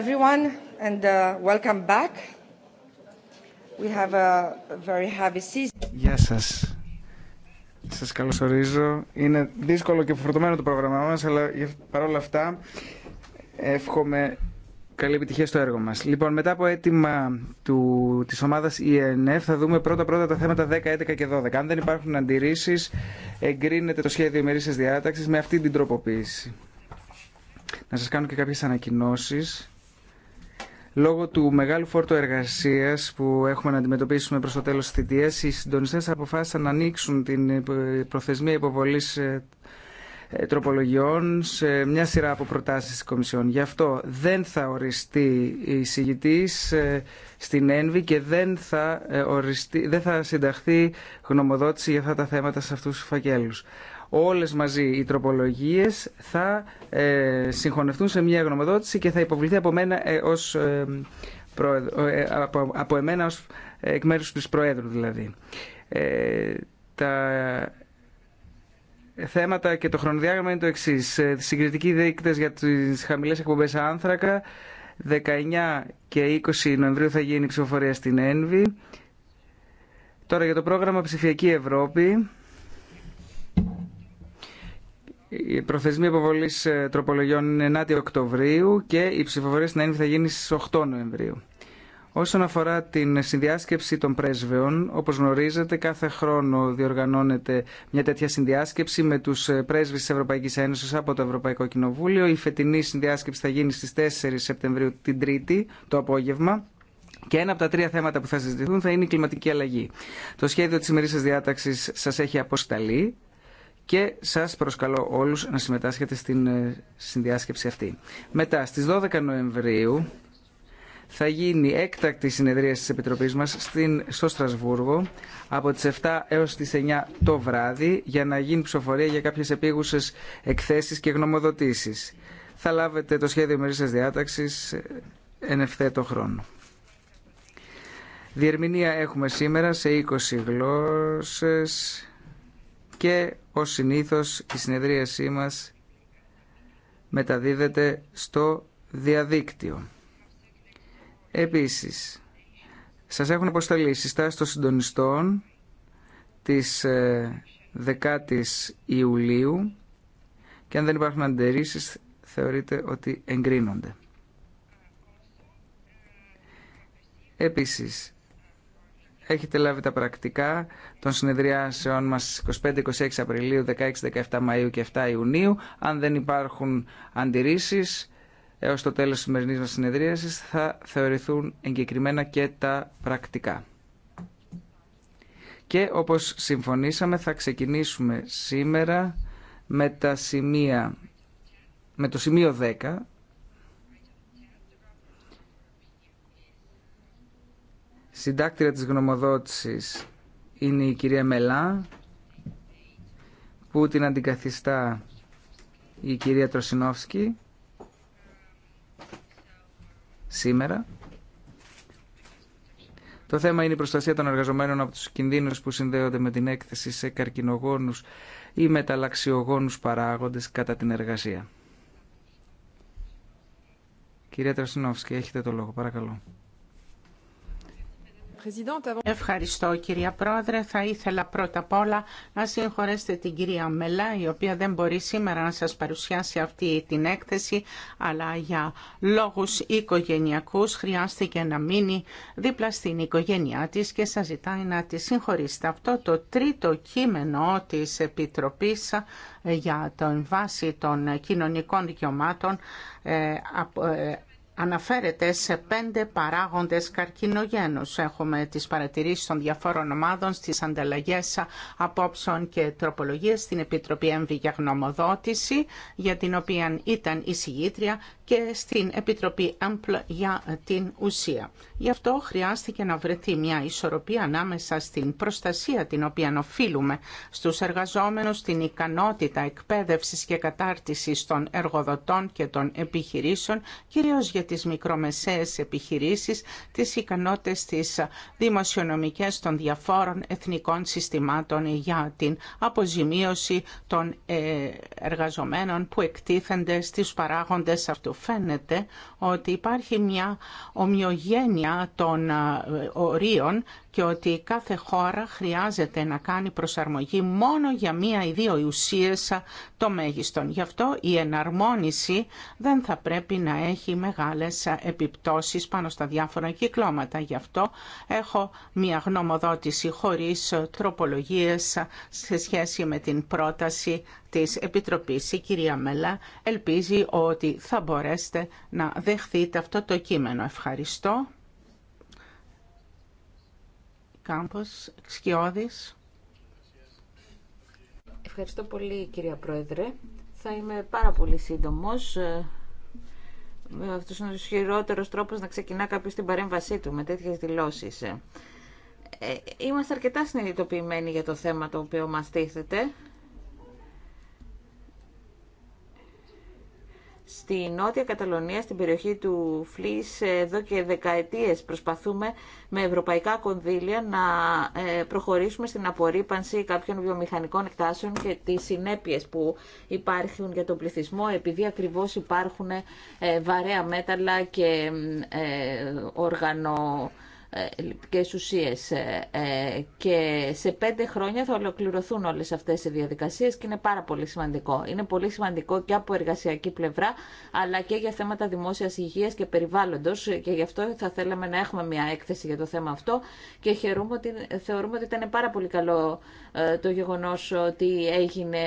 everyone and uh, welcome back. We have a very heavy season. Γεια σας. Σα καλωσορίζω. Είναι δύσκολο και φορτωμένο το πρόγραμμά μα, αλλά παρόλα αυτά εύχομαι καλή επιτυχία στο έργο μας. Λοιπόν, μετά από αίτημα του, της ομάδας e θα δούμε πρώτα-πρώτα τα θέματα 10, 11 και 12. Αν δεν υπάρχουν αντιρρήσεις, εγκρίνεται το σχέδιο ημερήσιας διάταξη με αυτή την τροποποίηση. Να σας κάνω και κάποιες ανακοινώσει. Λόγω του μεγάλου φόρτου εργασία που έχουμε να αντιμετωπίσουμε προ το τέλο τη θητεία, οι συντονιστέ αποφάσισαν να ανοίξουν την προθεσμία υποβολή ε, ε, τροπολογιών σε μια σειρά από προτάσεις τη Κομισιόν. Γι' αυτό δεν θα οριστεί η συγητή ε, στην ΕΝΒΗ και δεν θα, οριστεί, δεν θα συνταχθεί γνωμοδότηση για αυτά τα θέματα σε αυτού του φακέλου όλες μαζί οι τροπολογίες θα ε, συγχωνευτούν σε μια γνωμοδότηση και θα υποβληθεί από μένα ε, ως ε, ε, από, από, εμένα ως εκ μέρους της Προέδρου δηλαδή. τα θέματα και το χρονοδιάγραμμα είναι το εξή. Συγκριτικοί δείκτες για τις χαμηλές εκπομπές άνθρακα 19 και 20 Νοεμβρίου θα γίνει η ψηφοφορία στην ΕΝΒΗ. Τώρα για το πρόγραμμα Ψηφιακή Ευρώπη η προθεσμια αποβολη υποβολή ε, τροπολογιών είναι 9η Οκτωβρίου και η ψηφοφορία στην ΕΝΒ θα γίνει στι 8 Νοεμβρίου. Όσον αφορά την συνδιάσκεψη των πρέσβεων, όπω γνωρίζετε κάθε χρόνο διοργανώνεται μια τέτοια συνδιάσκεψη με του ε, πρέσβει τη Ευρωπαϊκή Ένωση από το Ευρωπαϊκό Κοινοβούλιο. Η φετινή συνδιάσκεψη θα γίνει στι 4 Σεπτεμβρίου την Τρίτη το απόγευμα. Και ένα από τα τρία θέματα που θα συζητηθούν θα είναι η κλιματική αλλαγή. Το σχέδιο τη ημερήσιας διάταξη σα έχει αποσταλεί και σας προσκαλώ όλους να συμμετάσχετε στην ε, συνδιάσκεψη αυτή. Μετά, στις 12 Νοεμβρίου, θα γίνει έκτακτη συνεδρία της Επιτροπής μας στην, στο Στρασβούργο από τις 7 έως τις 9 το βράδυ για να γίνει ψηφοφορία για κάποιες επίγουσες εκθέσεις και γνωμοδοτήσεις. Θα λάβετε το σχέδιο μερικές διάταξης ε, εν ευθέτω χρόνο. Διερμηνία έχουμε σήμερα σε 20 γλώσσες και ως συνήθως η συνεδρίασή μας μεταδίδεται στο διαδίκτυο. Επίσης, σας έχουν αποσταλεί συστάσεις των συντονιστών της 10ης ε, Ιουλίου και αν δεν υπάρχουν αντερήσεις θεωρείται ότι εγκρίνονται. Επίσης, Έχετε λάβει τα πρακτικά των συνεδριάσεων μας 25-26 Απριλίου, 16-17 Μαΐου και 7 Ιουνίου. Αν δεν υπάρχουν αντιρρήσεις έως το τέλος της σημερινής μας συνεδρίασης θα θεωρηθούν εγκεκριμένα και τα πρακτικά. Και όπως συμφωνήσαμε θα ξεκινήσουμε σήμερα με, τα σημεία, με το σημείο 10 Συντάκτηρα της γνωμοδότησης είναι η κυρία Μελά που την αντικαθιστά η κυρία Τροσινόφσκη σήμερα. Το θέμα είναι η προστασία των εργαζομένων από τους κινδύνους που συνδέονται με την έκθεση σε καρκινογόνους ή μεταλλαξιογόνους παράγοντες κατά την εργασία. Κυρία Τροσινόφσκη, έχετε το λόγο, παρακαλώ. Ευχαριστώ κυρία Πρόεδρε. Θα ήθελα πρώτα απ' όλα να συγχωρέσετε την κυρία Μελά, η οποία δεν μπορεί σήμερα να σας παρουσιάσει αυτή την έκθεση, αλλά για λόγους οικογενειακούς χρειάστηκε να μείνει δίπλα στην οικογένειά της και σας ζητάει να τη συγχωρήσετε. Αυτό το τρίτο κείμενο της Επιτροπής ε, για τον βάση των κοινωνικών δικαιωμάτων ε, ε, αναφέρεται σε πέντε παράγοντες καρκινογένους. Έχουμε τις παρατηρήσεις των διαφόρων ομάδων στις ανταλλαγές απόψεων και τροπολογίες στην Επιτροπή Έμβη για γνωμοδότηση, για την οποία ήταν συγγήτρια, και στην Επιτροπή ΕΜΠΛ για την ουσία. Γι' αυτό χρειάστηκε να βρεθεί μια ισορροπία ανάμεσα στην προστασία την οποία οφείλουμε στους εργαζόμενους, την ικανότητα εκπαίδευσης και κατάρτισης των εργοδοτών και των επιχειρήσεων, για τις μικρομεσαίες επιχειρήσεις, τις ικανότητες της δημοσιονομικές των διαφόρων εθνικών συστημάτων για την αποζημίωση των ε, εργαζομένων που εκτίθενται στις παράγοντες αυτού. Φαίνεται ότι υπάρχει μια ομοιογένεια των ε, ορίων και ότι κάθε χώρα χρειάζεται να κάνει προσαρμογή μόνο για μία ή δύο ουσίες το μέγιστον. Γι' αυτό η εναρμόνιση δεν θα πρέπει να έχει μεγάλες επιπτώσεις πάνω στα διάφορα κυκλώματα. Γι' αυτό έχω μία γνωμοδότηση χωρίς τροπολογίες σε σχέση με την πρόταση της Επιτροπής. Η κυρία Μελά ελπίζει ότι θα μπορέσετε να δεχθείτε αυτό το κείμενο. Ευχαριστώ. Κάμπος, Ευχαριστώ πολύ κυρία Πρόεδρε. Θα είμαι πάρα πολύ σύντομος. Ε, αυτός είναι ο χειρότερος τρόπος να ξεκινά κάποιος την παρέμβασή του με τέτοιες δηλώσεις. Ε, ε, είμαστε αρκετά συνειδητοποιημένοι για το θέμα το οποίο μας τίθεται Στη Νότια Καταλωνία, στην περιοχή του Φλής, εδώ και δεκαετίες προσπαθούμε με ευρωπαϊκά κονδύλια να ε, προχωρήσουμε στην απορρίπανση κάποιων βιομηχανικών εκτάσεων και τις συνέπειες που υπάρχουν για τον πληθυσμό, επειδή ακριβώς υπάρχουν ε, βαρέα μέταλλα και ε, οργανο ε, ουσίες ε, ε, και σε πέντε χρόνια θα ολοκληρωθούν όλες αυτές οι διαδικασίες και είναι πάρα πολύ σημαντικό. Είναι πολύ σημαντικό και από εργασιακή πλευρά αλλά και για θέματα δημόσιας υγείας και περιβάλλοντος και γι' αυτό θα θέλαμε να έχουμε μια έκθεση για το θέμα αυτό και χαιρούμε θεωρούμε ότι ήταν πάρα πολύ καλό το γεγονός ότι έγινε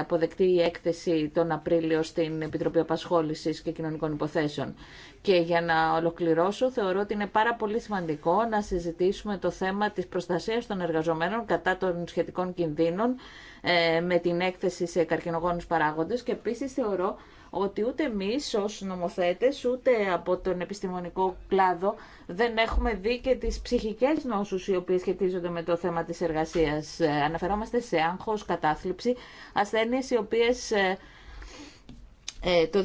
αποδεκτή η έκθεση τον Απρίλιο στην Επιτροπή Απασχόλησης και Κοινωνικών Υποθέσεων. Και για να ολοκληρώσω, θεωρώ ότι είναι πάρα πολύ σημαντικό να συζητήσουμε το θέμα της προστασίας των εργαζομένων κατά των σχετικών κινδύνων ε, με την έκθεση σε καρκινογόνους παράγοντες και επίσης θεωρώ ότι ούτε εμείς ως νομοθέτες, ούτε από τον επιστημονικό κλάδο δεν έχουμε δει και τις ψυχικές νόσους οι οποίες σχετίζονται με το θέμα τη εργασία. Ε, αναφερόμαστε σε άγχος, κατάθλιψη, ασθένειες οι οποίε ε, ε, το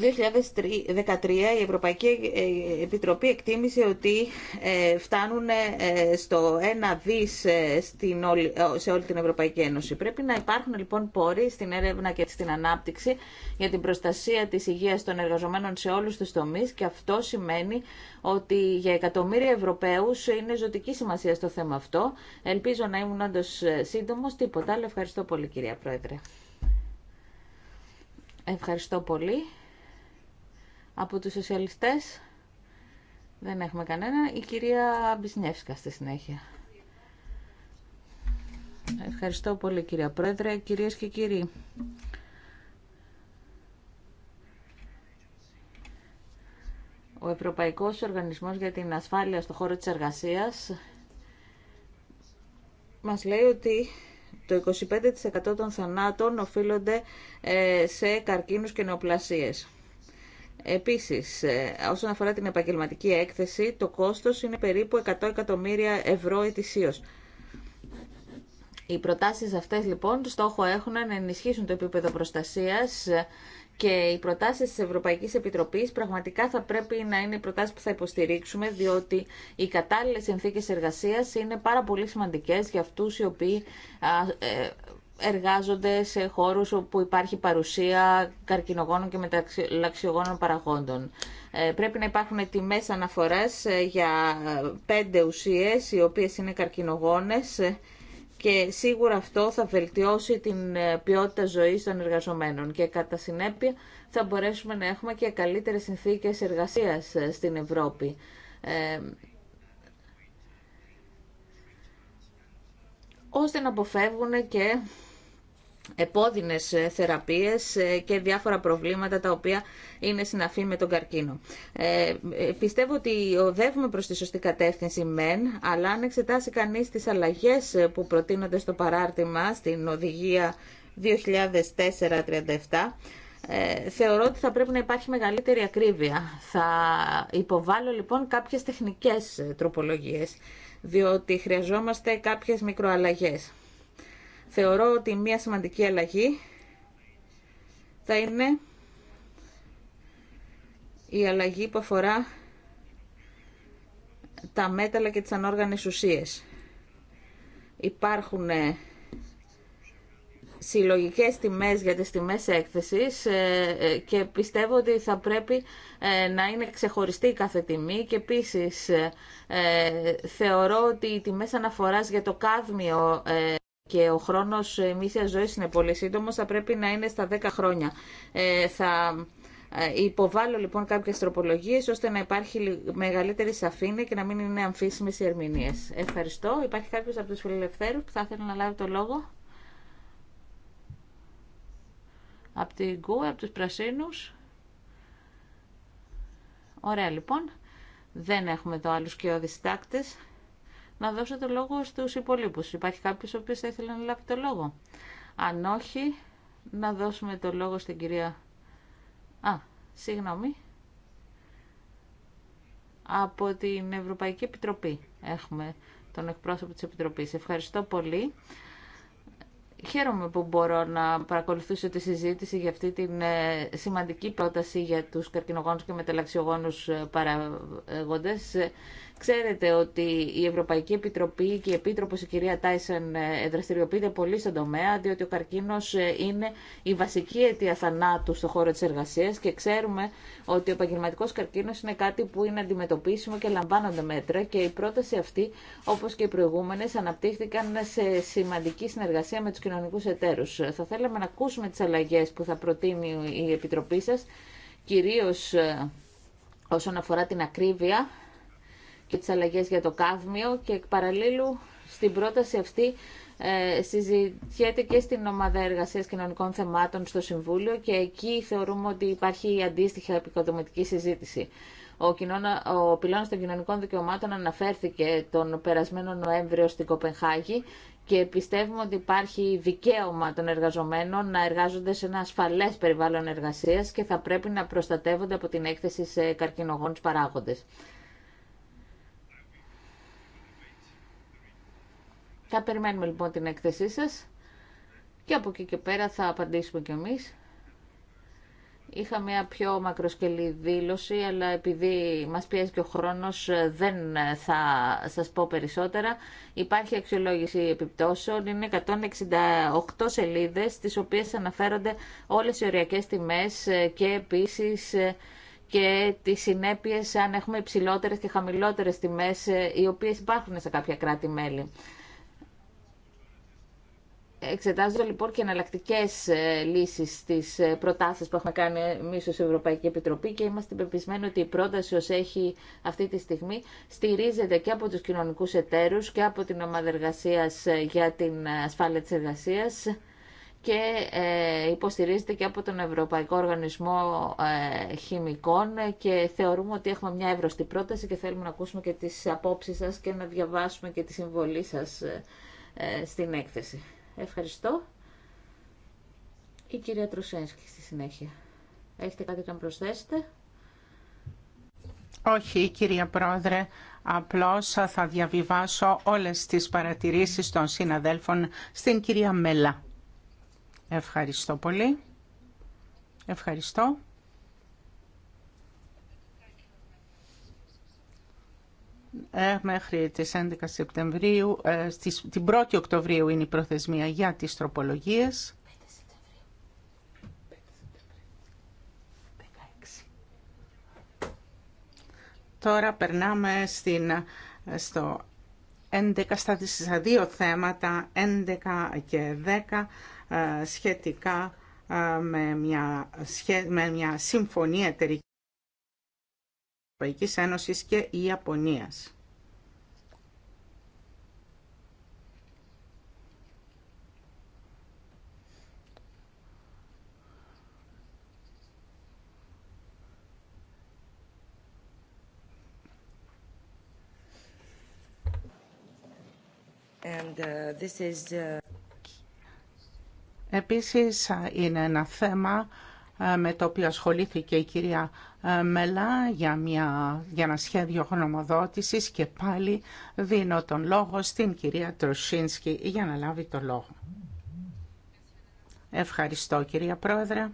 2013 η Ευρωπαϊκή ε, Επιτροπή εκτίμησε ότι ε, φτάνουν στο 1 δις στην σε όλη την Ευρωπαϊκή Ένωση. Πρέπει να υπάρχουν λοιπόν πόροι στην έρευνα και στην ανάπτυξη για την προστασία της υγείας των εργαζομένων σε όλους τους τομείς και αυτό σημαίνει ότι για εκατομμύρια Ευρωπαίους είναι ζωτική σημασία στο θέμα αυτό. Ελπίζω να ήμουν όντως σύντομος. Τίποτα άλλο. Ευχαριστώ πολύ κυρία Πρόεδρε. Ευχαριστώ πολύ. Από τους σοσιαλιστές δεν έχουμε κανένα. Η κυρία Μπισνιεύσκα στη συνέχεια. Ευχαριστώ πολύ κυρία Πρόεδρε, κυρίες και κύριοι. Ο Ευρωπαϊκός Οργανισμός για την Ασφάλεια στο χώρο της εργασίας μας λέει ότι το 25% των θανάτων οφείλονται ε, σε καρκίνους και νεοπλασίες. Επίσης, ε, όσον αφορά την επαγγελματική έκθεση, το κόστος είναι περίπου 100 εκατομμύρια ευρώ ετησίως. Οι προτάσεις αυτές λοιπόν στόχο έχουν να ενισχύσουν το επίπεδο προστασίας και οι προτάσει τη Ευρωπαϊκή Επιτροπή πραγματικά θα πρέπει να είναι οι προτάσει που θα υποστηρίξουμε, διότι οι κατάλληλε συνθήκε εργασία είναι πάρα πολύ σημαντικέ για αυτού οι οποίοι ε, εργάζονται σε χώρους όπου υπάρχει παρουσία καρκινογόνων και μεταλλαξιογόνων παραγόντων. Ε, πρέπει να υπάρχουν τιμέ αναφορά ε, για πέντε ουσίε, οι οποίε είναι καρκινογόνες και σίγουρα αυτό θα βελτιώσει την ε, ποιότητα ζωής των εργαζομένων και κατά συνέπεια θα μπορέσουμε να έχουμε και καλύτερες συνθήκες εργασίας ε, στην Ευρώπη. Ε, ώστε να αποφεύγουν και επώδυνες ε, θεραπείες ε, και διάφορα προβλήματα τα οποία είναι συναφή με τον καρκίνο. Ε, ε, πιστεύω ότι οδεύουμε προς τη σωστή κατεύθυνση μεν, αλλά αν εξετάσει κανείς τις αλλαγές που προτείνονται στο παράρτημα στην οδηγία 2004-37, θεωρώ ότι θα πρέπει να υπάρχει μεγαλύτερη ακρίβεια. Θα υποβάλω λοιπόν κάποιες τεχνικές τροπολογίες, διότι χρειαζόμαστε κάποιες μικροαλλαγές. Θεωρώ ότι μια σημαντική αλλαγή θα είναι η αλλαγή που αφορά τα μέταλλα και τις ανόργανες ουσίες. Υπάρχουν συλλογικές τιμές για τις τιμές έκθεσης ε, ε, και πιστεύω ότι θα πρέπει ε, να είναι ξεχωριστή κάθε τιμή και επίσης θεωρώ ότι οι τιμές αναφοράς για το κάδμιο και ο χρόνος ε, μύθιας ζωής είναι πολύ σύντομος, θα πρέπει να είναι στα 10 χρόνια. Ε, θα ε, υποβάλλω λοιπόν κάποιες τροπολογίες ώστε να υπάρχει μεγαλύτερη σαφήνεια και να μην είναι αμφίσιμες οι ερμηνείες. Ευχαριστώ. Υπάρχει κάποιος από τους φιλελευθέρους που θα ήθελε να λάβει το λόγο. Από την ΚΟΥ, από τους Πρασίνους. Ωραία λοιπόν. Δεν έχουμε εδώ άλλους και οδηστάκτες να δώσω το λόγο στους υπολείπους. Υπάρχει κάποιος ο οποίος θα ήθελε να λάβει το λόγο. Αν όχι, να δώσουμε το λόγο στην κυρία... Α, συγγνώμη. Από την Ευρωπαϊκή Επιτροπή έχουμε τον εκπρόσωπο της Επιτροπής. Ευχαριστώ πολύ. Χαίρομαι που μπορώ να παρακολουθήσω τη συζήτηση για αυτή τη ε, σημαντική πρόταση για τους καρκινογόνους και μεταλλαξιογόνους ε, παραγόντες. Ξέρετε ότι η Ευρωπαϊκή Επιτροπή και η Επίτροπο, η κυρία Τάισεν ε, δραστηριοποιείται πολύ στον τομέα, διότι ο καρκίνο ε, είναι η βασική αιτία θανάτου στον χώρο τη εργασία και ξέρουμε ότι ο επαγγελματικό καρκίνο είναι κάτι που είναι αντιμετωπίσιμο και λαμβάνονται μέτρα και η πρόταση αυτή, όπω και οι προηγούμενε, αναπτύχθηκαν σε σημαντική συνεργασία με του κοινωνικού εταίρους. Θα θέλαμε να ακούσουμε τι αλλαγέ που θα προτείνει η Επιτροπή σα κυρίω ε, όσον αφορά την ακρίβεια και τις αλλαγές για το κάδμιο και εκ παραλλήλου στην πρόταση αυτή ε, συζητιέται και στην Ομάδα Εργασίας Κοινωνικών Θεμάτων στο Συμβούλιο και εκεί θεωρούμε ότι υπάρχει αντίστοιχα επικοδομητική συζήτηση. Ο, κοινώνα, ο των κοινωνικών δικαιωμάτων αναφέρθηκε τον περασμένο Νοέμβριο στην Κοπενχάγη και πιστεύουμε ότι υπάρχει δικαίωμα των εργαζομένων να εργάζονται σε ένα ασφαλές περιβάλλον εργασίας και θα πρέπει να προστατεύονται από την έκθεση σε καρκινογόνους παράγοντες. Θα περιμένουμε λοιπόν την έκθεσή σας και από εκεί και πέρα θα απαντήσουμε κι εμείς. Είχα μια πιο μακροσκελή δήλωση, αλλά επειδή μας πιέζει και ο χρόνος ε, δεν ε, θα σας πω περισσότερα. Υπάρχει αξιολόγηση επιπτώσεων, είναι 168 σελίδες, τις οποίες αναφέρονται όλες οι οριακές τιμές ε, και επίσης και τις συνέπειες αν έχουμε υψηλότερες και χαμηλότερες τιμές, οι οποίες υπάρχουν σε κάποια κράτη-μέλη. Εξετάζονται λοιπόν και εναλλακτικέ ε, λύσει στι ε, προτάσει που έχουμε κάνει εμεί ω Ευρωπαϊκή Επιτροπή και είμαστε πεπισμένοι ότι η πρόταση ω έχει αυτή τη στιγμή στηρίζεται και από του κοινωνικού εταίρου και από την ομάδα εργασία ε, για την ασφάλεια τη εργασία και υποστηρίζεται και από τον Ευρωπαϊκό Οργανισμό Χημικών και θεωρούμε ότι έχουμε μια εύρωστη πρόταση και θέλουμε να ακούσουμε και τις απόψεις σας και να διαβάσουμε και τη συμβολή σας στην έκθεση. Ευχαριστώ. Η κυρία Τρουσένσκη στη συνέχεια. Έχετε κάτι να προσθέσετε. Όχι, κυρία Πρόεδρε. Απλώς θα διαβιβάσω όλες τις παρατηρήσεις των συναδέλφων στην κυρία Μέλα. Ευχαριστώ πολύ. Ευχαριστώ. Ε, μέχρι τις 11 Σεπτεμβρίου, ε, στις, την 1η Οκτωβρίου είναι η προθεσμία για τις τροπολογίες. Τώρα περνάμε στην, ε, στο 11, στα, δύο θέματα, 11 και 10, σχετικά με μια, με μια συμφωνία εταιρική. Ευρωπαϊκής Ένωσης και Ιαπωνίας. And, uh, uh Επίσης ε, είναι ένα θέμα ε, με το οποίο ασχολήθηκε η κυρία ε, μελά για, μια, για ένα σχέδιο χρονομοδότησης και πάλι δίνω τον λόγο στην κυρία Τροσίνσκι για να λάβει το λόγο. Ευχαριστώ κυρία Πρόεδρε.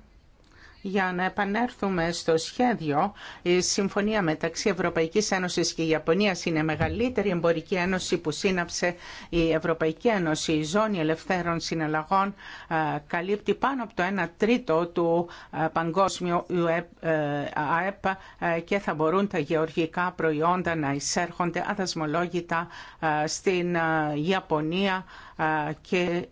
Για να επανέλθουμε στο σχέδιο, η συμφωνία μεταξύ Ευρωπαϊκής Ένωσης και Ιαπωνίας είναι η μεγαλύτερη εμπορική ένωση που σύναψε η Ευρωπαϊκή Ένωση. Η ζώνη ελευθέρων συναλλαγών ε, καλύπτει πάνω από το 1 τρίτο του ε, παγκόσμιου ε, ΑΕΠ και θα μπορούν τα γεωργικά προϊόντα να εισέρχονται αδασμολόγητα στην Ιαπωνία και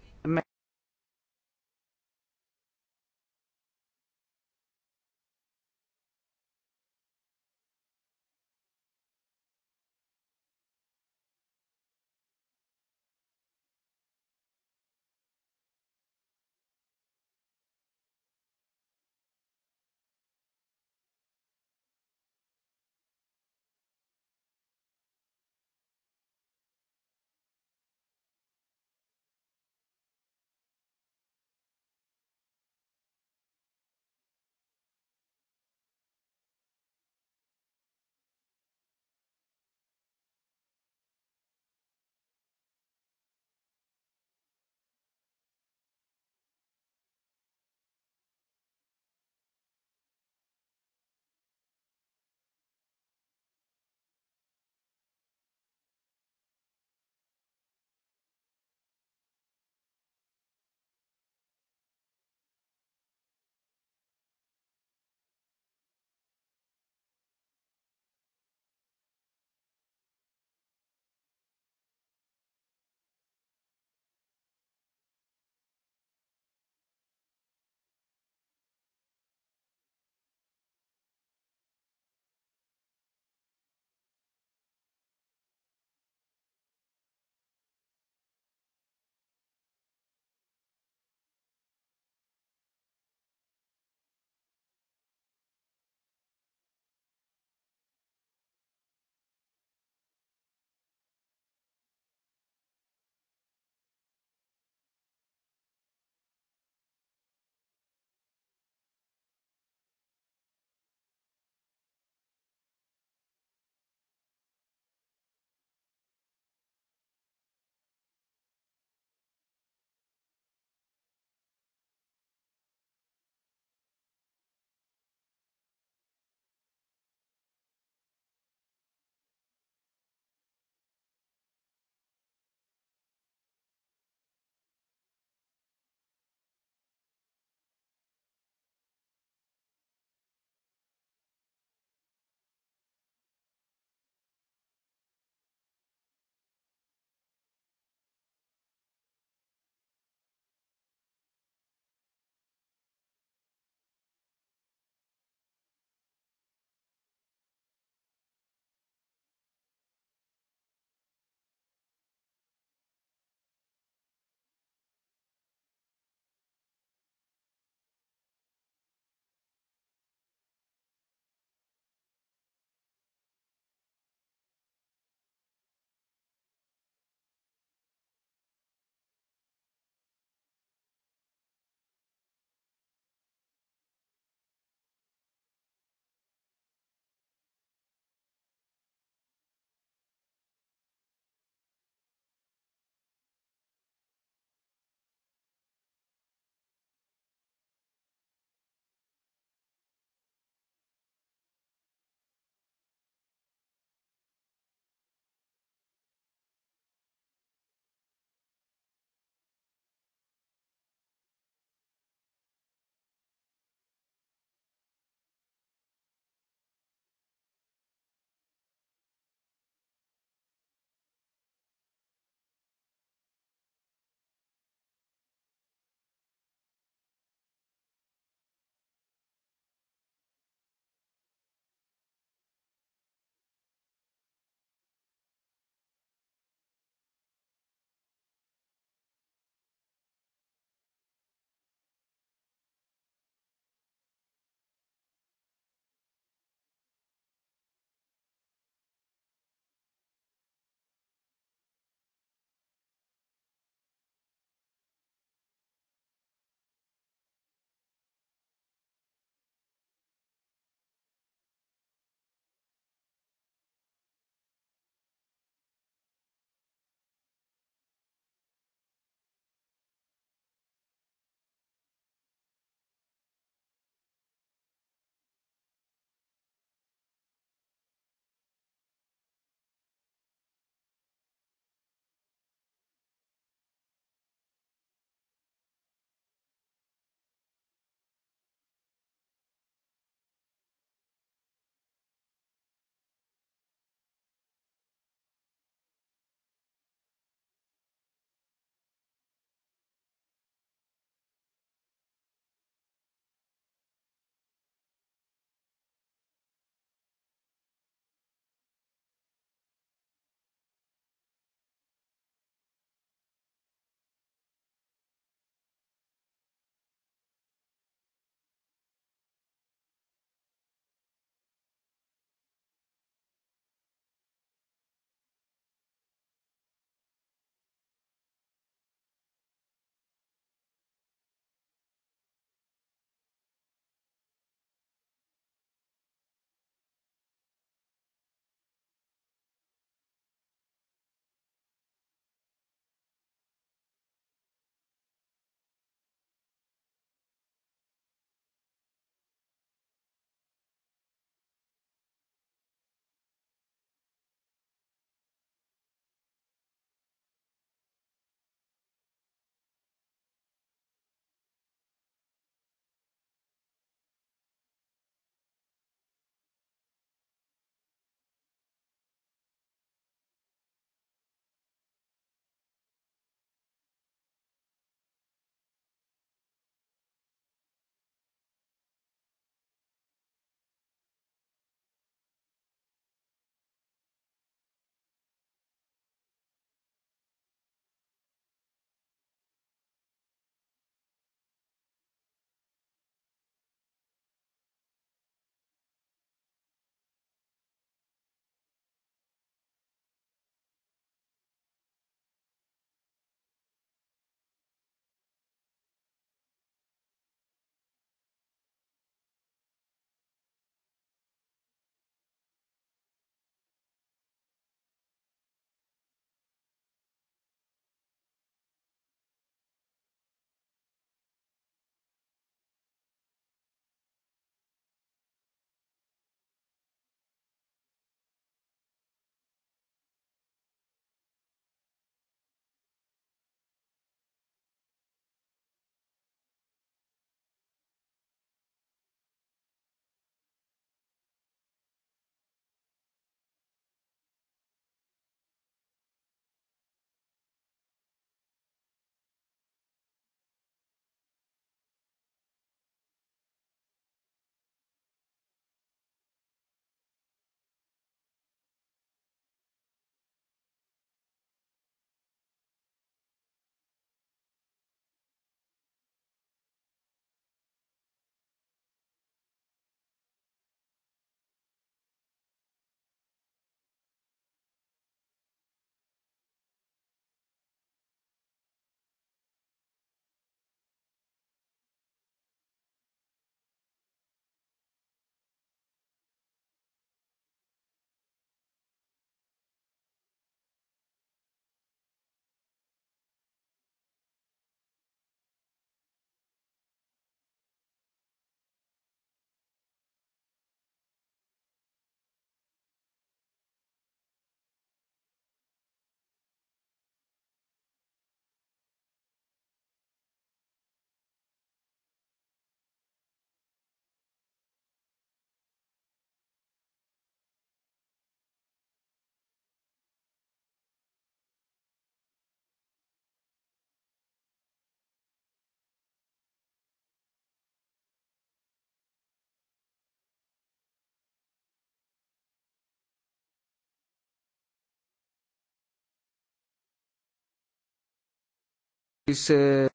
της ε,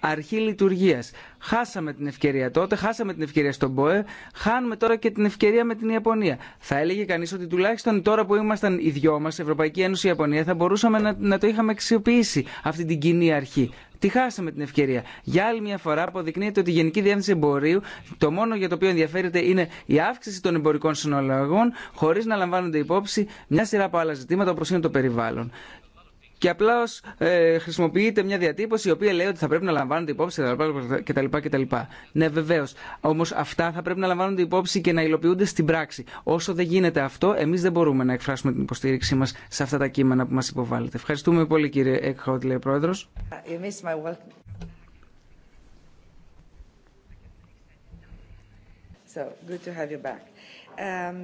αρχή λειτουργίας. Χάσαμε την ευκαιρία τότε, χάσαμε την ευκαιρία στον ΠΟΕ, χάνουμε τώρα και την ευκαιρία με την Ιαπωνία. Θα έλεγε κανείς ότι τουλάχιστον τώρα που ήμασταν οι δυο μας, Ευρωπαϊκή Ένωση Ιαπωνία, θα μπορούσαμε να, να το είχαμε αξιοποιήσει αυτή την κοινή αρχή. Τη χάσαμε την ευκαιρία. Για άλλη μια φορά αποδεικνύεται ότι η Γενική Διεύθυνση Εμπορίου το μόνο για το οποίο ενδιαφέρεται είναι η αύξηση των εμπορικών συνολόγων, χωρί να λαμβάνονται υπόψη μια σειρά από άλλα ζητήματα όπω είναι το περιβάλλον και απλά ε, χρησιμοποιείται μια διατύπωση η οποία λέει ότι θα πρέπει να λαμβάνονται υπόψη κτλ. Ναι, βεβαίω. Όμω αυτά θα πρέπει να λαμβάνονται υπόψη και να υλοποιούνται στην πράξη. Όσο δεν γίνεται αυτό, εμεί δεν μπορούμε να εκφράσουμε την υποστήριξή μα σε αυτά τα κείμενα που μα υποβάλλεται. Ευχαριστούμε πολύ, κύριε Εκχότ, λέει πρόεδρο. So, good to have you back. Um,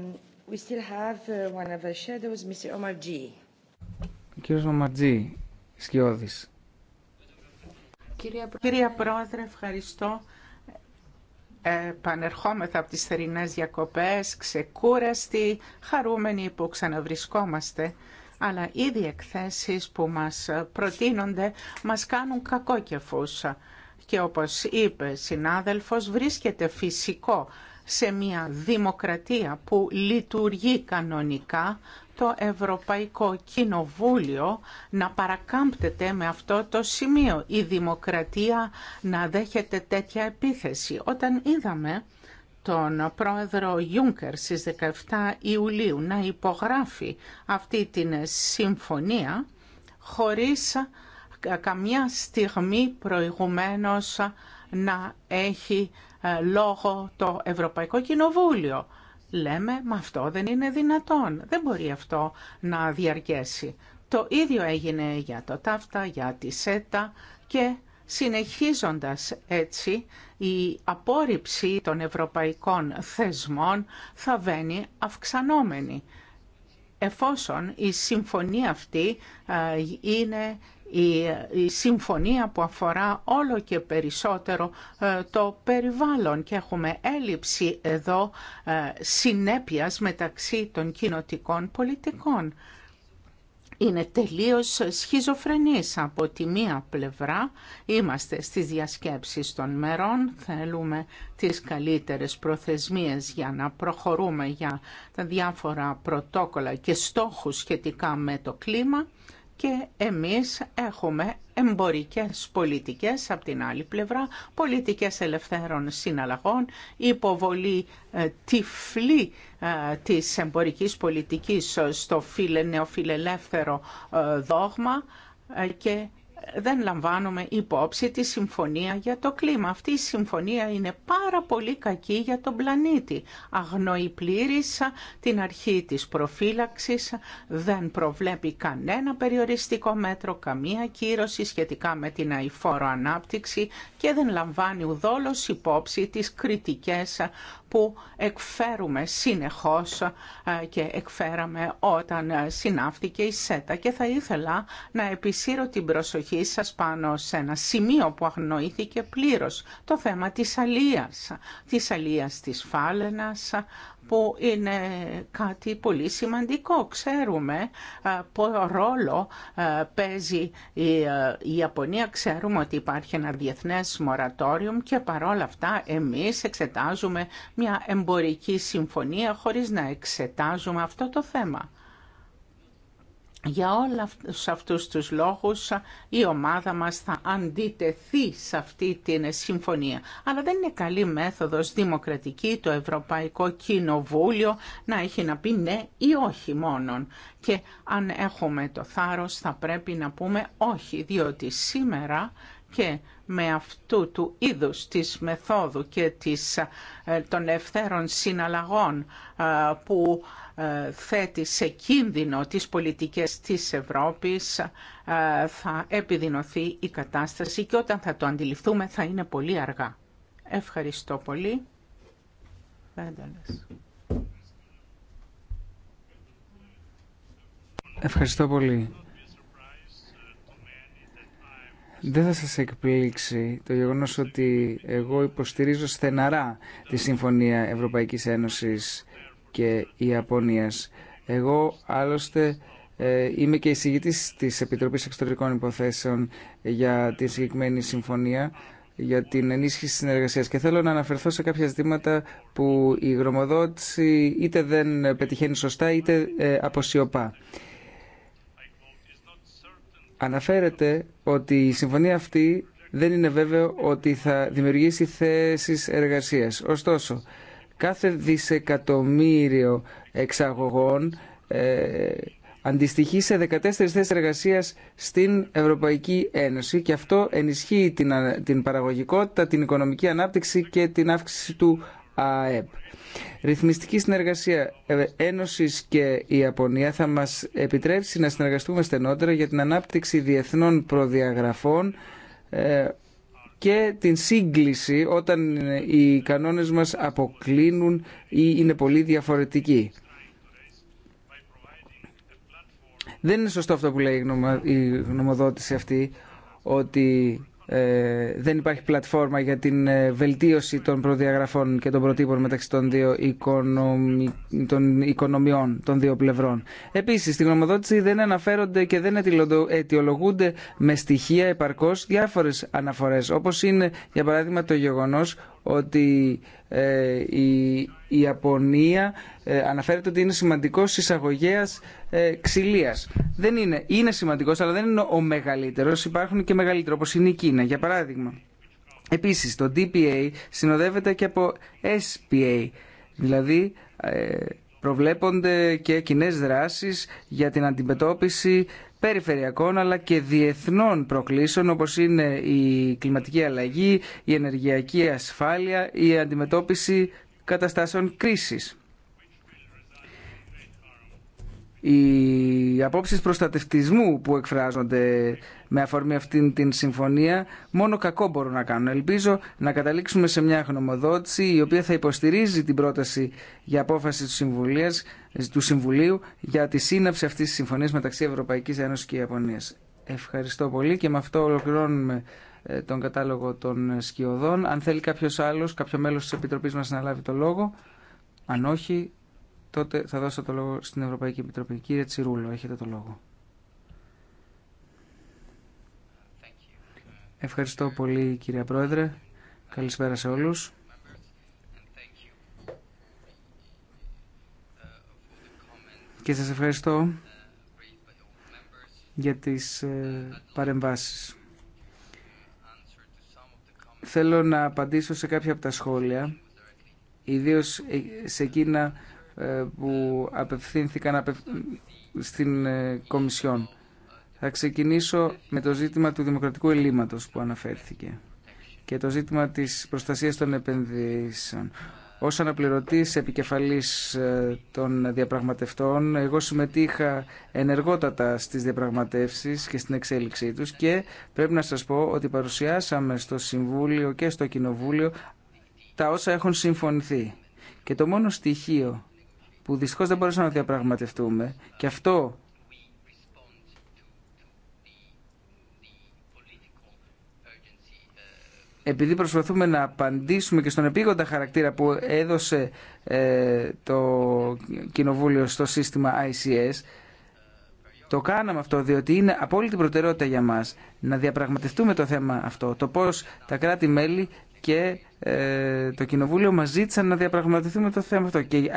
we still have uh, one of the shadows, Mr. Omar G κύριος Μαματζή, Σκιώδης. Κυρία... Πρόεδρε, ευχαριστώ. Ε, από τις θερινές διακοπές, ξεκούραστοι, χαρούμενοι που ξαναβρισκόμαστε. Αλλά ήδη οι εκθέσεις που μας προτείνονται μας κάνουν κακό Και όπως είπε συνάδελφος, βρίσκεται φυσικό σε μια δημοκρατία που λειτουργεί κανονικά το Ευρωπαϊκό Κοινοβούλιο να παρακάμπτεται με αυτό το σημείο. Η δημοκρατία να δέχεται τέτοια επίθεση. Όταν είδαμε τον πρόεδρο Γιούγκερ στις 17 Ιουλίου να υπογράφει αυτή την συμφωνία χωρίς καμιά στιγμή προηγουμένως να έχει ε, λόγο το Ευρωπαϊκό Κοινοβούλιο. Λέμε, μα αυτό δεν είναι δυνατόν, δεν μπορεί αυτό να διαρκέσει. Το ίδιο έγινε για το ΤΑΦΤΑ, για τη ΣΕΤΑ και συνεχίζοντας έτσι η απόρριψη των ευρωπαϊκών θεσμών θα βαίνει αυξανόμενη εφόσον η συμφωνία αυτή ε, είναι η, συμφωνία που αφορά όλο και περισσότερο ε, το περιβάλλον και έχουμε έλλειψη εδώ ε, συνέπειας μεταξύ των κοινοτικών πολιτικών. Είναι τελείως σχιζοφρενής από τη μία πλευρά. Είμαστε στις διασκέψεις των μερών, θέλουμε τις καλύτερες προθεσμίες για να προχωρούμε για τα διάφορα πρωτόκολλα και στόχους σχετικά με το κλίμα και εμείς έχουμε εμπορικές πολιτικές από την άλλη πλευρά, πολιτικές ελευθέρων συναλλαγών, υποβολή ε, τυφλή ε, της εμπορικής πολιτικής στο φιλε, νεοφιλελεύθερο ε, δόγμα ε, και δεν λαμβάνουμε υπόψη τη συμφωνία για το κλίμα. Αυτή η συμφωνία είναι πάρα πολύ κακή για τον πλανήτη. Αγνοεί πλήρης την αρχή της προφύλαξης, δεν προβλέπει κανένα περιοριστικό μέτρο, καμία κύρωση σχετικά με την αηφόρο ανάπτυξη και δεν λαμβάνει ουδόλως υπόψη τις κριτικές που εκφέρουμε συνεχώς ε, και εκφέραμε όταν συνάφθηκε η ΣΕΤΑ και θα ήθελα να επισύρω την προσοχή σας πάνω σε ένα σημείο που αγνοήθηκε πλήρως το θέμα της αλίας, της αλίας της φάλαινας, που είναι κάτι πολύ σημαντικό. Ξέρουμε ε, ποιο ρόλο ε, παίζει ε, η Ιαπωνία, ξέρουμε ότι υπάρχει ένα διεθνές μορατόριο και παρόλα αυτά εμείς εξετάζουμε μια εμπορική συμφωνία χωρίς να εξετάζουμε αυτό το θέμα. Για όλα αυτούς τους λόγους η ομάδα μας θα αντιτεθεί σε αυτή την συμφωνία. Αλλά δεν είναι καλή μέθοδος δημοκρατική το Ευρωπαϊκό Κοινοβούλιο να έχει να πει ναι ή όχι μόνον. Και αν έχουμε το θάρρος θα πρέπει να πούμε όχι, διότι σήμερα και με αυτού του είδους της μεθόδου και της, ε, των ευθέρων συναλλαγών ε, που θέτει σε κίνδυνο τις πολιτικές της Ευρώπης ε, θα επιδεινωθεί η κατάσταση και όταν θα το αντιληφθούμε θα είναι πολύ αργά. Ευχαριστώ πολύ. Ευχαριστώ πολύ. Δεν θα σας εκπλήξει το γεγονός ότι εγώ υποστηρίζω στεναρά τη Συμφωνία Ευρωπαϊκής Ένωσης και Ιαπωνίας. Εγώ άλλωστε ε, είμαι και εισηγητής της Επιτροπής Εξωτερικών Υποθέσεων για τη συγκεκριμένη συμφωνία για την ενίσχυση συνεργασίας και θέλω να αναφερθώ σε κάποια ζητήματα που η γρομοδότηση είτε δεν πετυχαίνει σωστά είτε ε, αποσιωπά. Αναφέρεται ότι η συμφωνία αυτή δεν είναι βέβαιο ότι θα δημιουργήσει θέσεις εργασίας. Ωστόσο, Κάθε δισεκατομμύριο εξαγωγών ε, αντιστοιχεί σε 14 θέσεις εργασίας στην Ευρωπαϊκή Ένωση και αυτό ενισχύει την, την παραγωγικότητα, την οικονομική ανάπτυξη και την αύξηση του ΑΕΠ. Ρυθμιστική συνεργασία ε, Ένωσης και η Ιαπωνία θα μας επιτρέψει να συνεργαστούμε στενότερα για την ανάπτυξη διεθνών προδιαγραφών ε, και την σύγκληση όταν οι κανόνες μας αποκλίνουν ή είναι πολύ διαφορετικοί. Δεν είναι σωστό αυτό που λέει η γνωμοδότηση αυτή, ότι ε, δεν υπάρχει πλατφόρμα για την ε, βελτίωση των προδιαγραφών και των προτύπων μεταξύ των δύο οικονομιών των δύο πλευρών. Επίσης, στην γνωμοδότηση δεν αναφέρονται και δεν αιτιολογούνται με στοιχεία επαρκώς διάφορες αναφορές, όπως είναι για παράδειγμα το γεγονός ότι ε, η Ιαπωνία ε, αναφέρεται ότι είναι σημαντικός εισαγωγέα ε, ξυλίας. Δεν είναι. Είναι σημαντικός, αλλά δεν είναι ο μεγαλύτερο, Υπάρχουν και μεγαλύτερο, όπω είναι η Κίνα, για παράδειγμα. Επίσης, το DPA συνοδεύεται και από SPA, δηλαδή... Ε, προβλέπονται και κοινέ δράσεις για την αντιμετώπιση περιφερειακών αλλά και διεθνών προκλήσεων όπως είναι η κλιματική αλλαγή, η ενεργειακή ασφάλεια, η αντιμετώπιση καταστάσεων κρίσης. Οι απόψεις προστατευτισμού που εκφράζονται με αφορμή αυτήν την συμφωνία μόνο κακό μπορούν να κάνουν. Ελπίζω να καταλήξουμε σε μια γνωμοδότηση η οποία θα υποστηρίζει την πρόταση για απόφαση του, του Συμβουλίου για τη σύναψη αυτής της συμφωνίας μεταξύ Ευρωπαϊκής Ένωσης και Ιαπωνίας. Ευχαριστώ πολύ και με αυτό ολοκληρώνουμε ε, τον κατάλογο των σκιωδών. Αν θέλει κάποιος άλλος, κάποιο μέλος τη επιτροπή μα να λάβει το λόγο, αν όχι, τότε θα δώσω το λόγο στην Ευρωπαϊκή Επιτροπή. Κύριε Τσιρούλο, έχετε το λόγο. Ευχαριστώ πολύ κύριε Πρόεδρε. Καλησπέρα σε όλους. Και σας ευχαριστώ για τις ε, παρεμβάσεις θέλω να απαντήσω σε κάποια από τα σχόλια, ιδίως σε εκείνα ε, που απευθύνθηκαν στην ε, Κομισιόν. Θα ξεκινήσω με το ζήτημα του δημοκρατικού ελλείμματος που αναφέρθηκε και το ζήτημα της προστασίας των επενδύσεων ως αναπληρωτής επικεφαλής ε, των διαπραγματευτών εγώ συμμετείχα ενεργότατα στις διαπραγματεύσεις και στην εξέλιξή τους και πρέπει να σας πω ότι παρουσιάσαμε στο Συμβούλιο και στο Κοινοβούλιο τα όσα έχουν συμφωνηθεί. Και το μόνο στοιχείο που δυστυχώς δεν μπορούσαμε να διαπραγματευτούμε και αυτό επειδή προσπαθούμε να απαντήσουμε και στον επίγοντα χαρακτήρα που έδωσε ε, το Κοινοβούλιο στο σύστημα ICS, το κάναμε αυτό διότι είναι απόλυτη προτεραιότητα για μας να διαπραγματευτούμε το θέμα αυτό, το πώς τα κράτη-μέλη και ε, το Κοινοβούλιο μας ζήτησαν να διαπραγματευτούμε το θέμα αυτό. Και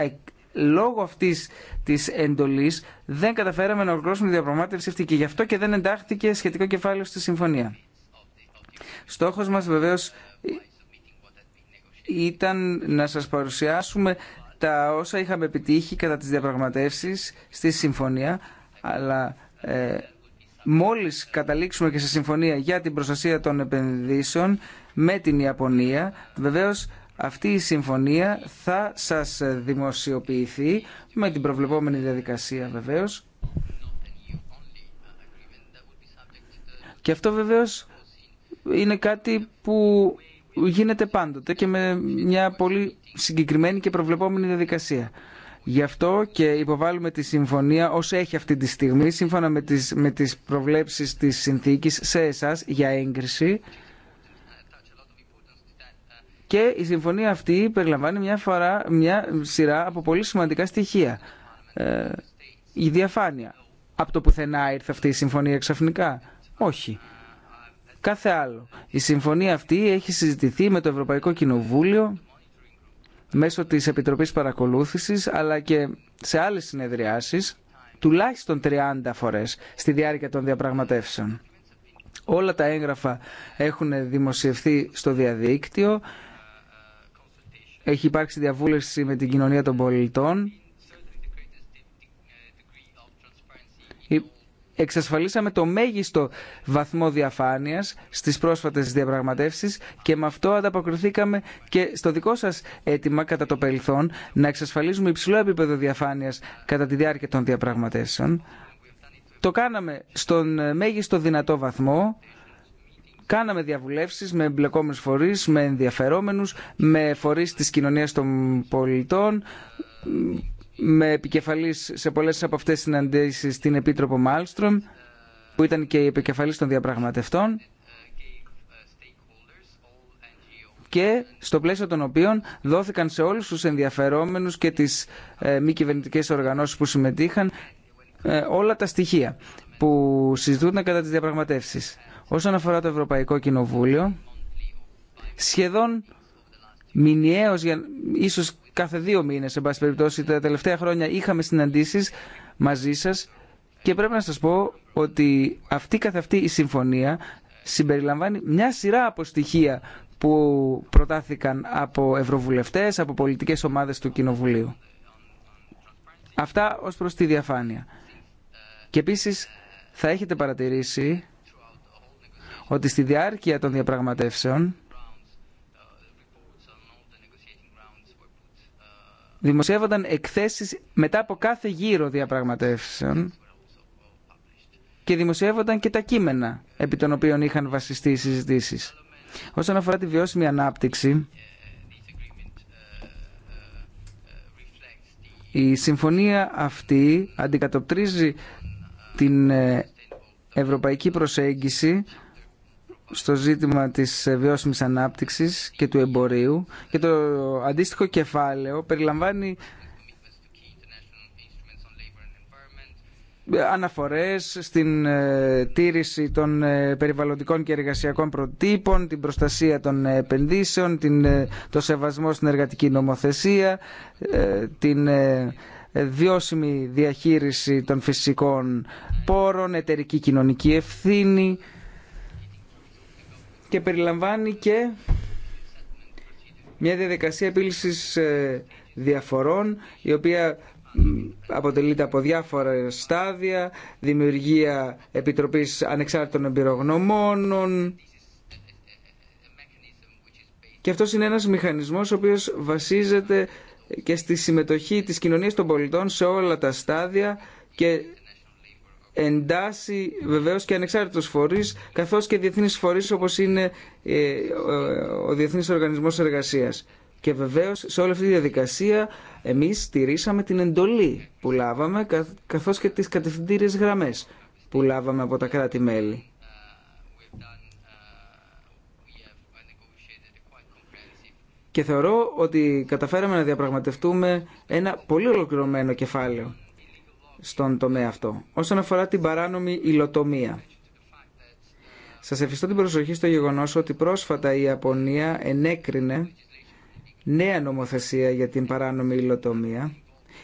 λόγω αυτής της εντολής δεν καταφέραμε να ολοκληρώσουμε τη διαπραγμάτευση αυτή και γι' αυτό και δεν εντάχθηκε σχετικό κεφάλαιο στη συμφωνία. Στόχος μας βεβαίως ήταν να σας παρουσιάσουμε τα όσα είχαμε επιτύχει κατά τις διαπραγματεύσεις στη συμφωνία, αλλά ε, μόλις καταλήξουμε και σε συμφωνία για την προστασία των επενδύσεων με την Ιαπωνία, βεβαίως αυτή η συμφωνία θα σας δημοσιοποιηθεί με την προβλεπόμενη διαδικασία βεβαίως. Και αυτό βεβαίως είναι κάτι που γίνεται πάντοτε και με μια πολύ συγκεκριμένη και προβλεπόμενη διαδικασία. Γι' αυτό και υποβάλλουμε τη συμφωνία όσο έχει αυτή τη στιγμή, σύμφωνα με τις, με τις προβλέψεις της συνθήκης, σε εσάς για έγκριση. Και η συμφωνία αυτή περιλαμβάνει μια, φορά, μια σειρά από πολύ σημαντικά στοιχεία. Ε, η διαφάνεια. Από το πουθενά ήρθε αυτή η συμφωνία ξαφνικά. Όχι. Κάθε άλλο, η συμφωνία αυτή έχει συζητηθεί με το Ευρωπαϊκό Κοινοβούλιο μέσω της Επιτροπής Παρακολούθησης αλλά και σε άλλες συνεδριάσεις τουλάχιστον 30 φορές στη διάρκεια των διαπραγματεύσεων. Όλα τα έγγραφα έχουν δημοσιευθεί στο διαδίκτυο, έχει υπάρξει διαβούλευση με την κοινωνία των πολιτών εξασφαλίσαμε το μέγιστο βαθμό διαφάνειας στις πρόσφατες διαπραγματεύσεις και με αυτό ανταποκριθήκαμε και στο δικό σας αίτημα κατά το περιθόν να εξασφαλίζουμε υψηλό επίπεδο διαφάνειας κατά τη διάρκεια των διαπραγματεύσεων. Το κάναμε στον μέγιστο δυνατό βαθμό Κάναμε διαβουλεύσεις με εμπλεκόμενους φορείς, με ενδιαφερόμενους, με φορείς της κοινωνίας των πολιτών, με επικεφαλής σε πολλές από αυτές τις συναντήσεις την Επίτροπο Μάλστρομ που ήταν και η επικεφαλής των διαπραγματευτών και στο πλαίσιο των οποίων δόθηκαν σε όλους τους ενδιαφερόμενους και τις ε, μη κυβερνητικές οργανώσεις που συμμετείχαν ε, όλα τα στοιχεία που συζητούνταν κατά τις διαπραγματεύσεις. Όσον αφορά το Ευρωπαϊκό Κοινοβούλιο, σχεδόν μηνιαίως, ίσως κάθε δύο μήνες, σε πάση περιπτώσει, τα τελευταία χρόνια είχαμε συναντήσεις μαζί σας και πρέπει να σας πω ότι αυτή καθ' αυτή η συμφωνία συμπεριλαμβάνει μια σειρά από στοιχεία που προτάθηκαν από ευρωβουλευτές, από πολιτικές ομάδες του Κοινοβουλίου. Αυτά ως προς τη διαφάνεια. Και επίσης θα έχετε παρατηρήσει ότι στη διάρκεια των διαπραγματεύσεων δημοσιεύονταν εκθέσεις μετά από κάθε γύρο διαπραγματεύσεων και δημοσιεύονταν και τα κείμενα επί των οποίων είχαν βασιστεί οι συζητήσεις. Όσον αφορά τη βιώσιμη ανάπτυξη, η συμφωνία αυτή αντικατοπτρίζει την ε, ευρωπαϊκή προσέγγιση στο ζήτημα της ε, βιώσιμης ανάπτυξης και του εμπορίου και το αντίστοιχο κεφάλαιο περιλαμβάνει αναφορές στην ε, τήρηση των ε, περιβαλλοντικών και εργασιακών προτύπων, την προστασία των επενδύσεων, την, το σεβασμό στην εργατική νομοθεσία, την βιώσιμη διαχείριση των φυσικών πόρων, εταιρική κοινωνική ευθύνη και περιλαμβάνει και μια διαδικασία επίλυσης ε, διαφορών η οποία αποτελείται από διάφορα στάδια, δημιουργία επιτροπής ανεξάρτητων εμπειρογνωμόνων και αυτός είναι ένας μηχανισμός ο οποίος βασίζεται και στη συμμετοχή της κοινωνίας των πολιτών σε όλα τα στάδια και εντάσσει βεβαίως και ανεξάρτητους φορείς καθώς και διεθνείς φορείς όπως είναι ε, ο Διεθνής Οργανισμός Εργασίας. Και βεβαίως σε όλη αυτή τη διαδικασία εμείς στηρίσαμε την εντολή που λάβαμε καθώς και τις κατευθυντήριες γραμμές που λάβαμε από τα κράτη-μέλη. Και θεωρώ ότι καταφέραμε να διαπραγματευτούμε ένα πολύ ολοκληρωμένο κεφάλαιο στον τομέα αυτό. Όσον αφορά την παράνομη υλοτομία. Σας ευχαριστώ την προσοχή στο γεγονός ότι πρόσφατα η Ιαπωνία ενέκρινε νέα νομοθεσία για την παράνομη υλοτομία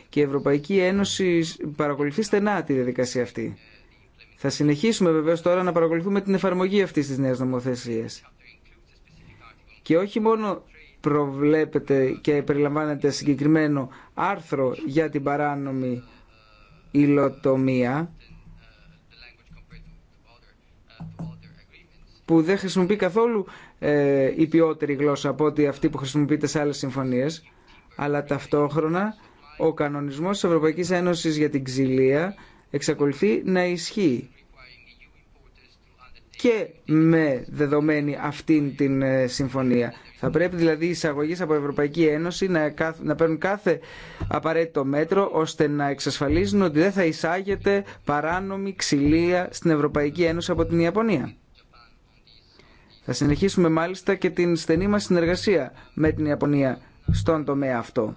και η Ευρωπαϊκή Ένωση παρακολουθεί στενά τη διαδικασία αυτή. Θα συνεχίσουμε βεβαίω τώρα να παρακολουθούμε την εφαρμογή αυτής της νέας νομοθεσία. Και όχι μόνο προβλέπεται και περιλαμβάνεται συγκεκριμένο άρθρο για την παράνομη υλοτομία που δεν χρησιμοποιεί καθόλου ε, η ποιότερη γλώσσα από ότι αυτή που χρησιμοποιείται σε άλλες συμφωνίες αλλά ταυτόχρονα ο κανονισμός της Ευρωπαϊκής Ένωσης για την ξυλία εξακολουθεί να ισχύει και με δεδομένη αυτήν την ε, συμφωνία. Θα πρέπει δηλαδή οι εισαγωγέ από Ευρωπαϊκή Ένωση να, να παίρνουν κάθε απαραίτητο μέτρο ώστε να εξασφαλίζουν ότι δεν θα εισάγεται παράνομη ξυλία στην Ευρωπαϊκή Ένωση από την Ιαπωνία. Θα συνεχίσουμε μάλιστα και την στενή μας συνεργασία με την Ιαπωνία στον τομέα αυτό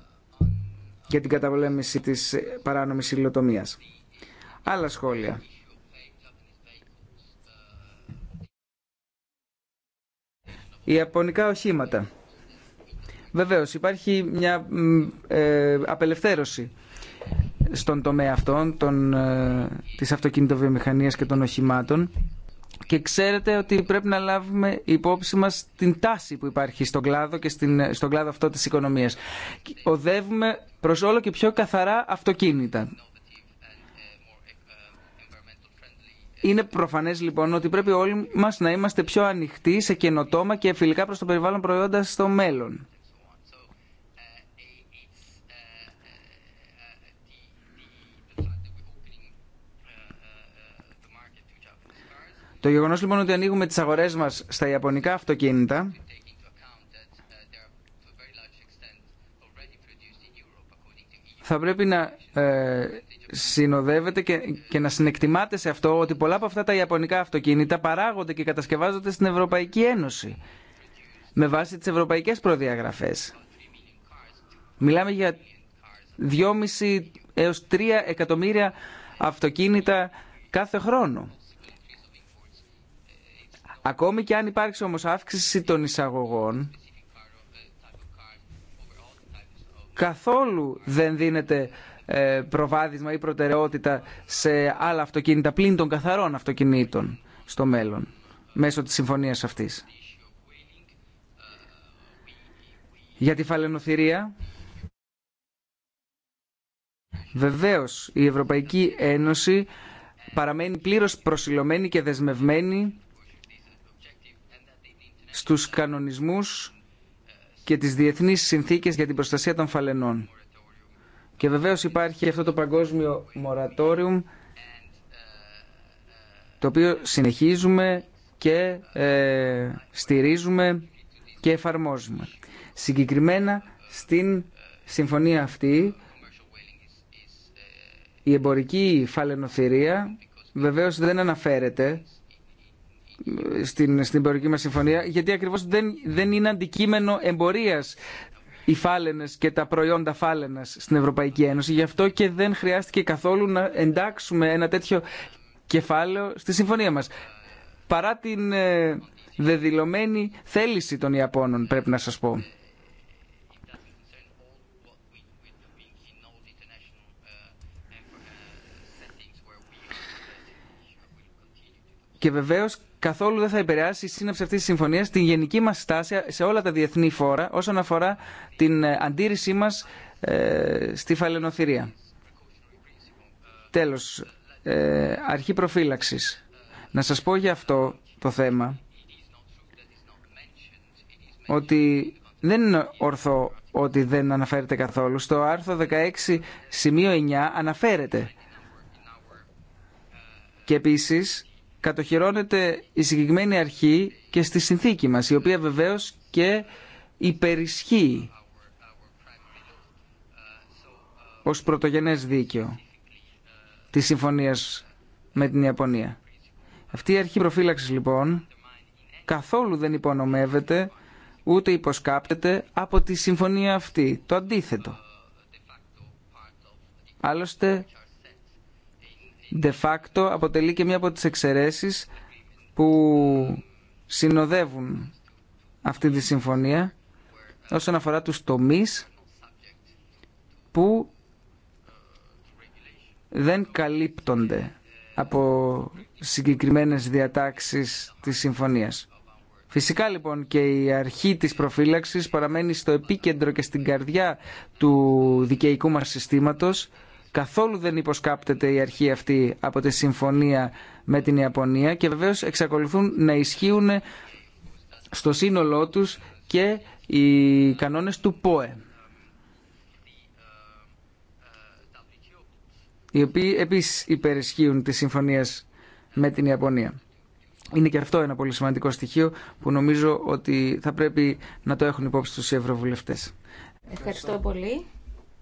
για την καταπολέμηση της παράνομης υλοτομίας. Άλλα σχόλια. Ιαπωνικά οχήματα. Βεβαίω υπάρχει μια ε, απελευθέρωση στον τομέα αυτών ε, της αυτοκινητοβιομηχανίας και των οχημάτων και ξέρετε ότι πρέπει να λάβουμε υπόψη μας την τάση που υπάρχει στον κλάδο και στην, στον κλάδο αυτό της οικονομίας. Οδεύουμε προς όλο και πιο καθαρά αυτοκίνητα. Είναι προφανέ λοιπόν ότι πρέπει όλοι μα να είμαστε πιο ανοιχτοί σε καινοτόμα και φιλικά προ το περιβάλλον προϊόντα στο μέλλον. Το γεγονό λοιπόν ότι ανοίγουμε τι αγορέ μα στα Ιαπωνικά αυτοκίνητα θα πρέπει να ε, συνοδεύεται και, να συνεκτιμάται σε αυτό ότι πολλά από αυτά τα ιαπωνικά αυτοκίνητα παράγονται και κατασκευάζονται στην Ευρωπαϊκή Ένωση με βάση τις ευρωπαϊκές προδιαγραφές. Μιλάμε για 2,5 έως 3 εκατομμύρια αυτοκίνητα κάθε χρόνο. Ακόμη και αν υπάρξει όμως αύξηση των εισαγωγών, καθόλου δεν δίνεται ε, προβάδισμα ή προτεραιότητα σε άλλα αυτοκίνητα πλην των καθαρών αυτοκινήτων στο μέλλον μέσω της συμφωνίας αυτής. Για τη φαλαινοθυρία, βεβαίως η Ευρωπαϊκή Ένωση παραμένει πλήρως προσιλωμένη και δεσμευμένη στους κανονισμούς και τις διεθνείς συνθήκες για την προστασία των φαλενών. Και βεβαίω υπάρχει αυτό το παγκόσμιο μορατόριουμ το οποίο συνεχίζουμε και ε, στηρίζουμε και εφαρμόζουμε. Συγκεκριμένα στην συμφωνία αυτή η εμπορική φαλαινοθυρία βεβαίως δεν αναφέρεται στην, στην εμπορική μας συμφωνία γιατί ακριβώς δεν, δεν είναι αντικείμενο εμπορίας οι φάλαινε και τα προϊόντα φάλαινα στην Ευρωπαϊκή Ένωση. Γι' αυτό και δεν χρειάστηκε καθόλου να εντάξουμε ένα τέτοιο κεφάλαιο στη συμφωνία μας. Παρά την ε, δεδηλωμένη θέληση των Ιαπώνων, πρέπει να σας πω. και βεβαίω καθόλου δεν θα επηρεάσει η σύναψη αυτή τη συμφωνία την γενική μας στάση σε όλα τα διεθνή φόρα όσον αφορά την ε, αντίρρησή μας ε, στη φαλαινοθυρία. Τέλος, ε, αρχή προφύλαξης. Να σας πω για αυτό το θέμα ότι δεν είναι ορθό ότι δεν αναφέρεται καθόλου. Στο άρθρο 16 σημείο 9 αναφέρεται. Και επίσης κατοχυρώνεται η συγκεκριμένη αρχή και στη συνθήκη μας, η οποία βεβαίως και υπερισχύει ως πρωτογενές δίκαιο της συμφωνίας με την Ιαπωνία. Αυτή η αρχή προφύλαξης λοιπόν καθόλου δεν υπονομεύεται ούτε υποσκάπτεται από τη συμφωνία αυτή. Το αντίθετο. Άλλωστε de facto αποτελεί και μία από τις εξαιρέσεις που συνοδεύουν αυτή τη συμφωνία όσον αφορά τους τομείς που δεν καλύπτονται από συγκεκριμένες διατάξεις της συμφωνίας. Φυσικά λοιπόν και η αρχή της προφύλαξης παραμένει στο επίκεντρο και στην καρδιά του δικαιικού μας συστήματος Καθόλου δεν υποσκάπτεται η αρχή αυτή από τη συμφωνία με την Ιαπωνία και βεβαίως εξακολουθούν να ισχύουν στο σύνολό τους και οι κανόνες του ΠΟΕ. οι οποίοι επίσης υπερισχύουν τη συμφωνία με την Ιαπωνία. Είναι και αυτό ένα πολύ σημαντικό στοιχείο που νομίζω ότι θα πρέπει να το έχουν υπόψη τους οι ευρωβουλευτές. Ευχαριστώ πολύ.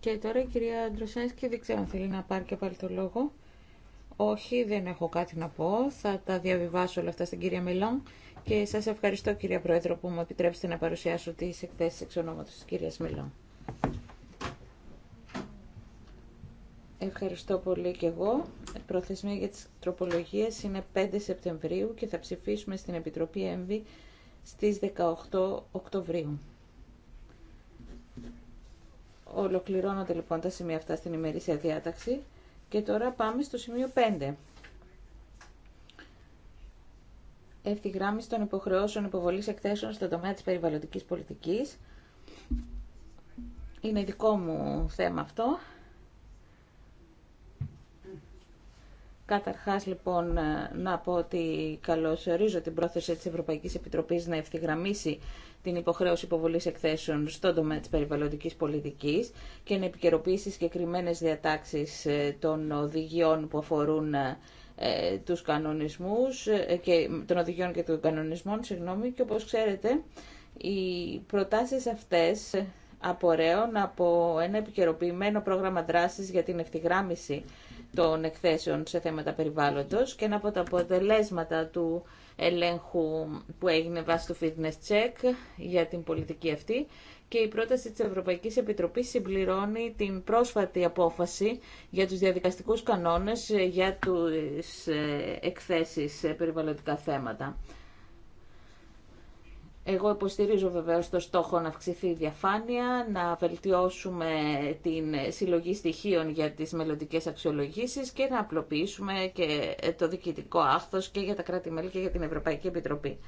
Και τώρα η κυρία Ντροσένσκη δεν ξέρω αν θέλει να πάρει και πάλι το λόγο. Όχι, δεν έχω κάτι να πω. Θα τα διαβιβάσω όλα αυτά στην κυρία Μελόν. Και σας ευχαριστώ κυρία Πρόεδρο που μου επιτρέψετε να παρουσιάσω τις εκθέσεις εξ ονόματο τη κυρίας Μελόν. Ευχαριστώ πολύ και εγώ. Η προθεσμία για τις τροπολογίες είναι 5 Σεπτεμβρίου και θα ψηφίσουμε στην Επιτροπή ΕΜΒΗ στις 18 Οκτωβρίου. Ολοκληρώνονται λοιπόν τα σημεία αυτά στην ημερήσια διάταξη και τώρα πάμε στο σημείο 5. Ευθυγράμμιση των υποχρεώσεων υποβολή εκθέσεων στον τομέα τη περιβαλλοντική πολιτική. Είναι δικό μου θέμα αυτό. Καταρχάς λοιπόν ε, να πω ότι καλωσορίζω την πρόθεση της Ευρωπαϊκής Επιτροπής να ευθυγραμμίσει την υποχρέωση υποβολής εκθέσεων στον τομέα της περιβαλλοντικής πολιτικής και να επικαιροποιήσει συγκεκριμένε διατάξεις ε, των οδηγιών που αφορούν ε, τους κανονισμούς και των οδηγιών και των κανονισμών, συγγνώμη, και όπως ξέρετε οι προτάσεις αυτές απορρέουν από ένα επικαιροποιημένο πρόγραμμα δράσης για την ευθυγράμμιση των εκθέσεων σε θέματα περιβάλλοντος και ένα από τα αποτελέσματα του ελέγχου που έγινε βάσει του fitness check για την πολιτική αυτή και η πρόταση της Ευρωπαϊκής Επιτροπής συμπληρώνει την πρόσφατη απόφαση για τους διαδικαστικούς κανόνες για τις ε, εκθέσεις σε περιβαλλοντικά θέματα. Εγώ υποστηρίζω βεβαίω το στόχο να αυξηθεί η διαφάνεια, να βελτιώσουμε την συλλογή στοιχείων για τι μελλοντικέ αξιολογήσει και να απλοποιήσουμε και το διοικητικό άχθο και για τα κράτη-μέλη και για την Ευρωπαϊκή Επιτροπή.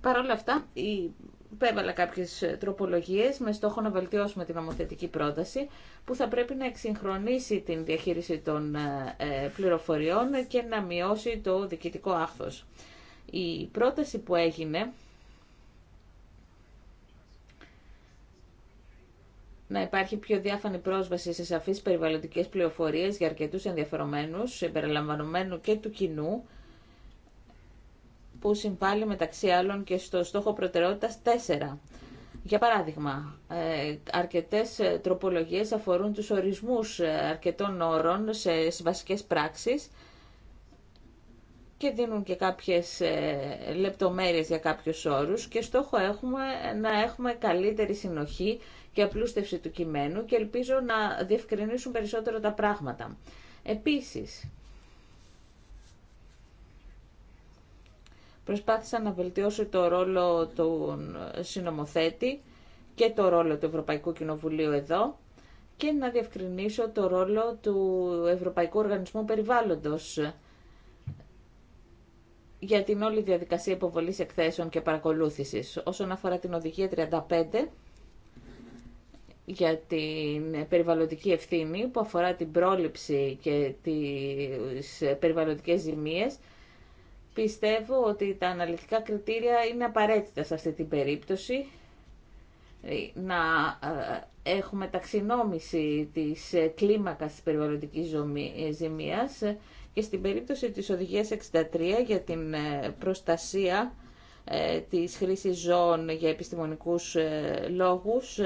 Παρ' όλα αυτά, υπέβαλα κάποιε τροπολογίε με στόχο να βελτιώσουμε την νομοθετική πρόταση που θα πρέπει να εξυγχρονίσει την διαχείριση των ε, πληροφοριών και να μειώσει το διοικητικό άχθο. Η πρόταση που έγινε να υπάρχει πιο διάφανη πρόσβαση σε σαφείς περιβαλλοντικές πληροφορίες για αρκετούς ενδιαφερομένους, συμπεριλαμβανομένου και του κοινού, που συμβάλλει μεταξύ άλλων και στο στόχο προτεραιότητας 4. Για παράδειγμα, ε, αρκετές ε, τροπολογίες αφορούν τους ορισμούς ε, αρκετών όρων σε βασικές πράξεις και δίνουν και κάποιες λεπτομέρειες για κάποιους όρους και στόχο έχουμε να έχουμε καλύτερη συνοχή και απλούστευση του κειμένου και ελπίζω να διευκρινίσουν περισσότερο τα πράγματα. Επίσης, προσπάθησα να βελτιώσω το ρόλο του συνομοθέτη και το ρόλο του Ευρωπαϊκού Κοινοβουλίου εδώ και να διευκρινίσω το ρόλο του Ευρωπαϊκού Οργανισμού Περιβάλλοντος για την όλη διαδικασία υποβολής εκθέσεων και παρακολούθησης. Όσον αφορά την οδηγία 35, για την περιβαλλοντική ευθύνη που αφορά την πρόληψη και τις περιβαλλοντικές ζημίες. Πιστεύω ότι τα αναλυτικά κριτήρια είναι απαραίτητα σε αυτή την περίπτωση να ε, έχουμε ταξινόμηση της ε, κλίμακας της περιβαλλοντικής ε, ζημίας και στην περίπτωση της οδηγίας 63 για την προστασία της χρήσης ζώων για επιστημονικούς λόγους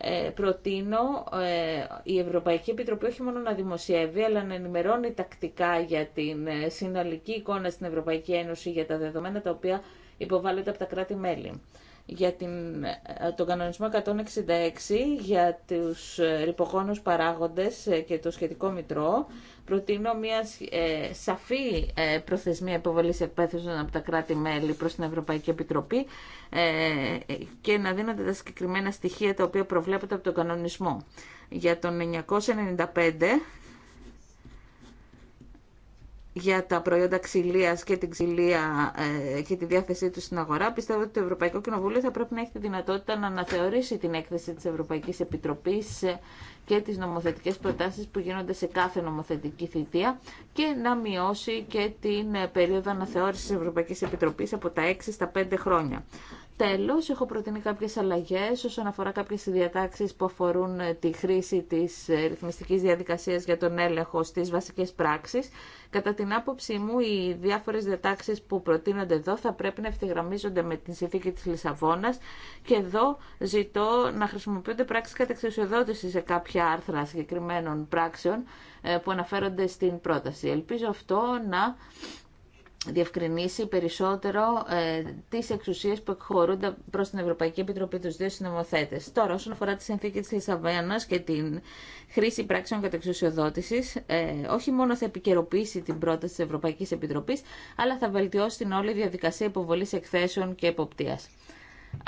ε, προτείνω ε, η Ευρωπαϊκή Επιτροπή όχι μόνο να δημοσιεύει, αλλά να ενημερώνει τακτικά για την ε, συνολική εικόνα στην Ευρωπαϊκή Ένωση για τα δεδομένα τα οποία υποβάλλονται από τα κράτη-μέλη για την, ε, τον κανονισμό 166 για τους ε, ρηπογόνους παράγοντες ε, και το σχετικό μητρό. Προτείνω μια σαφή προθεσμία υποβολής εκπαίδευσης από τα κράτη-μέλη προς την Ευρωπαϊκή Επιτροπή και να δίνονται τα συγκεκριμένα στοιχεία τα οποία προβλέπονται από τον κανονισμό. Για τον 995 για τα προϊόντα ξυλία και την ξυλία ε, και τη διάθεσή του στην αγορά, πιστεύω ότι το Ευρωπαϊκό Κοινοβούλιο θα πρέπει να έχει τη δυνατότητα να αναθεωρήσει την έκθεση της Ευρωπαϊκής Επιτροπής ε, και τις νομοθετικές προτάσεις που γίνονται σε κάθε νομοθετική θητεία και να μειώσει και την ε, περίοδο αναθεώρηση της Ευρωπαϊκής Επιτροπής από τα 6 στα 5 χρόνια. Τέλος, έχω προτείνει κάποιες αλλαγές όσον αφορά κάποιες διατάξεις που αφορούν ε, τη χρήση της ε, ρυθμιστικής διαδικασίας για τον έλεγχο στις βασικές πράξεις. Κατά την άποψή μου, οι διάφορες διατάξεις που προτείνονται εδώ θα πρέπει να ευθυγραμμίζονται με την συνθήκη της Λισαβόνας και εδώ ζητώ να χρησιμοποιούνται πράξεις κατεξουσιοδότηση σε κάποια άρθρα συγκεκριμένων πράξεων ε, που αναφέρονται στην πρόταση. Ελπίζω αυτό να διευκρινίσει περισσότερο ε, τις εξουσίες που εκχωρούνται προς την Ευρωπαϊκή Επιτροπή τους δύο συνομοθέτες. Τώρα, όσον αφορά τη συνθήκη της Λισαβένας και την χρήση πράξεων κατεξουσιοδότησης, ε, όχι μόνο θα επικαιροποιήσει την πρόταση της Ευρωπαϊκής Επιτροπής, αλλά θα βελτιώσει την όλη διαδικασία υποβολής εκθέσεων και εποπτείας.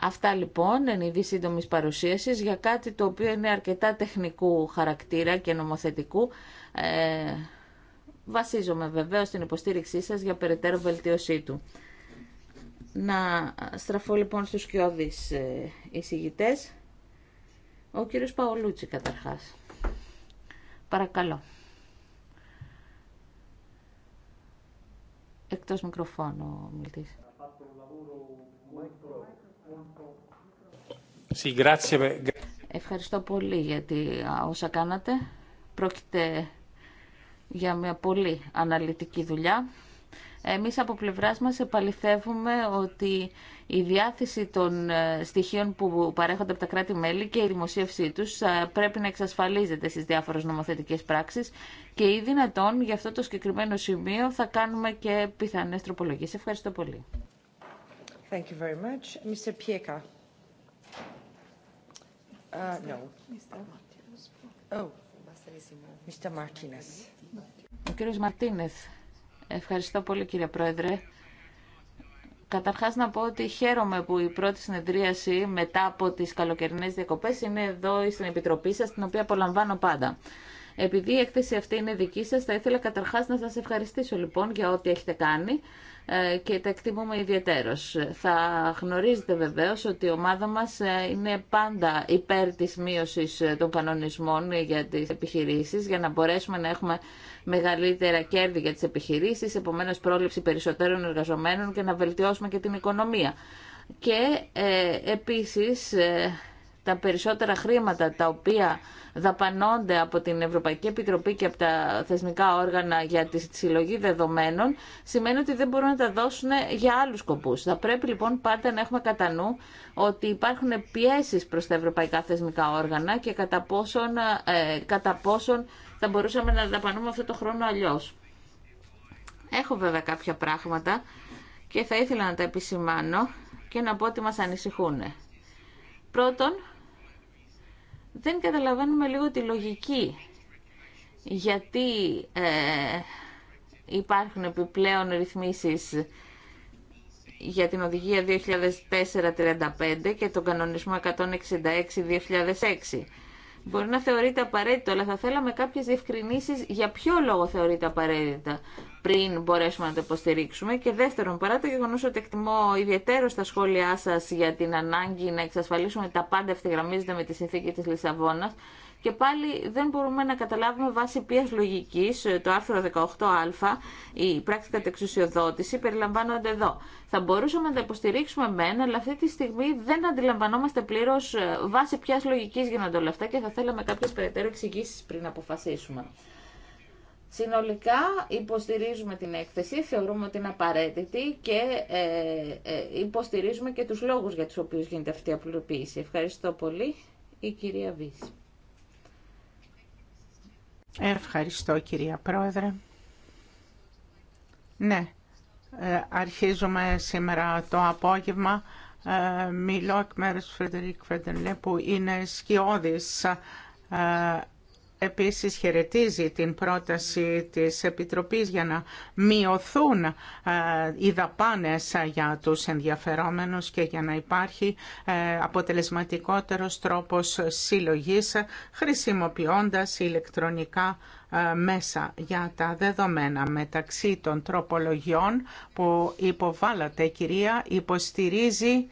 Αυτά λοιπόν εν είδη σύντομη παρουσίαση για κάτι το οποίο είναι αρκετά τεχνικού χαρακτήρα και νομοθετικού. Ε, Βασίζομαι βεβαίω στην υποστήριξή σα για περαιτέρω βελτίωσή του. Να στραφώ λοιπόν στους κοιόδης ε, εισηγητέ. Ο κύριος Παολούτσι καταρχάς. Παρακαλώ. Εκτός μικροφώνου Ευχαριστώ πολύ γιατί όσα κάνατε. Πρόκειται για μια πολύ αναλυτική δουλειά. Εμείς από πλευράς μας επαληθεύουμε ότι η διάθεση των ε, στοιχείων που παρέχονται από τα κράτη-μέλη και η δημοσίευσή τους ε, πρέπει να εξασφαλίζεται στις διάφορες νομοθετικές πράξεις και ή δυνατόν για αυτό το συγκεκριμένο σημείο θα κάνουμε και πιθανές τροπολογίες. Ευχαριστώ πολύ. Thank you very much. Mr. Pieka. Uh, no. Oh. Mr. Martinez. Ο κύριος Μαρτίνεθ. Ευχαριστώ πολύ κύριε Πρόεδρε. Καταρχάς να πω ότι χαίρομαι που η πρώτη συνεδρίαση μετά από τις καλοκαιρινές διακοπές είναι εδώ στην Επιτροπή σας, την οποία απολαμβάνω πάντα. Επειδή η έκθεση αυτή είναι δική σας, θα ήθελα καταρχάς να σας ευχαριστήσω λοιπόν για ό,τι έχετε κάνει. Ε, και τα εκτιμούμε ιδιαίτερως. Θα γνωρίζετε βεβαίως ότι η ομάδα μας ε, είναι πάντα υπέρ της μείωσης ε, των κανονισμών για τις επιχειρήσεις για να μπορέσουμε να έχουμε μεγαλύτερα κέρδη για τις επιχειρήσεις, επομένως πρόληψη περισσότερων εργαζομένων και να βελτιώσουμε και την οικονομία. Και ε, επίσης τα περισσότερα χρήματα τα οποία δαπανώνται από την Ευρωπαϊκή Επιτροπή και από τα θεσμικά όργανα για τη συλλογή δεδομένων, σημαίνει ότι δεν μπορούν να τα δώσουν για άλλους σκοπούς. Θα πρέπει λοιπόν πάντα να έχουμε κατά νου ότι υπάρχουν πιέσεις προς τα ευρωπαϊκά θεσμικά όργανα και κατά πόσον, ε, κατά πόσον θα μπορούσαμε να δαπανούμε αυτό το χρόνο αλλιώ. Έχω βέβαια κάποια πράγματα και θα ήθελα να τα επισημάνω και να πω ότι μας ανησυχούν. Πρώτον, δεν καταλαβαίνουμε λίγο τη λογική. Γιατί ε, υπάρχουν επιπλέον ρυθμίσεις για την Οδηγία 2004-35 και τον Κανονισμό 166-2006. Μπορεί να θεωρείται απαραίτητο, αλλά θα θέλαμε κάποιε διευκρινήσει για ποιο λόγο θεωρείται απαραίτητα πριν μπορέσουμε να το υποστηρίξουμε. Και δεύτερον, παρά το γεγονό ότι εκτιμώ ιδιαίτερο στα σχόλιά σα για την ανάγκη να εξασφαλίσουμε τα πάντα ευθυγραμμίζονται με τη συνθήκη τη Λισαβόνα, και πάλι δεν μπορούμε να καταλάβουμε βάσει ποια λογική ε, το άρθρο 18α, η πράξη κατεξουσιοδότηση, περιλαμβάνονται εδώ. Θα μπορούσαμε να τα υποστηρίξουμε μεν, αλλά αυτή τη στιγμή δεν αντιλαμβανόμαστε πλήρω ε, βάσει ποια λογική γίνονται όλα αυτά και θα θέλαμε κάποιε περαιτέρω εξηγήσει πριν αποφασίσουμε. Συνολικά υποστηρίζουμε την έκθεση, θεωρούμε ότι είναι απαραίτητη και ε, υποστηρίζουμε και τους λόγους για τους οποίους γίνεται αυτή η απλοποίηση. Ευχαριστώ πολύ. Η κυρία Βύση. Ευχαριστώ κυρία Πρόεδρε. Ναι, ε, αρχίζουμε σήμερα το απόγευμα. Ε, μιλώ εκ μέρους Φρεντερικ Φρεντερλέ που είναι σκιώδης ε, Επίσης χαιρετίζει την πρόταση της Επιτροπής για να μειωθούν οι δαπάνες για τους ενδιαφερόμενους και για να υπάρχει ε, αποτελεσματικότερος τρόπος συλλογής χρησιμοποιώντας ηλεκτρονικά ε, μέσα για τα δεδομένα μεταξύ των τροπολογιών που υποβάλλατε κυρία υποστηρίζει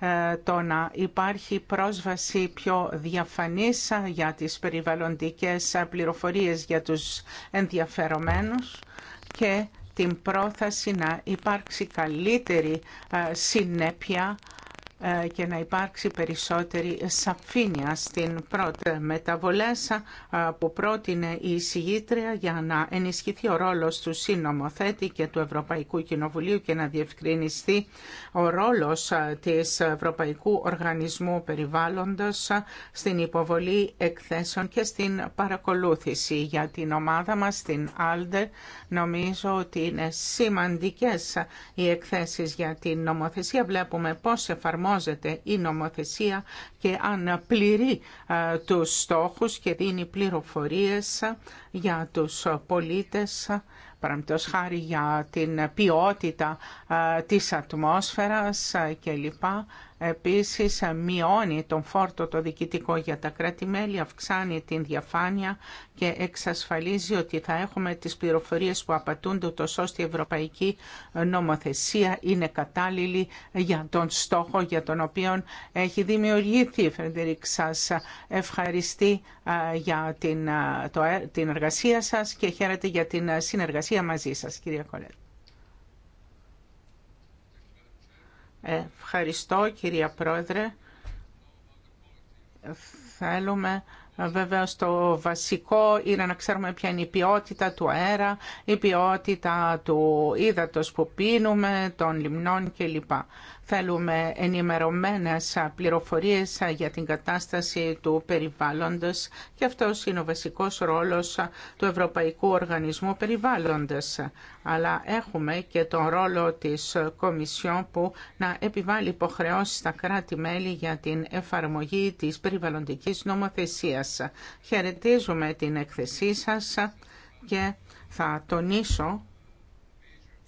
ε, το να υπάρχει πρόσβαση πιο διαφανής για τις περιβαλλοντικές πληροφορίες για τους ενδιαφερομένους και την πρόθεση να υπάρξει καλύτερη ε, συνέπεια ε, και να υπάρξει περισσότερη σαφήνεια στην πρώτη μεταβολέσα ε, που πρότεινε η εισηγήτρια για να ενισχυθεί ο ρόλος του συνομοθέτη και του Ευρωπαϊκού Κοινοβουλίου και να διευκρινιστεί ο ρόλος ε, της Ευρωπαϊκού Οργανισμού Περιβάλλοντος στην υποβολή εκθέσεων και στην παρακολούθηση για την ομάδα μας στην ΑΛΔΕ νομίζω ότι είναι σημαντικές οι εκθέσεις για την νομοθεσία βλέπουμε πώς εφαρμόζονται η νομοθεσία και αν πληρεί τους στόχους και δίνει πληροφορίες για τους πολίτες παραμπτώς χάρη για την ποιότητα της ατμόσφαιρας κλπ. Επίσης μειώνει τον φόρτο το διοικητικό για τα κράτη-μέλη, αυξάνει την διαφάνεια και εξασφαλίζει ότι θα έχουμε τις πληροφορίες που απαιτούνται το ώστε η ευρωπαϊκή νομοθεσία είναι κατάλληλη για τον στόχο για τον οποίο έχει δημιουργηθεί. Φρεντερικ, σας ευχαριστεί για την, ε, την εργασία σας και χαίρετε για την συνεργασία μαζί σας, κυρία Κολέτ. Ευχαριστώ κυρία Πρόεδρε. Θέλουμε βέβαια το βασικό είναι να ξέρουμε ποια είναι η ποιότητα του αέρα, η ποιότητα του ύδατος που πίνουμε, των λιμνών κλπ. Θέλουμε ενημερωμένες πληροφορίες για την κατάσταση του περιβάλλοντος και αυτός είναι ο βασικός ρόλος του Ευρωπαϊκού Οργανισμού Περιβάλλοντος. Αλλά έχουμε και τον ρόλο της Κομισιόν που να επιβάλλει υποχρεώσεις στα κράτη-μέλη για την εφαρμογή της περιβαλλοντικής νομοθεσίας. Χαιρετίζουμε την εκθεσή σας και θα τονίσω,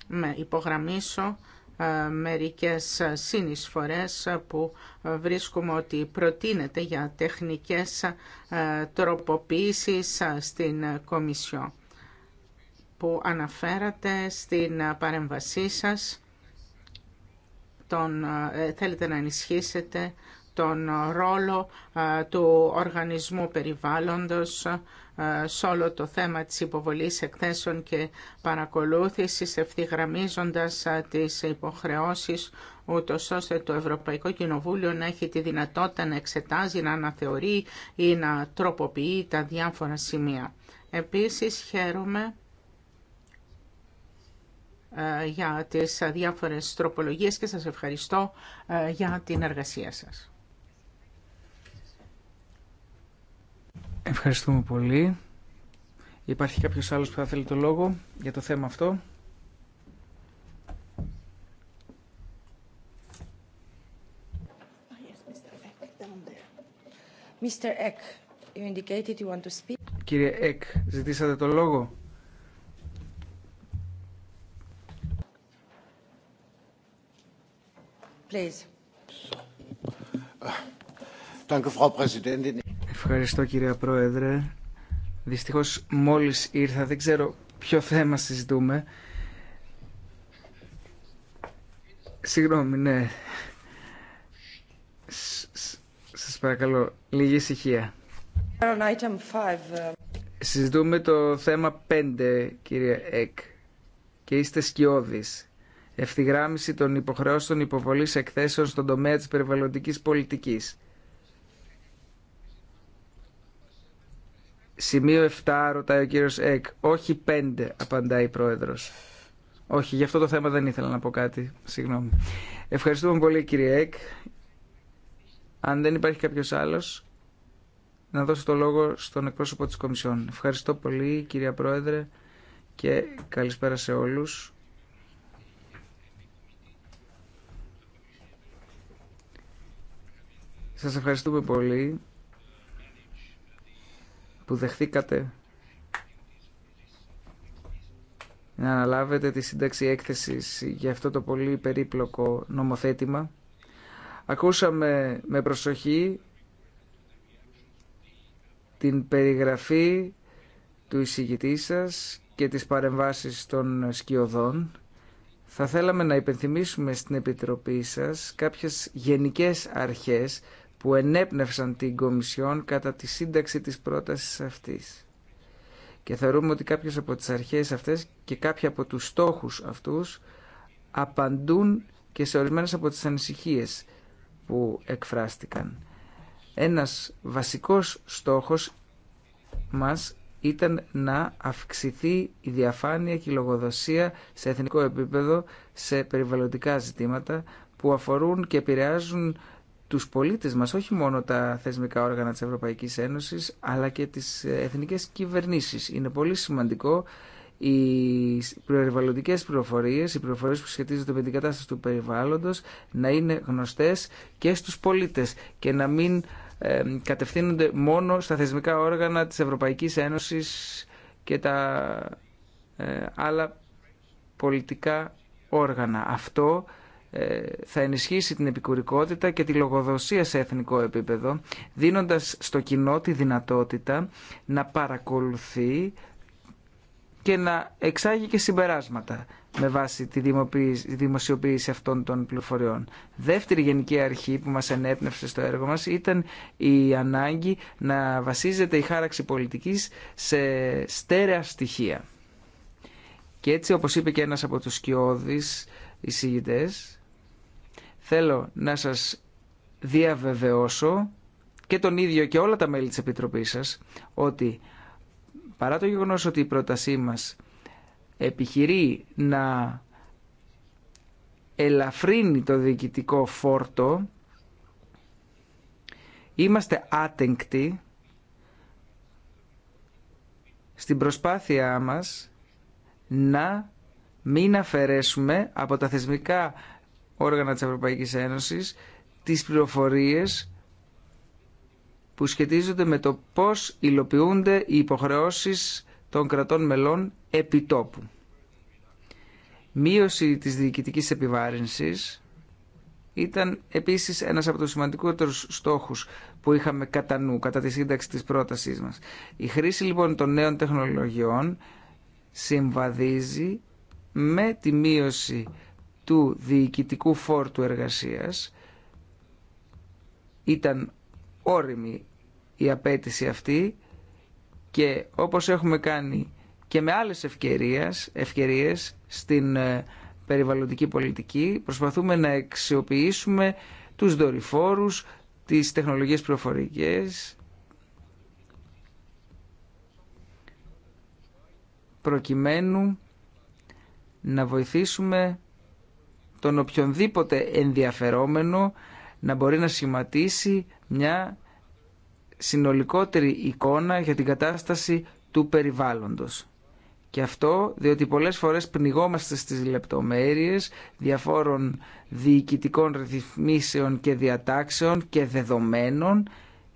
με υπογραμμίσω ε, μερικές συνεισφορές που βρίσκουμε ότι προτείνεται για τεχνικές ε, τροποποίησεις ε, στην Κομισιό που αναφέρατε στην παρέμβασή σας τον, θέλετε να ενισχύσετε τον ρόλο του Οργανισμού Περιβάλλοντος ε, σε όλο το θέμα της υποβολής εκθέσεων και παρακολούθησης ευθυγραμμίζοντας ε, τις υποχρεώσεις ούτω ώστε το Ευρωπαϊκό Κοινοβούλιο να έχει τη δυνατότητα να εξετάζει, να αναθεωρεί ή να τροποποιεί τα διάφορα σημεία. Επίσης χαίρομαι ε, για τις διάφορες τροπολογίες και σας ευχαριστώ για την εργασία σας. Ευχαριστούμε πολύ. Υπάρχει κάποιος άλλος που θα θέλει το λόγο για το θέμα αυτό. Mr. Eck, you indicated you want to speak. Κύριε Εκ, ζητήσατε το λόγο. Please. Danke, Frau Präsidentin. Ευχαριστώ κυρία Πρόεδρε. Δυστυχώς μόλις ήρθα, δεν ξέρω ποιο θέμα συζητούμε. Συγγνώμη, ναι. Σας παρακαλώ, λίγη ησυχία. Uh, συζητούμε το θέμα 5, κυρία Εκ. Και είστε σκιώδης. Ευθυγράμμιση των υποχρεώσεων υποβολής εκθέσεων στον τομέα της περιβαλλοντικής πολιτικής. Σημείο 7 ρωτάει ο κύριος Εκ. Όχι 5 απαντάει η πρόεδρος. Όχι, γι' αυτό το θέμα δεν ήθελα να πω κάτι. Συγγνώμη. Ευχαριστούμε πολύ κύριε Εκ. Αν δεν υπάρχει κάποιος άλλος, να δώσω το λόγο στον εκπρόσωπο της Κομισιόν. Ευχαριστώ πολύ κυρία Πρόεδρε και καλησπέρα σε όλους. Σας ευχαριστούμε πολύ που δεχθήκατε να αναλάβετε τη σύνταξη έκθεσης για αυτό το πολύ περίπλοκο νομοθέτημα. Ακούσαμε με προσοχή την περιγραφή του εισηγητή σας και τις παρεμβάσεις των σκιωδών. Θα θέλαμε να υπενθυμίσουμε στην Επιτροπή σας κάποιες γενικές αρχές που ενέπνευσαν την Κομισιόν κατά τη σύνταξη της πρότασης αυτής. Και θεωρούμε ότι κάποιες από τις αρχές αυτές και κάποιοι από τους στόχους αυτούς απαντούν και σε ορισμένες από τις ανησυχίες που εκφράστηκαν. Ένας βασικός στόχος μας ήταν να αυξηθεί η διαφάνεια και η λογοδοσία σε εθνικό επίπεδο σε περιβαλλοντικά ζητήματα που αφορούν και επηρεάζουν τους πολίτες μας, όχι μόνο τα θεσμικά όργανα της Ευρωπαϊκής Ένωσης, αλλά και τις εθνικές κυβερνήσεις. Είναι πολύ σημαντικό οι περιβαλλοντικές πληροφορίες, οι πληροφορίες που σχετίζονται με την κατάσταση του περιβάλλοντος, να είναι γνωστές και στους πολίτες και να μην κατευθύνονται μόνο στα θεσμικά όργανα της Ευρωπαϊκής Ένωσης και τα ε, άλλα πολιτικά όργανα. Αυτό ε, θα ενισχύσει την επικουρικότητα και τη λογοδοσία σε εθνικό επίπεδο, δίνοντας στο κοινό τη δυνατότητα να παρακολουθεί και να εξάγει και συμπεράσματα με βάση τη δημοσιοποίηση αυτών των πληροφοριών. Δεύτερη γενική αρχή που μας ενέπνευσε στο έργο μας ήταν η ανάγκη να βασίζεται η χάραξη πολιτικής σε στέρεα στοιχεία. Και έτσι, όπως είπε και ένας από τους σκιώδεις εισηγητές, Θέλω να σας διαβεβαιώσω και τον ίδιο και όλα τα μέλη της Επιτροπής σας ότι παρά το γεγονός ότι η πρότασή μας επιχειρεί να ελαφρύνει το διοικητικό φόρτο είμαστε άτεγκτοι στην προσπάθειά μας να μην αφαιρέσουμε από τα θεσμικά όργανα της Ευρωπαϊκής Ένωσης τις πληροφορίες που σχετίζονται με το πώς υλοποιούνται οι υποχρεώσεις των κρατών μελών επιτόπου. Μείωση της διοικητικής επιβάρυνσης ήταν επίσης ένας από τους σημαντικότερους στόχους που είχαμε κατά νου, κατά τη σύνταξη της πρότασής μας. Η χρήση λοιπόν των νέων τεχνολογιών συμβαδίζει με τη μείωση του διοικητικού φόρτου εργασίας ήταν όρημη η απέτηση αυτή και όπως έχουμε κάνει και με άλλες ευκαιρίες, ευκαιρίες στην ε, περιβαλλοντική πολιτική προσπαθούμε να αξιοποιήσουμε τους δορυφόρους, τις τεχνολογίες προφορικές προκειμένου να βοηθήσουμε τον οποιονδήποτε ενδιαφερόμενο να μπορεί να σχηματίσει μια συνολικότερη εικόνα για την κατάσταση του περιβάλλοντος. Και αυτό διότι πολλές φορές πνιγόμαστε στις λεπτομέρειες διαφόρων διοικητικών ρυθμίσεων και διατάξεων και δεδομένων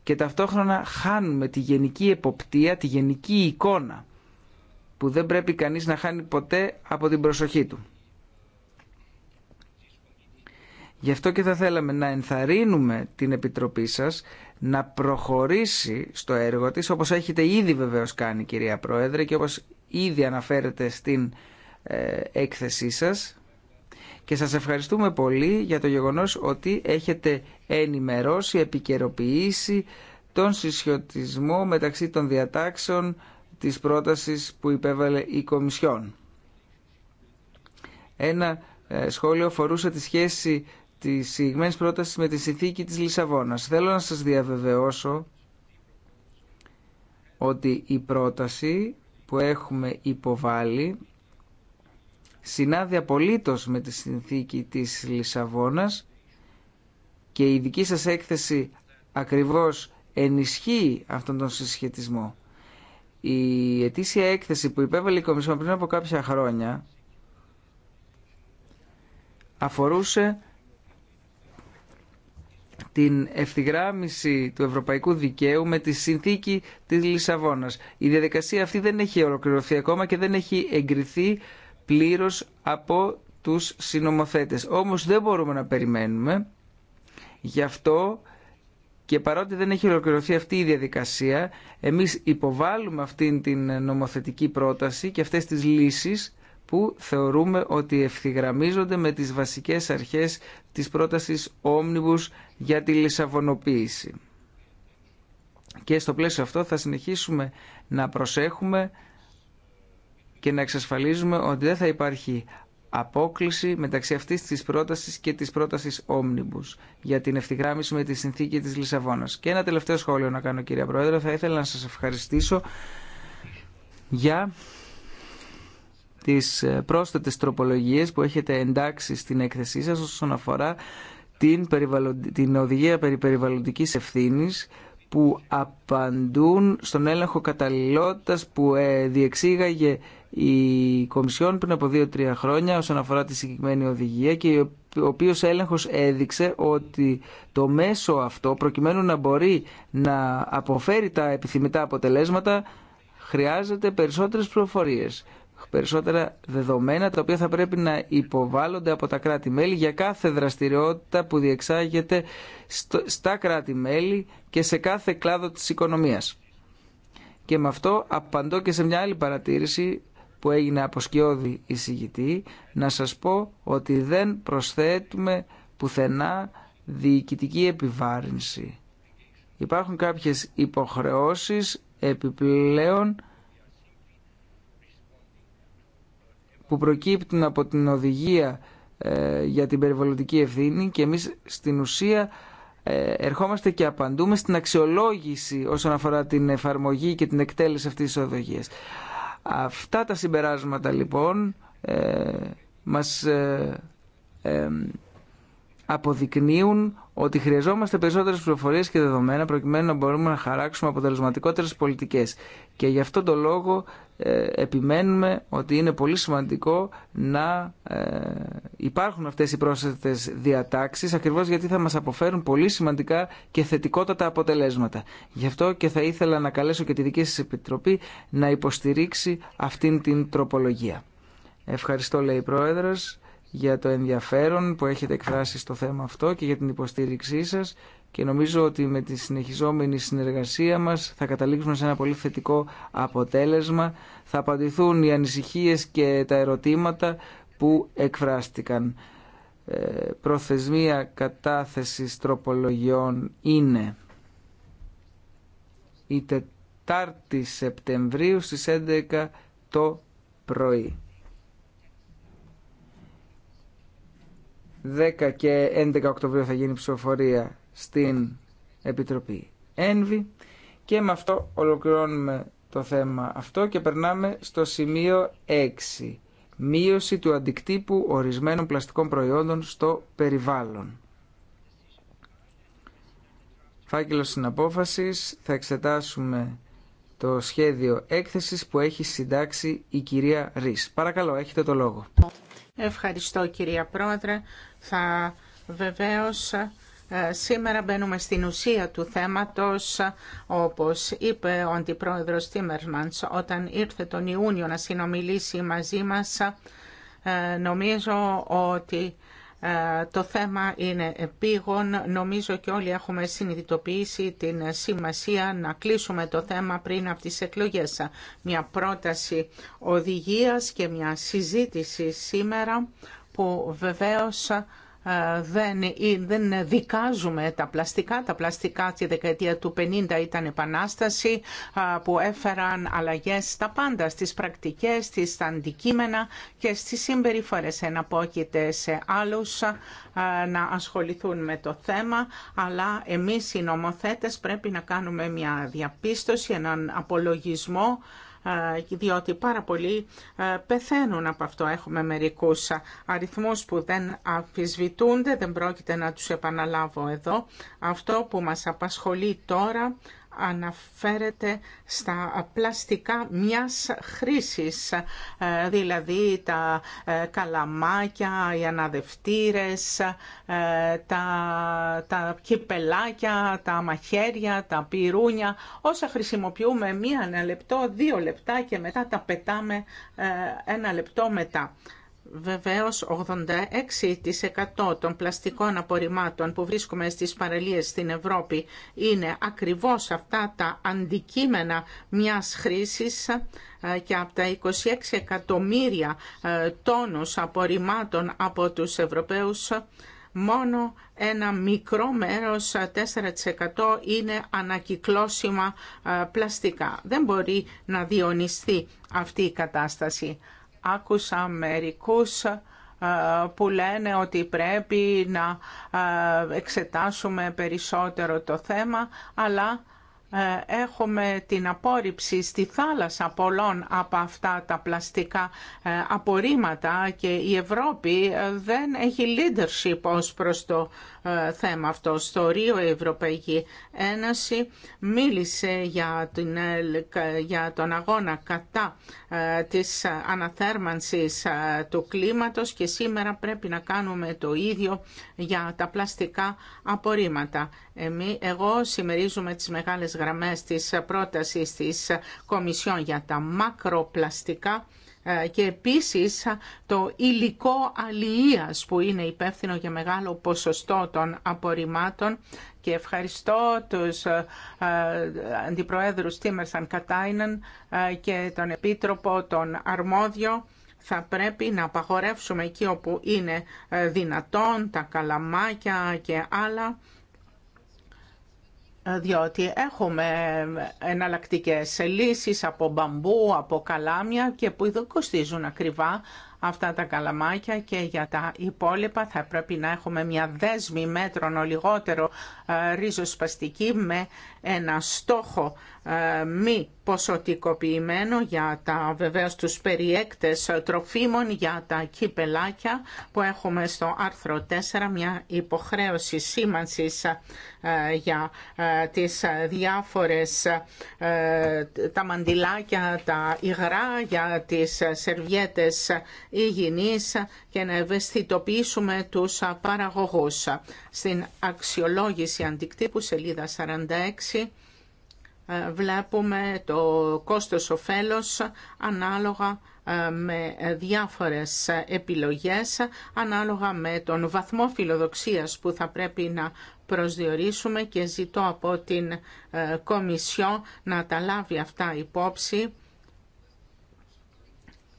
και ταυτόχρονα χάνουμε τη γενική εποπτεία, τη γενική εικόνα που δεν πρέπει κανείς να χάνει ποτέ από την προσοχή του. Γι' αυτό και θα θέλαμε να ενθαρρύνουμε την Επιτροπή σας να προχωρήσει στο έργο της, όπως έχετε ήδη βεβαίως κάνει κυρία Πρόεδρε και όπως ήδη αναφέρετε στην ε, έκθεσή σας. Και σας ευχαριστούμε πολύ για το γεγονός ότι έχετε ενημερώσει, επικαιροποιήσει τον συσχετισμό μεταξύ των διατάξεων της πρότασης που υπέβαλε η Κομισιόν. Ένα ε, σχόλιο φορούσε τη σχέση τη συγκεκριμένη πρόταση με τη συνθήκη της Λισαβόνας. Θέλω να σας διαβεβαιώσω ότι η πρόταση που έχουμε υποβάλει συνάδει απολύτως με τη συνθήκη της Λισαβόνας και η δική σας έκθεση ακριβώς ενισχύει αυτόν τον συσχετισμό. Η ετήσια έκθεση που υπέβαλε η Κομισιόν πριν από κάποια χρόνια αφορούσε την ευθυγράμμιση του ευρωπαϊκού δικαίου με τη συνθήκη της Λισαβόνας. Η διαδικασία αυτή δεν έχει ολοκληρωθεί ακόμα και δεν έχει εγκριθεί πλήρως από τους συνομοθέτες. Όμως δεν μπορούμε να περιμένουμε. Γι' αυτό και παρότι δεν έχει ολοκληρωθεί αυτή η διαδικασία, εμείς υποβάλλουμε αυτήν την νομοθετική πρόταση και αυτές τις λύσεις που θεωρούμε ότι ευθυγραμμίζονται με τις βασικές αρχές της πρότασης Omnibus για τη λισαβονοποίηση. Και στο πλαίσιο αυτό θα συνεχίσουμε να προσέχουμε και να εξασφαλίζουμε ότι δεν θα υπάρχει απόκληση μεταξύ αυτής της πρότασης και της πρότασης Omnibus για την ευθυγράμμιση με τη συνθήκη της Λισαβόνας. Και ένα τελευταίο σχόλιο να κάνω κύρια Πρόεδρε, θα ήθελα να σας ευχαριστήσω για τις ε, πρόσθετες τροπολογίες που έχετε εντάξει στην έκθεσή σας όσον αφορά την, οδηγία περί περιβαλλοντικής ευθύνης που απαντούν στον έλεγχο καταλληλότητας που ε, διεξήγαγε η Κομισιόν πριν από 2-3 χρόνια όσον αφορά τη συγκεκριμένη οδηγία και ο οποίος έλεγχος έδειξε ότι το μέσο αυτό προκειμένου να μπορεί να αποφέρει τα επιθυμητά αποτελέσματα χρειάζεται περισσότερες προφορίες περισσότερα δεδομένα τα οποία θα πρέπει να υποβάλλονται από τα κράτη-μέλη για κάθε δραστηριότητα που διεξάγεται στα κράτη-μέλη και σε κάθε κλάδο της οικονομίας. Και με αυτό απαντώ και σε μια άλλη παρατήρηση που έγινε από σκιώδη εισηγητή να σας πω ότι δεν προσθέτουμε πουθενά διοικητική επιβάρυνση. Υπάρχουν κάποιες υποχρεώσεις επιπλέον που προκύπτουν από την οδηγία ε, για την περιβαλλοντική ευθύνη και εμείς στην ουσία ε, ερχόμαστε και απαντούμε στην αξιολόγηση όσον αφορά την εφαρμογή και την εκτέλεση αυτής της οδηγίας. Αυτά τα συμπεράσματα λοιπόν ε, μας αποδεικνύουν ότι χρειαζόμαστε περισσότερες πληροφορίες και δεδομένα προκειμένου να μπορούμε να χαράξουμε αποτελεσματικότερες πολιτικές. Και γι' αυτόν τον λόγο ε, επιμένουμε ότι είναι πολύ σημαντικό να ε, υπάρχουν αυτές οι πρόσθετες διατάξεις ακριβώς γιατί θα μας αποφέρουν πολύ σημαντικά και θετικότατα αποτελέσματα. Γι' αυτό και θα ήθελα να καλέσω και τη δική σας Επιτροπή να υποστηρίξει αυτήν την τροπολογία. Ευχαριστώ λέει η Πρόεδρος για το ενδιαφέρον που έχετε εκφράσει στο θέμα αυτό και για την υποστήριξή σας και νομίζω ότι με τη συνεχιζόμενη συνεργασία μας θα καταλήξουμε σε ένα πολύ θετικό αποτέλεσμα. Θα απαντηθούν οι ανησυχίες και τα ερωτήματα που εκφράστηκαν. Ε, προθεσμία κατάθεσης τροπολογιών είναι η 4 Σεπτεμβρίου στις 11 το πρωί. 10 και 11 Οκτωβρίου θα γίνει ψηφοφορία στην Επιτροπή Ένβη και με αυτό ολοκληρώνουμε το θέμα αυτό και περνάμε στο σημείο 6. Μείωση του αντικτύπου ορισμένων πλαστικών προϊόντων στο περιβάλλον. Φάκελος συναπόφασης θα εξετάσουμε το σχέδιο έκθεσης που έχει συντάξει η κυρία Ρης. Παρακαλώ, έχετε το λόγο. Ευχαριστώ κυρία Πρόεδρε. Θα βεβαίως ε, σήμερα μπαίνουμε στην ουσία του θέματος, όπως είπε ο Αντιπρόεδρος Τίμερμαντς, όταν ήρθε τον Ιούνιο να συνομιλήσει μαζί μας, ε, νομίζω ότι ε, το θέμα είναι επίγον. Νομίζω και όλοι έχουμε συνειδητοποιήσει την σημασία να κλείσουμε το θέμα πριν από τις εκλογές. Μια πρόταση οδηγίας και μια συζήτηση σήμερα που βεβαίως ε, δεν, δεν δικάζουμε τα πλαστικά. Τα πλαστικά τη δεκαετία του 50 ήταν επανάσταση ε, που έφεραν αλλαγές στα πάντα, στις πρακτικές, στις αντικείμενα και στις συμπεριφορές. Εναπόκειται σε άλλους ε, να ασχοληθούν με το θέμα, αλλά εμείς οι νομοθέτες πρέπει να κάνουμε μια διαπίστωση, έναν απολογισμό διότι πάρα πολλοί πεθαίνουν από αυτό. Έχουμε μερικούς αριθμούς που δεν αμφισβητούνται, δεν πρόκειται να τους επαναλάβω εδώ. Αυτό που μας απασχολεί τώρα αναφέρεται στα πλαστικά μιας χρήσης, ε, δηλαδή τα ε, καλαμάκια, οι αναδευτήρες, ε, τα, τα κυπελάκια, τα μαχαίρια, τα πυρούνια, όσα χρησιμοποιούμε μία λεπτό, δύο λεπτά και μετά τα πετάμε ένα λεπτό μετά. Βεβαίως 86% των πλαστικών απορριμμάτων που βρίσκουμε στις παραλίες στην Ευρώπη είναι ακριβώς αυτά τα αντικείμενα μιας χρήσης ε, και από τα 26 εκατομμύρια ε, τόνους απορριμμάτων από τους Ευρωπαίους μόνο ένα μικρό μέρος, 4% ε, είναι ανακυκλώσιμα πλαστικά. Δεν μπορεί να διονυστεί αυτή η κατάσταση άκουσα μερικούς ε, που λένε ότι πρέπει να ε, εξετάσουμε περισσότερο το θέμα, αλλά ε, έχουμε την απόρριψη στη θάλασσα πολλών από αυτά τα πλαστικά απορρίμματα και η Ευρώπη δεν έχει leadership ως προς το ε, θέμα αυτό. Στο Ρίο η Ευρωπαϊκή Ένωση μίλησε για, την, ε, για τον αγώνα κατά ε, της αναθέρμανσης του κλίματος και σήμερα πρέπει να κάνουμε το ίδιο για τα πλαστικά απορρίμματα. Εμεί, εγώ συμμερίζουμε τις μεγάλες γραμμές της πρότασης της Κομισιόν για τα μακροπλαστικά ε, και επίσης το υλικό αλληλείας που είναι υπεύθυνο για μεγάλο ποσοστό των απορριμμάτων και ευχαριστώ τους ε, ε, αντιπροέδρους Τίμερσαν Κατάινεν και τον Επίτροπο τον Αρμόδιο θα πρέπει να απαγορεύσουμε εκεί όπου είναι δυνατόν τα καλαμάκια και άλλα διότι έχουμε εναλλακτικέ λύσεις από μπαμπού, από καλάμια και που δεν κοστίζουν ακριβά αυτά τα καλαμάκια και για τα υπόλοιπα θα πρέπει να έχουμε μια δέσμη μέτρων ο λιγότερο ε, ρίζοσπαστική με ένα στόχο ε, μη ποσοτικοποιημένο για τα βεβαίως τους περιέκτες τροφίμων για τα κυπελάκια που έχουμε στο άρθρο 4 μια υποχρέωση σήμανσης ε, για ε, τις διάφορες τα μαντιλάκια, τα υγρά για τις σερβιέτες υγιεινής και να ευαισθητοποιήσουμε τους παραγωγούς. Στην αξιολόγηση αντικτύπου σελίδα 46 ε, βλέπουμε το κόστος οφέλος ανάλογα ε, με διάφορες επιλογές, ανάλογα με τον βαθμό φιλοδοξίας που θα πρέπει να προσδιορίσουμε και ζητώ από την ε, Κομισιό να τα λάβει αυτά υπόψη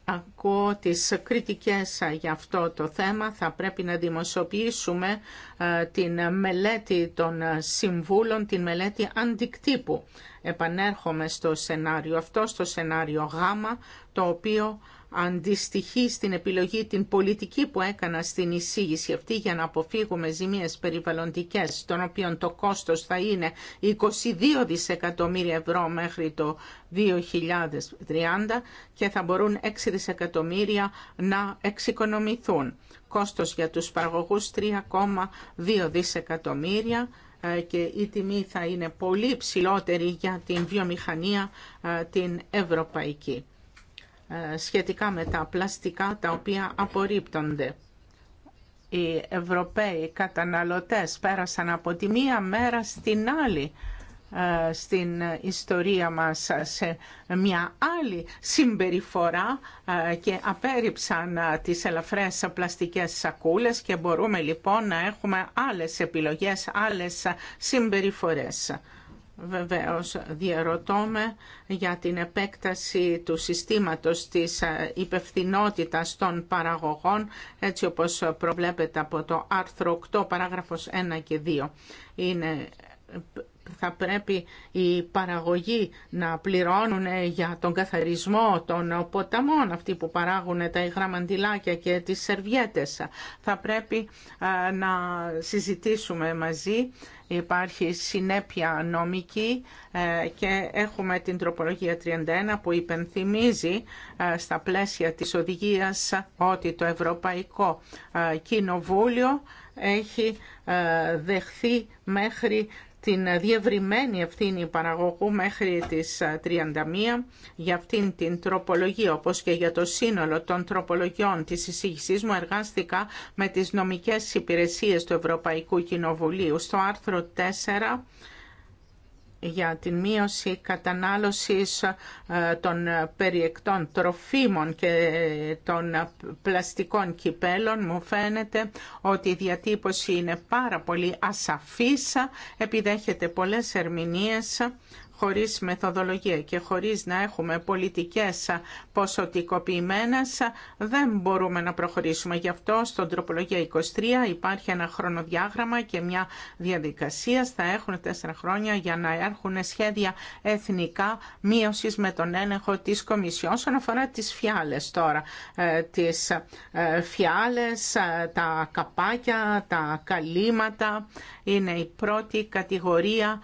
Ακούω τις κριτικές για αυτό το θέμα. Θα πρέπει να δημοσιοποιήσουμε ε, την μελέτη των συμβούλων, την μελέτη αντικτύπου. Επανέρχομαι στο σενάριο αυτό, στο σενάριο Γ, το οποίο αντιστοιχεί στην επιλογή την πολιτική που έκανα στην εισήγηση αυτή για να αποφύγουμε ζημίες περιβαλλοντικές, των οποίων το κόστος θα είναι 22 δισεκατομμύρια ευρώ μέχρι το 2030 και θα μπορούν 6 δισεκατομμύρια να εξοικονομηθούν. Κόστος για τους παραγωγούς 3,2 δισεκατομμύρια ε, και η τιμή θα είναι πολύ ψηλότερη για την βιομηχανία ε, την ευρωπαϊκή. Ε, σχετικά με τα πλαστικά τα οποία απορρίπτονται. Οι Ευρωπαίοι καταναλωτές πέρασαν από τη μία μέρα στην άλλη ε, στην ιστορία μας σε μια άλλη συμπεριφορά ε, και απέριψαν τις ελαφρές πλαστικές σακούλες και μπορούμε λοιπόν να έχουμε άλλες επιλογές, άλλες συμπεριφορές. Βεβαίως διαρωτώμε για την επέκταση του συστήματος της υπευθυνότητας των παραγωγών έτσι όπως προβλέπεται από το άρθρο 8 παράγραφος 1 και 2. Είναι θα πρέπει οι παραγωγοί να πληρώνουν ε, για τον καθαρισμό των ποταμών, αυτοί που παράγουν τα υγρά μαντιλάκια και τις σερβιέτες. Θα πρέπει να συζητήσουμε μαζί. Υπάρχει συνέπεια νομική ε, και έχουμε την τροπολογία 31 που υπενθυμίζει ε, στα πλαίσια της οδηγίας ότι το Ευρωπαϊκό Κοινοβούλιο έχει δεχθεί μέχρι την διευρυμένη ευθύνη παραγωγού μέχρι τις 31 ε, για αυτήν την τροπολογία όπως και για το σύνολο των τροπολογιών της εισήγησής μου εργάστηκα με τις νομικές υπηρεσίες του Ευρωπαϊκού Κοινοβουλίου στο άρθρο 4 για την μείωση κατανάλωσης ε, των περιεκτών τροφίμων και των πλαστικών κυπέλων μου φαίνεται ότι η διατύπωση είναι πάρα πολύ ασαφής, επιδέχεται πολλές ερμηνείες χωρίς μεθοδολογία και χωρίς να έχουμε πολιτικές ποσοτικοποιημένες δεν μπορούμε να προχωρήσουμε. Γι' αυτό στον τροπολογία 23 υπάρχει ένα χρονοδιάγραμμα και μια διαδικασία. Θα έχουν τέσσερα χρόνια για να έρχουν σχέδια εθνικά μείωση με τον έλεγχο της Κομισιόν. Όσον αφορά τις φιάλες τώρα, ε, τις ε, φιάλες, ε, τα καπάκια, τα καλύματα, είναι η πρώτη κατηγορία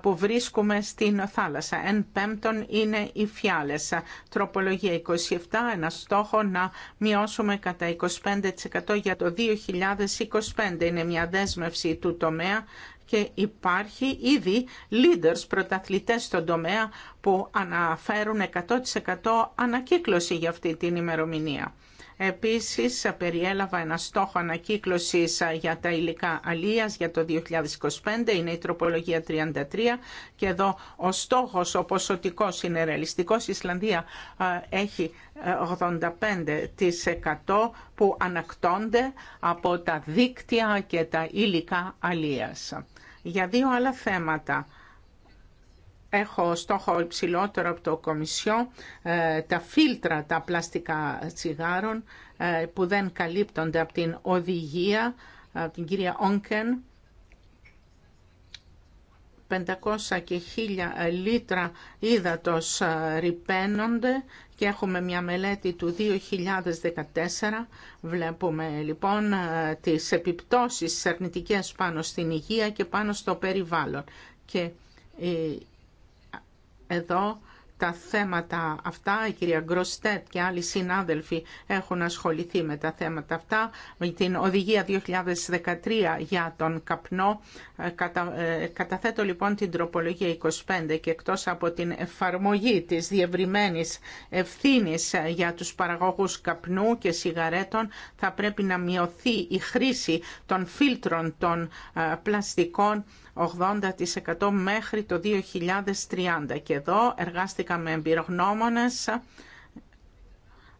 που βρίσκουμε στην θάλασσα. Εν πέμπτον είναι οι φιάλες. Τροπολογία 27, ένα στόχο να μειώσουμε κατά 25% για το 2025. Είναι μια δέσμευση του τομέα και υπάρχει ήδη leaders, πρωταθλητές στον τομέα που αναφέρουν 100% ανακύκλωση για αυτή την ημερομηνία. Επίσης, περιέλαβα ένα στόχο ανακύκλωσης για τα υλικά αλίας για το 2025, είναι η τροπολογία 33 και εδώ ο στόχος, ο ποσοτικός είναι ρεαλιστικός. Η Ισλανδία έχει 85% ε, που ανακτώνται από τα δίκτυα και τα υλικά αλίας. Για δύο άλλα θέματα έχω στόχο υψηλότερο από το Κομισιό ε, τα φίλτρα τα πλαστικά τσιγάρων ε, που δεν καλύπτονται από την οδηγία, ε, από την κυρία Όγκεν. 500 και 1000 λίτρα ύδατος ρηπαίνονται και έχουμε μια μελέτη του 2014. Βλέπουμε λοιπόν τις επιπτώσεις αρνητικέ πάνω στην υγεία και πάνω στο περιβάλλον. Και εδώ τα θέματα αυτά, η κυρία Γκροστέτ και άλλοι συνάδελφοι έχουν ασχοληθεί με τα θέματα αυτά. Με την οδηγία 2013 για τον καπνό ε, ε, καταθέτω λοιπόν την τροπολογία 25 και εκτός από την εφαρμογή της διευρυμένης ευθύνης ε, για τους παραγωγούς καπνού και σιγαρέτων θα πρέπει να μειωθεί η χρήση των φίλτρων των πλαστικών 80% μέχρι το 2030. Και εδώ εργάστηκα με εμπειρογνώμονες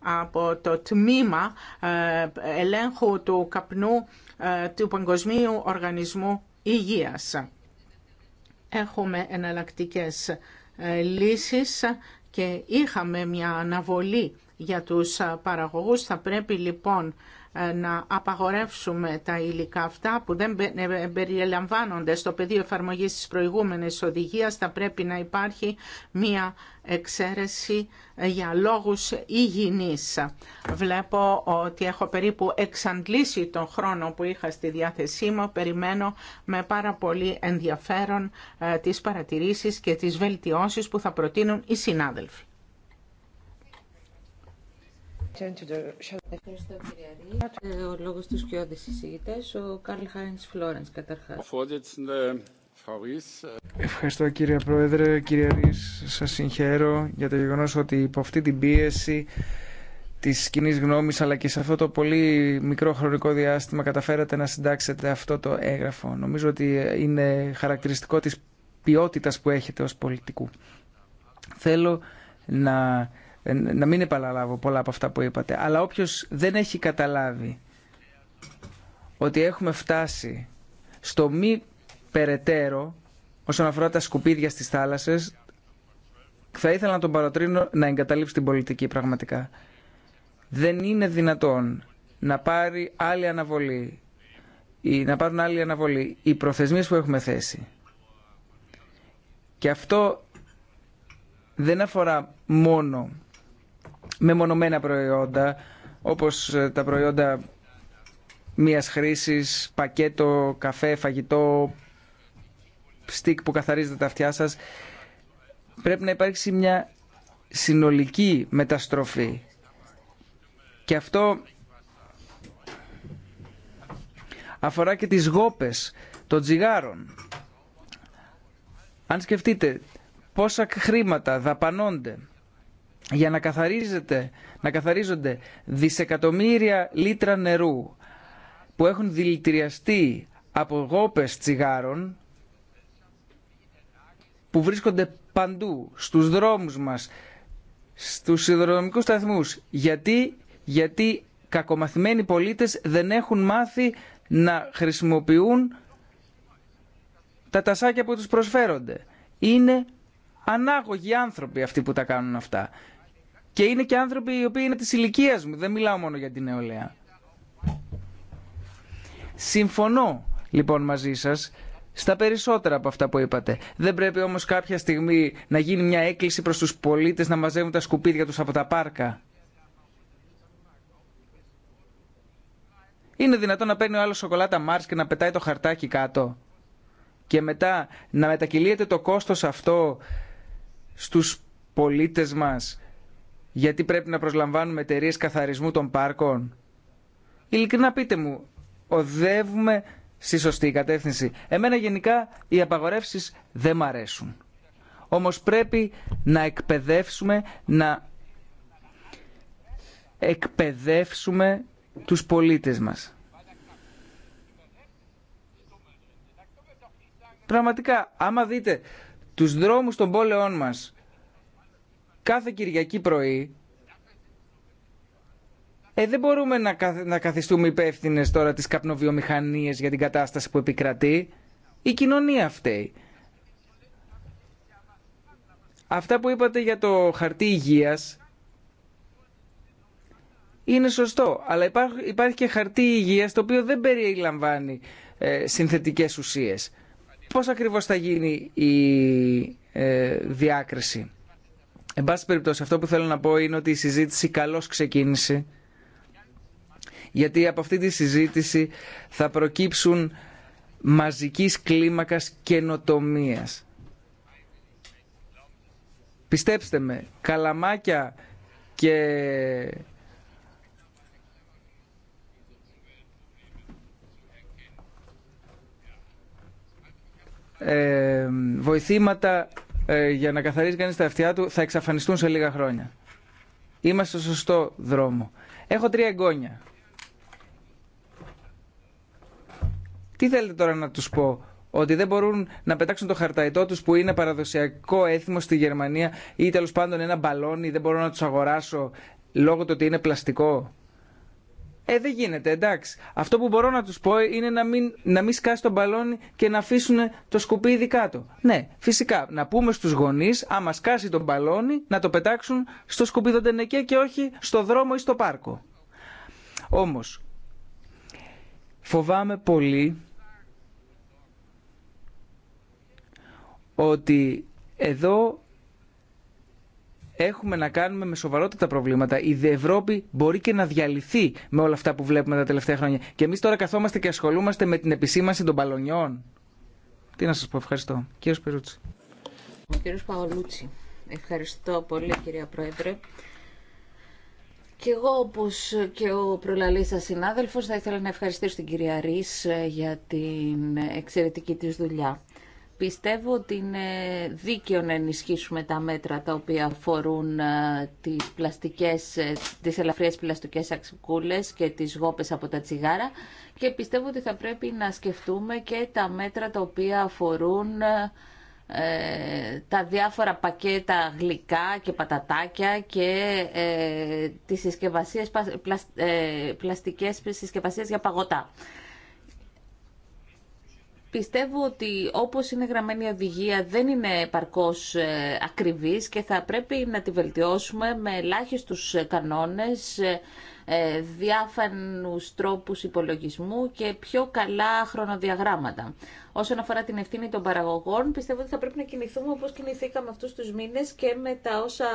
από το τμήμα ε, ελέγχου του καπνού ε, του Παγκοσμίου Οργανισμού Υγείας. Έχουμε εναλλακτικές ε, λύσεις και είχαμε μια αναβολή για τους παραγωγούς. Θα πρέπει λοιπόν να απαγορεύσουμε τα υλικά αυτά που δεν ε, ε, περιελαμβάνονται στο πεδίο εφαρμογής της προηγούμενης οδηγίας. Θα πρέπει να υπάρχει μία εξαίρεση ε, για λόγους υγιεινής. Βλέπω ότι έχω περίπου εξαντλήσει τον χρόνο που είχα στη διάθεσή μου. Περιμένω με πάρα πολύ ενδιαφέρον τις παρατηρήσεις και τις βελτιώσεις που θα προτείνουν οι συνάδελφοι. Ευχαριστώ κυρία ε, Ο λόγος του ο Καρλ Χάινς Φλόρενς καταρχάς. Ε, Ευχαριστώ κύριε Πρόεδρε, κύριε Ρίς, σας συγχαίρω για το γεγονός ότι υπό αυτή την πίεση της κοινή γνώμης αλλά και σε αυτό το πολύ μικρό χρονικό διάστημα καταφέρατε να συντάξετε αυτό το έγγραφο. Νομίζω ότι ε, είναι χαρακτηριστικό της ποιότητας που έχετε ως πολιτικού. Θέλω να ε, να μην επαναλάβω πολλά από αυτά που είπατε, αλλά όποιος δεν έχει καταλάβει ότι έχουμε φτάσει στο μη περαιτέρω όσον αφορά τα σκουπίδια στις θάλασσες, θα ήθελα να τον παροτρύνω να εγκαταλείψει την πολιτική πραγματικά. Δεν είναι δυνατόν να πάρει άλλη αναβολή ή να πάρουν άλλη αναβολή οι προθεσμίες που έχουμε θέσει. Και αυτό δεν αφορά μόνο με μονομένα προϊόντα όπως ε, τα προϊόντα μίας χρήσης, πακέτο, καφέ, φαγητό, στίκ που καθαρίζετε τα αυτιά σας. Πρέπει να υπάρξει μια συνολική μεταστροφή. Και αυτό αφορά και τις γόπες των τσιγάρων. Αν σκεφτείτε πόσα χρήματα δαπανώνται για να, καθαρίζεται, να καθαρίζονται δισεκατομμύρια λίτρα νερού που έχουν δηλητηριαστεί από γόπες τσιγάρων που βρίσκονται παντού, στους δρόμους μας, στους σιδηροδρομικούς σταθμούς. Γιατί, γιατί κακομαθημένοι πολίτες δεν έχουν μάθει να χρησιμοποιούν τα τασάκια που τους προσφέρονται. Είναι ανάγωγοι άνθρωποι αυτοί που τα κάνουν αυτά. Και είναι και άνθρωποι οι οποίοι είναι της ηλικία μου, δεν μιλάω μόνο για την νεολαία. Συμφωνώ λοιπόν μαζί σας στα περισσότερα από αυτά που είπατε. Δεν πρέπει όμως κάποια στιγμή να γίνει μια έκκληση προς τους πολίτες να μαζεύουν τα σκουπίδια τους από τα πάρκα. Είναι δυνατόν να παίρνει ο άλλος σοκολάτα Μάρς και να πετάει το χαρτάκι κάτω και μετά να μετακυλίεται το κόστος αυτό στους πολίτες μας γιατί πρέπει να προσλαμβάνουμε εταιρείε καθαρισμού των πάρκων. Ειλικρινά πείτε μου, οδεύουμε στη σωστή κατεύθυνση. Εμένα γενικά οι απαγορεύσει δεν μ' αρέσουν. Όμως πρέπει να εκπαιδεύσουμε, να εκπαιδεύσουμε τους πολίτες μας. Πραγματικά, άμα δείτε τους δρόμους των πόλεών μας, κάθε Κυριακή πρωί, ε, δεν μπορούμε να, να καθιστούμε υπεύθυνε τώρα τις καπνοβιομηχανίες για την κατάσταση που επικρατεί. Η κοινωνία φταίει. Αυτά που είπατε για το χαρτί υγείας είναι σωστό, αλλά υπάρχει, και χαρτί υγείας το οποίο δεν περιλαμβάνει ε, συνθετικές ουσίες. Πώς ακριβώς θα γίνει η ε, διάκριση. Εν πάση περιπτώσει, αυτό που θέλω να πω είναι ότι η συζήτηση καλώς ξεκίνησε, γιατί από αυτή τη συζήτηση θα προκύψουν μαζικής κλίμακας καινοτομία. Πιστέψτε με, καλαμάκια και ε, βοηθήματα ε, για να καθαρίζει κανείς τα αυτιά του θα εξαφανιστούν σε λίγα χρόνια. Είμαστε στο σωστό δρόμο. Έχω τρία εγγόνια. Τι θέλετε τώρα να τους πω, ότι δεν μπορούν να πετάξουν το χαρταϊτό τους που είναι παραδοσιακό έθιμο στη Γερμανία ή τέλος πάντων ένα μπαλόνι, δεν μπορώ να τους αγοράσω λόγω του ότι είναι πλαστικό. Ε, δεν γίνεται, εντάξει. Αυτό που μπορώ να τους πω είναι να μην, να μην σκάσει τον μπαλόνι και να αφήσουν το σκουπίδι κάτω. Ναι, φυσικά, να πούμε στους γονείς, άμα σκάσει τον μπαλόνι, να το πετάξουν στο τενεκέ και όχι στο δρόμο ή στο πάρκο. Όμω, φοβάμαι πολύ ότι εδώ έχουμε να κάνουμε με σοβαρότητα προβλήματα. Η Ευρώπη μπορεί και να διαλυθεί με όλα αυτά που βλέπουμε τα τελευταία χρόνια. Και εμεί τώρα καθόμαστε και ασχολούμαστε με την επισήμανση των παλωνιών. Τι να σα πω, ευχαριστώ. Κύριο Περούτσι. κύριο Παολούτσι. Ευχαριστώ πολύ, κυρία Πρόεδρε. Και εγώ, όπω και ο προλαλή σα συνάδελφο, θα ήθελα να ευχαριστήσω την κυρία Ρή ε, για την εξαιρετική τη δουλειά. Πιστεύω ότι είναι δίκαιο να ενισχύσουμε τα μέτρα τα οποία αφορούν ε, τις, πλαστικές, ε, τις ελαφριές πλαστικές αξικούλες και τις γόπες από τα τσιγάρα και πιστεύω ότι θα πρέπει να σκεφτούμε και τα μέτρα τα οποία αφορούν ε, τα διάφορα πακέτα γλυκά και πατατάκια και ε, τις συσκευασίες, πλασ, πλαστικές συσκευασίες για παγωτά. Πιστεύω ότι όπως είναι γραμμένη η οδηγία δεν είναι παρκώς ε, ακριβής και θα πρέπει να τη βελτιώσουμε με ελάχιστους κανόνες, ε, ε, διάφανους τρόπους υπολογισμού και πιο καλά χρονοδιαγράμματα. Όσον αφορά την ευθύνη των παραγωγών, πιστεύω ότι θα πρέπει να κινηθούμε όπως κινηθήκαμε αυτούς τους μήνες και με τα όσα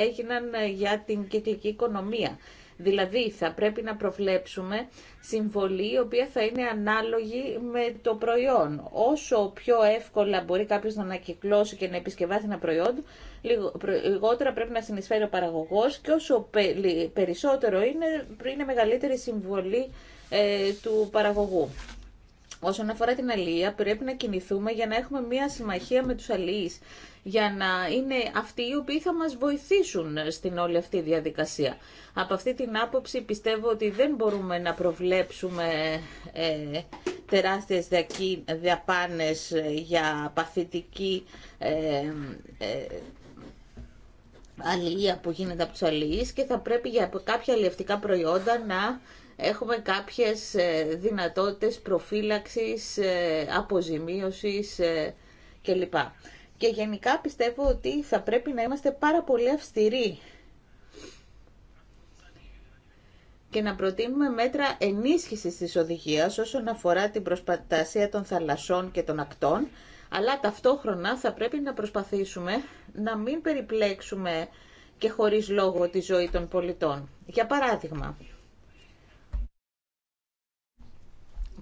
έγιναν για την κυκλική οικονομία. Δηλαδή θα πρέπει να προβλέψουμε συμβολή η οποία θα είναι ανάλογη με το προϊόν. Όσο πιο εύκολα μπορεί κάποιος να ανακυκλώσει και να επισκευάσει ένα προϊόν, λιγότερα πρέπει να συνεισφέρει ο παραγωγός και όσο περισσότερο είναι, είναι μεγαλύτερη συμβολή ε, του παραγωγού. Όσον αφορά την αλληλεία, πρέπει να κινηθούμε για να έχουμε μία συμμαχία με τους αλληλείς, για να είναι αυτοί οι οποίοι θα μας βοηθήσουν στην όλη αυτή διαδικασία. Από αυτή την άποψη πιστεύω ότι δεν μπορούμε να προβλέψουμε ε, τεράστιες διαπάνες για παθητική ε, ε, αλληλεία που γίνεται από τους αλληλείς και θα πρέπει για κάποια αλληλευτικά προϊόντα να έχουμε κάποιες ε, δυνατότητες προφύλαξης, ε, αποζημίωσης ε, κλπ. Και γενικά πιστεύω ότι θα πρέπει να είμαστε πάρα πολύ αυστηροί και να προτείνουμε μέτρα ενίσχυσης της οδηγίας όσον αφορά την προσπατασία των θαλασσών και των ακτών, αλλά ταυτόχρονα θα πρέπει να προσπαθήσουμε να μην περιπλέξουμε και χωρίς λόγο τη ζωή των πολιτών. Για παράδειγμα,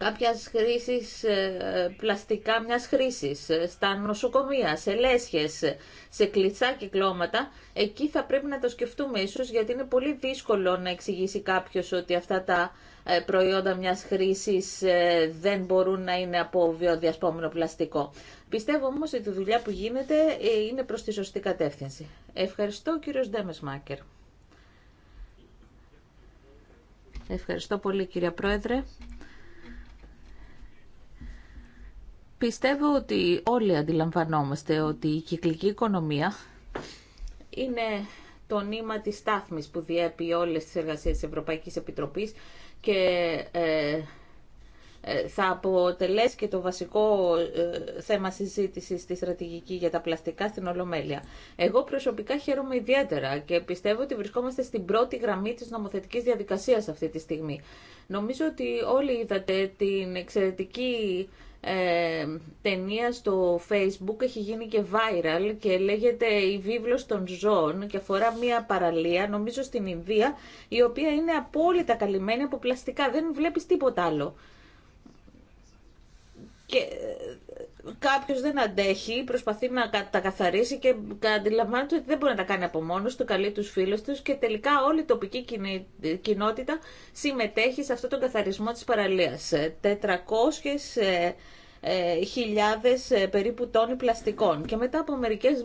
Κάποια χρήσης ε, πλαστικά μια χρήση ε, στα νοσοκομεία, σε λέσχες, σε κλειστά κυκλώματα, εκεί θα πρέπει να το σκεφτούμε ίσω, γιατί είναι πολύ δύσκολο να εξηγήσει κάποιο ότι αυτά τα ε, προϊόντα μιας χρήσης δεν μπορούν να είναι από βιοδιασπόμενο πλαστικό. Πιστεύω όμως ότι η δουλειά που γίνεται είναι προ τη σωστή κατεύθυνση. Ευχαριστώ κύριο Ντέμεσ Μάκερ. Ευχαριστώ πολύ κύριε Πρόεδρε. Πιστεύω ότι όλοι αντιλαμβανόμαστε ότι η κυκλική οικονομία είναι το νήμα της στάθμης που διέπει όλες τις εργασίες της Ευρωπαϊκής Επιτροπής και ε, ε θα αποτελέσει και το βασικό ε, θέμα συζήτησης στη στρατηγική για τα πλαστικά στην Ολομέλεια. Εγώ προσωπικά χαίρομαι ιδιαίτερα και πιστεύω ότι βρισκόμαστε στην πρώτη γραμμή της νομοθετικής διαδικασίας αυτή τη στιγμή. Νομίζω ότι όλοι είδατε την εξαιρετική ε, ταινία στο facebook έχει γίνει και viral και λέγεται «Η βίβλος των ζώων» και αφορά μια παραλία, νομίζω στην Ινδία, η οποία είναι απόλυτα καλυμμένη από πλαστικά, δεν βλέπεις τίποτα άλλο. Και ε, Κάποιο δεν αντέχει, προσπαθεί να τα καθαρίσει και αντιλαμβάνεται ότι δεν μπορεί να τα κάνει από μόνος του, καλεί τους φίλους τους και τελικά όλη η τοπική κοινότητα συμμετέχει σε αυτό τον καθαρισμό της παραλίας. 400.000 ε, ε, ε, χιλιάδες περίπου τόνοι πλαστικών και μετά από μερικές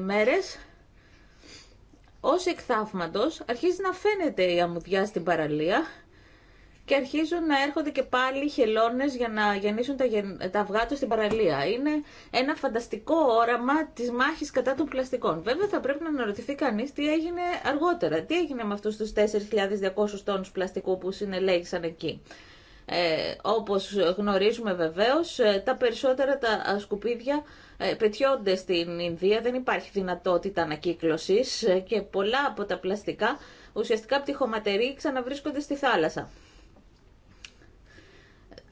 μέρες ως εκθαύματος αρχίζει να φαίνεται η αμμουδιά στην παραλία και αρχίζουν να έρχονται και πάλι χελώνες για να γεννήσουν τα, τα αυγά του στην παραλία. Είναι ένα φανταστικό όραμα της μάχης κατά των πλαστικών. Βέβαια θα πρέπει να αναρωτηθεί κανείς τι έγινε αργότερα, τι έγινε με αυτούς τους 4.200 τόνους πλαστικού που συνελέγησαν εκεί. Ε, όπως γνωρίζουμε βεβαίως, ε, τα περισσότερα τα σκουπίδια ε, πετιώνται στην Ινδία, δεν υπάρχει δυνατότητα ανακύκλωσης ε, και πολλά από τα πλαστικά ουσιαστικά χωματερή ξαναβρίσκονται στη θάλασσα.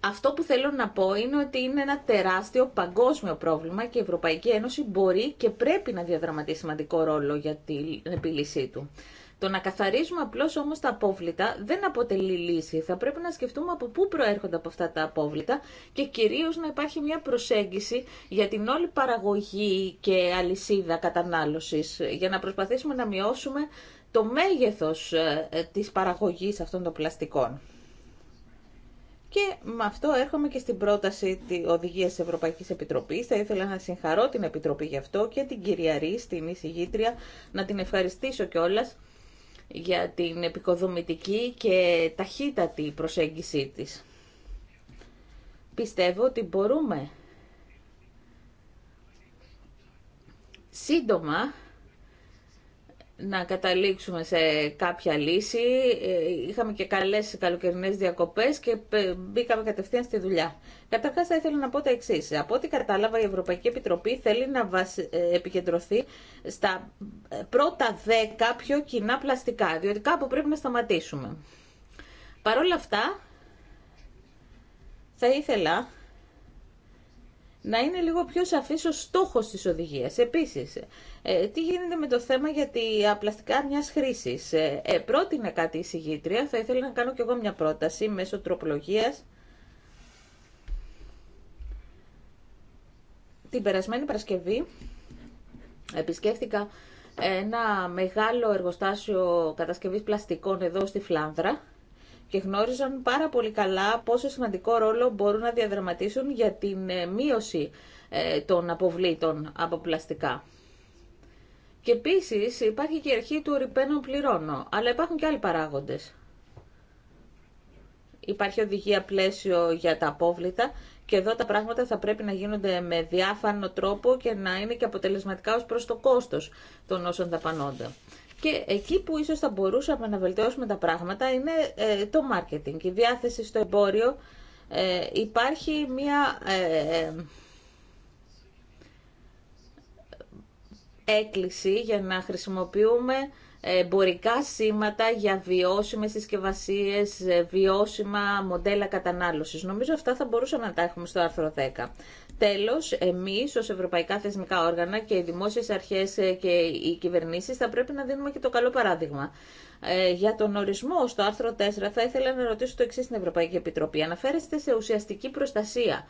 Αυτό που θέλω να πω είναι ότι είναι ένα τεράστιο παγκόσμιο πρόβλημα και η Ευρωπαϊκή Ένωση μπορεί και πρέπει να διαδραματίσει σημαντικό ρόλο για την επίλυσή του. Το να καθαρίζουμε απλώ όμω τα απόβλητα δεν αποτελεί λύση. Θα πρέπει να σκεφτούμε από πού προέρχονται από αυτά τα απόβλητα και κυρίω να υπάρχει μια προσέγγιση για την όλη παραγωγή και αλυσίδα κατανάλωση για να προσπαθήσουμε να μειώσουμε το μέγεθος ε, της παραγωγής αυτών των πλαστικών. Και με αυτό έρχομαι και στην πρόταση τη Οδηγία τη Ευρωπαϊκή Επιτροπή. Θα ήθελα να συγχαρώ την Επιτροπή γι' αυτό και την κυρία Ρή, την εισηγήτρια, να την ευχαριστήσω κιόλα για την επικοδομητική και ταχύτατη προσέγγιση της. Πιστεύω ότι μπορούμε σύντομα να καταλήξουμε σε κάποια λύση. Ε, είχαμε και καλές καλοκαιρινές διακοπές και μπήκαμε κατευθείαν στη δουλειά. Καταρχάς θα ήθελα να πω τα εξή. Από ό,τι κατάλαβα η Ευρωπαϊκή Επιτροπή θέλει να ε, επικεντρωθεί στα πρώτα δέκα πιο κοινά πλαστικά, διότι κάπου πρέπει να σταματήσουμε. Παρ' όλα αυτά, θα ήθελα να είναι λίγο πιο σαφής ο στόχος της οδηγίας. Επίσης, ε, τι γίνεται με το θέμα για τα πλαστικά μια χρήση. Ε, ε, πρότεινε κάτι η συγγήτρια, θα ήθελα να κάνω κι εγώ μια πρόταση μέσω τροπολογία. Την περασμένη Παρασκευή επισκέφθηκα ένα μεγάλο εργοστάσιο κατασκευής πλαστικών εδώ στη Φλάνδρα και γνώριζαν πάρα πολύ καλά πόσο σημαντικό ρόλο μπορούν να διαδραματίσουν για την ε, μείωση των αποβλήτων από πλαστικά. Και επίση υπάρχει και η αρχή του ρηπαίνων πληρώνω, αλλά υπάρχουν και άλλοι παράγοντες. Υπάρχει οδηγία πλαίσιο για τα απόβλητα και εδώ τα πράγματα θα πρέπει να γίνονται με διάφανο τρόπο και να είναι και αποτελεσματικά ως προς το κόστος των όσων δαπανώνται. Και εκεί που ίσως θα μπορούσαμε να βελτιώσουμε τα πράγματα είναι ε, το μάρκετινγκ, η διάθεση στο εμπόριο. Ε, υπάρχει μια... Ε, ε έκκληση για να χρησιμοποιούμε εμπορικά σήματα για βιώσιμες συσκευασίε, ε, βιώσιμα μοντέλα κατανάλωσης. Νομίζω αυτά θα μπορούσαμε να τα έχουμε στο άρθρο 10. Τέλος, εμείς ως ευρωπαϊκά θεσμικά όργανα και οι δημόσιες αρχές ε, και οι κυβερνήσει, θα πρέπει να δίνουμε και το καλό παράδειγμα. Ε, για τον ορισμό στο άρθρο 4 θα ήθελα να ρωτήσω το εξή στην Ευρωπαϊκή Επιτροπή. Αναφέρεστε σε ουσιαστική προστασία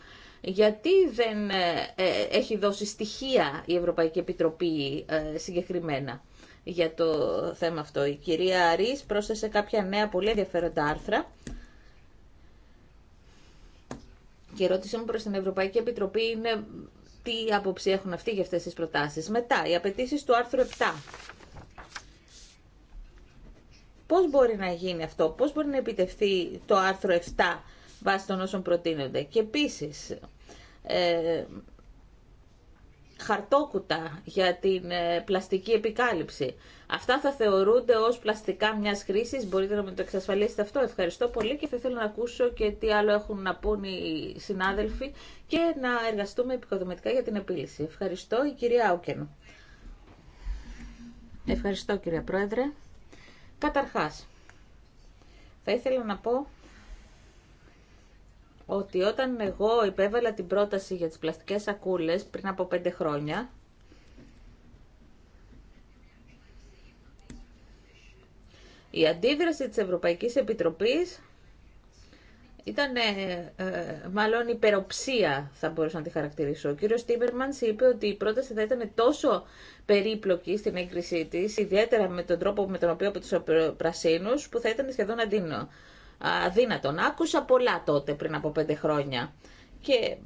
γιατί δεν ε, ε, έχει δώσει στοιχεία η Ευρωπαϊκή Επιτροπή ε, συγκεκριμένα για το θέμα αυτό. Η κυρία Αρής πρόσθεσε κάποια νέα πολύ ενδιαφέροντα άρθρα και ερώτησή μου προς την Ευρωπαϊκή Επιτροπή είναι τι άποψη έχουν αυτοί για αυτές τις προτάσεις. Μετά, οι απαιτήσει του άρθρου 7. Πώς μπορεί να γίνει αυτό, πώς μπορεί να επιτευθεί το άρθρο 7 βάσει των όσων προτείνονται. Και επίσης, ε, χαρτόκουτα για την ε, πλαστική επικάλυψη. Αυτά θα θεωρούνται ως πλαστικά μιας χρήσης. Μπορείτε να με το εξασφαλίσετε αυτό. Ευχαριστώ πολύ και θα ήθελα να ακούσω και τι άλλο έχουν να πούν οι συνάδελφοι και να εργαστούμε επικοδομητικά για την επίλυση. Ευχαριστώ η κυρία Άουκεν. Ευχαριστώ κυρία Πρόεδρε. Καταρχάς, θα ήθελα να πω ότι όταν εγώ υπέβαλα την πρόταση για τις πλαστικές σακούλες πριν από πέντε χρόνια, η αντίδραση της Ευρωπαϊκής Επιτροπής ήταν ε, ε, μάλλον υπεροψία θα μπορούσα να τη χαρακτηρίσω. Ο κύριος Τίμπερμανς είπε ότι η πρόταση θα ήταν τόσο περίπλοκη στην έγκρισή της, ιδιαίτερα με τον τρόπο με τον οποίο από τους πρασίνους, που θα ήταν σχεδόν αντίνο αδύνατον. Άκουσα πολλά τότε πριν από πέντε χρόνια και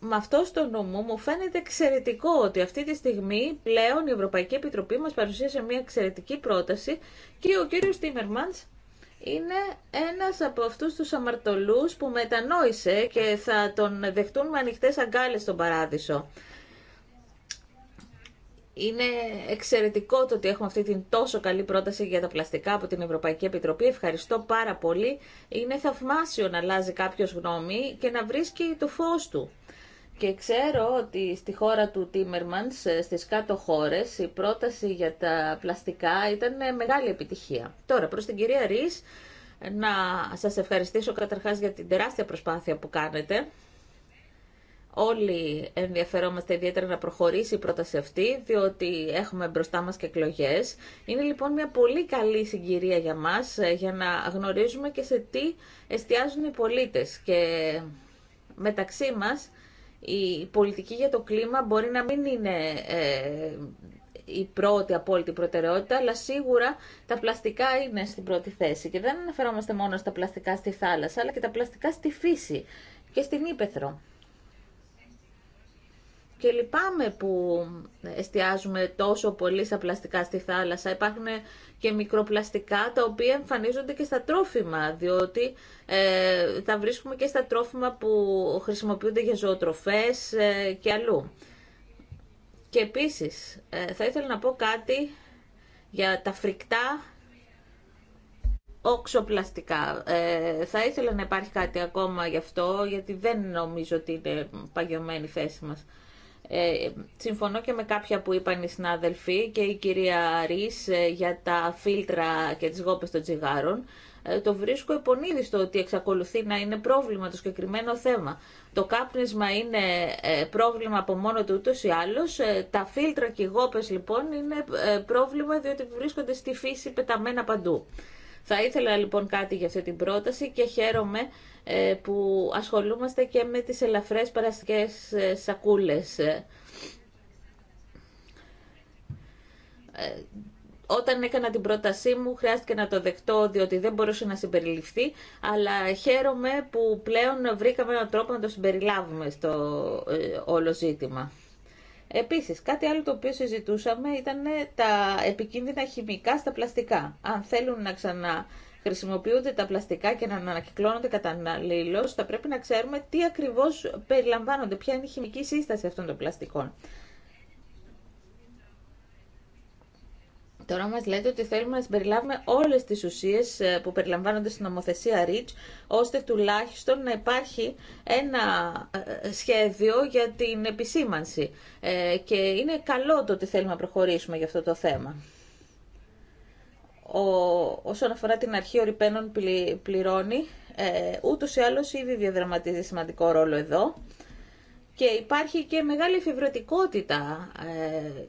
με αυτό στο νου μου, μου φαίνεται εξαιρετικό ότι αυτή τη στιγμή πλέον η Ευρωπαϊκή Επιτροπή μας παρουσίασε μια εξαιρετική πρόταση και ο κύριος Τίμερμαντς είναι ένας από αυτούς τους αμαρτωλούς που μετανόησε και θα τον δεχτούν με ανοιχτές αγκάλες στον παράδεισο. Είναι εξαιρετικό το ότι έχουμε αυτή την τόσο καλή πρόταση για τα πλαστικά από την Ευρωπαϊκή Επιτροπή. Ευχαριστώ πάρα πολύ. Είναι θαυμάσιο να αλλάζει κάποιο γνώμη και να βρίσκει το φως του. Και ξέρω ότι στη χώρα του Τίμερμαντς, ε, στις κάτω χώρες, η πρόταση για τα πλαστικά ήταν ε, μεγάλη επιτυχία. Τώρα, προς την κυρία Ρης, να σας ευχαριστήσω καταρχάς για την τεράστια προσπάθεια που κάνετε. Όλοι ενδιαφερόμαστε ιδιαίτερα να προχωρήσει η πρόταση αυτή, διότι έχουμε μπροστά μας και εκλογέ. Είναι λοιπόν μια πολύ καλή συγκυρία για μας, ε, για να γνωρίζουμε και σε τι εστιάζουν οι πολίτες. Και μεταξύ μας, η πολιτική για το κλίμα μπορεί να μην είναι ε, η πρώτη απόλυτη προτεραιότητα, αλλά σίγουρα τα πλαστικά είναι στην πρώτη θέση. Και δεν αναφερόμαστε μόνο στα πλαστικά στη θάλασσα, αλλά και τα πλαστικά στη φύση και στην ύπεθρο. Και λυπάμαι που εστιάζουμε τόσο πολύ στα πλαστικά στη θάλασσα. Υπάρχουν και μικροπλαστικά τα οποία εμφανίζονται και στα τρόφιμα, διότι ε, τα βρίσκουμε και στα τρόφιμα που χρησιμοποιούνται για ζωοτροφές ε, και αλλού. Και επίσης, ε, θα ήθελα να πω κάτι για τα φρικτά οξοπλαστικά. Ε, θα ήθελα να υπάρχει κάτι ακόμα γι' αυτό, γιατί δεν νομίζω ότι είναι παγιωμένη η θέση μας. Ε, συμφωνώ και με κάποια που είπαν οι συνάδελφοι και η κυρία Ρης ε, για τα φίλτρα και τις γόπες των τσιγάρων. Ε, το βρίσκω επονίδιστο ότι εξακολουθεί να είναι πρόβλημα το συγκεκριμένο θέμα. Το κάπνισμα είναι ε, πρόβλημα από μόνο του ούτως ή άλλως. Τα φίλτρα και οι γόπες λοιπόν είναι πρόβλημα διότι βρίσκονται στη φύση πεταμένα παντού. Θα ήθελα λοιπόν κάτι για αυτή την πρόταση και χαίρομαι ε, που ασχολούμαστε και με τις ελαφρές παραστικές ε, σακούλες. Ε, όταν έκανα την πρότασή μου χρειάστηκε να το δεχτώ διότι δεν μπορούσε να συμπεριληφθεί, αλλά χαίρομαι που πλέον βρήκαμε έναν τρόπο να το συμπεριλάβουμε στο όλο ζήτημα. Επίσης, κάτι άλλο το οποίο συζητούσαμε ήταν τα επικίνδυνα χημικά στα πλαστικά. Αν θέλουν να ξανά χρησιμοποιούνται τα πλαστικά και να ανακυκλώνονται κατά θα πρέπει να ξέρουμε τι ακριβώς περιλαμβάνονται, ποια είναι η χημική σύσταση αυτών των πλαστικών. Τώρα μας λέτε ότι θέλουμε να συμπεριλάβουμε όλες τις ουσίες ε, που περιλαμβάνονται στην νομοθεσία REACH, ώστε τουλάχιστον να υπάρχει ένα ε, σχέδιο για την επισήμανση. Ε, και είναι καλό το ότι θέλουμε να προχωρήσουμε για αυτό το θέμα. Ο, όσον αφορά την αρχή ο πληρώνει, ούτως ή άλλως ήδη διαδραματίζει σημαντικό ρόλο εδώ και υπάρχει και μεγάλη εφηβρωτικότητα.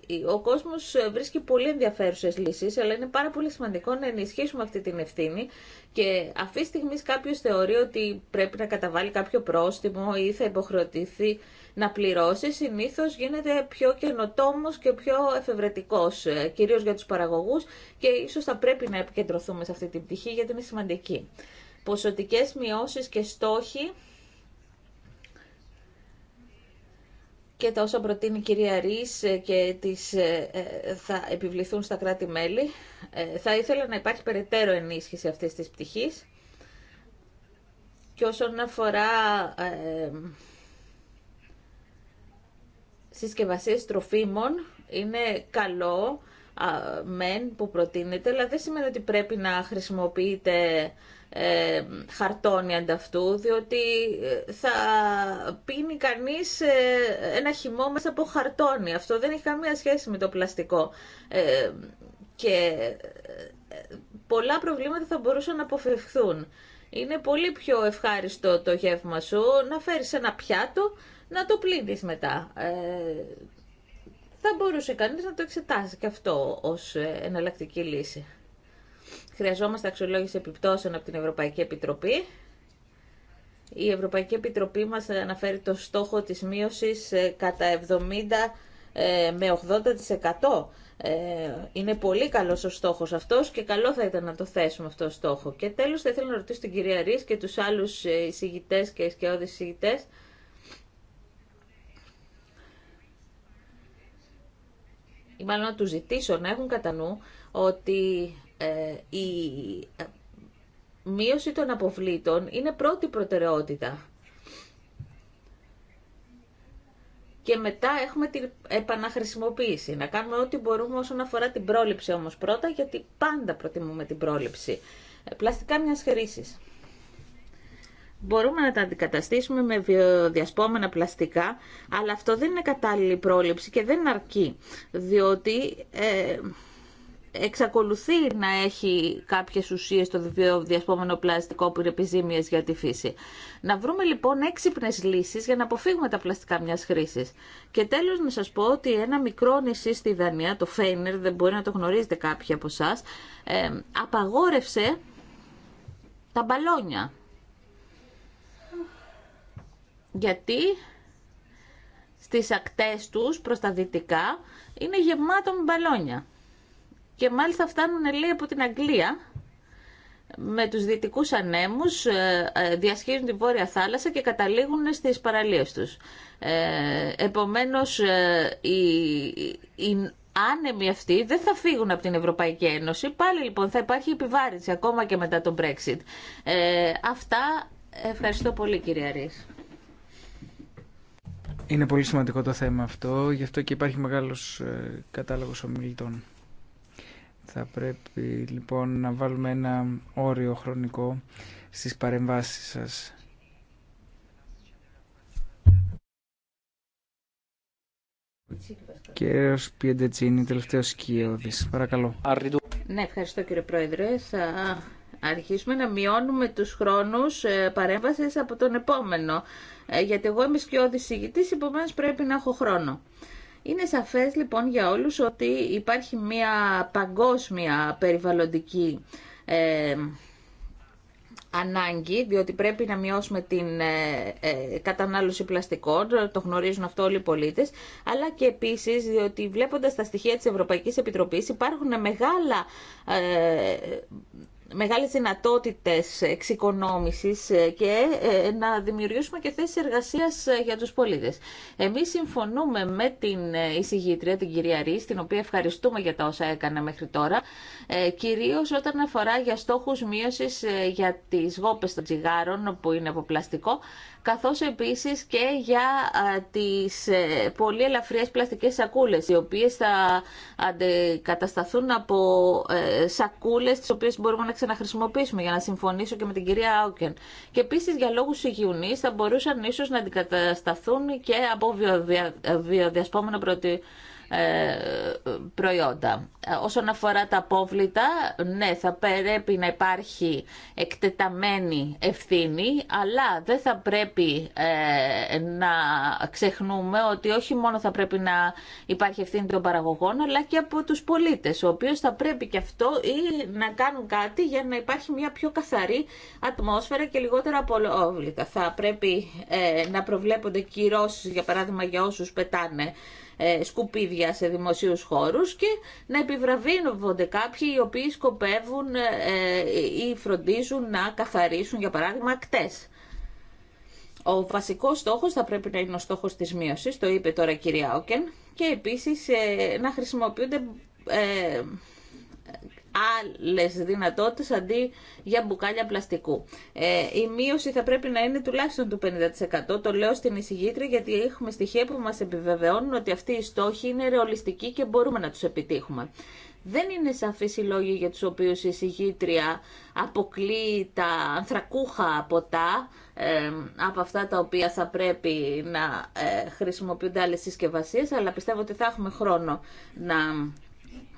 Ε, ο κόσμος βρίσκει πολύ ενδιαφέρουσες λύσεις, αλλά είναι πάρα πολύ σημαντικό να ενισχύσουμε αυτή την ευθύνη και αυτή τη στιγμή κάποιος θεωρεί ότι πρέπει να καταβάλει κάποιο πρόστιμο ή θα υποχρεωτηθεί να πληρώσει, Συνήθω γίνεται πιο καινοτόμο και πιο εφεύρετικό. Ε, Κυρίω για του παραγωγού, και ίσω θα πρέπει να επικεντρωθούμε σε αυτή την πτυχή γιατί είναι σημαντική. Ποσοτικές μειώσει και στόχοι και τα όσα προτείνει η κυρία Ρης ε, και τις, ε, ε, θα επιβληθούν στα κράτη-μέλη. Θα ήθελα να υπάρχει περαιτέρω ενίσχυση αυτής της πτυχής. Και όσον αφορά ε, συσκευασίες τροφίμων, είναι καλό μεν που προτείνεται, αλλά δεν σημαίνει ότι πρέπει να χρησιμοποιείται ε, χαρτόνι ανταυτού, διότι ε, θα πίνει κανείς ε, ένα χυμό μέσα από χαρτόνι. Αυτό δεν έχει καμία σχέση με το πλαστικό. Ε, και πολλά προβλήματα θα μπορούσαν να αποφευχθούν. Είναι πολύ πιο ευχάριστο το γεύμα σου να φέρεις ένα πιάτο, να το πλύνεις μετά. θα μπορούσε κανείς να το εξετάσει και αυτό ως εναλλακτική λύση. Χρειαζόμαστε αξιολόγηση επιπτώσεων από την Ευρωπαϊκή Επιτροπή. Η Ευρωπαϊκή Επιτροπή μας αναφέρει το στόχο της μείωσης ε, κατά 70 ε, με 80%. Ε, είναι πολύ καλός ο στόχος αυτός και καλό θα ήταν να το θέσουμε αυτό το στόχο. Και τέλος θα ήθελα να ρωτήσω την κυρία Ρής και τους άλλους εισηγητές και εσκαιώδεις εισηγητές ή μάλλον να τους ζητήσω να έχουν κατά νου ότι ε, η ε, μείωση των αποβλήτων είναι πρώτη προτεραιότητα. Και μετά έχουμε την επαναχρησιμοποίηση. Να κάνουμε ό,τι μπορούμε όσον αφορά την πρόληψη όμως πρώτα, γιατί πάντα προτιμούμε την πρόληψη. Ε, πλαστικά μιας χρήσης. Μπορούμε να τα αντικαταστήσουμε με βιοδιασπόμενα πλαστικά, αλλά αυτό δεν είναι κατάλληλη πρόληψη και δεν αρκεί, διότι εξακολουθεί να έχει κάποιες ουσίες στο διασπόμενο πλαστικό που είναι επιζήμιες για τη φύση. Να βρούμε λοιπόν έξυπνες λύσεις για να αποφύγουμε τα πλαστικά μιας χρήσης. Και τέλος να σας πω ότι ένα μικρό νησί στη Δανία, το Φέινερ, δεν μπορεί να το γνωρίζετε κάποιοι από εσά, ε, απαγόρευσε τα μπαλόνια. Γιατί στις ακτές τους προς τα δυτικά είναι γεμάτο με μπαλόνια και μάλιστα φτάνουν λέει από την Αγγλία με τους δυτικούς ανέμους ε, ε, διασχίζουν τη Βόρεια Θάλασσα και καταλήγουν στις παραλίες τους. Ε, επομένως, οι, άνεμοι αυτοί δεν θα φύγουν από την Ευρωπαϊκή Ένωση. Πάλι λοιπόν θα υπάρχει επιβάρυνση ακόμα και μετά τον Brexit. Ε, αυτά ευχαριστώ πολύ κύριε Αρίς. Είναι πολύ σημαντικό το θέμα αυτό, γι' αυτό και υπάρχει μεγάλος κατάλογος ομιλητών. Θα πρέπει λοιπόν να βάλουμε ένα όριο χρονικό στις παρεμβάσεις σας. Κύριο Πιεντετσίνη, τελευταίο σκιώδη. Παρακαλώ. Ναι, ευχαριστώ κύριε Πρόεδρε. Θα αρχίσουμε να μειώνουμε του χρόνου ε, παρέμβαση από τον επόμενο. Ε, γιατί εγώ είμαι σκιώδη ηγητή, επομένω πρέπει να έχω χρόνο. Είναι σαφές λοιπόν για όλους ότι υπάρχει μια παγκόσμια περιβαλλοντική ε, ανάγκη, διότι πρέπει να μειώσουμε την ε, ε, κατανάλωση πλαστικών, το γνωρίζουν αυτό όλοι οι πολίτες, αλλά και επίσης διότι βλέποντας τα στοιχεία της Ευρωπαϊκής Επιτροπής υπάρχουν μεγάλα μεγάλες δυνατότητες εξοικονόμησης ε, και ε, να δημιουργήσουμε και θέσεις εργασίας ε, για τους πολίτες. Εμείς συμφωνούμε με την εισηγήτρια, την κυρία Ρή, την οποία ευχαριστούμε για τα όσα έκανε μέχρι τώρα, κυρίως όταν αφορά για στόχους μείωσης για τις βόπες των τσιγάρων που είναι από πλαστικό καθώς επίσης και για τις ε, πολύ ελαφριές πλαστικές σακούλες, οι οποίες θα αντικατασταθούν από ε, σακούλες τις οποίες μπορούμε να ξαναχρησιμοποιήσουμε, για να συμφωνήσω και με την κυρία Άουκεν. Και επίσης για λόγους υγιεινής θα μπορούσαν ίσως να αντικατασταθούν και από βιοδια... βιοδιασπόμενο ε, προϊόντα. Όσον αφορά τα απόβλητα, ναι, θα πρέπει να υπάρχει εκτεταμένη ευθύνη, αλλά δεν θα πρέπει ε, να ξεχνούμε ότι όχι μόνο θα πρέπει να υπάρχει ευθύνη των παραγωγών, αλλά και από τους πολίτες, ο οποίος θα πρέπει και αυτό ή να κάνουν κάτι για να υπάρχει μια πιο καθαρή ατμόσφαιρα και λιγότερα απόβλητα. Θα πρέπει ε, να προβλέπονται κυρώσεις, για παράδειγμα, για όσους πετάνε ε, σκουπίδια σε δημοσίους χώρους και να επιβραβεύονται κάποιοι οι οποίοι σκοπεύουν ε, ή φροντίζουν να καθαρίσουν για παράδειγμα ακτές. Ο βασικός στόχος θα πρέπει να είναι ο στόχος της μείωσης, το είπε τώρα η κυρία Όκεν, και επίσης ε, να καθαρισουν για παραδειγμα κτες ο βασικος στοχος θα πρεπει να ειναι ο στοχος της μειωσης το ειπε τωρα η κυρια οκεν και επισης να χρησιμοποιουνται άλλες δυνατότητες αντί για μπουκάλια πλαστικού. Ε, η μείωση θα πρέπει να είναι τουλάχιστον του 50%. Το λέω στην εισηγήτρια γιατί έχουμε στοιχεία που μας επιβεβαιώνουν ότι αυτοί οι στόχοι είναι ρεολιστικοί και μπορούμε να τους επιτύχουμε. Δεν είναι σαφής η λόγοι για τους οποίους η εισηγήτρια αποκλεί τα ανθρακούχα ποτά ε, από αυτά τα οποία θα πρέπει να ε, χρησιμοποιούνται άλλες συσκευασίες, αλλά πιστεύω ότι θα έχουμε χρόνο να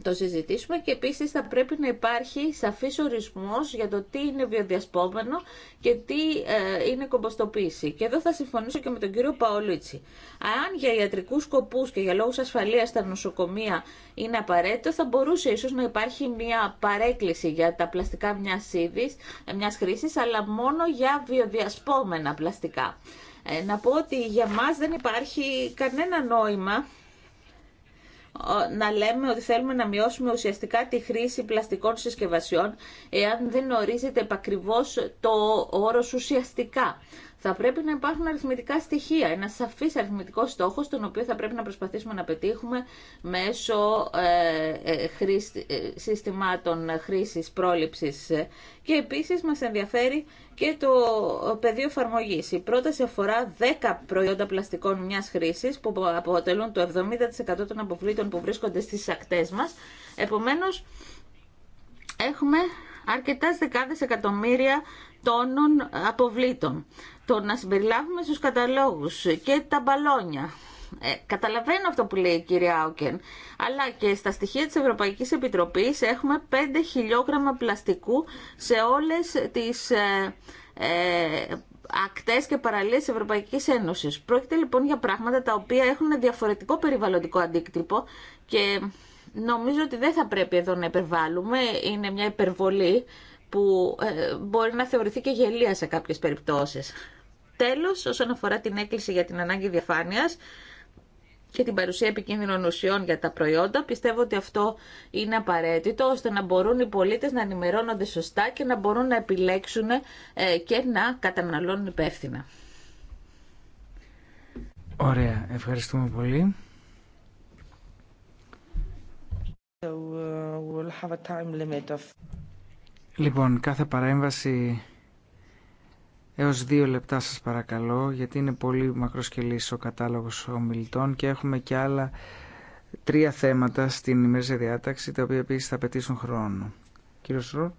το συζητήσουμε και επίσης θα πρέπει να υπάρχει σαφής ορισμός για το τι είναι βιοδιασπόμενο και τι ε, είναι κομποστοποίηση. Και εδώ θα συμφωνήσω και με τον κύριο Παολίτσι. Αν για ιατρικούς σκοπούς και για λόγους ασφαλείας στα νοσοκομεία είναι απαραίτητο, θα μπορούσε ίσως να υπάρχει μια παρέκκληση για τα πλαστικά μιας, είδης, ε, μιας χρήσης, αλλά μόνο για βιοδιασπόμενα πλαστικά. Ε, να πω ότι για μας δεν υπάρχει κανένα νόημα ε, να λέμε ότι θέλουμε να μειώσουμε ουσιαστικά τη χρήση πλαστικών συσκευασιών εάν δεν ορίζεται επακριβώς το όρος ουσιαστικά θα πρέπει να υπάρχουν αριθμητικά στοιχεία, ένα σαφής αριθμητικό στόχος, τον οποίο θα πρέπει να προσπαθήσουμε να πετύχουμε μέσω ε, ε, ε, συστημάτων χρήσης, πρόληψης και επίσης μας ενδιαφέρει και το πεδίο εφαρμογή. Η πρόταση αφορά 10 προϊόντα πλαστικών μιας χρήσης που αποτελούν το 70% των αποβλήτων που βρίσκονται στι ακτέ μα. Επομένω έχουμε αρκετά δεκάδε εκατομμύρια τόνων αποβλήτων. Το να συμπεριλάβουμε στους καταλόγους και τα μπαλόνια. Ε, καταλαβαίνω αυτό που λέει η κυρία Άουκεν, αλλά και στα στοιχεία της Ευρωπαϊκής Επιτροπής έχουμε 5 χιλιόγραμμα πλαστικού σε όλες τις ε, ε, ακτές και παραλίες της Ευρωπαϊκής Ένωσης. Πρόκειται λοιπόν για πράγματα τα οποία έχουν διαφορετικό περιβαλλοντικό αντίκτυπο και νομίζω ότι δεν θα πρέπει εδώ να υπερβάλλουμε, είναι μια υπερβολή που ε, μπορεί να θεωρηθεί και γελία σε κάποιες περιπτώσεις. Τέλος, όσον αφορά την έκκληση για την ανάγκη διαφάνειας και την παρουσία επικίνδυνων ουσιών για τα προϊόντα, πιστεύω ότι αυτό είναι απαραίτητο ώστε να μπορούν οι πολίτες να ενημερώνονται σωστά και να μπορούν να επιλέξουν ε, και να καταναλώνουν υπεύθυνα. Ωραία, ευχαριστούμε πολύ. So, uh, Λοιπόν, κάθε παρέμβαση έως δύο λεπτά σας παρακαλώ, γιατί είναι πολύ μακροσκελής ο κατάλογος ομιλητών και έχουμε και άλλα τρία θέματα στην ημέρησια διάταξη, τα οποία επίσης θα απαιτήσουν χρόνο. Κύριος Ρο,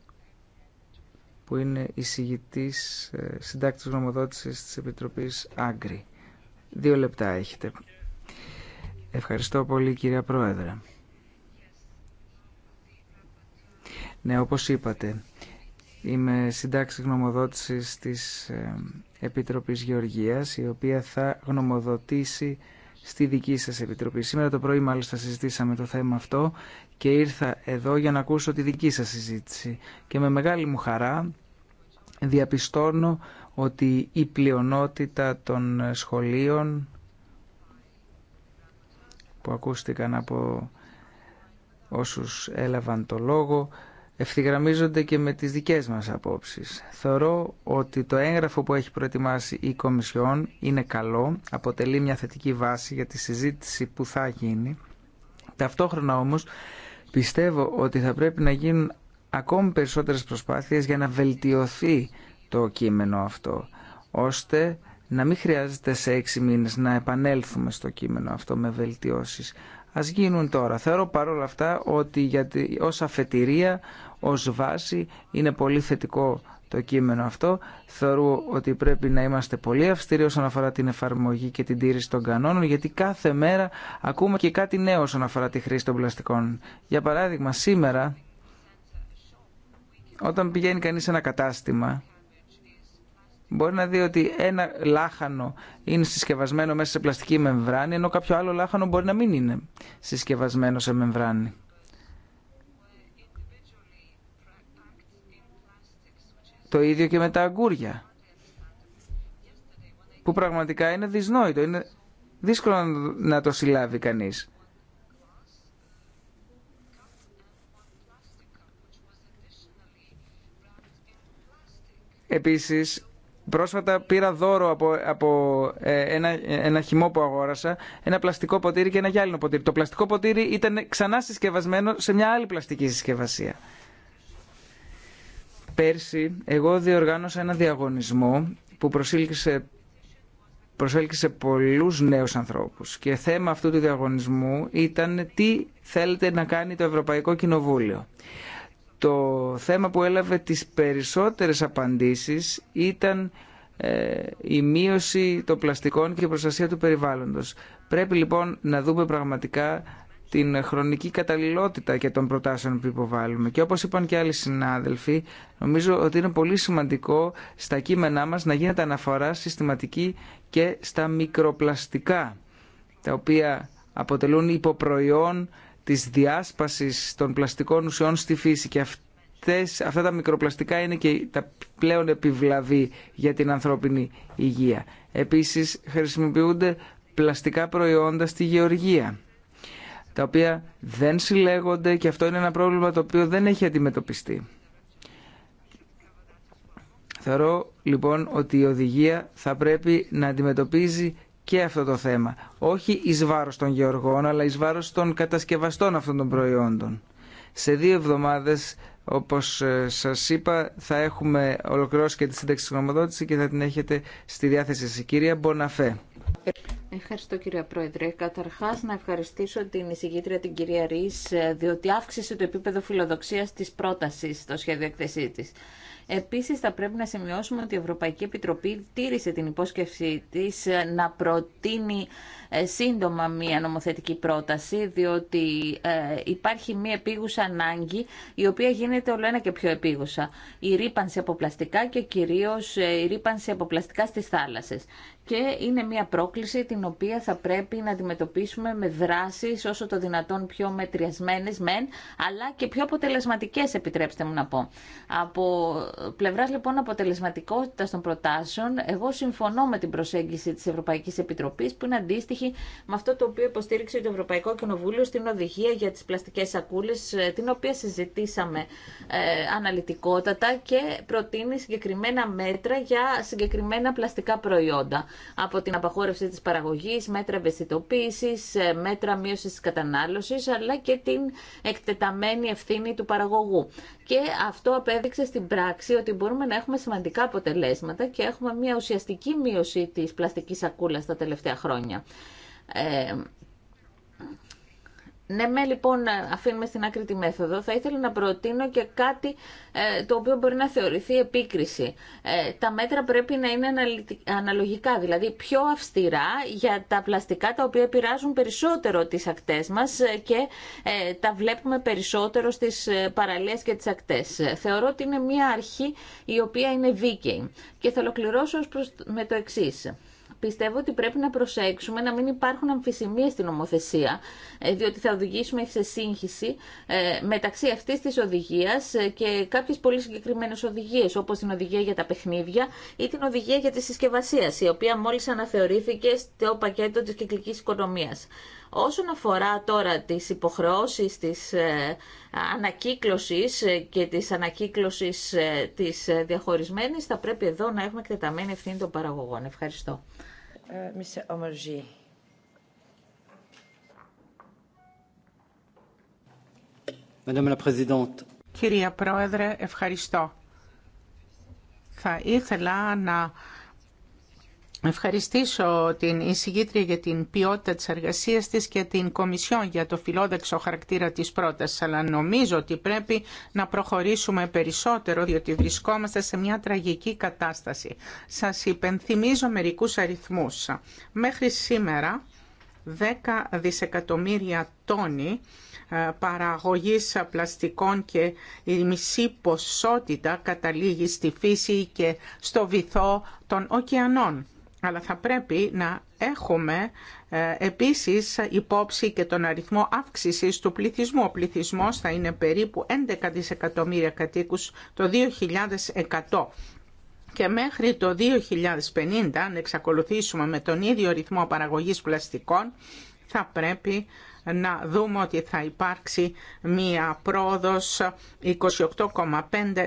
που είναι εισηγητής ε, συντάκτης γνωμοδότησης της Επιτροπής Άγκρη. Δύο λεπτά έχετε. Ευχαριστώ πολύ κυρία Πρόεδρε. Ναι, όπως είπατε, είμαι συντάξη γνωμοδότησης της ε, Επιτροπής Γεωργίας, η οποία θα γνωμοδοτήσει στη δική σας Επιτροπή. Σήμερα το πρωί μάλιστα συζητήσαμε το θέμα αυτό και ήρθα εδώ για να ακούσω τη δική σας συζήτηση. Και με μεγάλη μου χαρά διαπιστώνω ότι η πλειονότητα των σχολείων που ακούστηκαν από όσους έλαβαν το λόγο ευθυγραμμίζονται και με τις δικές μας απόψεις. Θεωρώ ότι το έγγραφο που έχει προετοιμάσει η Κομισιόν είναι καλό, αποτελεί μια θετική βάση για τη συζήτηση που θα γίνει. Ταυτόχρονα όμως πιστεύω ότι θα πρέπει να γίνουν ακόμη περισσότερες προσπάθειες για να βελτιωθεί το κείμενο αυτό, ώστε να μην χρειάζεται σε έξι μήνες να επανέλθουμε στο κείμενο αυτό με βελτιώσεις. Ας γίνουν τώρα. Θεωρώ παρόλα αυτά ότι γιατι ως αφετηρία ως βάση. Είναι πολύ θετικό το κείμενο αυτό. Θεωρώ ότι πρέπει να είμαστε πολύ αυστηροί όσον αφορά την εφαρμογή και την τήρηση των κανόνων, γιατί κάθε μέρα ακούμε και κάτι νέο όσον αφορά τη χρήση των πλαστικών. Για παράδειγμα, σήμερα, όταν πηγαίνει κανείς σε ένα κατάστημα, Μπορεί να δει ότι ένα λάχανο είναι συσκευασμένο μέσα σε πλαστική μεμβράνη, ενώ κάποιο άλλο λάχανο μπορεί να μην είναι συσκευασμένο σε μεμβράνη. Το ίδιο και με τα αγκούρια. Που πραγματικά είναι δυσνόητο. Είναι δύσκολο να το συλλάβει κανείς. Επίσης, πρόσφατα πήρα δώρο από, από ε, ένα, ένα χυμό που αγόρασα, ένα πλαστικό ποτήρι και ένα γυάλινο ποτήρι. Το πλαστικό ποτήρι ήταν ξανά συσκευασμένο σε μια άλλη πλαστική συσκευασία. Πέρσι εγώ διοργάνωσα ένα διαγωνισμό που προσήλκησε προσέλκυσε πολλούς νέους ανθρώπους και θέμα αυτού του διαγωνισμού ήταν τι θέλετε να κάνει το Ευρωπαϊκό Κοινοβούλιο. Το θέμα που έλαβε τις περισσότερες απαντήσεις ήταν ε, η μείωση των πλαστικών και η προστασία του περιβάλλοντος. Πρέπει λοιπόν να δούμε πραγματικά την χρονική καταλληλότητα και των προτάσεων που υποβάλλουμε. Και όπως είπαν και άλλοι συνάδελφοι, νομίζω ότι είναι πολύ σημαντικό στα κείμενά μας να γίνεται αναφορά συστηματική και στα μικροπλαστικά, τα οποία αποτελούν υποπροϊόν της διάσπασης των πλαστικών ουσιών στη φύση και αυτές, αυτά τα μικροπλαστικά είναι και τα πλέον επιβλαβή για την ανθρώπινη υγεία. Επίσης χρησιμοποιούνται πλαστικά προϊόντα στη γεωργία τα οποία δεν συλλέγονται και αυτό είναι ένα πρόβλημα το οποίο δεν έχει αντιμετωπιστεί. Θεωρώ λοιπόν ότι η οδηγία θα πρέπει να αντιμετωπίζει και αυτό το θέμα. Όχι εις βάρος των γεωργών, αλλά εις βάρος των κατασκευαστών αυτών των προϊόντων. Σε δύο εβδομάδες, όπως ε, σας είπα, θα έχουμε ολοκληρώσει και τη σύνταξη της και θα την έχετε στη διάθεση σας. Κυρία Μποναφέ. Ευχαριστώ κύριε Πρόεδρε. Καταρχά να ευχαριστήσω την εισηγήτρια την κυρία ρή διότι αύξησε το επίπεδο φιλοδοξία τη πρόταση στο σχέδιο εκθεσή τη. Επίση, θα πρέπει να σημειώσουμε ότι η Ευρωπαϊκή Επιτροπή τήρησε την υπόσχεσή τη να προτείνει ε, σύντομα μία νομοθετική πρόταση, διότι ε, υπάρχει μία επίγουσα ανάγκη, η οποία γίνεται όλο ένα και πιο επίγουσα. Η ρήπανση από πλαστικά και κυρίω ε, η ρήπανση από πλαστικά στι θάλασσε και είναι μια πρόκληση την οποία θα πρέπει να αντιμετωπίσουμε με δράσεις όσο το δυνατόν πιο μετριασμένες μεν, αλλά και πιο αποτελεσματικές επιτρέψτε μου να πω. Από πλευράς λοιπόν αποτελεσματικότητας των προτάσεων, εγώ συμφωνώ με την προσέγγιση της Ευρωπαϊκής Επιτροπής που είναι αντίστοιχη με αυτό το οποίο υποστήριξε το Ευρωπαϊκό Κοινοβούλιο στην οδηγία για τις πλαστικές σακούλες, την οποία συζητήσαμε ε, αναλυτικότατα και προτείνει συγκεκριμένα μέτρα για συγκεκριμένα πλαστικά προϊόντα από την απαχώρευση της παραγωγής, μέτρα ευαισθητοποίησης, ε, μέτρα μείωσης της κατανάλωσης, αλλά και την εκτεταμένη ευθύνη του παραγωγού. Και αυτό απέδειξε στην πράξη ότι μπορούμε να έχουμε σημαντικά αποτελέσματα και έχουμε μια ουσιαστική μείωση της πλαστικής σακούλας τα τελευταία χρόνια. Ε, ναι, με λοιπόν αφήνουμε στην άκρη τη μέθοδο. Θα ήθελα να προτείνω και κάτι ε, το οποίο μπορεί να θεωρηθεί επίκριση. Ε, τα μέτρα πρέπει να είναι αναλογικά, δηλαδή πιο αυστηρά για τα πλαστικά τα οποία επηρεάζουν περισσότερο τις ακτές μας ε, και τα βλέπουμε περισσότερο στις παραλίες και τις ακτές. Θεωρώ ότι είναι μια αρχή η οποία είναι δίκαιη και θα ολοκληρώσω με το εξής πιστεύω ότι πρέπει να προσέξουμε να μην υπάρχουν αμφισημίες στην νομοθεσία, ε, διότι θα οδηγήσουμε σε σύγχυση ε, μεταξύ αυτής της οδηγίας ε, και κάποιες πολύ συγκεκριμένες οδηγίες, όπως την οδηγία για τα παιχνίδια ή την οδηγία για τη συσκευασία, η οποία μόλις αναθεωρήθηκε στο πακέτο της κυκλικής οικονομίας. Όσον αφορά τώρα τις υποχρεώσεις της ε, ανακύκλωσης ε, και της ανακύκλωσης ε, της διαχωρισμένης, θα πρέπει εδώ να έχουμε εκτεταμένη ευθύνη των παραγωγών. Ευχαριστώ. Κυρία Πρόεδρε, ευχαριστώ. Θα ήθελα να ευχαριστήσω την εισηγήτρια για την ποιότητα της εργασίας της και την Κομισιόν για το φιλόδεξο χαρακτήρα της πρότασης, αλλά νομίζω ότι πρέπει να προχωρήσουμε περισσότερο, διότι βρισκόμαστε σε μια τραγική κατάσταση. Σας υπενθυμίζω μερικούς αριθμούς. Μέχρι σήμερα, 10 δισεκατομμύρια τόνοι ε, παραγωγής πλαστικών και η μισή ποσότητα καταλήγει στη φύση και στο βυθό των ωκεανών αλλά θα πρέπει να έχουμε ε, επίσης υπόψη και τον αριθμό αύξησης του πληθυσμού. Ο πληθυσμός θα είναι περίπου 11 δισεκατομμύρια κατοίκους το 2100 και μέχρι το 2050, αν εξακολουθήσουμε με τον ίδιο ρυθμό παραγωγής πλαστικών, θα πρέπει να δούμε ότι θα υπάρξει μία πρόοδος 28,5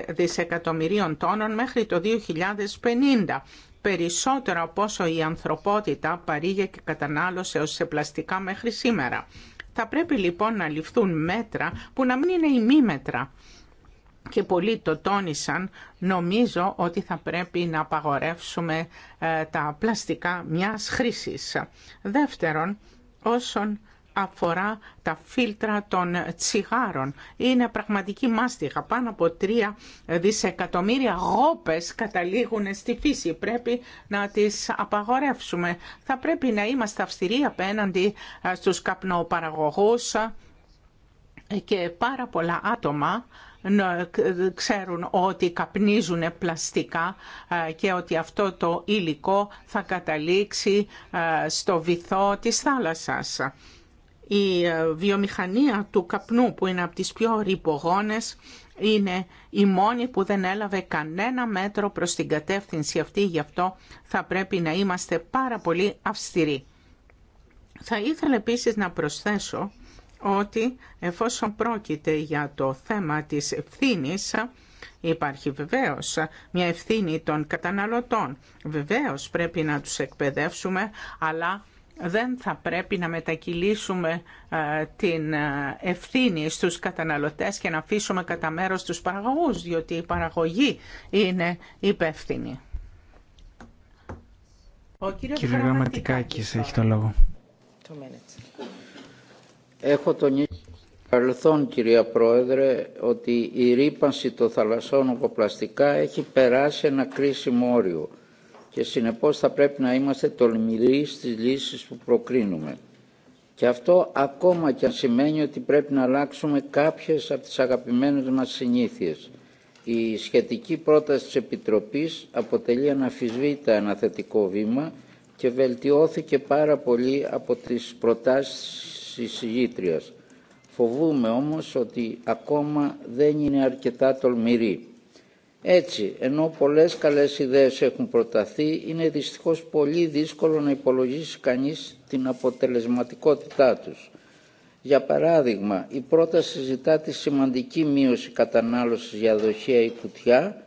δισεκατομμυρίων τόνων μέχρι το 2050 περισσότερο από όσο η ανθρωπότητα παρήγε και κατανάλωσε ως σε πλαστικά μέχρι σήμερα. Θα πρέπει λοιπόν να ληφθούν μέτρα που να μην είναι ημίμετρα. Και πολλοί το τόνισαν, νομίζω ότι θα πρέπει να απαγορεύσουμε ε, τα πλαστικά μιας χρήσης. Δεύτερον, όσον αφορά τα φίλτρα των τσιγάρων. Είναι πραγματική μάστιγα. Πάνω από τρία δισεκατομμύρια γόπες καταλήγουν στη φύση. Πρέπει να τις απαγορεύσουμε. Θα πρέπει να είμαστε αυστηροί απέναντι ε, στους καπνοπαραγωγούς ε, και πάρα πολλά άτομα ξέρουν ότι καπνίζουν πλαστικά ε, και ότι αυτό το υλικό θα καταλήξει στο βυθό της θάλασσας. Η ε, βιομηχανία του καπνού που είναι από τις πιο ρηπογόνες είναι η μόνη που δεν έλαβε κανένα μέτρο προς την κατεύθυνση αυτή, γι' αυτό θα πρέπει να είμαστε πάρα πολύ αυστηροί. Θα ήθελα επίσης να προσθέσω ότι εφόσον πρόκειται για το θέμα της ευθύνη. Υπάρχει βεβαίως μια ευθύνη των καταναλωτών. Βεβαίως πρέπει να τους εκπαιδεύσουμε, αλλά δεν θα πρέπει να μετακυλήσουμε ε, την ε, ευθύνη στους καταναλωτές και να αφήσουμε κατά μέρο τους παραγωγούς, διότι η παραγωγή είναι υπεύθυνη. Ο Κύριε Γραμματικάκης έχει το λόγο. Έχω τον παρελθόν, κυρία Πρόεδρε, ότι η ρήπανση των θαλασσών από έχει περάσει ένα κρίσιμο όριο και συνεπώς θα πρέπει να είμαστε τολμηροί στις λύσεις που προκρίνουμε. Και αυτό ακόμα και αν σημαίνει ότι πρέπει να αλλάξουμε κάποιες από τις αγαπημένες μας συνήθειες. Η σχετική πρόταση της Επιτροπής αποτελεί αναφυσβήτα ένα θετικό βήμα και βελτιώθηκε πάρα πολύ από τις προτάσεις της συγγήτριας. Φοβούμε όμως ότι ακόμα δεν είναι αρκετά τολμηροί. Έτσι, ενώ πολλές καλές ιδέες έχουν προταθεί, είναι δυστυχώς πολύ δύσκολο να υπολογίσει κανείς την αποτελεσματικότητά τους. Για παράδειγμα, η πρόταση ζητά τη σημαντική μείωση κατανάλωσης για δοχεία ή κουτιά.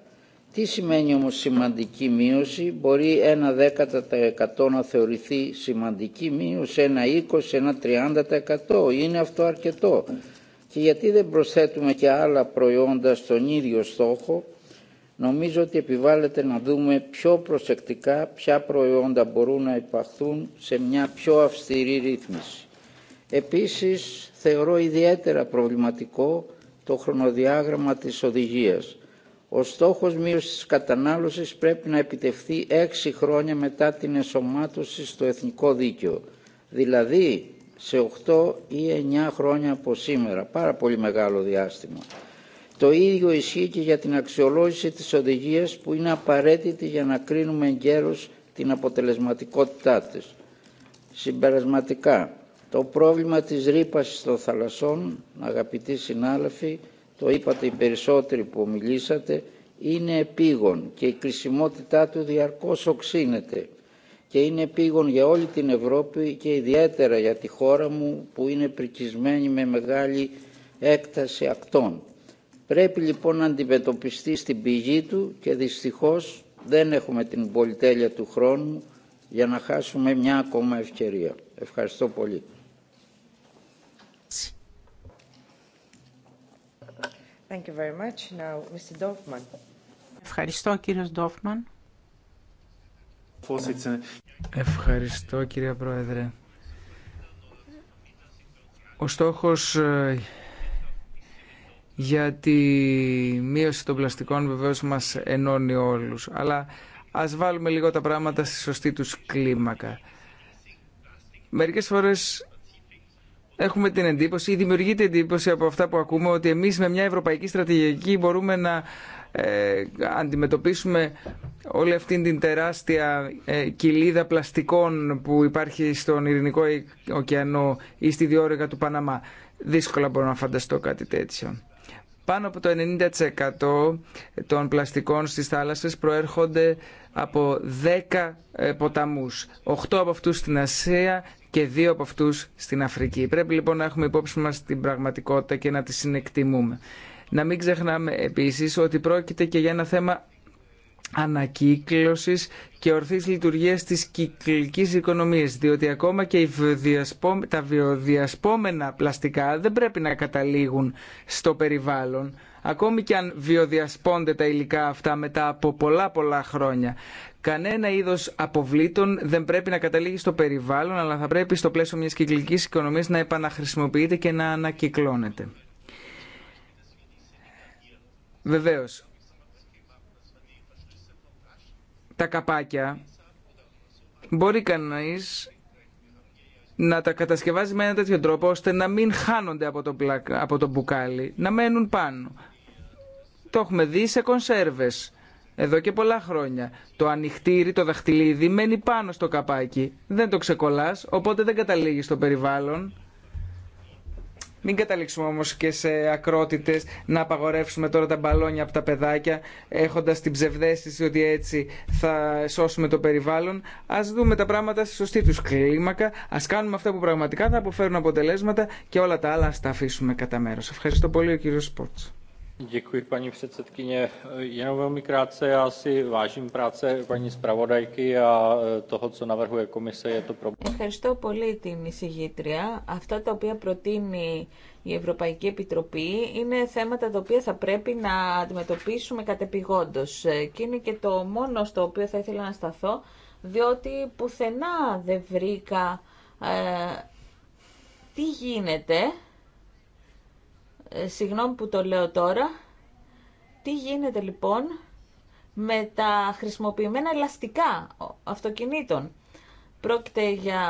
Τι σημαίνει όμως σημαντική μείωση, μπορεί ένα 10% να θεωρηθεί σημαντική μείωση, ένα 20%, ένα 30%. Είναι αυτό αρκετό. Και γιατί δεν προσθέτουμε και άλλα προϊόντα στον ίδιο στόχο, νομίζω ότι επιβάλλεται να δούμε πιο προσεκτικά ποια προϊόντα μπορούν να υπαχθούν σε μια πιο αυστηρή ρύθμιση. Επίσης, θεωρώ ιδιαίτερα προβληματικό το χρονοδιάγραμμα της οδηγίας. Ο στόχος μείωσης της κατανάλωσης πρέπει να επιτευχθεί έξι χρόνια μετά την εσωμάτωση στο εθνικό δίκαιο, δηλαδή σε 8 ή 9 χρόνια από σήμερα, πάρα πολύ μεγάλο διάστημα. Το ίδιο ισχύει και για την αξιολόγηση της οδηγίας που είναι απαραίτητη για να κρίνουμε εγκαίρως την αποτελεσματικότητά της. Συμπερασματικά, το πρόβλημα της ρήπασης των θαλασσών, αγαπητοί συνάδελφοι, το είπατε οι περισσότεροι που μιλήσατε, είναι επίγον και η κρισιμότητά του διαρκώς οξύνεται και είναι επίγον για όλη την Ευρώπη και ιδιαίτερα για τη χώρα μου που είναι πρικισμένη με μεγάλη έκταση ακτών. Πρέπει λοιπόν να αντιμετωπιστεί στην πηγή του και δυστυχώς δεν έχουμε την πολυτέλεια του χρόνου για να χάσουμε μια ακόμα ευκαιρία. Ευχαριστώ πολύ. Ευχαριστώ κύριος Ντόφμαν. Ευχαριστώ κύριε Πρόεδρε. Ο στόχος ε, γιατί τη μείωση των πλαστικών βεβαίως μας ενώνει όλους. Αλλά ας βάλουμε λίγο τα πράγματα στη σωστή τους κλίμακα. Μερικές φορές έχουμε την εντύπωση ή δημιουργείται εντύπωση από αυτά που ακούμε ότι εμείς με μια ευρωπαϊκή στρατηγική μπορούμε να ε, αντιμετωπίσουμε όλη αυτή την τεράστια ε, κοιλίδα πλαστικών που υπάρχει στον Ειρηνικό ωκεανό ή στη διόρυγα του Παναμά. Δύσκολα μπορώ να φανταστώ κάτι τέτοιο. Πάνω από το 90% των πλαστικών στις θάλασσες προέρχονται από 10 ε, ποταμούς. 8 από αυτούς στην Ασία και 2 από αυτούς στην Αφρική. Πρέπει λοιπόν να έχουμε υπόψη μας την πραγματικότητα και να τη συνεκτιμούμε. Να μην ξεχνάμε επίσης ότι πρόκειται και για ένα θέμα ανακύκλωσης και ορθής λειτουργίας της κυκλικής οικονομίας, διότι ακόμα και τα βιοδιασπόμενα πλαστικά δεν πρέπει να καταλήγουν στο περιβάλλον, ακόμη και αν βιοδιασπώνται τα υλικά αυτά μετά από πολλά πολλά χρόνια. Κανένα είδο αποβλήτων δεν πρέπει να καταλήγει στο περιβάλλον, αλλά θα πρέπει στο πλαίσιο μια κυκλική οικονομία να επαναχρησιμοποιείται και να ανακυκλώνεται. Βεβαίω, τα καπάκια μπορεί κανείς να τα κατασκευάζει με ένα τέτοιο τρόπο ώστε να μην χάνονται από το, από μπουκάλι, να μένουν πάνω. Το έχουμε δει σε κονσέρβες εδώ και πολλά χρόνια. Το ανοιχτήρι, το δαχτυλίδι μένει πάνω στο καπάκι. Δεν το ξεκολλάς, οπότε δεν καταλήγει στο περιβάλλον. Μην καταλήξουμε όμως και σε ακρότητε να απαγορεύσουμε τώρα τα μπαλόνια από τα παιδάκια έχοντας την ψευδέστηση ότι έτσι θα σώσουμε το περιβάλλον. Α δούμε τα πράγματα στη σωστή του κλίμακα, ας κάνουμε αυτά που πραγματικά θα αποφέρουν αποτελέσματα και όλα τα άλλα α τα αφήσουμε κατά μέρο. Ευχαριστώ πολύ ο κύριο Σπότ paní Jenom Ευχαριστώ πολύ την εισηγήτρια. Αυτά τα οποία προτείνει η Ευρωπαϊκή Επιτροπή είναι θέματα τα οποία θα πρέπει να αντιμετωπίσουμε κατεπηγόντως. Ε, και είναι και το μόνο στο οποίο θα ήθελα να σταθώ, διότι πουθενά δεν βρήκα ε, τι γίνεται συγγνώμη που το λέω τώρα, τι γίνεται λοιπόν με τα χρησιμοποιημένα ελαστικά αυτοκινήτων. Πρόκειται για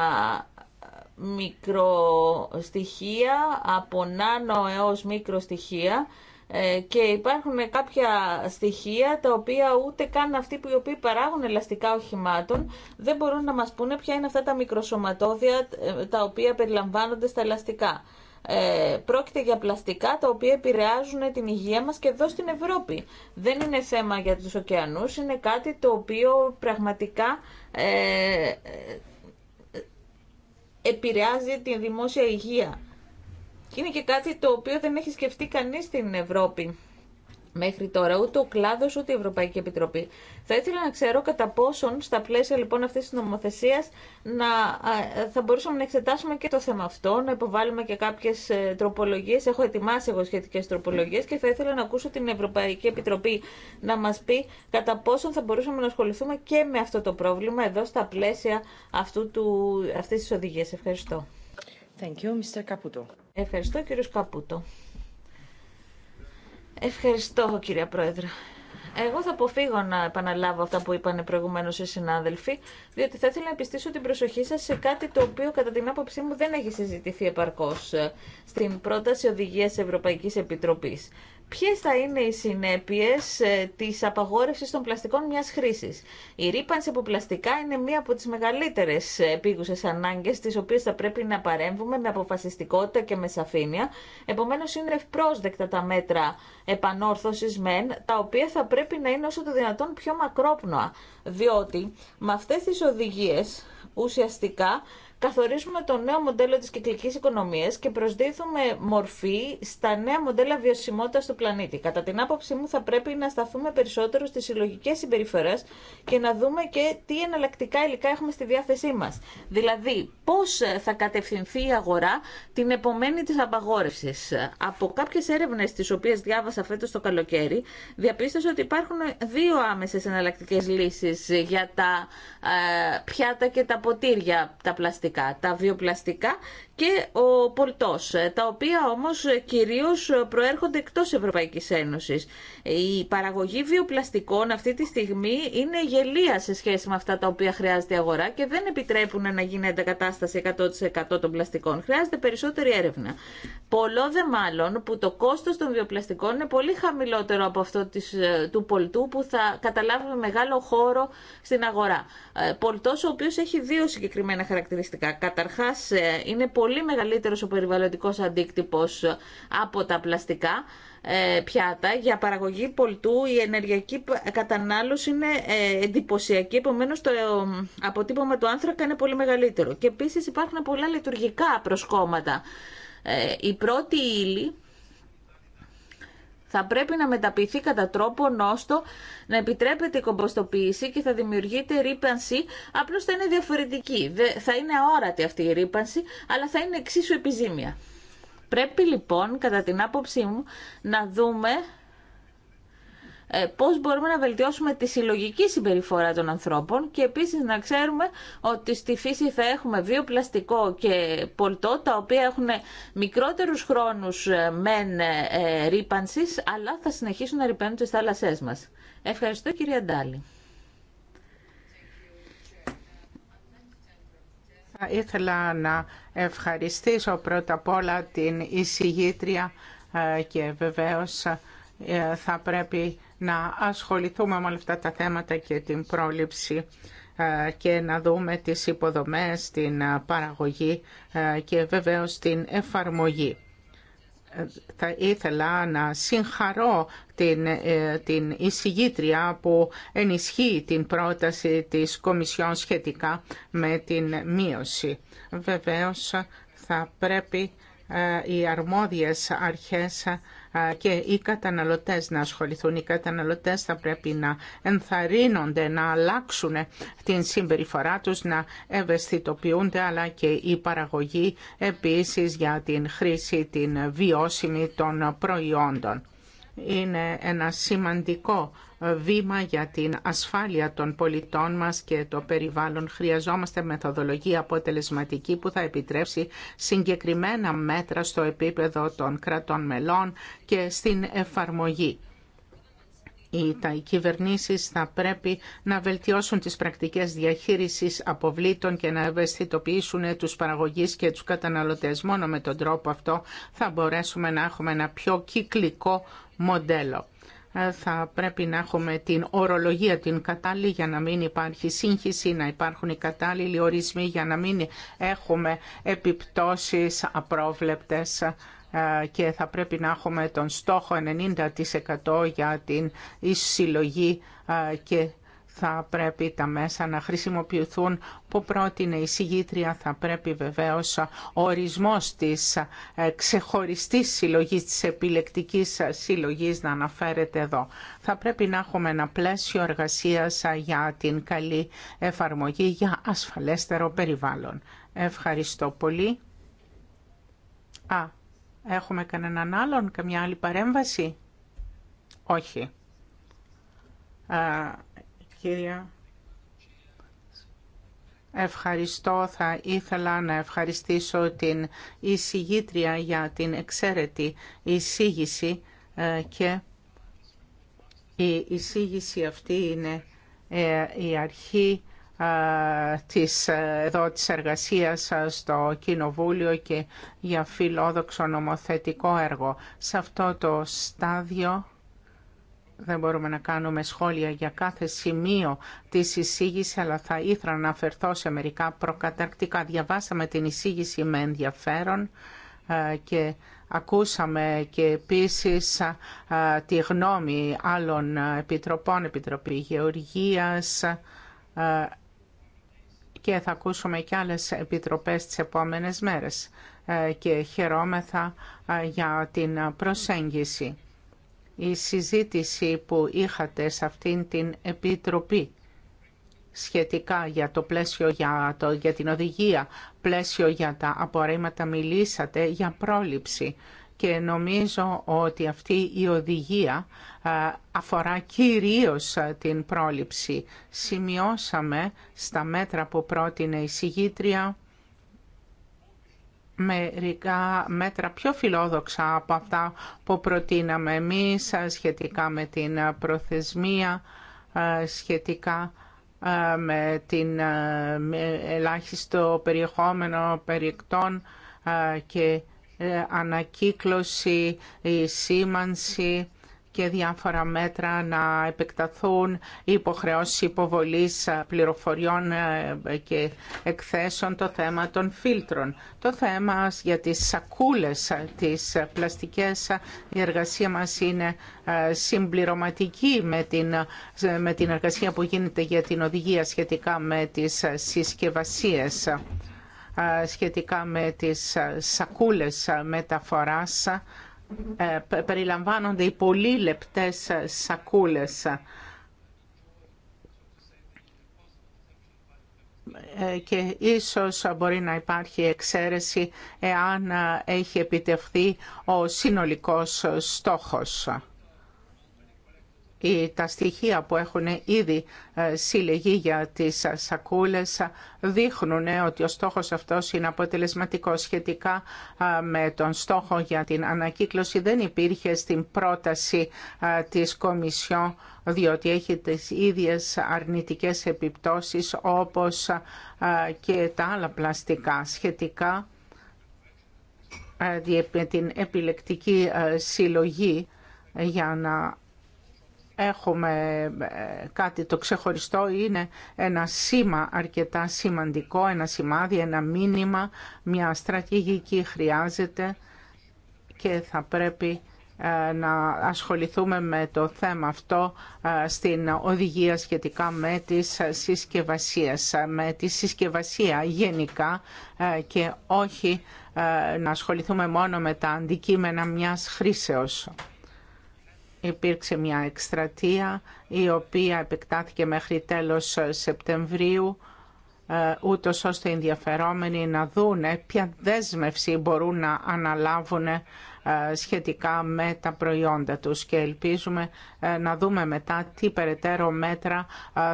μικροστοιχεία, από νάνο έως μικροστοιχεία ε, και υπάρχουν κάποια στοιχεία τα οποία ούτε καν αυτοί που οι οποίοι παράγουν ελαστικά οχημάτων δεν μπορούν να μας πούνε ποια είναι αυτά τα μικροσωματόδια ε, τα οποία περιλαμβάνονται στα ελαστικά ε, πρόκειται για πλαστικά τα οποία επηρεάζουν την υγεία μας και εδώ στην Ευρώπη. Δεν είναι θέμα για τους ωκεανούς, είναι κάτι το οποίο πραγματικά ε, ε επηρεάζει την δημόσια υγεία. Και είναι και κάτι το οποίο δεν έχει σκεφτεί κανείς στην Ευρώπη μέχρι τώρα ούτε ο κλάδο ούτε η Ευρωπαϊκή Επιτροπή. Θα ήθελα να ξέρω κατά πόσον στα πλαίσια λοιπόν αυτή τη νομοθεσία θα μπορούσαμε να εξετάσουμε και το θέμα αυτό, να υποβάλουμε και κάποιε τροπολογίε. Έχω ετοιμάσει εγώ σχετικέ τροπολογίε και θα ήθελα να ακούσω την Ευρωπαϊκή Επιτροπή να μα πει κατά πόσον θα μπορούσαμε να ασχοληθούμε και με αυτό το πρόβλημα εδώ στα πλαίσια αυτή τη οδηγία. Ευχαριστώ. Thank you, Mr. Ευχαριστώ κύριο Καπούτο. Ευχαριστώ, κυρία Πρόεδρε. Εγώ θα αποφύγω να επαναλάβω αυτά που είπαν προηγουμένω οι συνάδελφοι, διότι θα ήθελα να επιστήσω την προσοχή σα σε κάτι το οποίο, κατά την άποψή μου, δεν έχει συζητηθεί επαρκώ ε, στην πρόταση οδηγία Ευρωπαϊκή Επιτροπή. Ποιε θα είναι οι συνέπειες ε, της απαγόρευσης των πλαστικών μιας χρήσης. Η ρήπανση από πλαστικά είναι μία από τις μεγαλύτερες επίγουσε ανάγκες, τις οποίες θα πρέπει να παρέμβουμε με αποφασιστικότητα και με σαφήνεια. Επομένω, είναι ευπρόσδεκτα τα μέτρα επανόρθωση, μεν, τα οποία θα πρέπει να είναι όσο το δυνατόν πιο μακρόπνοα, διότι με αυτέ τι οδηγίε ουσιαστικά καθορίζουμε το νέο μοντέλο της κυκλικής οικονομίας και προσδίδουμε μορφή στα νέα μοντέλα βιωσιμότητας του πλανήτη. Κατά την άποψή μου θα πρέπει να σταθούμε περισσότερο στις συλλογικέ συμπεριφορές και να δούμε και τι εναλλακτικά υλικά έχουμε στη διάθεσή μας. Δηλαδή, πώς θα κατευθυνθεί η αγορά την επομένη της απαγόρευσης. Από κάποιες έρευνες τις οποίες διάβασα φέτος το καλοκαίρι, διαπίστωσα ότι υπάρχουν δύο άμεσες εναλλακτικές λύσεις για τα ε, πιάτα και τα ποτήρια, τα πλαστικά τα βιοπλαστικά και ο πολτό, ε, τα οποία όμως ε, κυρίως ε, προέρχονται εκτός Ευρωπαϊκής Ένωσης. Η παραγωγή βιοπλαστικών αυτή τη στιγμή είναι γελία σε σχέση με αυτά τα οποία χρειάζεται η αγορά και δεν επιτρέπουν να γίνει αντακατάσταση 100% των πλαστικών. Χρειάζεται περισσότερη έρευνα. Πολλό δε μάλλον που το κόστος των βιοπλαστικών είναι πολύ χαμηλότερο από αυτό της, του πολιτού που θα καταλάβουμε μεγάλο χώρο στην αγορά. Πολτό ο οποίος έχει δύο συγκεκριμένα χαρακτηριστικά. Καταρχάς είναι πολύ πολύ μεγαλύτερος ο περιβαλλοντικός αντίκτυπος από τα πλαστικά ε, πιάτα για παραγωγή πολτού η ενεργειακή κατανάλωση είναι ε, εντυπωσιακή επομένως το ε, αποτύπωμα του άνθρακα είναι πολύ μεγαλύτερο και επίσης υπάρχουν πολλά λειτουργικά προσκόμματα η πρώτη ύλη θα πρέπει να μεταποιηθεί κατά τρόπο νόστο, να επιτρέπεται η κομποστοποίηση και θα δημιουργείται ρήπανση, Απλώ θα είναι διαφορετική. Θα είναι αόρατη αυτή η ρήπανση, αλλά θα είναι εξίσου επιζήμια. Πρέπει λοιπόν, κατά την άποψή μου, να δούμε ε, πώς μπορούμε να βελτιώσουμε τη συλλογική συμπεριφορά των ανθρώπων και επίσης να ξέρουμε ότι στη φύση θα έχουμε βιοπλαστικό και πολτό τα οποία έχουν μικρότερους χρόνους ε, μεν ε, ρήπανσης αλλά θα συνεχίσουν να ρηπαίνουν τι θάλασσές μας. Ευχαριστώ κυρία Ντάλη. Θα ήθελα να ευχαριστήσω πρώτα απ' όλα την εισηγήτρια και βεβαίως ε, θα πρέπει να ασχοληθούμε με όλα αυτά τα θέματα και την πρόληψη ε, και να δούμε τις υποδομές, την ε, παραγωγή και βεβαίως την εφαρμογή. Θα ήθελα να συγχαρώ την, την εισηγήτρια που ενισχύει την πρόταση της Κομισιόν σχετικά με την μείωση. Βεβαίως θα πρέπει οι αρμόδιες αρχές και οι καταναλωτές να ασχοληθούν. Οι καταναλωτές θα πρέπει να ενθαρρύνονται, να αλλάξουν την συμπεριφορά τους, να ευαισθητοποιούνται, αλλά και η παραγωγή επίσης για την χρήση, την βιώσιμη των προϊόντων. Είναι ένα σημαντικό βήμα για την ασφάλεια των πολιτών μας και το περιβάλλον. Χρειαζόμαστε μεθοδολογία αποτελεσματική που θα επιτρέψει συγκεκριμένα μέτρα στο επίπεδο των κρατών μελών και στην εφαρμογή. Οι, τα, οι θα πρέπει να βελτιώσουν τις πρακτικές διαχείρισης αποβλήτων και να ευαισθητοποιήσουν τους παραγωγείς και τους καταναλωτές. Μόνο με τον τρόπο αυτό θα μπορέσουμε να έχουμε ένα πιο κυκλικό μοντέλο θα πρέπει να έχουμε την ορολογία την κατάλληλη για να μην υπάρχει σύγχυση, να υπάρχουν οι κατάλληλοι ορισμοί για να μην έχουμε επιπτώσεις απρόβλεπτες ε, και θα πρέπει να έχουμε τον στόχο 90% για την συλλογή ε, και θα πρέπει τα μέσα να χρησιμοποιηθούν που πρότεινε η συγγήτρια θα πρέπει βεβαίως ο ορισμός της ε, ξεχωριστής συλλογής, της επιλεκτικής συλλογής να αναφέρεται εδώ. Θα πρέπει να έχουμε ένα πλαίσιο εργασίας ε, για την καλή εφαρμογή για ασφαλέστερο περιβάλλον. Ευχαριστώ πολύ. Α, έχουμε κανέναν άλλον, καμιά άλλη παρέμβαση. Όχι. Ε, Κύριε, ευχαριστώ. Θα ήθελα να ευχαριστήσω την εισηγήτρια για την εξαίρετη εισήγηση ε, και η εισήγηση αυτή είναι ε, η αρχή ε, της, εδώ της εργασίας στο Κοινοβούλιο και για φιλόδοξο νομοθετικό έργο. Σε αυτό το στάδιο δεν μπορούμε να κάνουμε σχόλια για κάθε σημείο της εισήγησης αλλά θα ήθελα να αναφερθώ σε μερικά προκαταρκτικά. Διαβάσαμε την εισήγηση με ενδιαφέρον ε, και ακούσαμε και επίσης ε, τη γνώμη άλλων επιτροπών, Επιτροπή Γεωργίας ε, και θα ακούσουμε και άλλες επιτροπές τις επόμενες μέρες και χαιρόμεθα για την προσέγγιση η συζήτηση που είχατε σε αυτήν την Επιτροπή σχετικά για το πλαίσιο για, το, για την οδηγία, πλαίσιο για τα απορρίμματα, μιλήσατε για πρόληψη και νομίζω ότι αυτή η οδηγία αφορά κυρίως την πρόληψη. Σημειώσαμε στα μέτρα που πρότεινε η συγγήτρια μερικά μέτρα πιο φιλόδοξα από αυτά που προτείναμε εμείς ε, σχετικά με την ε, προθεσμία, ε, σχετικά με την ελάχιστο περιεχόμενο περιεκτών και ανακύκλωση, η σήμανση και διάφορα μέτρα να επεκταθούν οι υποχρεώσεις υποβολής πληροφοριών ε, και εκθέσεων το θέμα των φίλτρων. Το θέμα για τις σακούλες, τις πλαστικές, η εργασία μας είναι ε, συμπληρωματική με την, με την εργασία που γίνεται για την οδηγία σχετικά με τις συσκευασίες ε, σχετικά με τις σακούλες μεταφοράς ε, περιλαμβάνονται οι πολύ λεπτές σακούλες ε, και ίσως μπορεί να υπάρχει εξαίρεση εάν έχει επιτευχθεί ο συνολικός στόχος τα στοιχεία που έχουν ήδη ε, συλλεγεί για τις σακούλες δείχνουν ότι ο στόχος αυτός είναι αποτελεσματικό. σχετικά ε, με τον στόχο για την ανακύκλωση δεν υπήρχε στην πρόταση ε, της Κομισιόν διότι έχει τις ίδιες αρνητικές επιπτώσεις όπως και τα άλλα πλαστικά σχετικά με την επιλεκτική συλλογή για να έχουμε ε, κάτι το ξεχωριστό, είναι ένα σήμα αρκετά σημαντικό, ένα σημάδι, ένα μήνυμα, μια στρατηγική χρειάζεται και θα πρέπει ε, να ασχοληθούμε με το θέμα αυτό ε, στην οδηγία σχετικά με τις συσκευασίες, με τη συσκευασία γενικά και όχι να ασχοληθούμε μόνο με τα αντικείμενα μιας χρήσεως. Υπήρξε μια εκστρατεία η οποία επεκτάθηκε μέχρι τέλος Σεπτεμβρίου ε, ούτω ώστε οι ενδιαφερόμενοι να δούνε ποια δέσμευση μπορούν να αναλάβουν ε, σχετικά με τα προϊόντα τους και ελπίζουμε ε, να δούμε μετά τι περαιτέρω μέτρα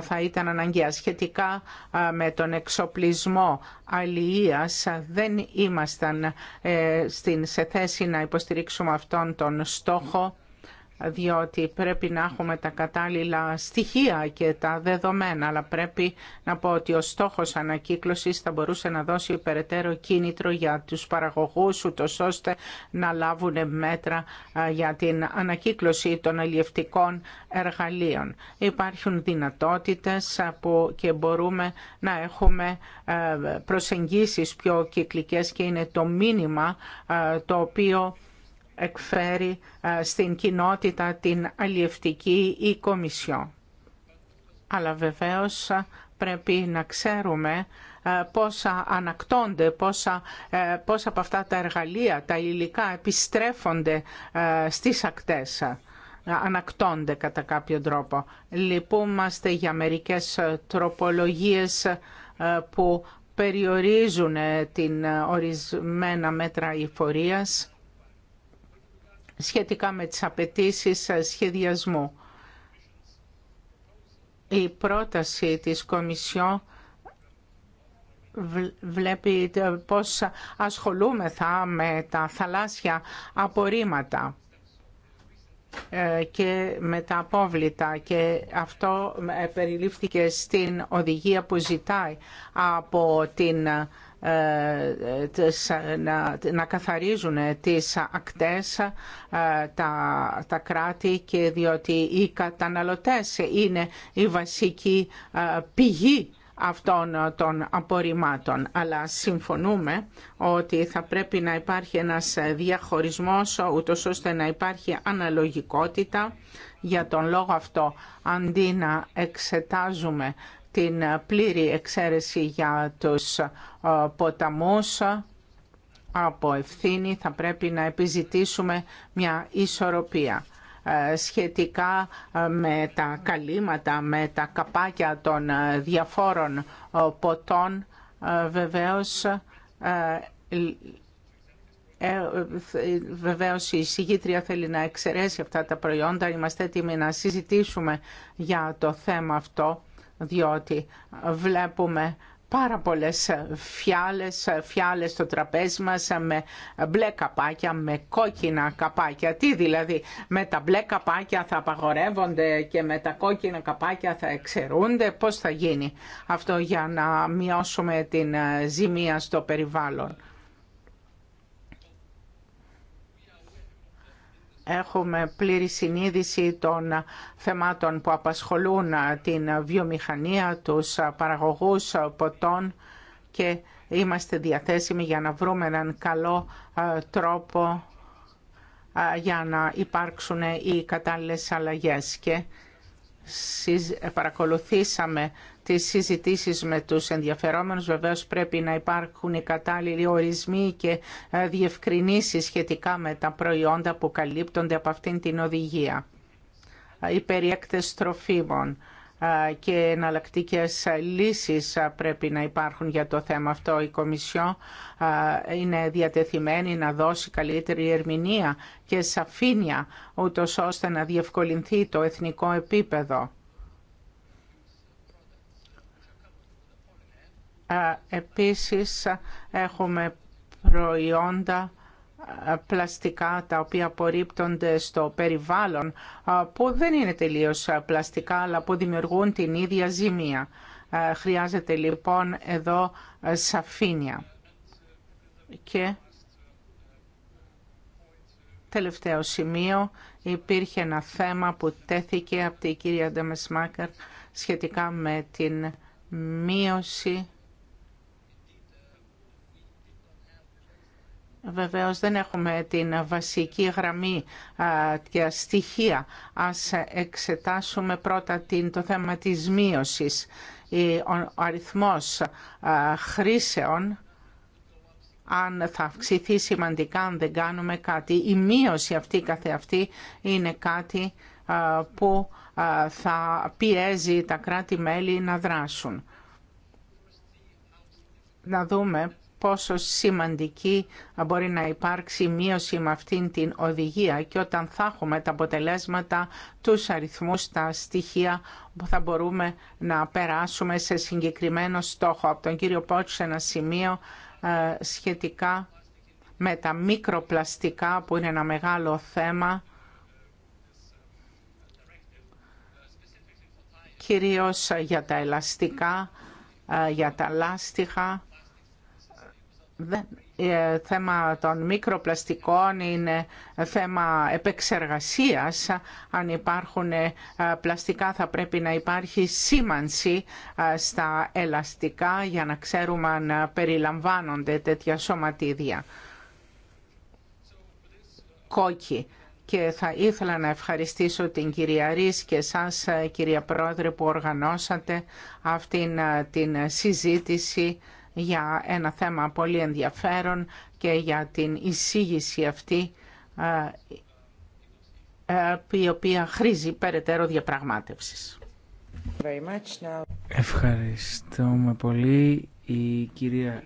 θα ήταν αναγκαία. Σχετικά με τον εξοπλισμό αλληλείας δεν ήμασταν σε θέση να υποστηρίξουμε αυτόν τον στόχο διότι πρέπει να έχουμε τα κατάλληλα στοιχεία και τα δεδομένα, αλλά πρέπει να πω ότι ο στόχος ανακύκλωσης θα μπορούσε να δώσει περαιτέρω κίνητρο για τους παραγωγούς, ούτως ώστε να λάβουν μέτρα για την ανακύκλωση των αλλιευτικών εργαλείων. Υπάρχουν δυνατότητες που και μπορούμε να έχουμε προσεγγίσεις πιο κυκλικές και είναι το μήνυμα το οποίο εκφέρει στην κοινότητα την αλλιευτική ή κομισιό. Αλλά βεβαίως πρέπει να ξέρουμε πόσα ανακτώνται, πόσα, ε, πόσα από αυτά τα εργαλεία, τα υλικά επιστρέφονται στις ακτές ανακτώνται κατά κάποιο τρόπο. Λυπούμαστε για μερικές τροπολογίες που περιορίζουν ε, την ορισμένα μέτρα υφορίας σχετικά με τις απαιτήσει ε, σχεδιασμού. Η πρόταση της Κομισιόν βλέπει ε, πώς ασχολούμεθα με τα θαλάσσια απορρίμματα ε, και με τα απόβλητα και αυτό περιλήφθηκε στην οδηγία που ζητάει από την να καθαρίζουν τις ακτές ε, τα, τα κράτη και διότι οι καταναλωτές είναι η βασική ε, πηγή αυτών των απορριμμάτων. Αλλά συμφωνούμε ότι θα πρέπει να υπάρχει ένας διαχωρισμός ούτως ώστε να υπάρχει αναλογικότητα για τον λόγο αυτό αντί να εξετάζουμε την πλήρη εξαίρεση για τους ε, ποταμούς ε, από ευθύνη θα πρέπει να επιζητήσουμε μια ισορροπία ε, σχετικά με τα καλύματα, με τα καπάκια των διαφόρων ποτών βεβαίως ε, η συγγήτρια θέλει να εξαιρέσει αυτά τα προϊόντα. Είμαστε έτοιμοι να συζητήσουμε για το θέμα αυτό διότι βλέπουμε πάρα πολλές φιάλες, φιάλες στο τραπέζι μας με μπλε καπάκια, με κόκκινα καπάκια. Τι δηλαδή, με τα μπλε καπάκια θα απαγορεύονται και με τα κόκκινα καπάκια θα εξαιρούνται, πώς θα γίνει αυτό για να μειώσουμε την ζημία στο περιβάλλον. έχουμε πλήρη συνείδηση των θεμάτων που απασχολούν την βιομηχανία, τους παραγωγούς ποτών και είμαστε διαθέσιμοι για να βρούμε έναν καλό τρόπο για να υπάρξουν οι κατάλληλες αλλαγές και παρακολουθήσαμε τις συζητήσεις με τους ενδιαφερόμενους. Βεβαίως πρέπει να υπάρχουν οι κατάλληλοι ορισμοί και ε, διευκρινήσεις σχετικά με τα προϊόντα που καλύπτονται από αυτήν την οδηγία. Ε, οι περιέκτες τροφίμων ε, και εναλλακτικέ λύσεις πρέπει να υπάρχουν για το θέμα αυτό. Η Κομισιό είναι διατεθειμένη να δώσει καλύτερη ερμηνεία και σαφήνεια, ούτως ώστε να διευκολυνθεί το εθνικό επίπεδο Επίσης έχουμε προϊόντα πλαστικά τα οποία απορρίπτονται στο περιβάλλον που δεν είναι τελείως πλαστικά αλλά που δημιουργούν την ίδια ζημία. Χρειάζεται λοιπόν εδώ σαφήνεια. Και τελευταίο σημείο υπήρχε ένα θέμα που τέθηκε από την κυρία Ντεμεσμάκερ σχετικά με την μείωση Βεβαίως δεν έχουμε την βασική γραμμή και στοιχεία. Ας εξετάσουμε πρώτα την, το θέμα της μείωσης. Ο αριθμός χρήσεων αν θα αυξηθεί σημαντικά αν δεν κάνουμε κάτι. Η μείωση αυτή καθεαυτή είναι κάτι που θα πιέζει τα κράτη-μέλη να δράσουν. Να δούμε πόσο σημαντική μπορεί να υπάρξει μείωση με αυτήν την οδηγία και όταν θα έχουμε τα αποτελέσματα, τους αριθμούς, τα στοιχεία που θα μπορούμε να περάσουμε σε συγκεκριμένο στόχο. Από τον κύριο Πότσο ένα σημείο ε, σχετικά με τα μικροπλαστικά που είναι ένα μεγάλο θέμα. κυρίως για τα ελαστικά, ε, για τα λάστιχα ε, θέμα των μικροπλαστικών είναι θέμα επεξεργασίας. Αν υπάρχουν ε, πλαστικά θα πρέπει να υπάρχει σήμανση ε, στα ελαστικά για να ξέρουμε αν περιλαμβάνονται τέτοια σωματίδια. Κόκκι. Και θα ήθελα να ευχαριστήσω την κυρία Ρής και σας κυρία Πρόεδρε που οργανώσατε αυτήν την συζήτηση για ένα θέμα πολύ ενδιαφέρον και για την εισήγηση αυτή ε, ε, η οποία χρήζει περαιτέρω διαπραγμάτευσης. Ευχαριστούμε πολύ η κυρία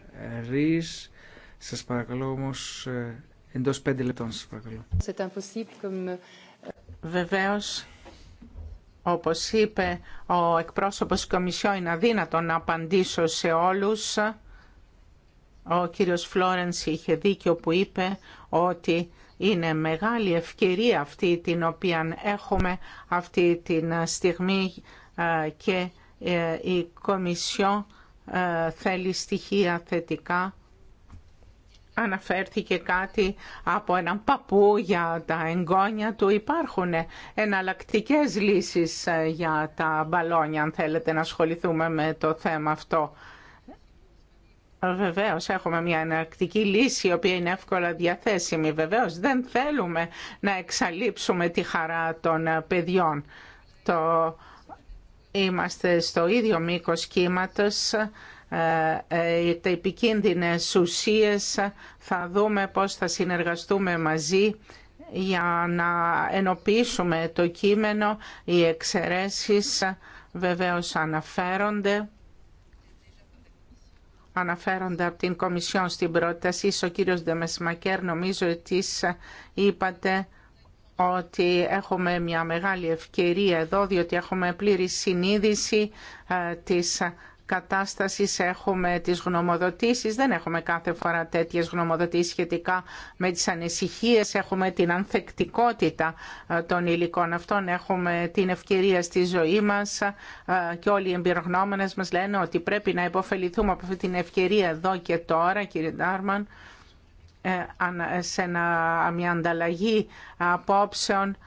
ρίς Σας παρακαλώ όμως ε, εντός πέντε λεπτών σας παρακαλώ. Βεβαίως όπως είπε ο εκπρόσωπος της Κομισιόν, είναι αδύνατο να απαντήσω σε όλους. Ο κύριος Φλόρενς είχε δίκιο που είπε ότι είναι μεγάλη ευκαιρία αυτή την οποία έχουμε αυτή την στιγμή ε, και ε, η Κομισιό ε, θέλει στοιχεία θετικά αναφέρθηκε κάτι από έναν παππού για τα εγγόνια του. Υπάρχουν εναλλακτικέ λύσεις ε, για τα μπαλόνια, αν θέλετε να ασχοληθούμε με το θέμα αυτό. Βεβαίω, έχουμε μια εναλλακτική λύση, η οποία είναι εύκολα διαθέσιμη. Βεβαίω, δεν θέλουμε να εξαλείψουμε τη χαρά των ε, παιδιών. Το... Είμαστε στο ίδιο μήκο κύματο τα ε, ε, επικίνδυνες ουσίες. Θα δούμε πώς θα συνεργαστούμε μαζί για να ενοποιήσουμε το κείμενο. Οι εξαιρέσεις βεβαίως αναφέρονται αναφέρονται από την Κομισιόν στην πρόταση. Ο κύριος Ντεμεσμακέρ νομίζω ότι είπατε ότι έχουμε μια μεγάλη ευκαιρία εδώ, διότι έχουμε πλήρη συνείδηση ε, της Κατάσταση έχουμε τις γνωμοδοτήσεις. Δεν έχουμε κάθε φορά τέτοιες γνωμοδοτήσεις σχετικά με τις ανησυχίες. Έχουμε την ανθεκτικότητα ε, των υλικών αυτών. Έχουμε την ευκαιρία στη ζωή μας ε, και όλοι οι εμπειρογνώμενες μας λένε ότι πρέπει να υποφεληθούμε από αυτή την ευκαιρία εδώ και τώρα, κύριε Ντάρμαν, ε, σε μια ανταλλαγή απόψεων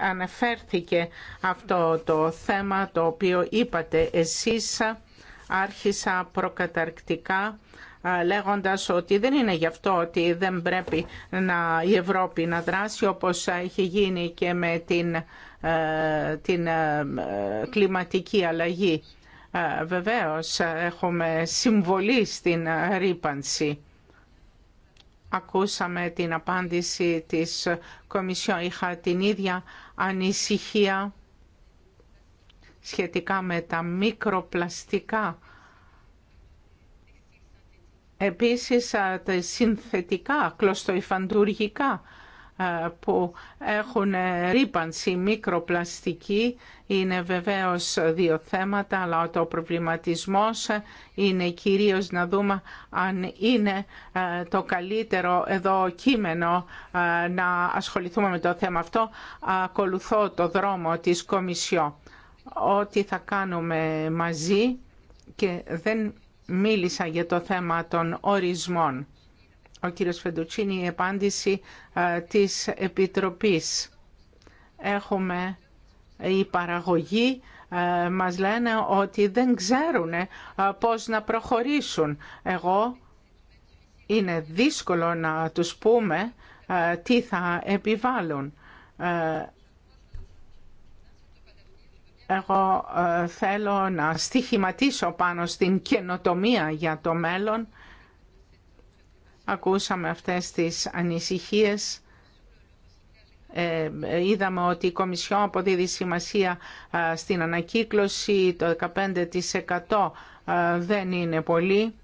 αναφέρθηκε αυτό το θέμα το οποίο είπατε εσείς άρχισα προκαταρκτικά λέγοντας ότι δεν είναι γι' αυτό ότι δεν πρέπει να, η Ευρώπη να δράσει όπως έχει γίνει και με την, την κλιματική αλλαγή. Βεβαίως έχουμε συμβολή στην ρήπανση Ακούσαμε την απάντηση της Κομισιόν. Είχα την ίδια ανησυχία σχετικά με τα μικροπλαστικά. Επίσης τα συνθετικά, κλωστοϊφαντουργικά που έχουν ρήπανση μικροπλαστική είναι βεβαίως δύο θέματα, αλλά το προβληματισμός είναι κυρίως να δούμε αν είναι ε, το καλύτερο εδώ κείμενο ε, να ασχοληθούμε με το θέμα αυτό. Ακολουθώ το δρόμο της Κομισιό. Ό,τι θα κάνουμε μαζί και δεν μίλησα για το θέμα των ορισμών ο κύριος Φεντουτσίνη η επάντηση της Επιτροπής. Έχουμε η παραγωγή μας λένε ότι δεν ξέρουν πώς να προχωρήσουν. Εγώ είναι δύσκολο να τους πούμε τι θα επιβάλλουν. Εγώ θέλω να στοιχηματίσω πάνω στην καινοτομία για το μέλλον Ακούσαμε αυτές τις ανησυχίες. Ε, είδαμε ότι η Κομισιόν αποδίδει σημασία στην ανακύκλωση, το 15% δεν είναι πολύ.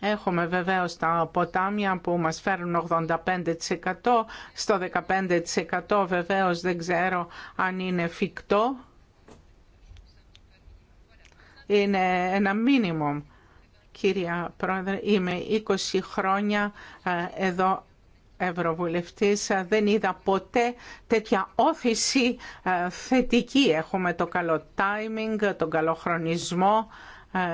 Έχουμε βεβαίως τα ποτάμια που μας φέρνουν 85%. Στο 15% βεβαίως δεν ξέρω αν είναι φυκτό. Είναι ένα μίνιμουμ Κυρία Πρόεδρε, είμαι 20 χρόνια ε, εδώ Ευρωβουλευτής. Δεν είδα ποτέ τέτοια όθηση ε, θετική. Έχουμε το καλό timing, τον καλό χρονισμό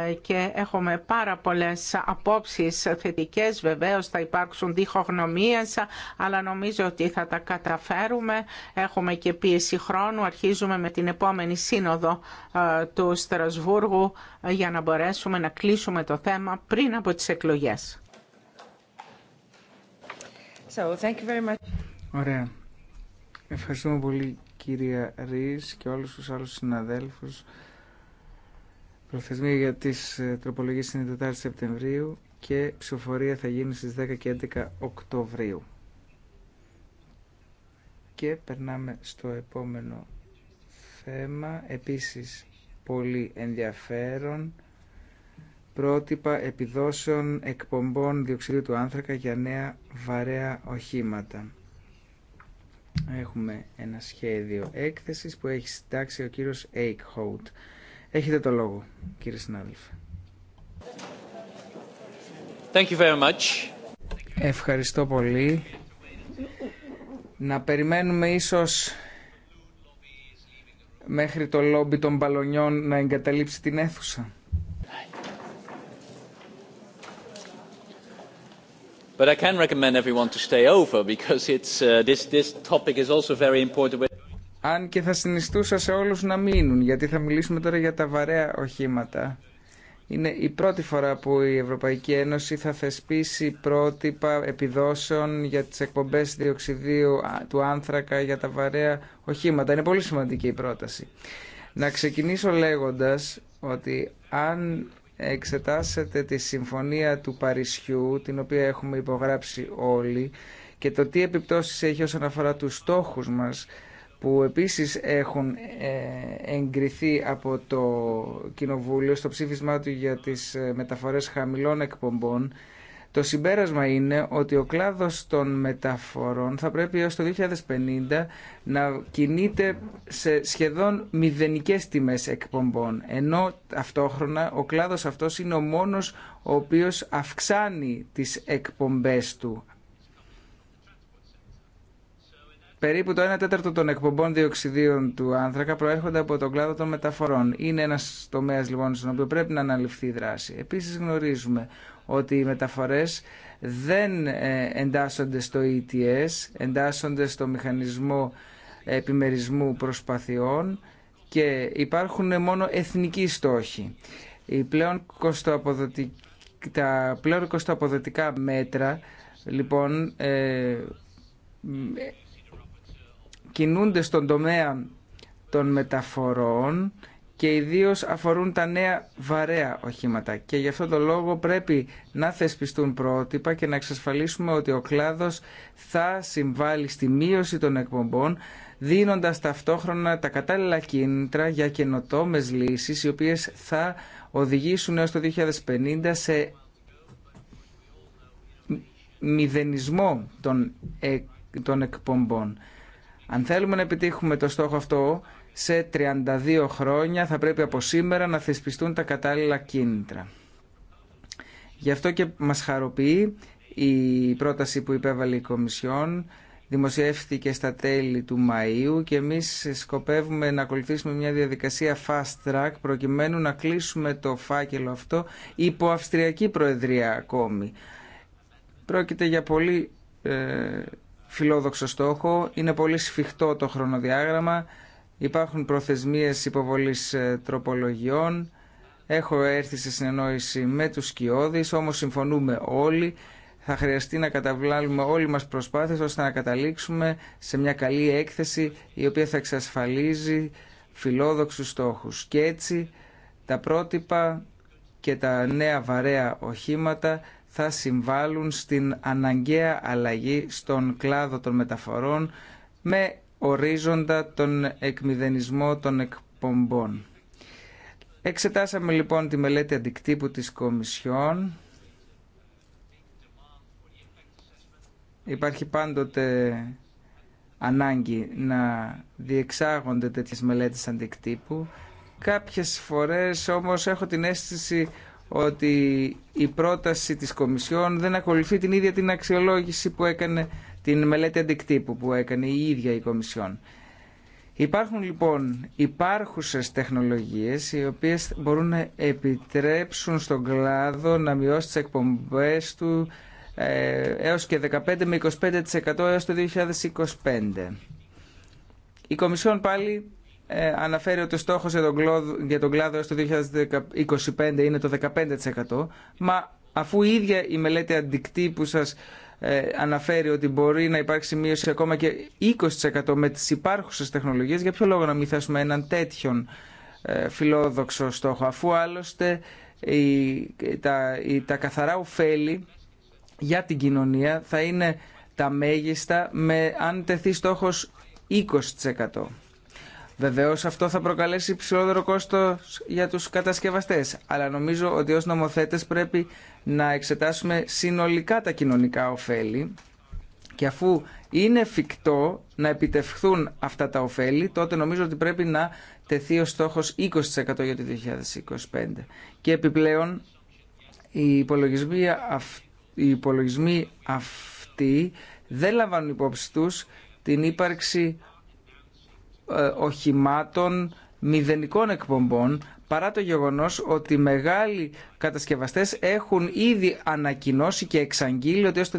ε, και έχουμε πάρα πολλές απόψεις θετικές. Βεβαίως θα υπάρξουν διχογνωμίες, αλλά νομίζω ότι θα τα καταφέρουμε. Έχουμε και πίεση χρόνου. Αρχίζουμε με την επόμενη σύνοδο ε, του Στρασβούργου ε, για να μπορέσουμε να κλείσουμε το θέμα πριν από τις εκλογές. Ωραία. Ευχαριστούμε πολύ κυρία Ρίς και όλους τους άλλους συναδέλφους. Προθεσμία για τι ε, τροπολογίε είναι 4 Σεπτεμβρίου και ψηφοφορία θα γίνει στις 10 και 11 Οκτωβρίου. Και περνάμε στο επόμενο θέμα, επίσης πολύ ενδιαφέρον, πρότυπα επιδόσεων εκπομπών διοξιδίου του άνθρακα για νέα βαρέα οχήματα. Έχουμε ένα σχέδιο έκθεσης που έχει συντάξει ο κύριος Eichhout. Έχετε το λόγο, κύριε συνάδελφε. Thank you very much. Ευχαριστώ πολύ. Να περιμένουμε ίσως μέχρι το λόμπι των μπαλονιών να εγκαταλείψει την αίθουσα. But I can recommend everyone to stay over because it's, uh, this, this topic is also very important. Αν και θα συνιστούσα σε όλους να μείνουν, γιατί θα μιλήσουμε τώρα για τα βαρέα οχήματα. Είναι η πρώτη φορά που η Ευρωπαϊκή Ένωση θα θεσπίσει πρότυπα επιδόσεων για τις εκπομπές διοξιδίου του άνθρακα για τα βαρέα οχήματα. Είναι πολύ σημαντική η πρόταση. Να ξεκινήσω λέγοντας ότι αν εξετάσετε τη συμφωνία του Παρισιού, την οποία έχουμε υπογράψει όλοι, και το τι επιπτώσεις έχει όσον αφορά τους στόχους μας που επίσης έχουν ε, εγκριθεί από το Κοινοβούλιο στο ψήφισμά του για τις ε, μεταφορές χαμηλών εκπομπών, το συμπέρασμα είναι ότι ο κλάδος των μεταφορών θα πρέπει έως το 2050 να κινείται σε σχεδόν μηδενικές τιμές εκπομπών, ενώ ταυτόχρονα ο κλάδος αυτός είναι ο μόνος ο οποίος αυξάνει τις εκπομπές του Περίπου το 1 τέταρτο των εκπομπών διοξιδίων του άνθρακα προέρχονται από τον κλάδο των μεταφορών. Είναι ένα τομέα λοιπόν στον οποίο πρέπει να αναλυφθεί η δράση. Επίση γνωρίζουμε ότι οι μεταφορέ δεν ε, εντάσσονται στο ETS, εντάσσονται στο μηχανισμό επιμερισμού προσπαθειών και υπάρχουν μόνο εθνικοί στόχοι. πλέον τα πλέον κοστοαποδοτικά μέτρα λοιπόν ε, κινούνται στον τομέα των μεταφορών και ιδίως αφορούν τα νέα βαρέα οχήματα. Και γι' αυτό τον λόγο πρέπει να θεσπιστούν πρότυπα και να εξασφαλίσουμε ότι ο κλάδος θα συμβάλλει στη μείωση των εκπομπών δίνοντας ταυτόχρονα τα κατάλληλα κίνητρα για καινοτόμε λύσεις οι οποίες θα οδηγήσουν έως το 2050 σε μηδενισμό των, των εκπομπών. Αν θέλουμε να επιτύχουμε το στόχο αυτό, σε 32 χρόνια θα πρέπει από σήμερα να θεσπιστούν τα κατάλληλα κίνητρα. Γι' αυτό και μας χαροποιεί η πρόταση που υπέβαλε η Κομισιόν δημοσιεύτηκε στα τέλη του Μαΐου και εμείς σκοπεύουμε να ακολουθήσουμε μια διαδικασία fast track προκειμένου να κλείσουμε το φάκελο αυτό υπό Αυστριακή Προεδρία ακόμη. Πρόκειται για πολύ ε, φιλόδοξο στόχο, είναι πολύ σφιχτό το χρονοδιάγραμμα, υπάρχουν προθεσμίες υποβολής ε, τροπολογιών, έχω έρθει σε συνεννόηση με τους σκιώδεις, όμως συμφωνούμε όλοι, θα χρειαστεί να καταβλάλουμε όλοι μας προσπάθειες ώστε να καταλήξουμε σε μια καλή έκθεση η οποία θα εξασφαλίζει φιλόδοξους στόχους. Και έτσι τα πρότυπα και τα νέα βαρέα οχήματα θα συμβάλλουν στην αναγκαία αλλαγή στον κλάδο των μεταφορών με ορίζοντα τον εκμηδενισμό των εκπομπών. Εξετάσαμε λοιπόν τη μελέτη αντικτύπου της Κομισιόν. Υπάρχει πάντοτε ανάγκη να διεξάγονται τέτοιες μελέτες αντικτύπου. Κάποιες φορές όμως έχω την αίσθηση ότι η πρόταση της Κομισιόν δεν ακολουθεί την ίδια την αξιολόγηση που έκανε την μελέτη αντικτύπου που έκανε η ίδια η Κομισιόν. Υπάρχουν λοιπόν υπάρχουσες τεχνολογίες οι οποίες μπορούν να επιτρέψουν στον κλάδο να μειώσει τις εκπομπές του ε, έως και 15 με 25% έως το 2025. Η Κομισιόν πάλι ε, αναφέρει ότι ο στόχος για τον, κλάδο, για τον έως το 2025 είναι το 15%. Μα αφού η ίδια η μελέτη που σας ε, αναφέρει ότι μπορεί να υπάρξει μείωση ακόμα και 20% με τις υπάρχουσες τεχνολογίες, για ποιο λόγο να μην θέσουμε έναν τέτοιον ε, φιλόδοξο στόχο, αφού άλλωστε η, τα, η, τα καθαρά ωφέλη για την κοινωνία θα είναι τα μέγιστα με αν τεθεί στόχος 20%. Βεβαίω αυτό θα προκαλέσει υψηλότερο κόστο για του κατασκευαστέ. Αλλά νομίζω ότι ω νομοθέτε πρέπει να εξετάσουμε συνολικά τα κοινωνικά ωφέλη και αφού είναι εφικτό να επιτευχθούν αυτά τα ωφέλη, τότε νομίζω ότι πρέπει να τεθεί ο στόχος 20% για το 2025. Και επιπλέον, οι υπολογισμοί, υπολογισμοί αυτοί δεν λαμβάνουν υπόψη τους την ύπαρξη ε, οχημάτων μηδενικών εκπομπών παρά το γεγονός ότι μεγάλοι κατασκευαστές έχουν ήδη ανακοινώσει και εξαγγείλει ότι έως το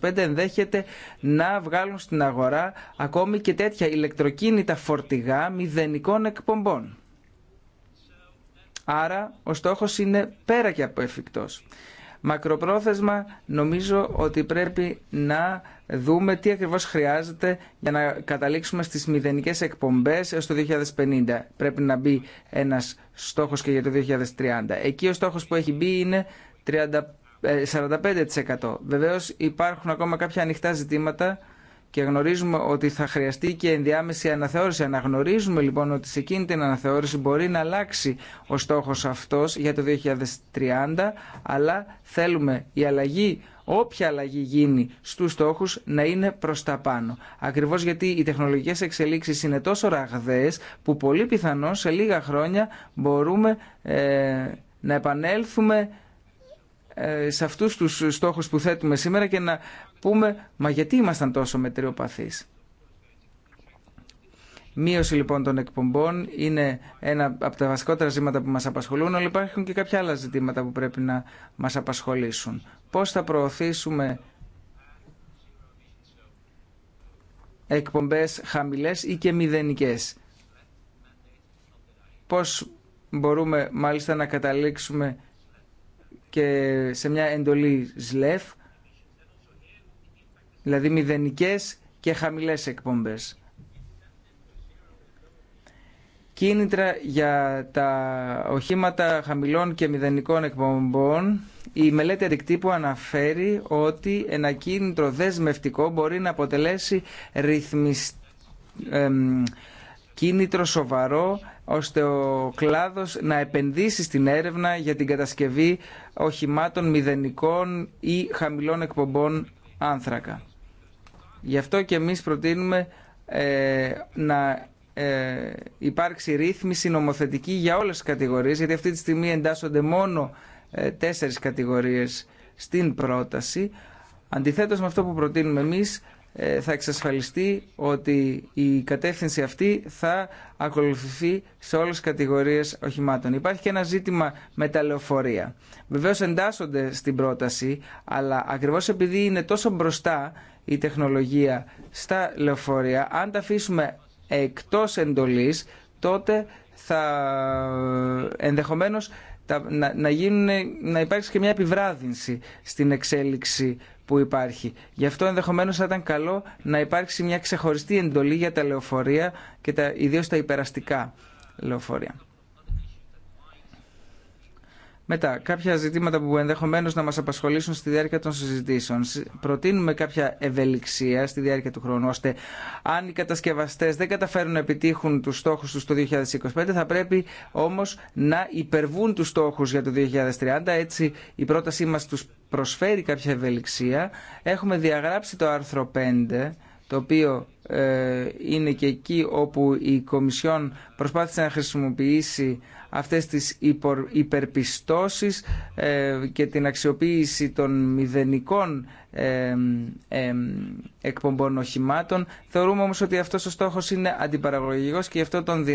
2023-2025 ενδέχεται να βγάλουν στην αγορά ακόμη και τέτοια ηλεκτροκίνητα φορτηγά μηδενικών εκπομπών. Άρα ο στόχος είναι πέρα και από εφικτός. Μακροπρόθεσμα νομίζω ότι πρέπει να δούμε τι ακριβώς χρειάζεται για να καταλήξουμε στις μηδενικές εκπομπές έως το 2050. Πρέπει να μπει ένας στόχος και για το 2030. Εκεί ο στόχος που έχει μπει είναι 45%. Ε, Βεβαίως υπάρχουν ακόμα κάποια ανοιχτά ζητήματα και γνωρίζουμε ότι θα χρειαστεί και ενδιάμεση αναθεώρηση. Αναγνωρίζουμε λοιπόν ότι σε εκείνη την αναθεώρηση μπορεί να αλλάξει ο στόχος αυτός για το 2030, αλλά θέλουμε η αλλαγή, όποια αλλαγή γίνει στους στόχους, να είναι προς τα πάνω. Ακριβώς γιατί οι τεχνολογικές εξελίξεις είναι τόσο ραγδαίες που πολύ πιθανό σε λίγα χρόνια μπορούμε ε, να επανέλθουμε ε, σε αυτούς τους στόχους που θέτουμε σήμερα και να πούμε «Μα γιατί ήμασταν τόσο μετριοπαθείς». Μείωση λοιπόν των εκπομπών είναι ένα από τα βασικότερα ζήματα που μας απασχολούν, αλλά υπάρχουν και κάποια άλλα ζητήματα που πρέπει να μας απασχολήσουν. Πώς θα προωθήσουμε εκπομπές χαμηλές ή και μηδενικές. Πώς μπορούμε μάλιστα να καταλήξουμε και σε μια εντολή ΣΛΕΦ δηλαδή μηδενικές και χαμηλές εκπομπές. Κίνητρα για τα οχήματα χαμηλών και μηδενικών εκπομπών. Η μελέτη αντικτύπου αναφέρει ότι ένα κίνητρο δεσμευτικό μπορεί να αποτελέσει κίνητρο σοβαρό ώστε ο κλάδος να επενδύσει στην έρευνα για την κατασκευή οχημάτων μηδενικών ή χαμηλών εκπομπών άνθρακα. Γι' αυτό και εμείς προτείνουμε ε, να ε, υπάρξει ρύθμιση νομοθετική για όλες τις κατηγορίες, γιατί αυτή τη στιγμή εντάσσονται μόνο ε, τέσσερις κατηγορίες στην πρόταση. Αντιθέτως με αυτό που προτείνουμε εμείς, ε, θα εξασφαλιστεί ότι η κατεύθυνση αυτή θα ακολουθηθεί σε όλες τις κατηγορίες οχημάτων. Υπάρχει και ένα ζήτημα με τα λεωφορεία. Βεβαίως εντάσσονται στην πρόταση, αλλά ακριβώς επειδή είναι τόσο μπροστά η τεχνολογία στα λεωφορεία, αν τα αφήσουμε εκτός εντολής, τότε θα ενδεχομένως να, να, να υπάρξει και μια επιβράδυνση στην εξέλιξη που υπάρχει. Γι' αυτό ενδεχομένως θα ήταν καλό να υπάρξει μια ξεχωριστή εντολή για τα λεωφορεία και τα, ιδίως τα υπεραστικά λεωφορεία. Μετά, κάποια ζητήματα που ενδεχομένω να μα απασχολήσουν στη διάρκεια των συζητήσεων. Προτείνουμε κάποια ευελιξία στη διάρκεια του χρόνου, ώστε αν οι κατασκευαστέ δεν καταφέρουν να επιτύχουν του στόχου του το 2025, θα πρέπει όμω να υπερβούν του στόχου για το 2030. Έτσι, η πρότασή μα του προσφέρει κάποια ευελιξία. Έχουμε διαγράψει το άρθρο 5 το οποίο ε, είναι και εκεί όπου η Κομισιόν προσπάθησε να χρησιμοποιήσει αυτές τις υπερπιστώσεις ε, και την αξιοποίηση των μηδενικών ε, ε, εκπομπών οχημάτων. Θεωρούμε όμως ότι αυτός ο στόχος είναι αντιπαραγωγικός και γι' αυτό τον,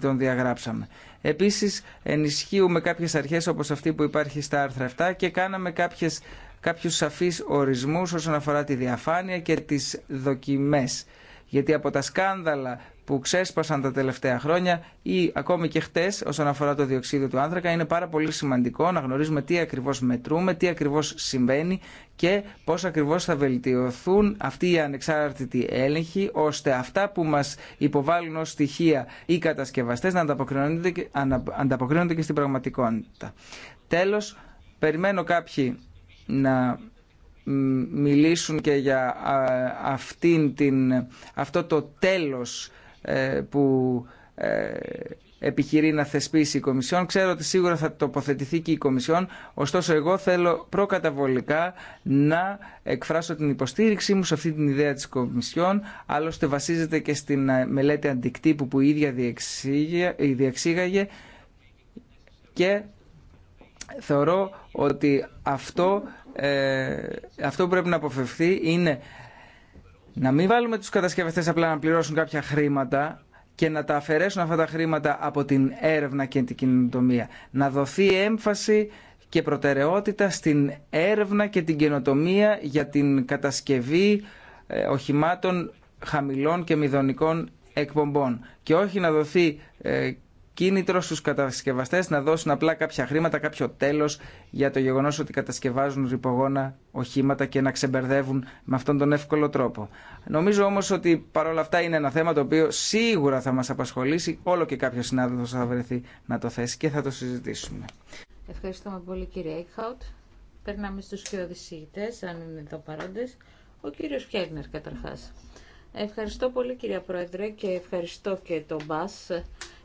τον διαγράψαμε. Επίσης ενισχύουμε κάποιες αρχές όπως αυτή που υπάρχει στα άρθρα 7 και κάναμε κάποιες, κάποιους σαφείς ορισμούς όσον αφορά τη διαφάνεια και τις δοκιμές. Γιατί από τα σκάνδαλα που ξέσπασαν τα τελευταία χρόνια ή ακόμη και χτε όσον αφορά το διοξείδιο του άνθρακα. Είναι πάρα πολύ σημαντικό να γνωρίζουμε τι ακριβώ μετρούμε, τι ακριβώ συμβαίνει και πώ ακριβώ θα βελτιωθούν αυτοί οι ανεξάρτητοι έλεγχοι ώστε αυτά που μα υποβάλλουν ω στοιχεία οι κατασκευαστέ να ανταποκρίνονται, και στην πραγματικότητα. Τέλο, περιμένω κάποιοι να μιλήσουν και για αυτήν την, αυτό το τέλος ε, που ε, επιχειρεί να θεσπίσει η Κομισιόν. Ξέρω ότι σίγουρα θα τοποθετηθεί και η Κομισιόν, ωστόσο εγώ θέλω προκαταβολικά να εκφράσω την υποστήριξή μου σε αυτή την ιδέα της Κομισιόν, άλλωστε βασίζεται και στην ε, μελέτη αντικτύπου που η ίδια διεξήγαγε και θεωρώ ότι αυτό, αυτό που πρέπει να αποφευθεί είναι να μην βάλουμε τους κατασκευαστές απλά να πληρώσουν κάποια χρήματα και να τα αφαιρέσουν αυτά τα χρήματα από την έρευνα και την κοινοτομία. Να δοθεί έμφαση και προτεραιότητα στην έρευνα και την καινοτομία για την κατασκευή ε, οχημάτων χαμηλών και μηδονικών εκπομπών και όχι να δοθεί ε, κίνητρο στους κατασκευαστές να δώσουν απλά κάποια χρήματα, κάποιο τέλος για το γεγονός ότι κατασκευάζουν ρηπογόνα οχήματα και να ξεμπερδεύουν με αυτόν τον εύκολο τρόπο. Νομίζω όμως ότι παρόλα αυτά είναι ένα θέμα το οποίο σίγουρα θα μας απασχολήσει, όλο και κάποιο συνάδελφος θα βρεθεί να το θέσει και θα το συζητήσουμε. Ευχαριστώ πολύ κύριε Έκχαουτ. Περνάμε στους κοιοδησίτες, αν είναι εδώ παρόντες. Ο κύριος Φιέλνερ καταρχάς. Ευχαριστώ πολύ κυρία Πρόεδρε και ευχαριστώ και τον Μπά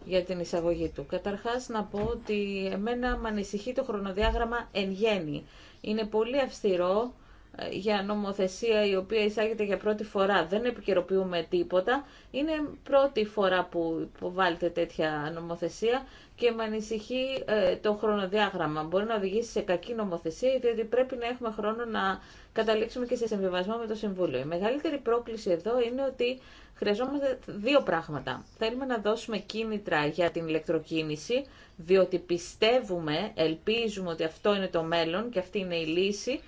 για την εισαγωγή του. Καταρχάς να πω ότι εμένα με ανησυχεί το χρονοδιάγραμμα εν γέννη. Είναι πολύ αυστηρό ε, για νομοθεσία η οποία εισάγεται για πρώτη φορά. Δεν επικαιροποιούμε τίποτα. Είναι πρώτη φορά που υποβάλλεται τέτοια νομοθεσία και με ανησυχεί ε, το χρονοδιάγραμμα. Μπορεί να οδηγήσει σε κακή νομοθεσία, διότι πρέπει να έχουμε χρόνο να καταλήξουμε και σε συμβιβασμό με το Συμβούλιο. Η μεγαλύτερη πρόκληση εδώ είναι ότι χρειαζόμαστε δύο πράγματα. Θέλουμε να δώσουμε κίνητρα για την ηλεκτροκίνηση, διότι πιστεύουμε, ελπίζουμε ότι αυτό είναι το μέλλον και αυτή είναι η λύση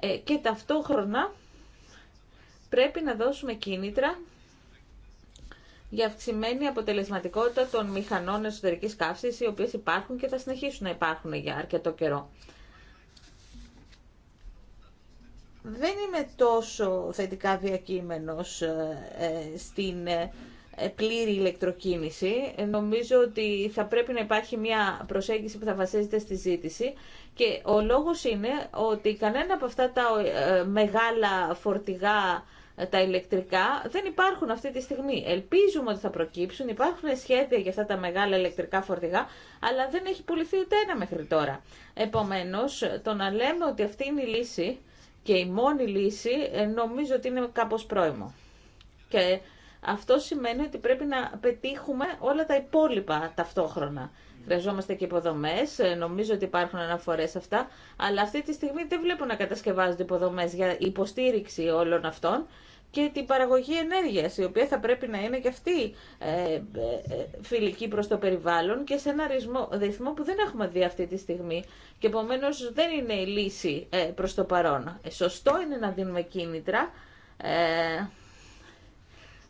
ε, και ταυτόχρονα πρέπει να δώσουμε κίνητρα για αυξημένη αποτελεσματικότητα των μηχανών εσωτερικής καύσης, οι οποίες υπάρχουν και θα συνεχίσουν να υπάρχουν για αρκετό καιρό. δεν είμαι τόσο θετικά διακείμενος ε, ε, στην ε, πλήρη ηλεκτροκίνηση. Νομίζω ότι θα πρέπει να υπάρχει μια προσέγγιση που θα βασίζεται στη ζήτηση και ο λόγος είναι ότι κανένα από αυτά τα μεγάλα φορτηγά τα ηλεκτρικά δεν υπάρχουν αυτή τη στιγμή. Ελπίζουμε ότι θα προκύψουν, υπάρχουν σχέδια για αυτά τα μεγάλα ηλεκτρικά φορτηγά, αλλά δεν έχει πουληθεί ούτε ένα μέχρι τώρα. Επομένως, το να λέμε ότι αυτή είναι η λύση και η μόνη λύση ε, νομίζω ότι είναι κάπως πρόημο. Και αυτό σημαίνει ότι πρέπει να πετύχουμε όλα τα υπόλοιπα ταυτόχρονα. Χρειαζόμαστε και υποδομέ, ε, νομίζω ότι υπάρχουν αναφορέ αυτά, αλλά αυτή τη στιγμή δεν βλέπω να κατασκευάζονται υποδομέ για υποστήριξη όλων αυτών και την παραγωγή ενέργειας, η οποία θα πρέπει να είναι και αυτή ε, ε, ε φιλική προς το περιβάλλον και σε ένα ρυθμό, που δεν έχουμε δει αυτή τη στιγμή και επομένω δεν είναι η λύση ε, προς το παρόν. Ε, σωστό είναι να δίνουμε κίνητρα.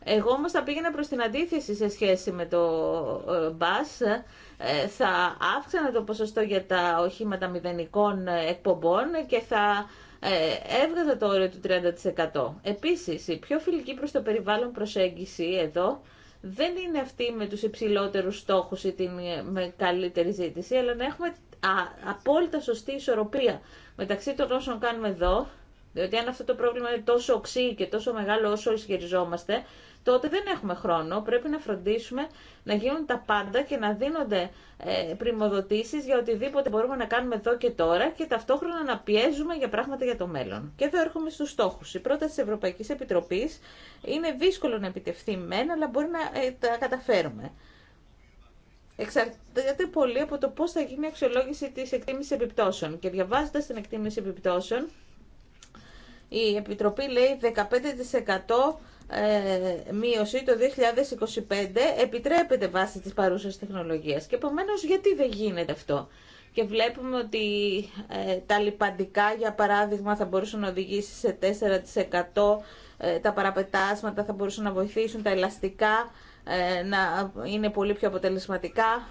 Εγώ όμως θα πήγαινα προς την αντίθεση σε σχέση με το μπας. Θα αύξανα το ποσοστό για τα οχήματα μηδενικών εκπομπών και θα ε, έβγαζα το όριο του 30%. Επίσης, η πιο φιλική προς το περιβάλλον προσέγγιση εδώ δεν είναι αυτή με τους υψηλότερους στόχους ή την ε, με καλύτερη ζήτηση, αλλά να έχουμε απόλυτα σωστή ισορροπία μεταξύ των όσων κάνουμε εδώ, διότι αν αυτό το πρόβλημα είναι τόσο οξύ και τόσο μεγάλο όσο ισχυριζόμαστε, τότε δεν έχουμε χρόνο. Πρέπει να φροντίσουμε να γίνουν τα πάντα και να δίνονται ε, για οτιδήποτε μπορούμε να κάνουμε εδώ και τώρα και ταυτόχρονα να πιέζουμε για πράγματα για το μέλλον. Και εδώ έρχομαι στους στόχους. Η πρόταση της Ευρωπαϊκής Επιτροπής είναι δύσκολο να επιτευχθεί μεν, αλλά μπορεί να ε, τα καταφέρουμε. Εξαρτάται πολύ από το πώς θα γίνει η αξιολόγηση της εκτίμησης επιπτώσεων. Και διαβάζοντα την εκτίμηση επιπτώσεων, η Επιτροπή λέει 15% ε, μείωση το 2025 επιτρέπεται βάσει της παρούσας τεχνολογίας. Και επομένως γιατί δεν γίνεται αυτό. Και βλέπουμε ότι ε, τα λιπαντικά, για παράδειγμα, θα μπορούσαν να οδηγήσει σε 4%. Ε, τα παραπετάσματα θα μπορούσαν να βοηθήσουν, τα ελαστικά ε, να είναι πολύ πιο αποτελεσματικά.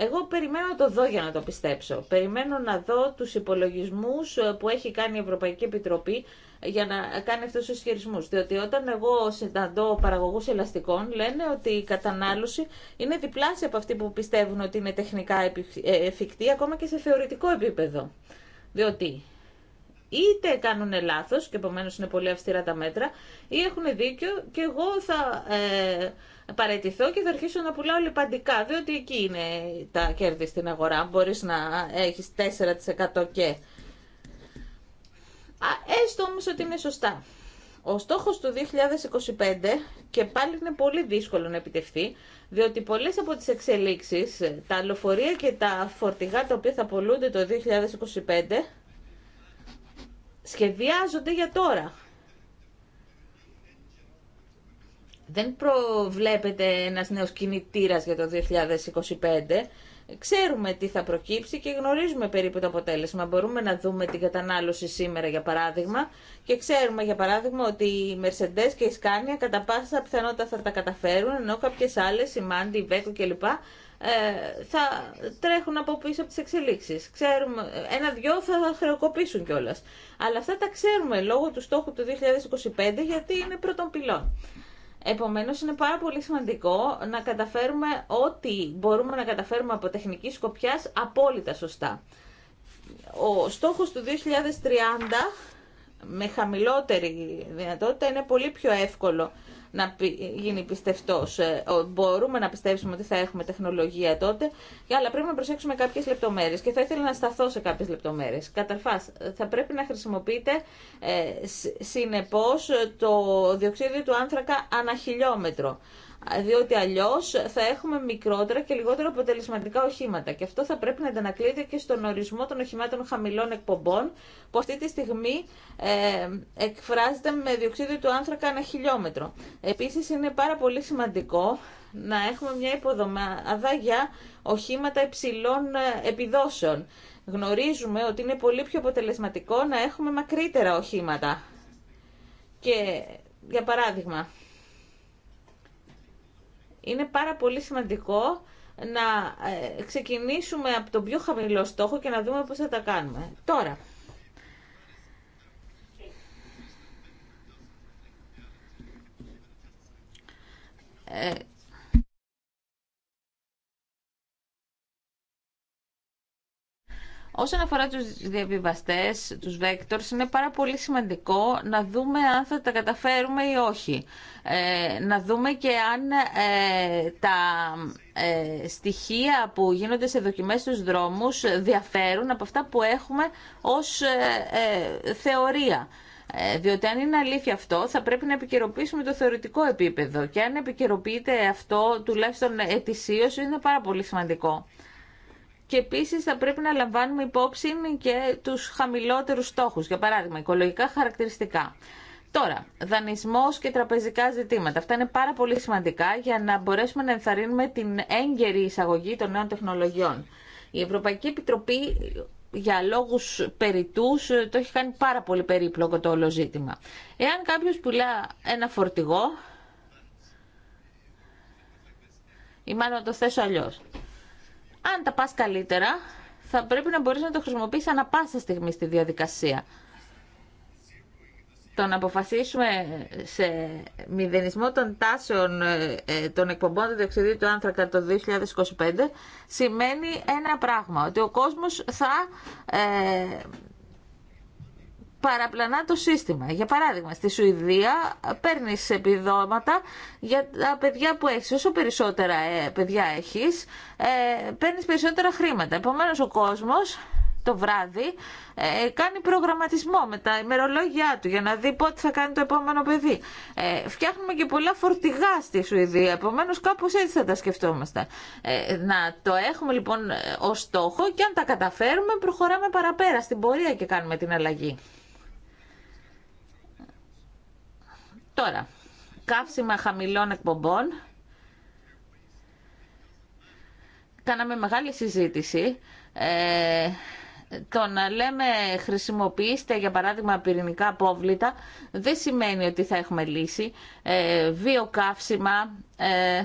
Εγώ περιμένω να το δω για να το πιστέψω. Περιμένω να δω τους υπολογισμούς ε, που έχει κάνει η Ευρωπαϊκή Επιτροπή ε, για να κάνει αυτούς τους ισχυρισμούς. Διότι όταν εγώ συναντώ παραγωγούς ελαστικών λένε ότι η κατανάλωση είναι διπλάσια από αυτή που πιστεύουν ότι είναι τεχνικά ε, εφικτή ακόμα και σε θεωρητικό επίπεδο. Διότι είτε κάνουν λάθος και επομένως είναι πολύ αυστηρά τα μέτρα ή έχουν δίκιο και εγώ θα... Ε, παραιτηθώ και θα αρχίσω να πουλάω λιπαντικά, διότι εκεί είναι τα κέρδη στην αγορά. Μπορείς να έχεις 4% και... Α, έστω όμως ότι είναι σωστά. Ο στόχος του 2025 και πάλι είναι πολύ δύσκολο να επιτευχθεί, διότι πολλές από τις εξελίξεις, τα λεωφορεία και τα φορτηγά τα οποία θα πολλούνται το 2025, σχεδιάζονται για τώρα. δεν προβλέπεται ένας νέος κινητήρας για το 2025. Ξέρουμε τι θα προκύψει και γνωρίζουμε περίπου το αποτέλεσμα. Μπορούμε να δούμε την κατανάλωση σήμερα για παράδειγμα και ξέρουμε για παράδειγμα ότι οι Mercedes και η Scania κατά πάσα πιθανότητα θα τα καταφέρουν ενώ κάποιες άλλες, η Mandy, η Beko κλπ ε, θα τρέχουν από πίσω από τις εξελίξεις. Ξέρουμε, ένα-δυο θα χρεοκοπήσουν κιόλα. Αλλά αυτά τα ξέρουμε λόγω του στόχου του 2025 γιατί είναι πρώτον πυλών. Επομένω, είναι πάρα πολύ σημαντικό να καταφέρουμε ό,τι μπορούμε να καταφέρουμε από τεχνική σκοπιάς απόλυτα σωστά. Ο στόχος του 2030 με χαμηλότερη δυνατότητα είναι πολύ πιο εύκολο να γίνει πιστευτός. Ε, μπορούμε να πιστέψουμε ότι θα έχουμε τεχνολογία τότε, αλλά πρέπει να προσέξουμε κάποιες λεπτομέρειες και θα ήθελα να σταθώ σε κάποιες λεπτομέρειες. Καταρφάς, θα πρέπει να χρησιμοποιείτε συνεπώς το διοξίδιο του άνθρακα ανά χιλιόμετρο διότι αλλιώς θα έχουμε μικρότερα και λιγότερο αποτελεσματικά οχήματα. Και αυτό θα πρέπει να αντανακλείται και στον ορισμό των οχημάτων χαμηλών εκπομπών, που αυτή τη στιγμή ε, εκφράζεται με διοξίδιο του άνθρακα ένα χιλιόμετρο. Επίσης είναι πάρα πολύ σημαντικό να έχουμε μια υποδομάδα για οχήματα υψηλών ε, επιδόσεων. Γνωρίζουμε ότι είναι πολύ πιο αποτελεσματικό να έχουμε μακρύτερα οχήματα. Και για παράδειγμα, είναι πάρα πολύ σημαντικό να ε, ξεκινήσουμε από τον πιο χαμηλό στόχο και να δούμε πώς θα τα κάνουμε. Τώρα, ε, Όσον αφορά τους διαβιβαστές, τους vectors, είναι πάρα πολύ σημαντικό να δούμε αν θα τα καταφέρουμε ή όχι. Ε, να δούμε και αν ε, τα ε, στοιχεία που γίνονται σε δοκιμές στους δρόμους διαφέρουν από αυτά που έχουμε ως ε, ε, θεωρία. Ε, διότι αν είναι αλήθεια αυτό, θα πρέπει να επικαιροποιήσουμε το θεωρητικό επίπεδο. Και αν επικαιροποιείται αυτό, τουλάχιστον ετησίως, είναι πάρα πολύ σημαντικό και επίσης θα πρέπει να λαμβάνουμε υπόψη και τους χαμηλότερους στόχου, για παράδειγμα οικολογικά χαρακτηριστικά. Τώρα, δανεισμό και τραπεζικά ζητήματα. Αυτά είναι πάρα πολύ σημαντικά για να μπορέσουμε να ενθαρρύνουμε την έγκαιρη εισαγωγή των νέων τεχνολογιών. Η Ευρωπαϊκή Επιτροπή για λόγους περιτούς το έχει κάνει πάρα πολύ περίπλοκο το όλο ζήτημα. Εάν κάποιος πουλά ένα φορτηγό, ή μάλλον το θέσω αλλιώς, αν τα πας καλύτερα, θα πρέπει να μπορείς να το χρησιμοποιείς ανα πάσα στιγμή στη διαδικασία. Το να αποφασίσουμε σε μηδενισμό των τάσεων ε, ε, των εκπομπών του διοξιδίου του άνθρακα το 2025 σημαίνει ένα πράγμα, ότι ο κόσμος θα ε, παραπλανά το σύστημα. Για παράδειγμα, στη Σουηδία παίρνει επιδόματα για τα παιδιά που έχει. Όσο περισσότερα ε, παιδιά έχει, ε, παίρνει περισσότερα χρήματα. Επομένω, ο κόσμο το βράδυ ε, κάνει προγραμματισμό με τα ημερολόγια του για να δει πότε θα κάνει το επόμενο παιδί. Ε, φτιάχνουμε και πολλά φορτηγά στη Σουηδία, επομένω κάπω έτσι θα τα σκεφτόμαστε. Ε, να το έχουμε λοιπόν ω στόχο και αν τα καταφέρουμε προχωράμε παραπέρα στην πορεία και κάνουμε την αλλαγή. Τώρα, καύσιμα χαμηλών εκπομπών. Κάναμε μεγάλη συζήτηση. Ε, το να λέμε χρησιμοποιήστε για παράδειγμα πυρηνικά απόβλητα δεν σημαίνει ότι θα έχουμε λύση. Ε, βιοκαύσιμα, ε,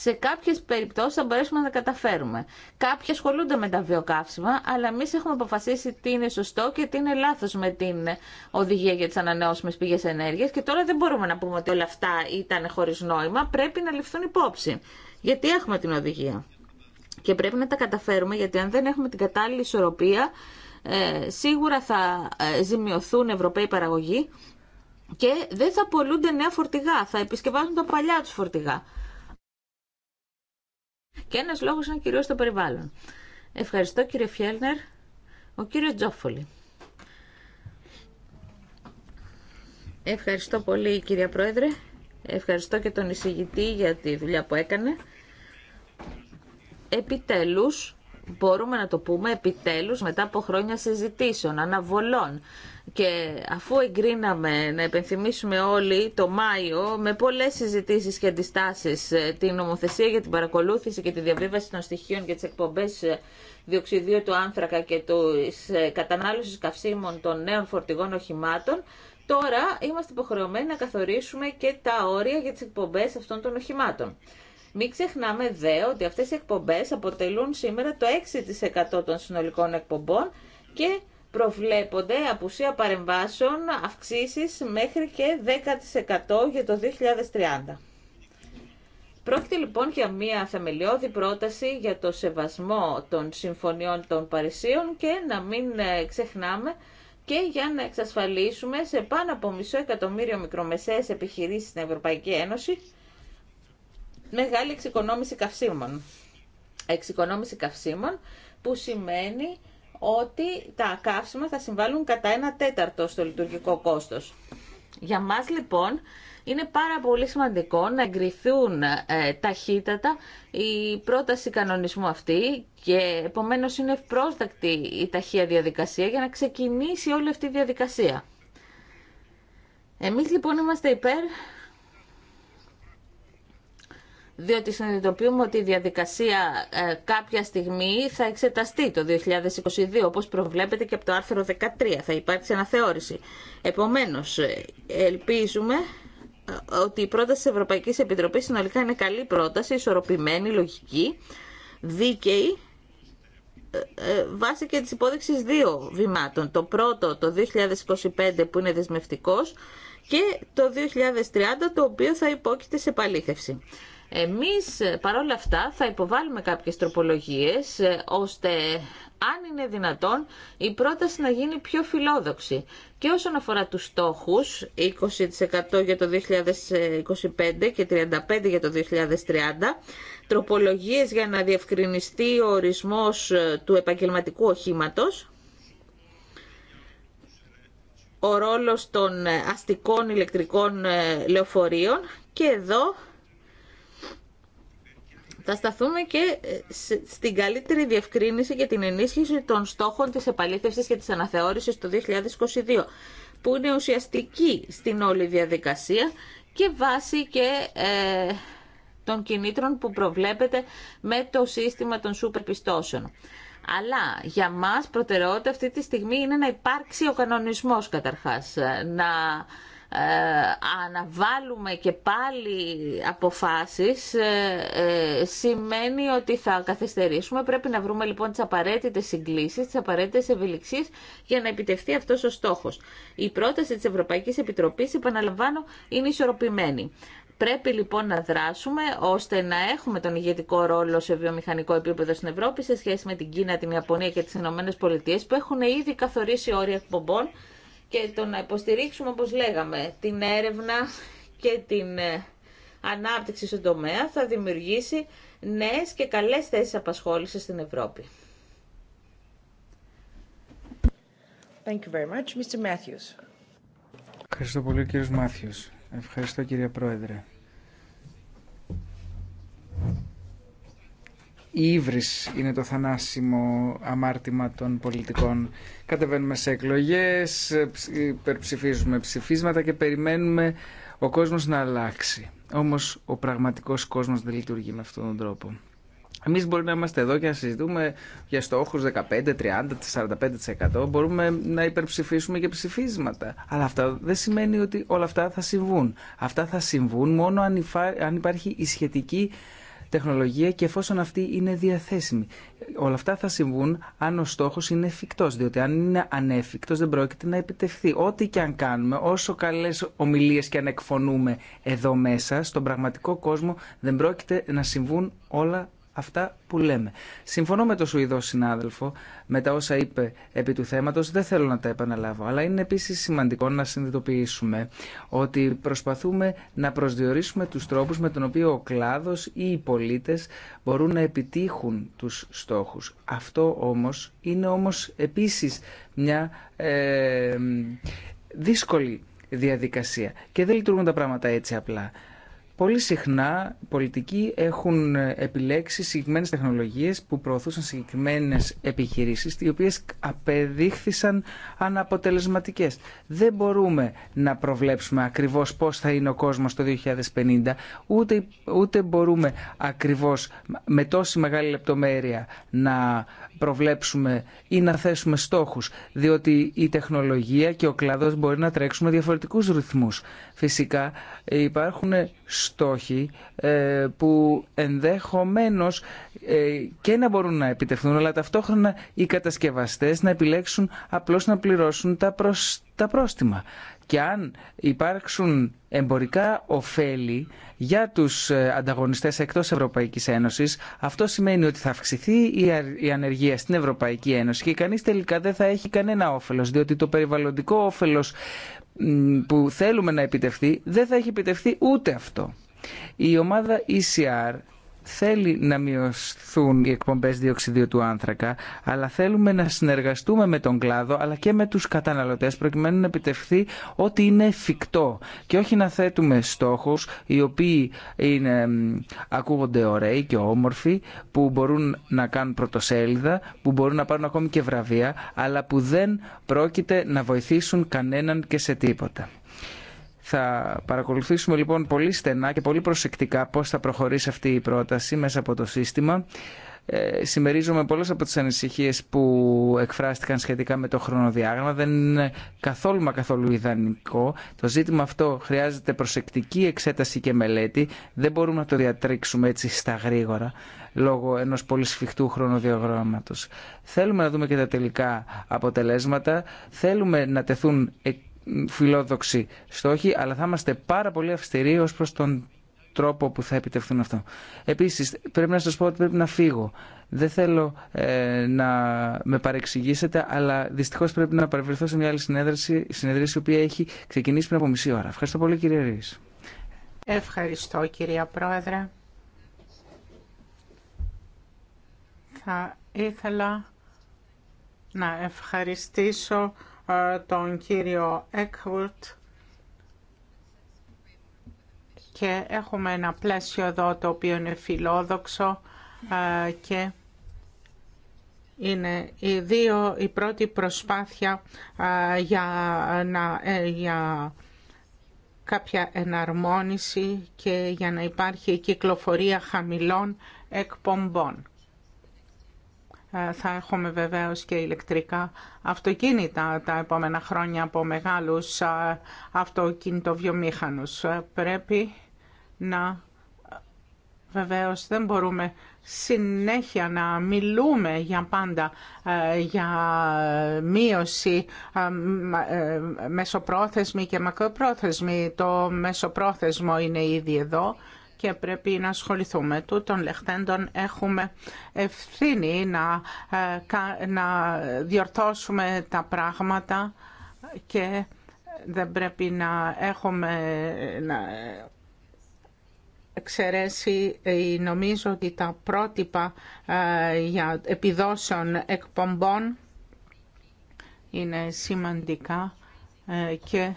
σε κάποιε περιπτώσει θα μπορέσουμε να τα καταφέρουμε. Κάποιοι ασχολούνται με τα βιοκαύσιμα, αλλά εμεί έχουμε αποφασίσει τι είναι σωστό και τι είναι λάθο με την οδηγία για τι ανανεώσιμε πηγέ ενέργεια. Και τώρα δεν μπορούμε να πούμε ότι όλα αυτά ήταν χωρί νόημα. Πρέπει να ληφθούν υπόψη. Γιατί έχουμε την οδηγία. Και πρέπει να τα καταφέρουμε, γιατί αν δεν έχουμε την κατάλληλη ισορροπία, ε, σίγουρα θα ε, ζημιωθούν Ευρωπαίοι παραγωγοί και δεν θα πολλούνται νέα φορτηγά. Θα επισκευάζουν τα παλιά του φορτηγά. Και ένας λόγος είναι κυρίως το περιβάλλον. Ευχαριστώ κύριε Φιέλνερ. Ο κύριος Τζόφολη. Ευχαριστώ πολύ κυρία Πρόεδρε. Ευχαριστώ και τον εισηγητή για τη δουλειά που έκανε. Επιτέλους, μπορούμε να το πούμε, επιτέλους μετά από χρόνια συζητήσεων, αναβολών, και αφού εγκρίναμε, να επενθυμίσουμε όλοι, το Μάιο, με πολλές συζητήσεις και αντιστάσεις, ε, την νομοθεσία για την παρακολούθηση και τη διαβίβαση των στοιχείων για τις εκπομπές ε, διοξιδίου του άνθρακα και της ε, κατανάλωση καυσίμων των νέων φορτηγών οχημάτων, τώρα είμαστε υποχρεωμένοι να καθορίσουμε και τα όρια για τις εκπομπές αυτών των οχημάτων. Μην ξεχνάμε δε ότι αυτές οι εκπομπές αποτελούν σήμερα το 6% των συνολικών εκπομπών και προβλέπονται απουσία παρεμβάσεων αυξήσεις μέχρι και 10% για το 2030. Πρόκειται λοιπόν για μια θεμελιώδη πρόταση για το σεβασμό των συμφωνιών των Παρισίων και να μην ε, ξεχνάμε και για να εξασφαλίσουμε σε πάνω από μισό εκατομμύριο μικρομεσαίες επιχειρήσεις στην Ευρωπαϊκή Ένωση μεγάλη εξοικονόμηση καυσίμων. Εξοικονόμηση καυσίμων που σημαίνει ότι τα καύσιμα θα συμβάλλουν κατά ένα τέταρτο στο λειτουργικό κόστος. Για μας λοιπόν είναι πάρα πολύ σημαντικό να εγκριθούν ε, ταχύτατα η πρόταση κανονισμού αυτή και επομένως είναι ευπρόσδεκτη η ταχεία διαδικασία για να ξεκινήσει όλη αυτή η διαδικασία. Εμείς λοιπόν είμαστε υπέρ διότι συνειδητοποιούμε ότι η διαδικασία ε, κάποια στιγμή θα εξεταστεί το 2022, όπως προβλέπεται και από το άρθρο 13, θα υπάρξει αναθεώρηση. Επομένως, ε, ελπίζουμε ε, ότι η πρόταση της Ευρωπαϊκής Επιτροπής συνολικά είναι καλή πρόταση, ισορροπημένη, λογική, δίκαιη, βάσει και της υπόδειξης δύο βημάτων. Το πρώτο το 2025 που είναι δεσμευτικός και το 2030 το οποίο θα υπόκειται σε παλήθευση. Εμείς ε, παρόλα αυτά θα υποβάλουμε κάποιες τροπολογίες ε, ώστε αν είναι δυνατόν η πρόταση να γίνει πιο φιλόδοξη. Και όσον αφορά τους στόχους, 20% για το 2025 και 35% για το 2030, τροπολογίες για να διευκρινιστεί ο ορισμός ε, του επαγγελματικού οχήματος, ο ρόλος των αστικών ηλεκτρικών λεωφορείων και εδώ θα σταθούμε και ε, στην καλύτερη διευκρίνηση για την ενίσχυση των στόχων της επαλήθευσης και της αναθεώρησης το 2022, που είναι ουσιαστική στην όλη διαδικασία και βάση και ε, των κινήτρων που προβλέπεται με το σύστημα των σούπερ πιστώσεων. Αλλά για μας προτεραιότητα αυτή τη στιγμή είναι να υπάρξει ο κανονισμός καταρχάς, ε, να ε, αναβάλουμε και πάλι αποφάσεις ε, ε, σημαίνει ότι θα καθυστερήσουμε. Πρέπει να βρούμε λοιπόν τις απαραίτητες συγκλήσεις, τις απαραίτητες ευελιξίες για να επιτευχθεί αυτός ο στόχος. Η πρόταση της Ευρωπαϊκής Επιτροπής, επαναλαμβάνω, είναι ισορροπημένη. Πρέπει λοιπόν να δράσουμε ώστε να έχουμε τον ηγετικό ρόλο σε βιομηχανικό επίπεδο στην Ευρώπη σε σχέση με την Κίνα, την Ιαπωνία και τις Πολιτείες που έχουν ήδη καθορίσει όρια εκπομπών και το να υποστηρίξουμε, όπως λέγαμε, την έρευνα και την ε, ανάπτυξη στον τομέα θα δημιουργήσει νέες και καλές θέσεις απασχόλησης στην Ευρώπη. Ευχαριστώ πολύ κύριος Μάθιος. Ευχαριστώ κύριε Πρόεδρε. η ύβρις είναι το θανάσιμο αμάρτημα των πολιτικών. Κατεβαίνουμε σε εκλογές, υπερψηφίζουμε ψηφίσματα και περιμένουμε ο κόσμος να αλλάξει. Όμως ο πραγματικός κόσμος δεν λειτουργεί με αυτόν τον τρόπο. Εμείς μπορεί να είμαστε εδώ και να συζητούμε για στόχους 15, 30, 45%. Μπορούμε να υπερψηφίσουμε και ψηφίσματα. Αλλά αυτό δεν σημαίνει ότι όλα αυτά θα συμβούν. Αυτά θα συμβούν μόνο αν υπάρχει η σχετική τεχνολογία και εφόσον αυτή είναι διαθέσιμη. Όλα αυτά θα συμβούν αν ο στόχο είναι εφικτό, διότι αν είναι ανέφικτος δεν πρόκειται να επιτευχθεί. Ό,τι και αν κάνουμε, όσο καλές ομιλίες και αν εκφωνούμε εδώ μέσα, στον πραγματικό κόσμο δεν πρόκειται να συμβούν όλα αυτά που λέμε. Συμφωνώ με τον Σουηδό συνάδελφο, με τα όσα είπε επί του θέματο, δεν θέλω να τα επαναλάβω, αλλά είναι επίση σημαντικό να συνειδητοποιήσουμε ότι προσπαθούμε να προσδιορίσουμε του τρόπου με τον οποίο ο κλάδο ή οι πολίτε μπορούν να επιτύχουν του στόχους. Αυτό όμως είναι όμως επίσης μια ε, δύσκολη διαδικασία και δεν λειτουργούν τα πράγματα έτσι απλά. Πολύ συχνά πολιτικοί έχουν επιλέξει συγκεκριμένε τεχνολογίες που προωθούσαν συγκεκριμένες επιχειρήσεις οι οποίες απεδείχθησαν αναποτελεσματικές. Δεν μπορούμε να προβλέψουμε ακριβώς πώς θα είναι ο κόσμος το 2050 ούτε, ούτε μπορούμε ακριβώς με τόση μεγάλη λεπτομέρεια να προβλέψουμε ή να θέσουμε στόχους διότι η τεχνολογία και ο κλαδο μπορεί να τρέξουν με διαφορετικούς Φυσικά υπάρχουν στόχοι ε, που ενδέχομένως ε, και να μπορούν να επιτευχθούν, αλλά ταυτόχρονα οι κατασκευαστές να επιλέξουν απλώς να πληρώσουν τα, τα πρόστιμα και αν υπάρξουν εμπορικά ωφέλη για τους ε, ανταγωνιστές εκτός Ευρωπαϊκής Ένωσης, αυτό σημαίνει ότι θα αυξηθεί η ανεργία στην Ευρωπαϊκή Ένωση και κανείς τελικά δεν θα έχει κανένα όφελος, διότι το περιβαλλοντικό όφελος που θέλουμε να επιτευχθεί δεν θα έχει επιτευχθεί ούτε αυτό. Η ομάδα ECR θέλει να μειωθούν οι εκπομπές διοξιδίου του άνθρακα, αλλά θέλουμε να συνεργαστούμε με τον κλάδο αλλά και με τους καταναλωτές προκειμένου να επιτευχθεί ότι είναι εφικτό και όχι να θέτουμε στόχους οι οποίοι είναι, ακούγονται ωραίοι και όμορφοι που μπορούν να κάνουν πρωτοσέλιδα, που μπορούν να πάρουν ακόμη και βραβεία αλλά που δεν πρόκειται να βοηθήσουν κανέναν και σε τίποτα. Θα παρακολουθήσουμε λοιπόν πολύ στενά και πολύ προσεκτικά πώς θα προχωρήσει αυτή η πρόταση μέσα από το σύστημα. Ε, συμμερίζομαι πολλές από τις ανησυχίες που εκφράστηκαν σχετικά με το χρονοδιάγραμμα. Δεν είναι καθόλου μα καθόλου ιδανικό. Το ζήτημα αυτό χρειάζεται προσεκτική εξέταση και μελέτη. Δεν μπορούμε να το διατρέξουμε έτσι στα γρήγορα λόγω ενός πολύ σφιχτού χρονοδιαγράμματος. Θέλουμε να δούμε και τα τελικά αποτελέσματα. Θέλουμε να τεθούν φιλόδοξοι στόχοι, αλλά θα είμαστε πάρα πολύ αυστηροί ω προ τον τρόπο που θα επιτευχθούν αυτό. Επίσης, πρέπει να σας πω ότι πρέπει να φύγω. Δεν θέλω ε, να με παρεξηγήσετε, αλλά δυστυχώς πρέπει να παρευρεθώ σε μια άλλη συνέδριση, συνέδριση η οποία έχει ξεκινήσει πριν από μισή ώρα. Ευχαριστώ πολύ κύριε Ρή. Ευχαριστώ κυρία Πρόεδρε. Θα ήθελα να ευχαριστήσω τον κύριο Έκχουρτ και έχουμε ένα πλαίσιο εδώ το οποίο είναι φιλόδοξο και είναι οι δύο, η πρώτη προσπάθεια για, να, ε, για κάποια εναρμόνιση και για να υπάρχει κυκλοφορία χαμηλών εκπομπών. Ε, θα έχουμε βεβαίως και ηλεκτρικά αυτοκίνητα τα επόμενα χρόνια από μεγάλους ε, αυτοκινητοβιομήχανους. Ε, πρέπει να... Βεβαίως δεν μπορούμε συνέχεια να μιλούμε για πάντα για μείωση μεσοπρόθεσμη και μακροπρόθεσμη. Το μεσοπρόθεσμο είναι ήδη εδώ και πρέπει να ασχοληθούμε. Τούτων λεχθέντων έχουμε ευθύνη να, ε, να διορθώσουμε τα πράγματα και δεν πρέπει να έχουμε να εξαιρέσει νομίζω ότι τα πρότυπα ε, για επιδόσεων εκπομπών είναι σημαντικά ε, και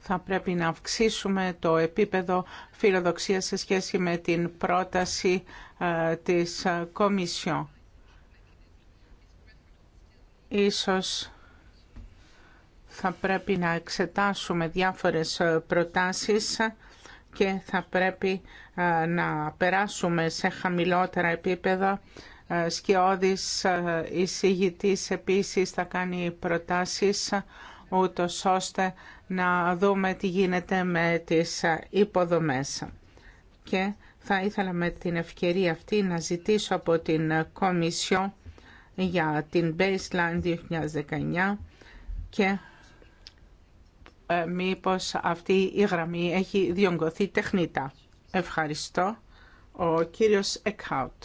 θα πρέπει να αυξήσουμε το επίπεδο φιλοδοξίας σε σχέση με την πρόταση ε, της ε, Κομισιόν. Ίσως θα πρέπει να εξετάσουμε διάφορες ε, προτάσεις και θα πρέπει να περάσουμε σε χαμηλότερα επίπεδα. Σκιώδης εισηγητής επίσης θα κάνει προτάσεις ούτως ώστε να δούμε τι γίνεται με τις υποδομές. Και θα ήθελα με την ευκαιρία αυτή να ζητήσω από την Κομισιό για την Baseline 2019 και ε, μήπως αυτή η γραμμή έχει διονγκωθεί τεχνίτα. Ευχαριστώ. Ο κύριος Εκχάουτ.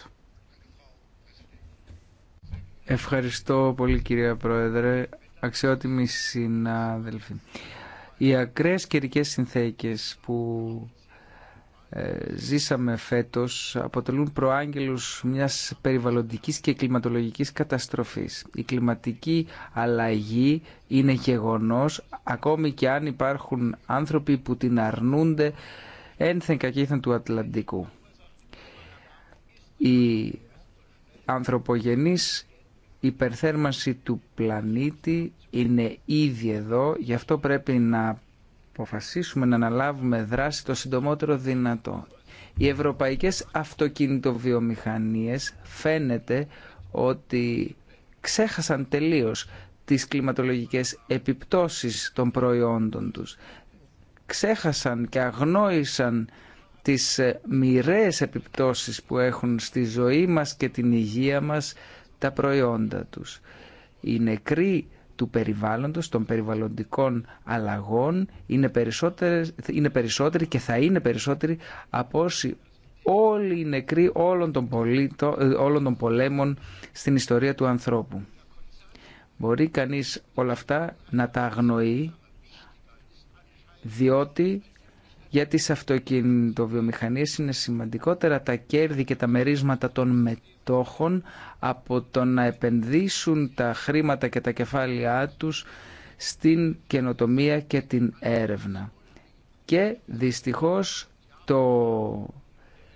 Ευχαριστώ πολύ κυρία Πρόεδρε. Αξιότιμοι συνάδελφοι. Οι ακραίες καιρικέ συνθήκες που ε, ζήσαμε φέτος αποτελούν προάγγελους μιας περιβαλλοντικής και κλιματολογικής καταστροφής. Η κλιματική αλλαγή είναι γεγονός ακόμη και αν υπάρχουν άνθρωποι που την αρνούνται ένθεν κακήθεν του Ατλαντικού. Η ανθρωπογενής υπερθέρμανση του πλανήτη είναι ήδη εδώ, γι' αυτό πρέπει να αποφασίσουμε να αναλάβουμε δράση το συντομότερο δυνατό. Οι ευρωπαϊκές αυτοκινητοβιομηχανίες φαίνεται ότι ξέχασαν τελείως τις κλιματολογικές επιπτώσεις των προϊόντων τους. Ξέχασαν και αγνόησαν τις ε, μοιραίες επιπτώσεις που έχουν στη ζωή μας και την υγεία μας τα προϊόντα τους. Οι νεκροί του περιβάλλοντος, των περιβαλλοντικών αλλαγών είναι, είναι περισσότεροι και θα είναι περισσότεροι από όσοι όλοι οι νεκροί όλων των, πολίτο, ε, όλων των πολέμων στην ιστορία του ανθρώπου. Μπορεί κανείς όλα αυτά να τα αγνοεί διότι για τις αυτοκινητοβιομηχανίες είναι σημαντικότερα τα κέρδη και τα μερίσματα των μετόχων από το να επενδύσουν τα χρήματα και τα κεφάλαιά τους στην καινοτομία και την έρευνα. Και δυστυχώς το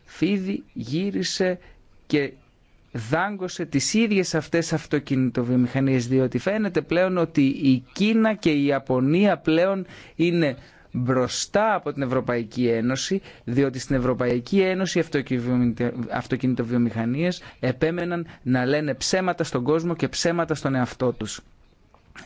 φίδι γύρισε και δάγκωσε τις ίδιες αυτές αυτοκινητοβιομηχανίες διότι φαίνεται πλέον ότι η Κίνα και η Ιαπωνία πλέον είναι μπροστά από την Ευρωπαϊκή Ένωση, διότι στην Ευρωπαϊκή Ένωση οι αυτοκινητοβιομηχανίες επέμεναν να λένε ψέματα στον κόσμο και ψέματα στον εαυτό τους.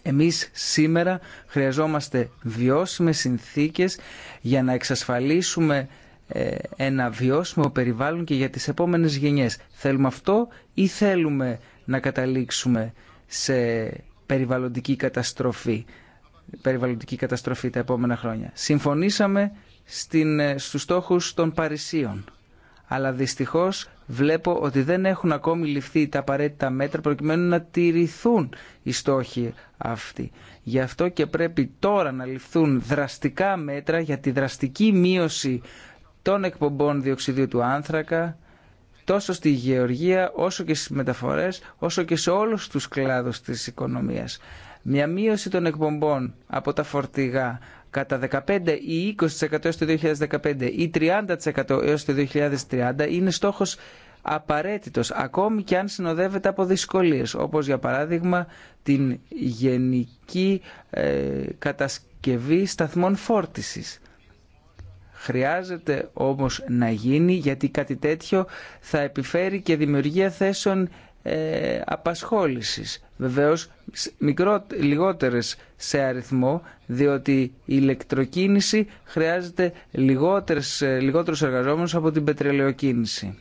Εμείς σήμερα χρειαζόμαστε βιώσιμες συνθήκες για να εξασφαλίσουμε ε, ένα βιώσιμο περιβάλλον και για τις επόμενες γενιές. Θέλουμε αυτό ή θέλουμε να καταλήξουμε σε περιβαλλοντική καταστροφή περιβαλλοντική καταστροφή τα επόμενα χρόνια. Συμφωνήσαμε στην, ε, στους στόχους των Παρισίων. Αλλά δυστυχώς βλέπω ότι δεν έχουν ακόμη ληφθεί τα απαραίτητα μέτρα προκειμένου να τηρηθούν οι στόχοι αυτοί. Γι' αυτό και πρέπει τώρα να ληφθούν δραστικά μέτρα για τη δραστική μείωση των εκπομπών διοξιδίου του άνθρακα τόσο στη γεωργία όσο και στις μεταφορές όσο και σε όλους τους κλάδους της οικονομίας. Μια μείωση των εκπομπών από τα φορτηγά κατά 15 ή 20% έως το 2015 ή 30% έως το 2030 είναι στόχος απαραίτητος ακόμη και αν συνοδεύεται από δυσκολίες όπως για παράδειγμα την γενική ε, κατασκευή σταθμών φόρτισης. Χρειάζεται όμως να γίνει γιατί κάτι τέτοιο θα επιφέρει και δημιουργία θέσεων ε, απασχόλησης. Βεβαίως λιγότερες σε αριθμό διότι η ηλεκτροκίνηση χρειάζεται ε, λιγότερους εργαζόμενους από την πετρελαιοκίνηση.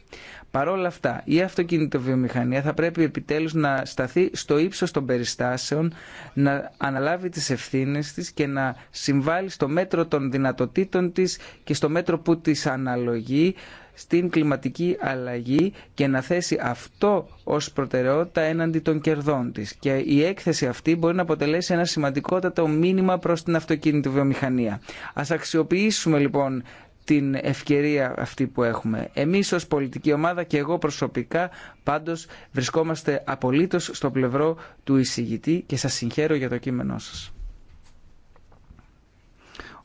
Παρ' όλα αυτά, η αυτοκινητοβιομηχανία θα πρέπει επιτέλους να σταθεί στο ύψος των περιστάσεων, να αναλάβει τις ευθύνες της και να συμβάλλει στο μέτρο των δυνατοτήτων της και στο μέτρο που της αναλογεί στην κλιματική αλλαγή και να θέσει αυτό ως προτεραιότητα έναντι των κερδών της. Και η έκθεση αυτή μπορεί να αποτελέσει ένα σημαντικότατο μήνυμα προς την αυτοκινητοβιομηχανία. βιομηχανία. Ας αξιοποιήσουμε λοιπόν την ευκαιρία αυτή που έχουμε. Εμείς ως πολιτική ομάδα και εγώ προσωπικά πάντως βρισκόμαστε απολύτως στο πλευρό του εισηγητή και σας συγχαίρω για το κείμενό σας.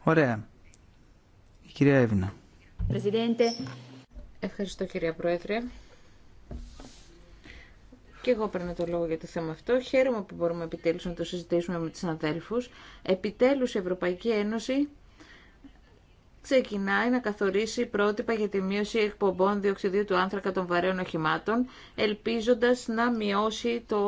Ωραία. Η κυρία Εύνα. Ευχαριστώ κυρία Πρόεδρε. Και εγώ παίρνω το λόγο για το θέμα αυτό. Χαίρομαι που μπορούμε επιτέλους να το συζητήσουμε με τους αδέλφους. Επιτέλους η Ευρωπαϊκή Ένωση ξεκινάει να καθορίσει πρότυπα για τη μείωση εκπομπών διοξιδίου του άνθρακα των βαρέων οχημάτων, ελπίζοντας να μειώσει το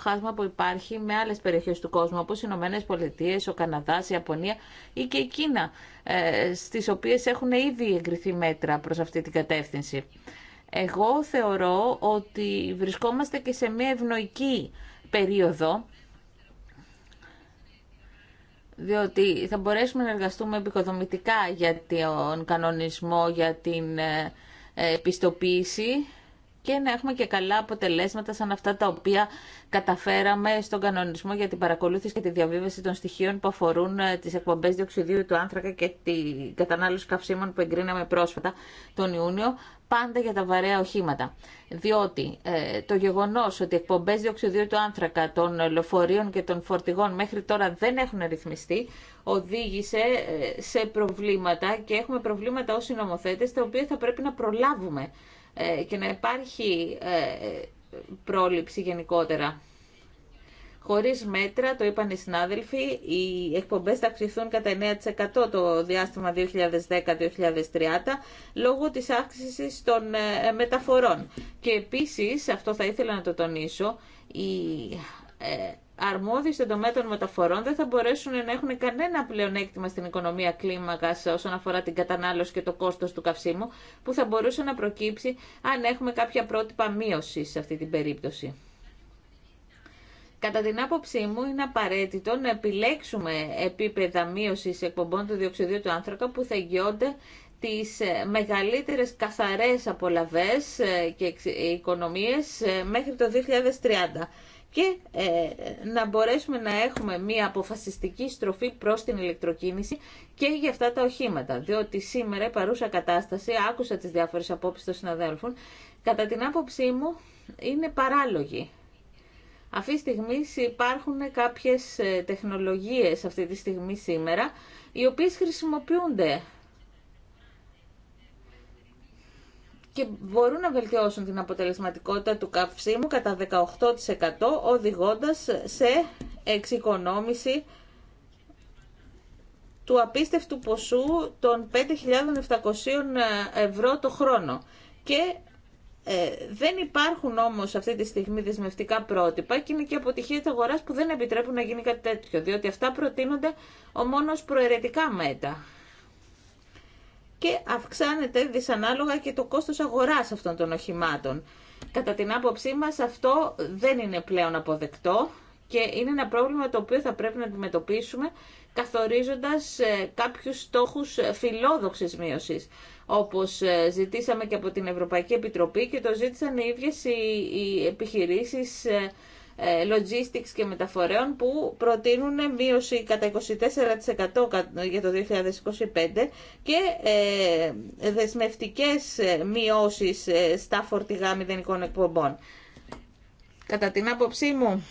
χάσμα που υπάρχει με άλλες περιοχές του κόσμου, όπως οι Ηνωμένες Πολιτείες, ο Καναδάς, η Ιαπωνία ή και η Κίνα, ε, στις οποίες έχουν ήδη εγκριθεί μέτρα προς αυτή την κατεύθυνση. Εγώ θεωρώ ότι βρισκόμαστε και σε μια ευνοϊκή περίοδο διότι θα μπορέσουμε να εργαστούμε επικοδομητικά για τον κανονισμό, για την ε, ε, πιστοποίηση και να έχουμε και καλά αποτελέσματα σαν αυτά τα οποία καταφέραμε στον κανονισμό για την παρακολούθηση και τη διαβίβαση των στοιχείων που αφορούν ε, τις εκπομπές διοξιδίου του άνθρακα και την κατανάλωση καυσίμων που εγκρίναμε πρόσφατα τον Ιούνιο, πάντα για τα βαρέα οχήματα. Διότι ε, το γεγονό ότι οι εκπομπέ διοξιδίου του άνθρακα των λεωφορείων και των φορτηγών μέχρι τώρα δεν έχουν ρυθμιστεί, οδήγησε ε, σε προβλήματα και έχουμε προβλήματα ω συνομοθέτε, τα οποία θα πρέπει να προλάβουμε ε, και να υπάρχει ε, πρόληψη γενικότερα. Χωρίς μέτρα, το είπαν οι συνάδελφοι, οι εκπομπές θα αυξηθούν κατά 9% το διάστημα 2010-2030 λόγω της αύξησης των ε, μεταφορών. Και επίσης, αυτό θα ήθελα να το τονίσω, η αρμόδιοι στον τομέα των μεταφορών δεν θα μπορέσουν να έχουν κανένα πλεονέκτημα στην οικονομία κλίμακα όσον αφορά την κατανάλωση και το κόστο του καυσίμου, που θα μπορούσε να προκύψει αν έχουμε κάποια πρότυπα μείωση σε αυτή την περίπτωση. Κατά την άποψή μου, είναι απαραίτητο να επιλέξουμε επίπεδα μείωση εκπομπών του διοξιδίου του άνθρακα που θα εγγυώνται τις μεγαλύτερες καθαρές απολαβές ε, και ε, οικονομίες ε, μέχρι το 2030 και ε, να μπορέσουμε να έχουμε μία αποφασιστική στροφή προς την ηλεκτροκίνηση και για αυτά τα οχήματα. Διότι σήμερα η παρούσα κατάσταση, άκουσα τις διάφορες απόψεις των συναδέλφων, κατά την άποψή μου είναι παράλογη. Αυτή τη στιγμή υπάρχουν κάποιες ε, τεχνολογίες αυτή τη στιγμή σήμερα, οι οποίες χρησιμοποιούνται και μπορούν να βελτιώσουν την αποτελεσματικότητα του καυσίμου κατά 18% οδηγώντας σε εξοικονόμηση του απίστευτου ποσού των 5.700 ευρώ το χρόνο. Και ε, δεν υπάρχουν όμως αυτή τη στιγμή δεσμευτικά πρότυπα και είναι και αποτυχία της αγοράς που δεν επιτρέπουν να γίνει κάτι τέτοιο, διότι αυτά προτείνονται ο μόνος προαιρετικά μέτρα και αυξάνεται δυσανάλογα και το κόστος αγοράς αυτών των οχημάτων. Κατά την άποψή μας αυτό δεν είναι πλέον αποδεκτό και είναι ένα πρόβλημα το οποίο θα πρέπει να αντιμετωπίσουμε καθορίζοντας ε, κάποιους στόχους ε, φιλόδοξης μείωσης όπως ε, ζητήσαμε και από την Ευρωπαϊκή Επιτροπή και το ζήτησαν οι ίδιες οι επιχειρήσεις ε, logistics και μεταφορέων που προτείνουν μείωση κατά 24% για το 2025 και ε, δεσμευτικές ε, μειώσεις στα φορτηγά μηδενικών εκπομπών. Κατά την άποψή μου,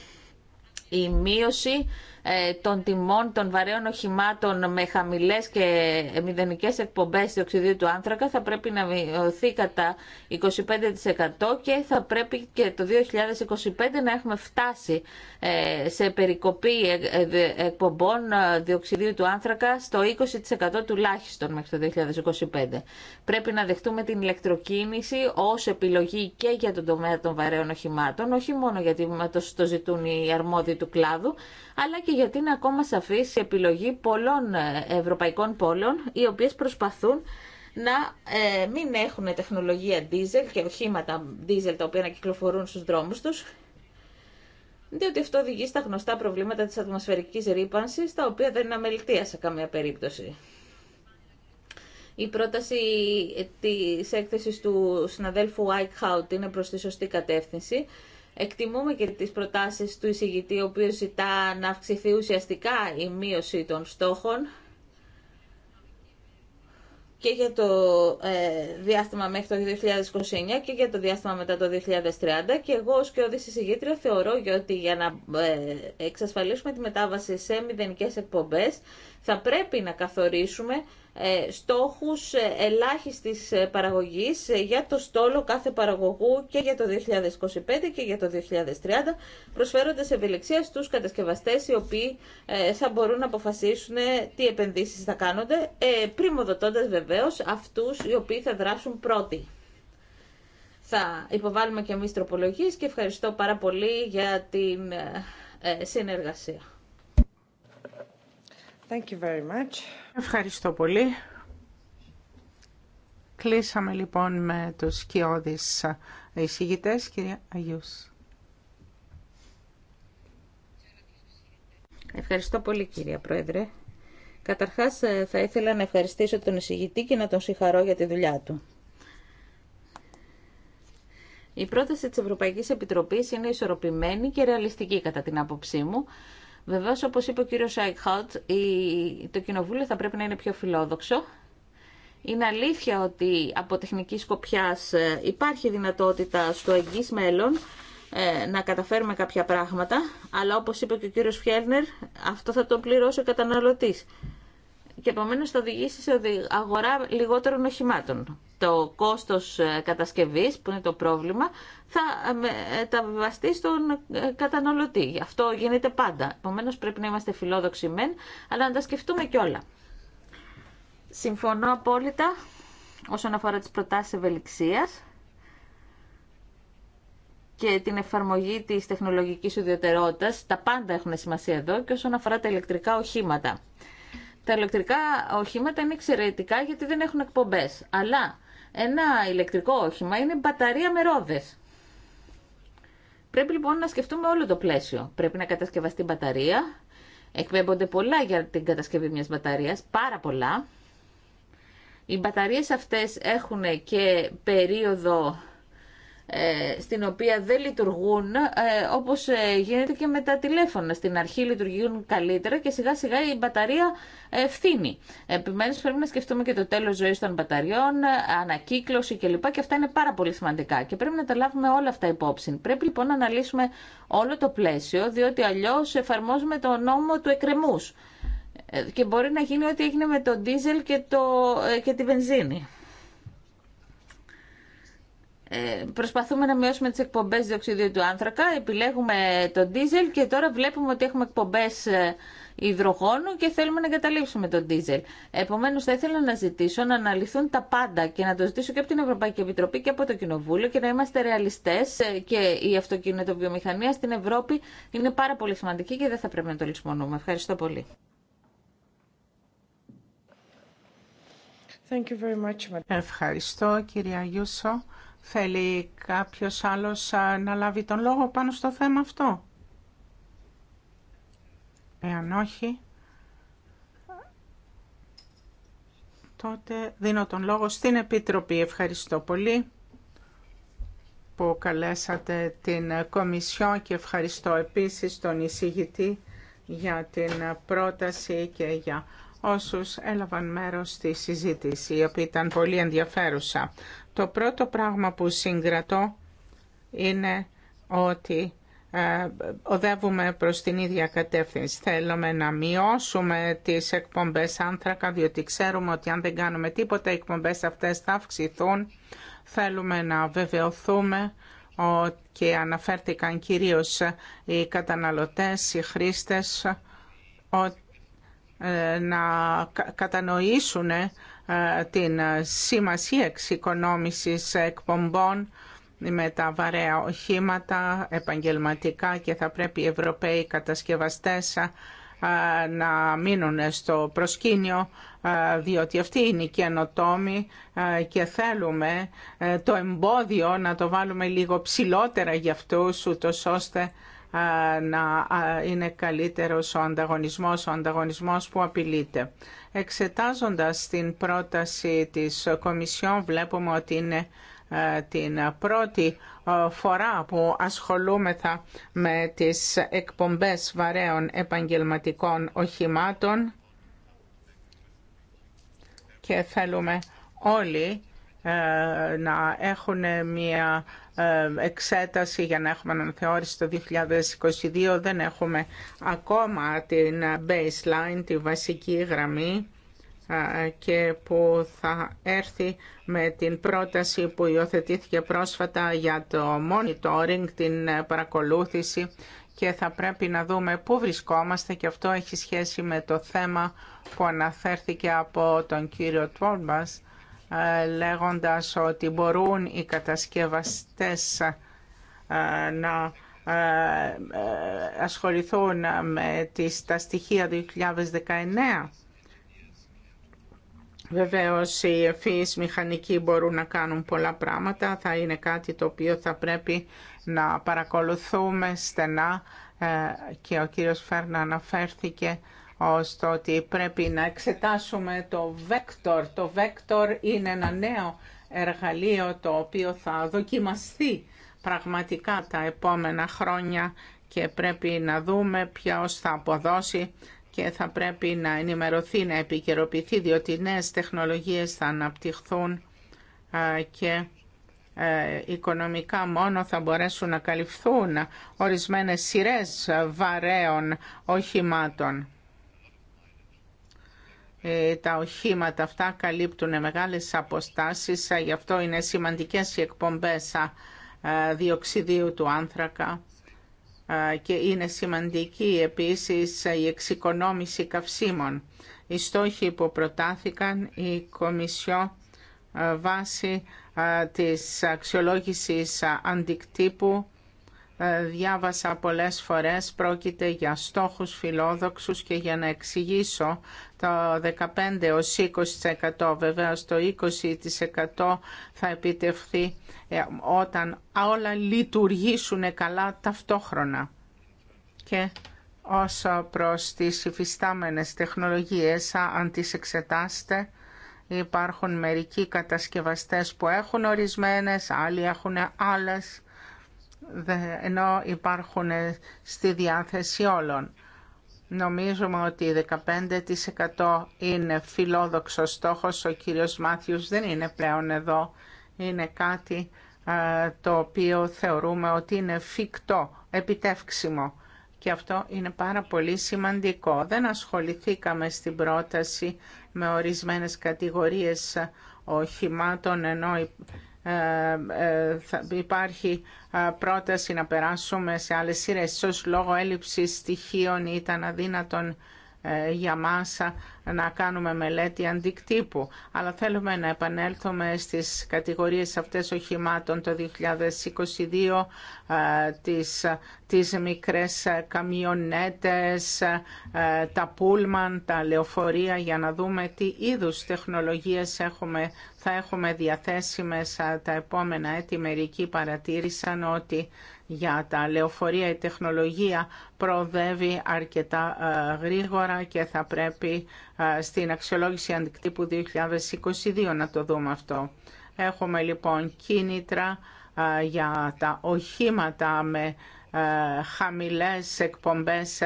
η μείωση ε, των τιμών των βαρέων οχημάτων με χαμηλέ και μηδενικέ εκπομπές διοξιδίου του άνθρακα θα πρέπει να μειωθεί κατά 25% και θα πρέπει και το 2025 να έχουμε φτάσει ε, σε περικοπή ε, εκπομπών διοξιδίου του άνθρακα στο 20% τουλάχιστον μέχρι το 2025. Πρέπει να δεχτούμε την ηλεκτροκίνηση ω επιλογή και για τον τομέα των βαρέων οχημάτων, όχι μόνο γιατί το ζητούν οι αρμόδιοι του κλάδου, αλλά και γιατί είναι ακόμα σαφή η επιλογή πολλών ε, ευρωπαϊκών πόλων οι οποίες προσπαθούν να ε, μην έχουν τεχνολογία δίζελ και οχήματα δίζελ τα οποία να κυκλοφορούν στους δρόμους τους διότι αυτό οδηγεί στα γνωστά προβλήματα της ατμοσφαιρικής ρήπανσης τα οποία δεν είναι αμελητία σε καμία περίπτωση. Η πρόταση της έκθεσης του συναδέλφου Χάουτ είναι προς τη σωστή κατεύθυνση Εκτιμούμε και τις προτάσεις του εισηγητή, ο οποίος ζητά να αυξηθεί ουσιαστικά η μείωση των στόχων και για το ε, διάστημα μέχρι το 2029 και για το διάστημα μετά το 2030 και εγώ ως και εισηγήτρια θεωρώ ότι για να ε, εξασφαλίσουμε τη μετάβαση σε μηδενικές εκπομπές θα πρέπει να καθορίσουμε ε, στόχους ε, ελάχιστης ε, παραγωγής για το στόλο κάθε παραγωγού και για το 2025 και για το 2030, προσφέροντας ευελιξία στους κατασκευαστές οι οποίοι θα μπορούν να αποφασίσουν τι επενδύσεις θα κάνονται, πριμοδοτώντας βεβαίως αυτούς οι οποίοι θα δράσουν πρώτοι. Θα υποβάλουμε και εμείς τροπολογίες και ευχαριστώ πάρα πολύ για την συνεργασία. Ευχαριστώ πολύ. Κλείσαμε λοιπόν με τους σκιώδεις εισηγητές, κυρία Αγιούς. Ευχαριστώ πολύ κυρία Πρόεδρε. Καταρχάς ε, θα ήθελα να ευχαριστήσω τον εισηγητή και να τον συγχαρώ για τη δουλειά του. Η πρόταση της Ευρωπαϊκής Επιτροπής είναι ισορροπημένη και ρεαλιστική κατά την άποψή μου Βεβαίως, όπως είπε ο κύριος Σάικχαουτ, το κοινοβούλιο θα πρέπει να είναι πιο φιλόδοξο. Είναι αλήθεια ότι από τεχνική σκοπιάς ε, υπάρχει δυνατότητα στο εγγύς μέλλον ε, να καταφέρουμε κάποια πράγματα, αλλά όπως είπε και ο κύριος Φιέρνερ, αυτό θα το πληρώσει ο καταναλωτής. Και επομένως θα οδηγήσει σε αγορά λιγότερων οχημάτων το κόστος ε, κατασκευής, που είναι το πρόβλημα, θα ε, μεταβιβαστεί ε, στον καταναλωτή. Αυτό γίνεται πάντα. Επομένω πρέπει να είμαστε φιλόδοξοι μεν, αλλά να τα σκεφτούμε κιόλα. Συμφωνώ απόλυτα όσον αφορά τις προτάσεις ευελιξίας και την εφαρμογή της τεχνολογικής ιδιωτερότητας. Τα πάντα έχουν σημασία εδώ και όσον αφορά τα ηλεκτρικά οχήματα. Τα ηλεκτρικά οχήματα είναι εξαιρετικά γιατί δεν έχουν εκπομπές. Αλλά ένα ηλεκτρικό όχημα είναι μπαταρία με ρόδε. Πρέπει λοιπόν να σκεφτούμε όλο το πλαίσιο. Πρέπει να κατασκευαστεί μπαταρία. Εκπέμπονται πολλά για την κατασκευή μιας μπαταρίας, πάρα πολλά. Οι μπαταρίες αυτές έχουν και περίοδο ε, στην οποία δεν λειτουργούν ε, όπως ε, γίνεται και με τα τηλέφωνα. Στην αρχή λειτουργούν καλύτερα και σιγά σιγά η μπαταρία ευθύνει. Επιμένως πρέπει να σκεφτούμε και το τέλος ζωής των μπαταριών, ανακύκλωση κλπ. Και αυτά είναι πάρα πολύ σημαντικά και πρέπει να τα λάβουμε όλα αυτά υπόψη. Πρέπει λοιπόν να αναλύσουμε όλο το πλαίσιο διότι αλλιώς εφαρμόζουμε το νόμο του εκκρεμούς. Και μπορεί να γίνει ό,τι έγινε με το ντίζελ και, το, και τη βενζίνη. Ε, προσπαθούμε να μειώσουμε τις εκπομπές διοξιδίου του άνθρακα, επιλέγουμε τον ντίζελ και τώρα βλέπουμε ότι έχουμε εκπομπές ε, υδρογόνου και θέλουμε να εγκαταλείψουμε τον ντίζελ. Επομένως θα ήθελα να ζητήσω να αναλυθούν τα πάντα και να το ζητήσω και από την Ευρωπαϊκή Επιτροπή και από το Κοινοβούλιο και να είμαστε ρεαλιστές ε, και η αυτοκινητοβιομηχανία στην Ευρώπη είναι πάρα πολύ σημαντική και δεν θα πρέπει να το λησμονούμε. Ευχαριστώ πολύ. Thank you very much. Ευχαριστώ κυρία Γιούσο. Θέλει κάποιος άλλος να λάβει τον λόγο πάνω στο θέμα αυτό. Εάν όχι, τότε δίνω τον λόγο στην Επίτροπη. Ευχαριστώ πολύ που καλέσατε την Κομισιό και ευχαριστώ επίσης τον εισηγητή για την πρόταση και για όσους έλαβαν μέρος στη συζήτηση, η οποία ήταν πολύ ενδιαφέρουσα. Το πρώτο πράγμα που συγκρατώ είναι ότι ε, οδεύουμε προς την ίδια κατεύθυνση. Θέλουμε να μειώσουμε τις εκπομπές άνθρακα, διότι ξέρουμε ότι αν δεν κάνουμε τίποτα, οι εκπομπές αυτές θα αυξηθούν. Θέλουμε να βεβαιωθούμε και αναφέρθηκαν κυρίως οι καταναλωτές, οι χρήστες, ε, να κατανοήσουν ε, την ε, σημασία εξοικονόμησης εκπομπών με τα βαρέα οχήματα επαγγελματικά και θα πρέπει οι Ευρωπαίοι κατασκευαστές ε, να μείνουν στο προσκήνιο διότι αυτοί είναι οι καινοτόμοι και θέλουμε το εμπόδιο να το βάλουμε λίγο ψηλότερα για αυτούς ούτως ώστε να είναι καλύτερος ο ανταγωνισμός, ο ανταγωνισμός που απειλείται. Εξετάζοντας την πρόταση της Κομισιόν βλέπουμε ότι είναι ε, την πρώτη ε, φορά που ασχολούμεθα με τις εκπομπές βαρέων επαγγελματικών οχημάτων και θέλουμε όλοι ε, να έχουν μια ε, εξέταση για να έχουμε αναθεώρηση το 2022. Δεν έχουμε ακόμα την baseline, τη βασική γραμμή ε, και που θα έρθει με την πρόταση που υιοθετήθηκε πρόσφατα για το monitoring, την παρακολούθηση και θα πρέπει να δούμε πού βρισκόμαστε και αυτό έχει σχέση με το θέμα που αναφέρθηκε από τον κύριο Τόρμπας ε, λέγοντας ότι μπορούν οι κατασκευαστές ε, να ε, ασχοληθούν με τις, τα στοιχεία 2019. Βεβαίως οι ευφύς μηχανικοί μπορούν να κάνουν πολλά πράγματα. Θα είναι κάτι το οποίο θα πρέπει να παρακολουθούμε στενά και ο κύριος Φέρνα αναφέρθηκε ώστε ότι πρέπει να εξετάσουμε το Vector. Το Vector είναι ένα νέο εργαλείο το οποίο θα δοκιμαστεί πραγματικά τα επόμενα χρόνια και πρέπει να δούμε ποιος θα αποδώσει και θα πρέπει να ενημερωθεί, να επικαιροποιηθεί, διότι νέες τεχνολογίες θα αναπτυχθούν και ε, οικονομικά μόνο θα μπορέσουν να καλυφθούν ορισμένες σειρές βαρέων οχημάτων. Ε, τα οχήματα αυτά καλύπτουν μεγάλες αποστάσεις, ε, γι' αυτό είναι σημαντικές οι εκπομπές ε, διοξιδίου του άνθρακα και είναι σημαντική επίσης η εξοικονόμηση καυσίμων. Οι στόχοι που προτάθηκαν η Κομισιό βάσει της αξιολόγησης αντικτύπου ε, διάβασα πολλές φορές πρόκειται για στόχους φιλόδοξους και για να εξηγήσω το 15 ως 20% βέβαια το 20% θα επιτευχθεί ε, όταν όλα λειτουργήσουν καλά ταυτόχρονα και όσο προς τις υφιστάμενες τεχνολογίες αν τις εξετάστε, υπάρχουν μερικοί κατασκευαστές που έχουν ορισμένες άλλοι έχουν άλλες ενώ υπάρχουν στη διάθεση όλων. Νομίζουμε ότι 15% είναι φιλόδοξο στόχος, ο κύριος Μάθιους δεν είναι πλέον εδώ. Είναι κάτι το οποίο θεωρούμε ότι είναι φυκτό, επιτεύξιμο. Και αυτό είναι πάρα πολύ σημαντικό. Δεν ασχοληθήκαμε στην πρόταση με ορισμένες κατηγορίες οχημάτων, ενώ ε, ε, υπάρχει ε, πρόταση να περάσουμε σε άλλες σειρές. Ίσως λόγω έλλειψης στοιχείων ήταν αδύνατον για μας να κάνουμε μελέτη αντικτύπου, αλλά θέλουμε να επανέλθουμε στις κατηγορίες αυτές οχημάτων το 2022, ε, τις, τις μικρές καμιονέτες, ε, τα πούλμαν, τα λεωφορεία, για να δούμε τι είδους τεχνολογίες έχουμε, θα έχουμε διαθέσιμες ε, τα επόμενα έτη. Μερικοί παρατήρησαν ότι για τα λεωφορεία. Η τεχνολογία προοδεύει αρκετά ε, γρήγορα και θα πρέπει ε, στην αξιολόγηση αντικτύπου 2022 να το δούμε αυτό. Έχουμε λοιπόν κίνητρα ε, για τα οχήματα με χαμηλές εκπομπές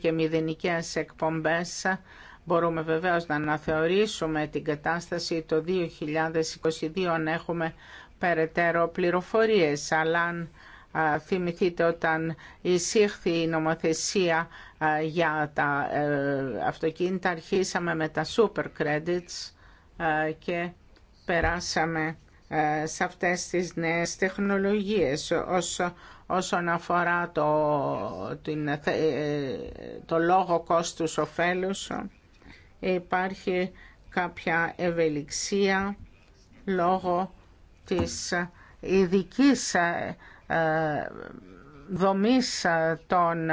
και μηδενικές εκπομπές. Μπορούμε βεβαίως να αναθεωρήσουμε την κατάσταση το 2022 αν έχουμε περαιτέρω πληροφορίες, αλλά αν θυμηθείτε όταν εισήχθη η νομοθεσία για τα ε, αυτοκίνητα αρχίσαμε με τα super credits και περάσαμε ε, σε αυτές τις νέες τεχνολογίες όσον αφορά το, την, ε, το λόγο κόστους ωφέλους υπάρχει κάποια ευελιξία λόγω της ειδικής ε, δομής ε, των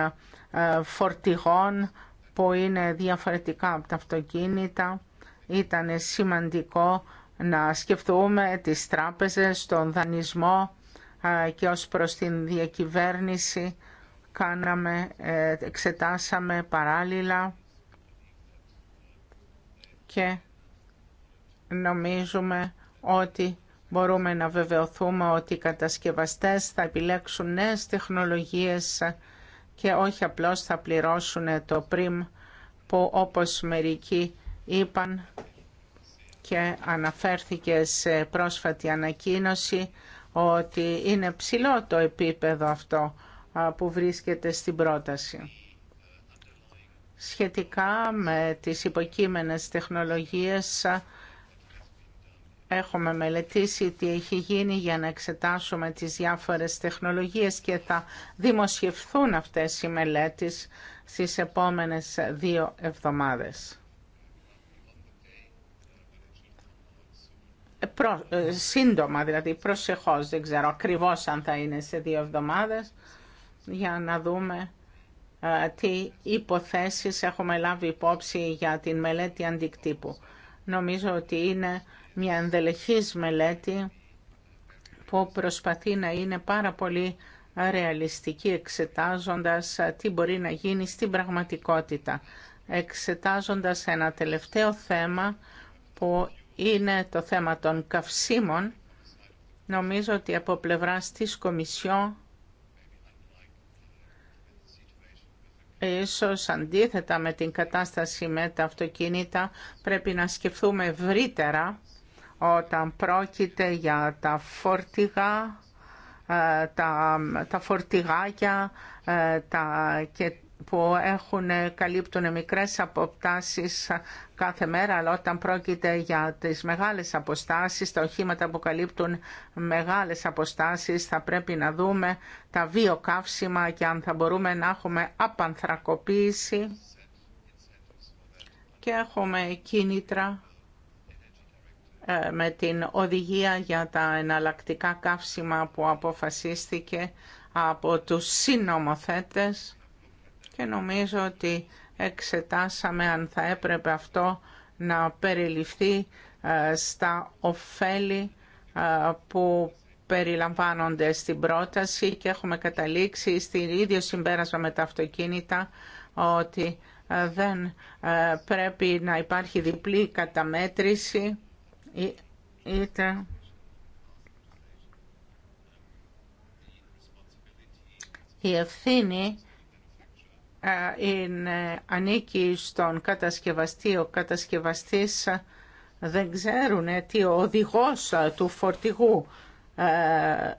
ε, φορτηγών που είναι διαφορετικά από τα αυτοκίνητα. Ήταν σημαντικό να σκεφτούμε τις τράπεζες, τον δανεισμό και ως προς την διακυβέρνηση κάναμε, εξετάσαμε παράλληλα και νομίζουμε ότι μπορούμε να βεβαιωθούμε ότι οι κατασκευαστές θα επιλέξουν νέες τεχνολογίες και όχι απλώς θα πληρώσουν το πριμ που όπως μερικοί είπαν και αναφέρθηκε σε πρόσφατη ανακοίνωση ότι είναι ψηλό το επίπεδο αυτό που βρίσκεται στην πρόταση. Σχετικά με τις υποκείμενες τεχνολογίες Έχουμε μελετήσει τι έχει γίνει για να εξετάσουμε τις διάφορες τεχνολογίες και θα δημοσιευθούν αυτές οι μελέτες στις επόμενες δύο εβδομάδες. Προ, ε, σύντομα, δηλαδή προσεχώς, δεν ξέρω ακριβώς αν θα είναι σε δύο εβδομάδες, για να δούμε ε, τι υποθέσεις έχουμε λάβει υπόψη για την μελέτη αντικτύπου. Νομίζω ότι είναι μια ενδελεχής μελέτη που προσπαθεί να είναι πάρα πολύ ρεαλιστική εξετάζοντας τι μπορεί να γίνει στην πραγματικότητα. Εξετάζοντας ένα τελευταίο θέμα που είναι το θέμα των καυσίμων, νομίζω ότι από πλευράς της Κομισιό ίσως αντίθετα με την κατάσταση με τα αυτοκίνητα πρέπει να σκεφτούμε ευρύτερα όταν πρόκειται για τα φορτηγά, ε, τα, τα φορτηγάκια ε, τα, και που έχουν, καλύπτουν μικρές αποστάσεις κάθε μέρα, αλλά όταν πρόκειται για τις μεγάλες αποστάσεις, τα οχήματα που καλύπτουν μεγάλες αποστάσεις, θα πρέπει να δούμε τα βιοκαύσιμα και αν θα μπορούμε να έχουμε απανθρακοποίηση και έχουμε κίνητρα ε, με την οδηγία για τα εναλλακτικά καύσιμα που αποφασίστηκε από τους συνομοθέτες και νομίζω ότι εξετάσαμε αν θα έπρεπε αυτό να περιληφθεί ε, στα ωφέλη ε, που περιλαμβάνονται στην πρόταση και έχουμε καταλήξει στην ίδιο συμπέρασμα με τα αυτοκίνητα ότι δεν πρέπει να υπάρχει διπλή καταμέτρηση это ε, η ευθύνη ανήκει στον κατασκευαστή. Ο κατασκευαστής δεν ξέρουν ε, τι ο οδηγός του φορτηγού ε,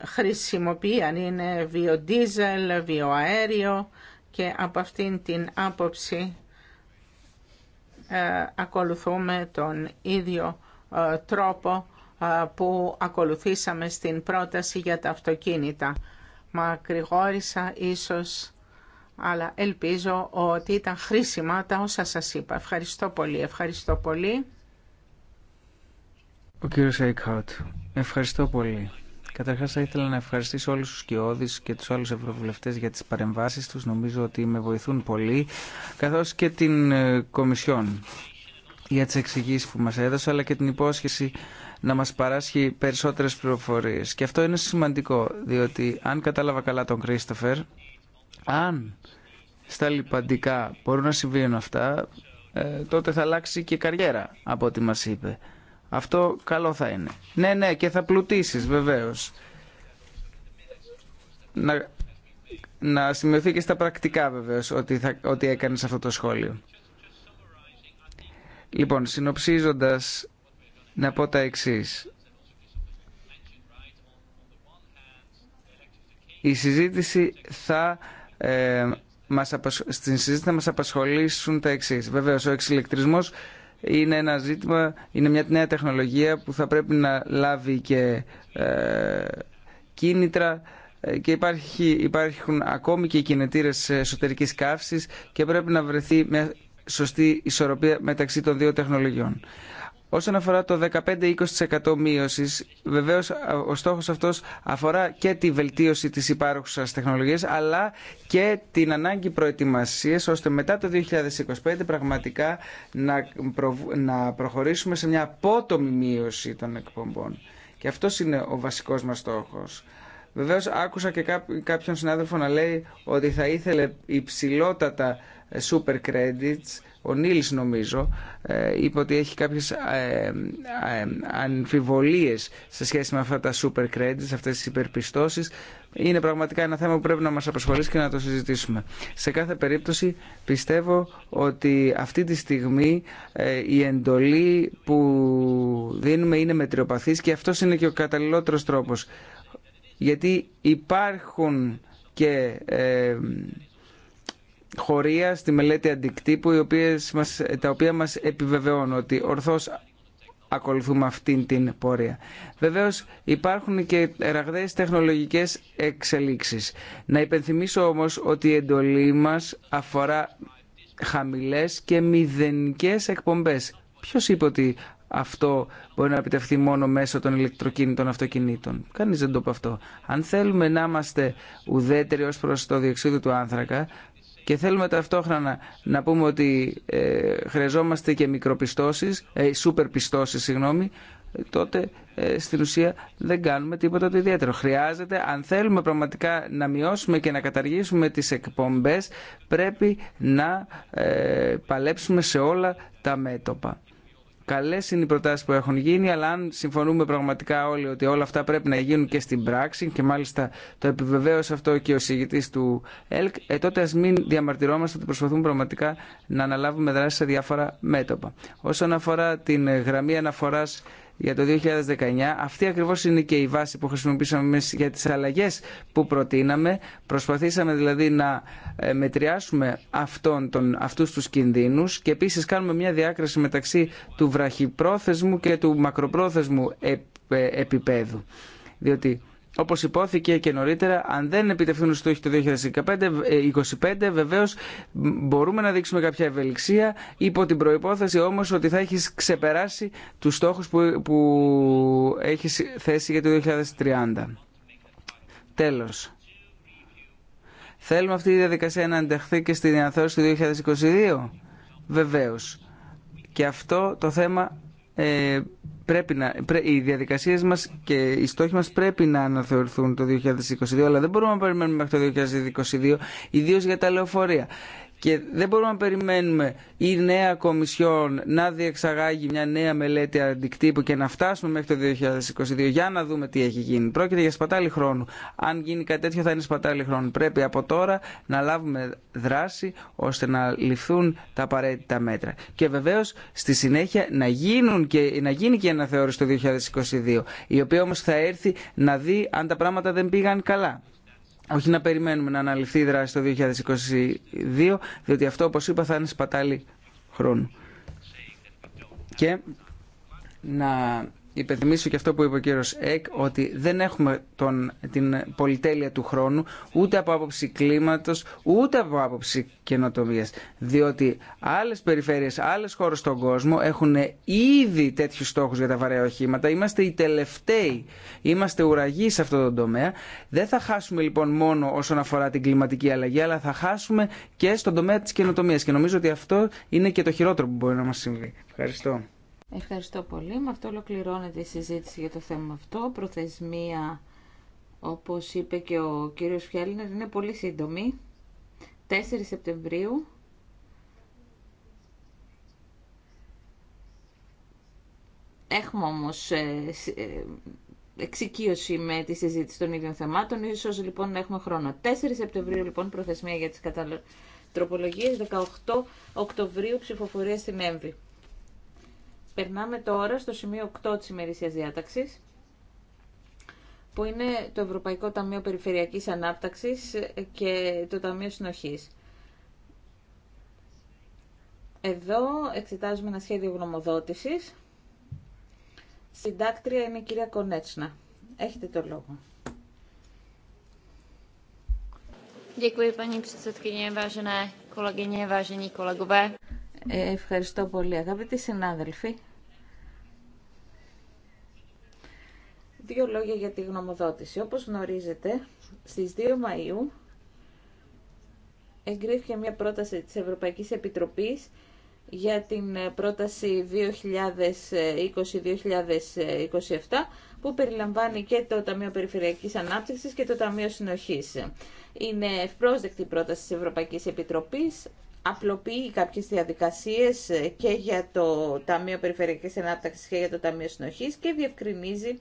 χρησιμοποιεί, αν είναι βιοδίζελ, βιοαέριο και από αυτήν την άποψη ακολουθούμε τον ίδιο ε, τρόπο ε, που ακολουθήσαμε στην πρόταση για τα αυτοκίνητα. Μακρηγόρησα ίσως, αλλά ελπίζω ότι ήταν χρήσιμα τα όσα σας είπα. Ευχαριστώ πολύ, ευχαριστώ πολύ. Ο κύριος Έικχαουτ, ευχαριστώ πολύ. Καταρχάς θα ήθελα να ευχαριστήσω όλους τους κοιόδης και τους άλλους ευρωβουλευτές για τις παρεμβάσεις τους. Νομίζω ότι με βοηθούν πολύ, καθώς και την ε, Κομισιόν για τις εξηγήσεις που μας έδωσε αλλά και την υπόσχεση να μας παράσχει περισσότερες πληροφορίες. Και αυτό είναι σημαντικό διότι αν κατάλαβα καλά τον Κρίστοφερ αν στα λιπαντικά μπορούν να συμβαίνουν αυτά ε, τότε θα αλλάξει και η καριέρα από ό,τι μας είπε. Αυτό καλό θα είναι. Ναι, ναι, και θα πλουτίσεις βεβαίως. Να, σημειωθεί και στα πρακτικά βεβαίως ότι, ότι αυτό το σχόλιο. Λοιπόν, συνοψίζοντας, να πω τα εξής. Η συζήτηση θα... Ε, μας απασχ... Στην συζήτηση θα μας απασχολήσουν τα εξή. Βεβαίως, ο εξηλεκτρισμός είναι ένα ζήτημα, είναι μια νέα τεχνολογία που θα πρέπει να λάβει και ε, κίνητρα ε, και υπάρχει, υπάρχουν ακόμη και οι κινητήρες εσωτερικής καύσης και πρέπει να βρεθεί μια σωστή ισορροπία μεταξύ των δύο τεχνολογιών. Όσον αφορά το 15-20% μείωση, βεβαίω ο στόχο αυτό αφορά και τη βελτίωση τη υπάρχουσα τεχνολογία, αλλά και την ανάγκη προετοιμασία, ώστε μετά το 2025 πραγματικά να, να προχωρήσουμε σε μια απότομη μείωση των εκπομπών. Και αυτό είναι ο βασικό μα στόχο. Βεβαίω, άκουσα και κάποιον συνάδελφο να λέει ότι θα ήθελε υψηλότατα ε, super credits, ο Νίλης νομίζω ε, είπε ότι έχει κάποιες ε, αμφιβολίες σε σχέση με αυτά τα super credits, αυτές τις υπερπιστώσεις. Είναι πραγματικά ένα θέμα που πρέπει να μας απασχολήσει και να το συζητήσουμε. Σε κάθε περίπτωση πιστεύω ότι αυτή τη στιγμή η εντολή που δίνουμε είναι μετριοπαθής και αυτός είναι και ο καταλληλότερος τρόπος. Γιατί υπάρχουν και χωρία στη μελέτη αντικτύπου οι οποίες μας, τα οποία μας επιβεβαιώνουν ότι ορθώς ακολουθούμε αυτήν την πορεία. Βεβαίως υπάρχουν και ραγδαίες τεχνολογικές εξελίξεις. Να υπενθυμίσω όμως ότι η εντολή μας αφορά χαμηλές και μηδενικές εκπομπές. Ποιος είπε ότι αυτό μπορεί να επιτευχθεί μόνο μέσω των ηλεκτροκίνητων αυτοκινήτων. Κανείς δεν το είπε αυτό. Αν θέλουμε να είμαστε ουδέτεροι ως προς το διεξίδιο του άνθρακα, και θέλουμε ταυτόχρονα να πούμε ότι ε, χρειαζόμαστε και μικροπιστώσεις, ε, σούπερ πιστώσεις, συγγνώμη, τότε ε, στην ουσία δεν κάνουμε τίποτα το ιδιαίτερο. Χρειάζεται, αν θέλουμε πραγματικά να μειώσουμε και να καταργήσουμε τις εκπομπές, πρέπει να ε, παλέψουμε σε όλα τα μέτωπα. Καλέ είναι οι προτάσει που έχουν γίνει, αλλά αν συμφωνούμε πραγματικά όλοι ότι όλα αυτά πρέπει να γίνουν και στην πράξη, και μάλιστα το επιβεβαίωσε αυτό και ο συγητή του ΕΛΚ, ε, τότε α μην διαμαρτυρόμαστε ότι προσπαθούμε πραγματικά να αναλάβουμε δράση σε διάφορα μέτωπα. Όσον αφορά την γραμμή αναφορά για το 2019. Αυτή ακριβώς είναι και η βάση που χρησιμοποίησαμε για τις αλλαγές που προτείναμε. Προσπαθήσαμε δηλαδή να ε, μετριάσουμε αυτόν τον, αυτούς τους κινδύνους και επίσης κάνουμε μια διάκριση μεταξύ του βραχυπρόθεσμου και του μακροπρόθεσμου ε, επίπεδου. Διότι όπως υπόθηκε και νωρίτερα, αν δεν επιτευχθούν οι στόχοι το 2025, βεβαίως μπορούμε να δείξουμε κάποια ευελιξία, υπό την προϋπόθεση όμως ότι θα έχεις ξεπεράσει τους στόχους που, που έχεις θέσει για το 2030. Τέλος. Θέλουμε αυτή η διαδικασία να ενταχθεί και στην διαναθόρηση του 2022. Βεβαίως. Και αυτό το θέμα ε, πρέπει να, πρέ, οι διαδικασίε μα και οι στόχοι μα πρέπει να αναθεωρηθούν το 2022, αλλά δεν μπορούμε να περιμένουμε μέχρι το 2022, ιδίω για τα λεωφορεία. Και δεν μπορούμε να περιμένουμε η νέα Κομισιόν να διεξαγάγει μια νέα μελέτη αντικτύπου και να φτάσουμε μέχρι το 2022 για να δούμε τι έχει γίνει. Πρόκειται για σπατάλη χρόνου. Αν γίνει κάτι τέτοιο θα είναι σπατάλη χρόνου. Πρέπει από τώρα να λάβουμε δράση ώστε να ληφθούν τα απαραίτητα μέτρα. Και βεβαίως στη συνέχεια να, γίνουν και, να γίνει και ένα θεώρηση το 2022 η οποία όμως θα έρθει να δει αν τα πράγματα δεν πήγαν καλά όχι να περιμένουμε να αναλυθεί η δράση το 2022, διότι αυτό, όπως είπα, θα είναι σπατάλη χρόνου. Και να υπενθυμίσω και αυτό που είπε ο κύριο Εκ, ότι δεν έχουμε τον, την πολυτέλεια του χρόνου ούτε από άποψη κλίματο ούτε από άποψη καινοτομία. Διότι άλλε περιφέρειες, άλλε χώρε στον κόσμο έχουν ήδη τέτοιου στόχου για τα βαρέα οχήματα. Είμαστε οι τελευταίοι, είμαστε ουραγοί σε αυτό το τομέα. Δεν θα χάσουμε λοιπόν μόνο όσον αφορά την κλιματική αλλαγή, αλλά θα χάσουμε και στον τομέα τη καινοτομία. Και νομίζω ότι αυτό είναι και το χειρότερο που μπορεί να μα συμβεί. Ευχαριστώ. Ευχαριστώ πολύ. Με αυτό ολοκληρώνεται η συζήτηση για το θέμα αυτό. Προθεσμία, όπως είπε και ο κύριος Φιέλνερ, είναι πολύ σύντομη. 4 Σεπτεμβρίου. Έχουμε όμως ε, ε, εξοικείωση με τη συζήτηση των ίδιων θεμάτων. Ίσως λοιπόν να έχουμε χρόνο. 4 Σεπτεμβρίου λοιπόν προθεσμία για τις κατα... τροπολογίες. 18 Οκτωβρίου ψηφοφορία στην ΕΜΒΗ. Περνάμε τώρα στο σημείο 8 της ημερησίας διάταξης, που είναι το Ευρωπαϊκό Ταμείο Περιφερειακής Ανάπταξης και το Ταμείο Συνοχής. Εδώ εξετάζουμε ένα σχέδιο γνωμοδότησης. Συντάκτρια είναι η κυρία Κονέτσνα. Έχετε το λόγο. Děkuji, paní předsedkyně, ε, ευχαριστώ πολύ αγαπητοί συνάδελφοι. Δύο λόγια για τη γνωμοδότηση. Όπως γνωρίζετε, στις 2 Μαΐου εγκρίθηκε μια πρόταση της Ευρωπαϊκής Επιτροπής για την πρόταση 2020-2027 που περιλαμβάνει και το Ταμείο Περιφερειακής Ανάπτυξης και το Ταμείο Συνοχής. Είναι ευπρόσδεκτη η πρόταση της Ευρωπαϊκής Επιτροπής, απλοποιεί κάποιες διαδικασίες και για το Ταμείο Περιφερειακής Ενάπταξης και για το Ταμείο Συνοχής και διευκρινίζει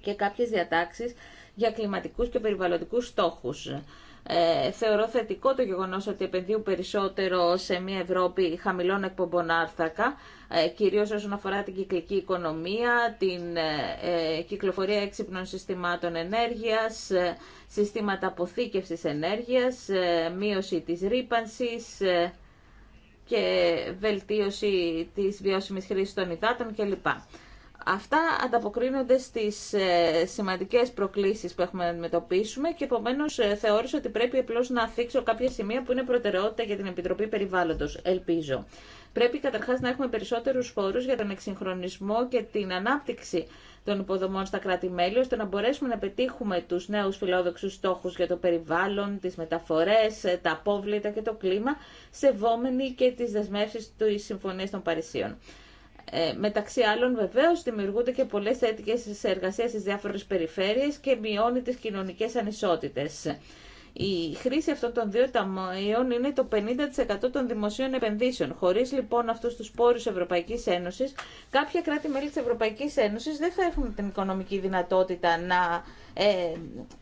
και κάποιες διατάξεις για κλιματικούς και περιβαλλοντικούς στόχους. Ε, θεωρώ θετικό το γεγονός ότι επενδύουν περισσότερο σε μια Ευρώπη χαμηλών εκπομπών άρθρακα, ε, κυρίως όσον αφορά την κυκλική οικονομία, την ε, ε κυκλοφορία έξυπνων συστημάτων ενέργειας, ε, συστήματα αποθήκευσης ενέργειας, ε, μείωση της ρήπανσης και βελτίωση της βιώσιμης χρήσης των υδάτων κλπ. Αυτά ανταποκρίνονται στις ε, σημαντικές προκλήσεις που έχουμε να αντιμετωπίσουμε και επομένως ε, θεώρησα ότι πρέπει απλώς να θίξω κάποια σημεία που είναι προτεραιότητα για την Επιτροπή Περιβάλλοντος, ελπίζω. Πρέπει καταρχάς να έχουμε περισσότερους φόρους για τον εξυγχρονισμό και την ανάπτυξη των υποδομών στα κράτη-μέλη, ώστε να μπορέσουμε να πετύχουμε τους νέους φιλόδοξους στόχους για το περιβάλλον, τις μεταφορές, ε, τα απόβλητα και το κλίμα, σεβόμενοι και τις δεσμεύσεις του Συμφωνίας των Παρισίων. Ε, μεταξύ άλλων βεβαίω δημιουργούνται και πολλές θετικέ εργασίες στι διάφορες περιφέρειες και μειώνει τι κοινωνικές ανισότητες. Η χρήση αυτών των δύο ταμείων είναι το 50% των δημοσίων επενδύσεων. Χωρί λοιπόν αυτού του πόρου Ευρωπαϊκή Ένωση, κάποια κράτη-μέλη τη Ευρωπαϊκή Ένωση δεν θα έχουν την οικονομική δυνατότητα να ε,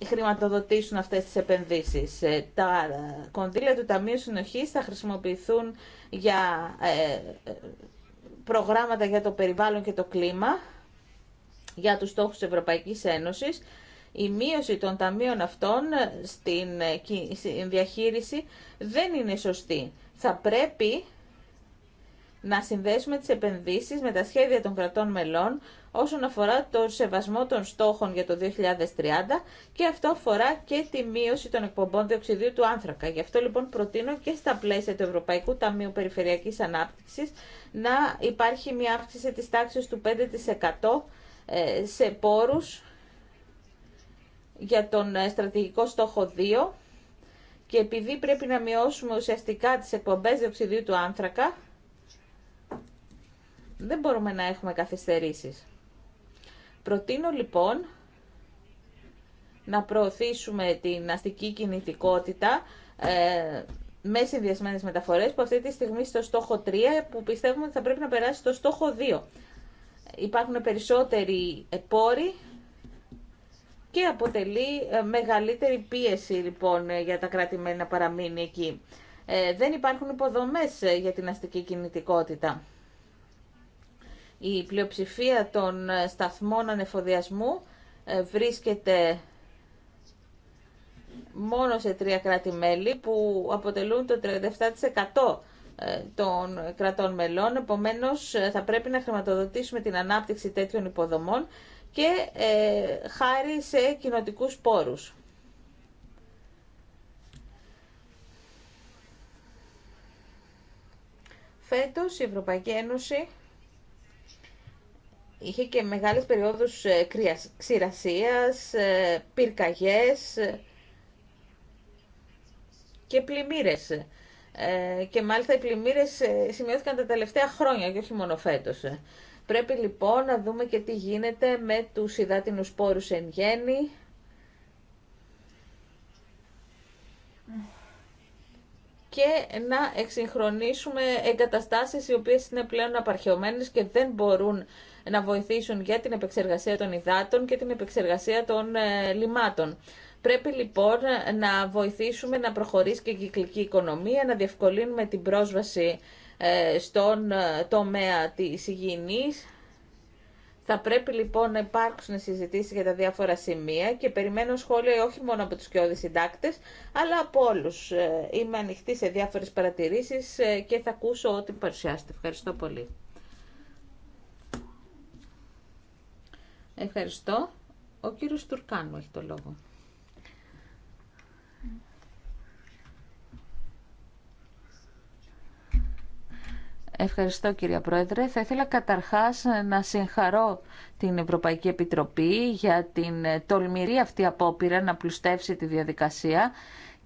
χρηματοδοτήσουν αυτέ τι επενδύσει. Ε, τα κονδύλια του Ταμείου συνοχή θα χρησιμοποιηθούν για ε, προγράμματα για το περιβάλλον και το κλίμα, για τους στόχους της Ευρωπαϊκής Ένωσης, η μείωση των ταμείων αυτών στην ε, διαχείριση δεν είναι σωστή. Θα πρέπει να συνδέσουμε τις επενδύσεις με τα σχέδια των κρατών μελών όσον αφορά το σεβασμό των στόχων για το 2030 και αυτό αφορά και τη μείωση των εκπομπών διοξιδίου του άνθρακα. Γι' αυτό λοιπόν προτείνω και στα πλαίσια του Ευρωπαϊκού Ταμείου Περιφερειακής Ανάπτυξης να υπάρχει μια αύξηση της τάξης του 5% ε, σε πόρους για τον ε, στρατηγικό στόχο 2 και επειδή πρέπει να μειώσουμε ουσιαστικά τις εκπομπές διοξιδίου του άνθρακα, δεν μπορούμε να έχουμε καθυστερήσεις. Προτείνω λοιπόν να προωθήσουμε την αστική κινητικότητα ε, με συνδυασμένες μεταφορές που αυτή τη στιγμή στο στόχο 3 που πιστεύουμε ότι θα πρέπει να περάσει στο στόχο 2. Υπάρχουν περισσότεροι πόροι και αποτελεί ε, μεγαλύτερη πίεση λοιπόν ε, για τα κρατημένα παραμείνει εκεί. Ε, δεν υπάρχουν υποδομές ε, για την αστική κινητικότητα. Η πλειοψηφία των ε, σταθμών ανεφοδιασμού ε, βρίσκεται μόνο σε τρία κράτη-μέλη που αποτελούν το 37% ε, των κρατών μελών. Επομένως, θα πρέπει να χρηματοδοτήσουμε την ανάπτυξη τέτοιων υποδομών και ε, χάρη σε κοινοτικούς πόρους. Φέτος η Ευρωπαϊκή Ένωση είχε και μεγάλες περιόδους ε, ξηρασίας, ε, πυρκαγιές ε, και πλημμύρες. Και μάλιστα οι πλημμύρες σημειώθηκαν τα τελευταία χρόνια και όχι μόνο φέτος. Πρέπει λοιπόν να δούμε και τι γίνεται με τους υδάτινους σπόρους εν γέννη. και να εξυγχρονίσουμε εγκαταστάσεις οι οποίες είναι πλέον απαρχαιωμένες και δεν μπορούν να βοηθήσουν για την επεξεργασία των υδάτων και την επεξεργασία των ε, λιμάτων. Πρέπει λοιπόν ε, να βοηθήσουμε να προχωρήσει και η κυκλική οικονομία, να διευκολύνουμε την πρόσβαση ε, στον τομέα της υγιεινής. Θα πρέπει λοιπόν να υπάρξουν συζητήσεις για τα διάφορα σημεία και περιμένω σχόλια όχι μόνο από τους κοιόδης συντάκτες, αλλά από όλους. Είμαι ανοιχτή σε διάφορες παρατηρήσεις και θα ακούσω ό,τι παρουσιάσετε. Ευχαριστώ πολύ. Ευχαριστώ. Ο κύριος Τουρκάνου έχει το λόγο. Ευχαριστώ κυρία Πρόεδρε. Θα ήθελα καταρχάς να συγχαρώ την Ευρωπαϊκή Επιτροπή για την τολμηρή αυτή απόπειρα να πλουστεύσει τη διαδικασία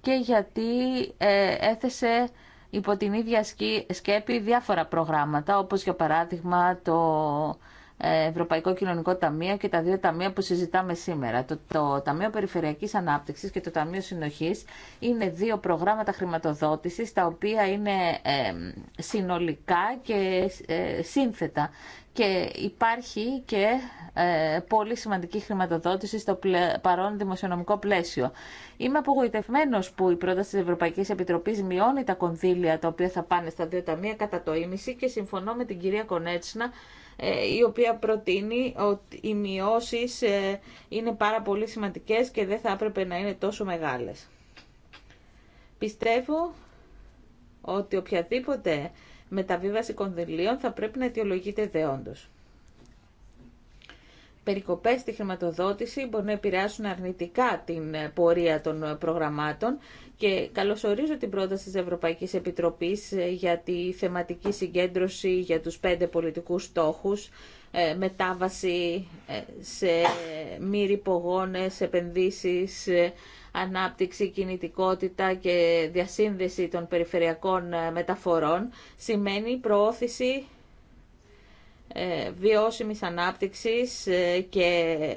και γιατί ε, έθεσε υπό την ίδια σκέπη διάφορα προγράμματα όπως για παράδειγμα το Ευρωπαϊκό Κοινωνικό Ταμείο και τα δύο ταμεία που συζητάμε σήμερα. Το, το Ταμείο Περιφερειακής ανάπτυξη και το Ταμείο Συνοχή είναι δύο προγράμματα χρηματοδότηση, τα οποία είναι ε, συνολικά και ε, σύνθετα και υπάρχει και ε, πολύ σημαντική χρηματοδότηση στο πλε... παρόν δημοσιονομικό πλαίσιο. Είμαι απογοητευμένο που η πρόταση τη Ευρωπαϊκή Επιτροπή μειώνει τα κονδύλια τα οποία θα πάνε στα δύο ταμεία κατά το ίμιση και συμφωνώ με την κυρία Κονέτσνα ε, η οποία προτείνει ότι οι μειώσεις ε, είναι πάρα πολύ σημαντικές και δεν θα έπρεπε να είναι τόσο μεγάλες. Πιστεύω ότι οποιαδήποτε μεταβίβαση κονδυλίων θα πρέπει να αιτιολογείται δεόντως περικοπές στη χρηματοδότηση μπορεί να επηρεάσουν αρνητικά την ε, πορεία των ε, προγραμμάτων και καλωσορίζω την πρόταση της Ευρωπαϊκής Επιτροπής ε, για τη θεματική συγκέντρωση για τους πέντε πολιτικούς στόχους, μετάβαση σε μη ρηπογόνες, επενδύσεις, ανάπτυξη, κινητικότητα και διασύνδεση των περιφερειακών μεταφορών σημαίνει προώθηση ε, βιώσιμης ανάπτυξης ε, και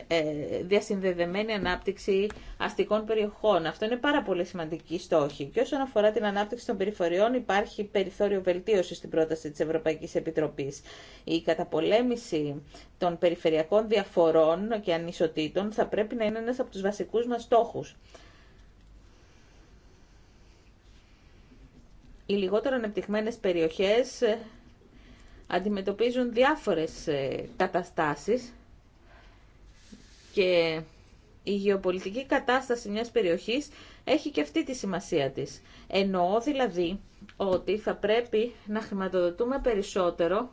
ε, διασυνδεδεμένη ανάπτυξη αστικών περιοχών. Αυτό είναι πάρα πολύ σημαντική στόχη. Και όσον αφορά την ανάπτυξη των περιφοριών υπάρχει περιθώριο βελτίωσης στην πρόταση της Ευρωπαϊκής Επιτροπής. Η καταπολέμηση των περιφερειακών διαφορών και ανισοτήτων θα πρέπει να είναι ένας από τους βασικούς μας στόχους. Οι λιγότερο ανεπτυγμένες περιοχές αντιμετωπίζουν διάφορες ε, καταστάσεις και η γεωπολιτική κατάσταση μιας περιοχής έχει και αυτή τη σημασία της. Εννοώ δηλαδή ότι θα πρέπει να χρηματοδοτούμε περισσότερο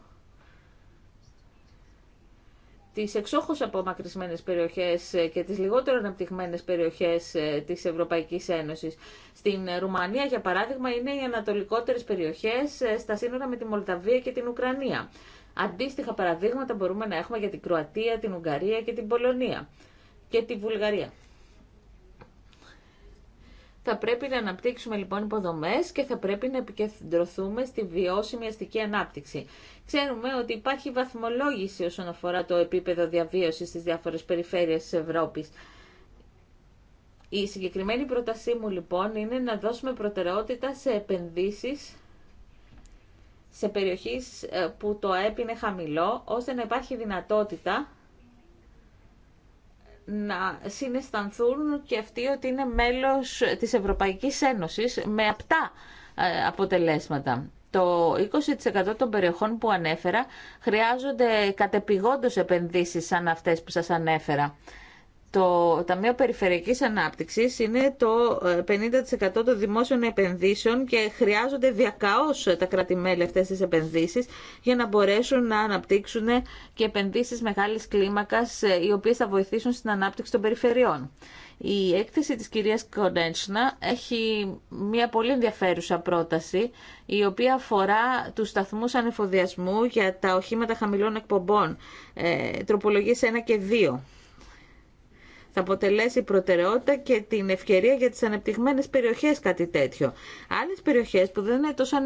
τις εξόχως απομακρυσμένες περιοχές ε, και τις λιγότερο αναπτυγμένες περιοχές ε, της Ευρωπαϊκής Ένωσης. Στην ε, Ρουμανία, για παράδειγμα, είναι οι ανατολικότερες περιοχές στα σύνορα με τη Μολδαβία και την Ουκρανία. Αντίστοιχα παραδείγματα μπορούμε να έχουμε για την Κροατία, την Ουγγαρία και την Πολωνία και τη Βουλγαρία. Θα πρέπει να αναπτύξουμε λοιπόν υποδομές και θα πρέπει να επικεντρωθούμε στη βιώσιμη αστική ανάπτυξη. Ξέρουμε ότι υπάρχει βαθμολόγηση όσον αφορά το επίπεδο διαβίωσης στις διάφορες περιφέρειες της Ευρώπης. Η συγκεκριμένη πρότασή μου λοιπόν είναι να δώσουμε προτεραιότητα σε επενδύσεις σε περιοχές ε, που το ΑΕΠ είναι χαμηλό, ώστε να υπάρχει δυνατότητα να συναισθανθούν και αυτοί ότι είναι μέλος της Ευρωπαϊκής Ένωσης με απτά ε, αποτελέσματα. Το 20% των περιοχών που ανέφερα χρειάζονται κατεπηγόντως επενδύσεις σαν αυτές που σας ανέφερα. Το Ταμείο Περιφερειακής Ανάπτυξης είναι το 50% ε, των δημόσιων επενδύσεων και χρειάζονται διακαώς ε, τα κρατημέλη αυτές τις επενδύσεις για να μπορέσουν να αναπτύξουν και επενδύσεις μεγάλης κλίμακας ε, οι οποίες θα βοηθήσουν στην ανάπτυξη των περιφερειών. Η έκθεση της κυρίας Κονέντσνα έχει μια πολύ ενδιαφέρουσα πρόταση η οποία αφορά τους σταθμούς ανεφοδιασμού για τα οχήματα χαμηλών εκπομπών, ε, τροπολογίες 1 και 2. Θα αποτελέσει προτεραιότητα και την ευκαιρία για τις ανεπτυγμένες περιοχές κάτι τέτοιο. Άλλες περιοχές που δεν είναι τόσο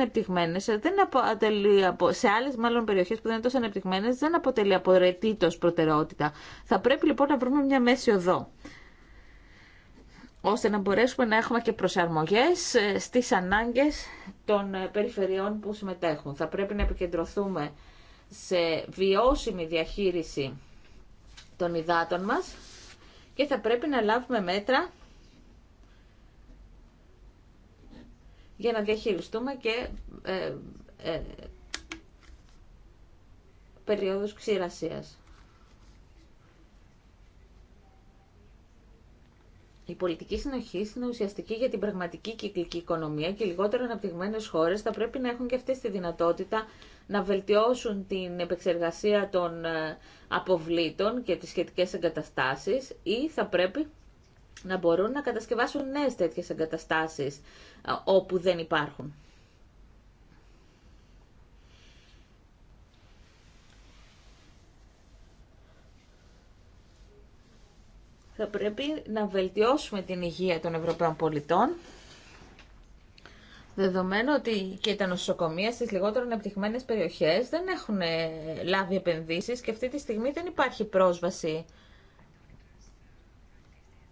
σε άλλες μάλλον περιοχές που δεν είναι τόσο ανεπτυγμένες, δεν αποτελεί απορρετήτως προτεραιότητα. Θα πρέπει λοιπόν να βρούμε μια μέση οδό ώστε να μπορέσουμε να έχουμε και προσαρμογές ε, στις ανάγκες των ε, περιφερειών που συμμετέχουν. Θα πρέπει να επικεντρωθούμε σε βιώσιμη διαχείριση των υδάτων μας και θα πρέπει να λάβουμε μέτρα για να διαχειριστούμε και ε, ε, περίοδους ξηρασίας. Η πολιτική συνοχή είναι ουσιαστική για την πραγματική κυκλική οικονομία και λιγότερο αναπτυγμένε χώρε θα πρέπει να έχουν και αυτέ τη δυνατότητα να βελτιώσουν την επεξεργασία των ε, αποβλήτων και τις σχετικές εγκαταστάσεις ή θα πρέπει να μπορούν να κατασκευάσουν νέες τέτοιες εγκαταστάσεις ε, όπου δεν υπάρχουν. Θα πρέπει να βελτιώσουμε την υγεία των Ευρωπαίων πολιτών Δεδομένου ότι και τα νοσοκομεία στις λιγότερο ανεπτυγμένε περιοχές δεν έχουν ε, λάβει επενδύσεις και αυτή τη στιγμή δεν υπάρχει πρόσβαση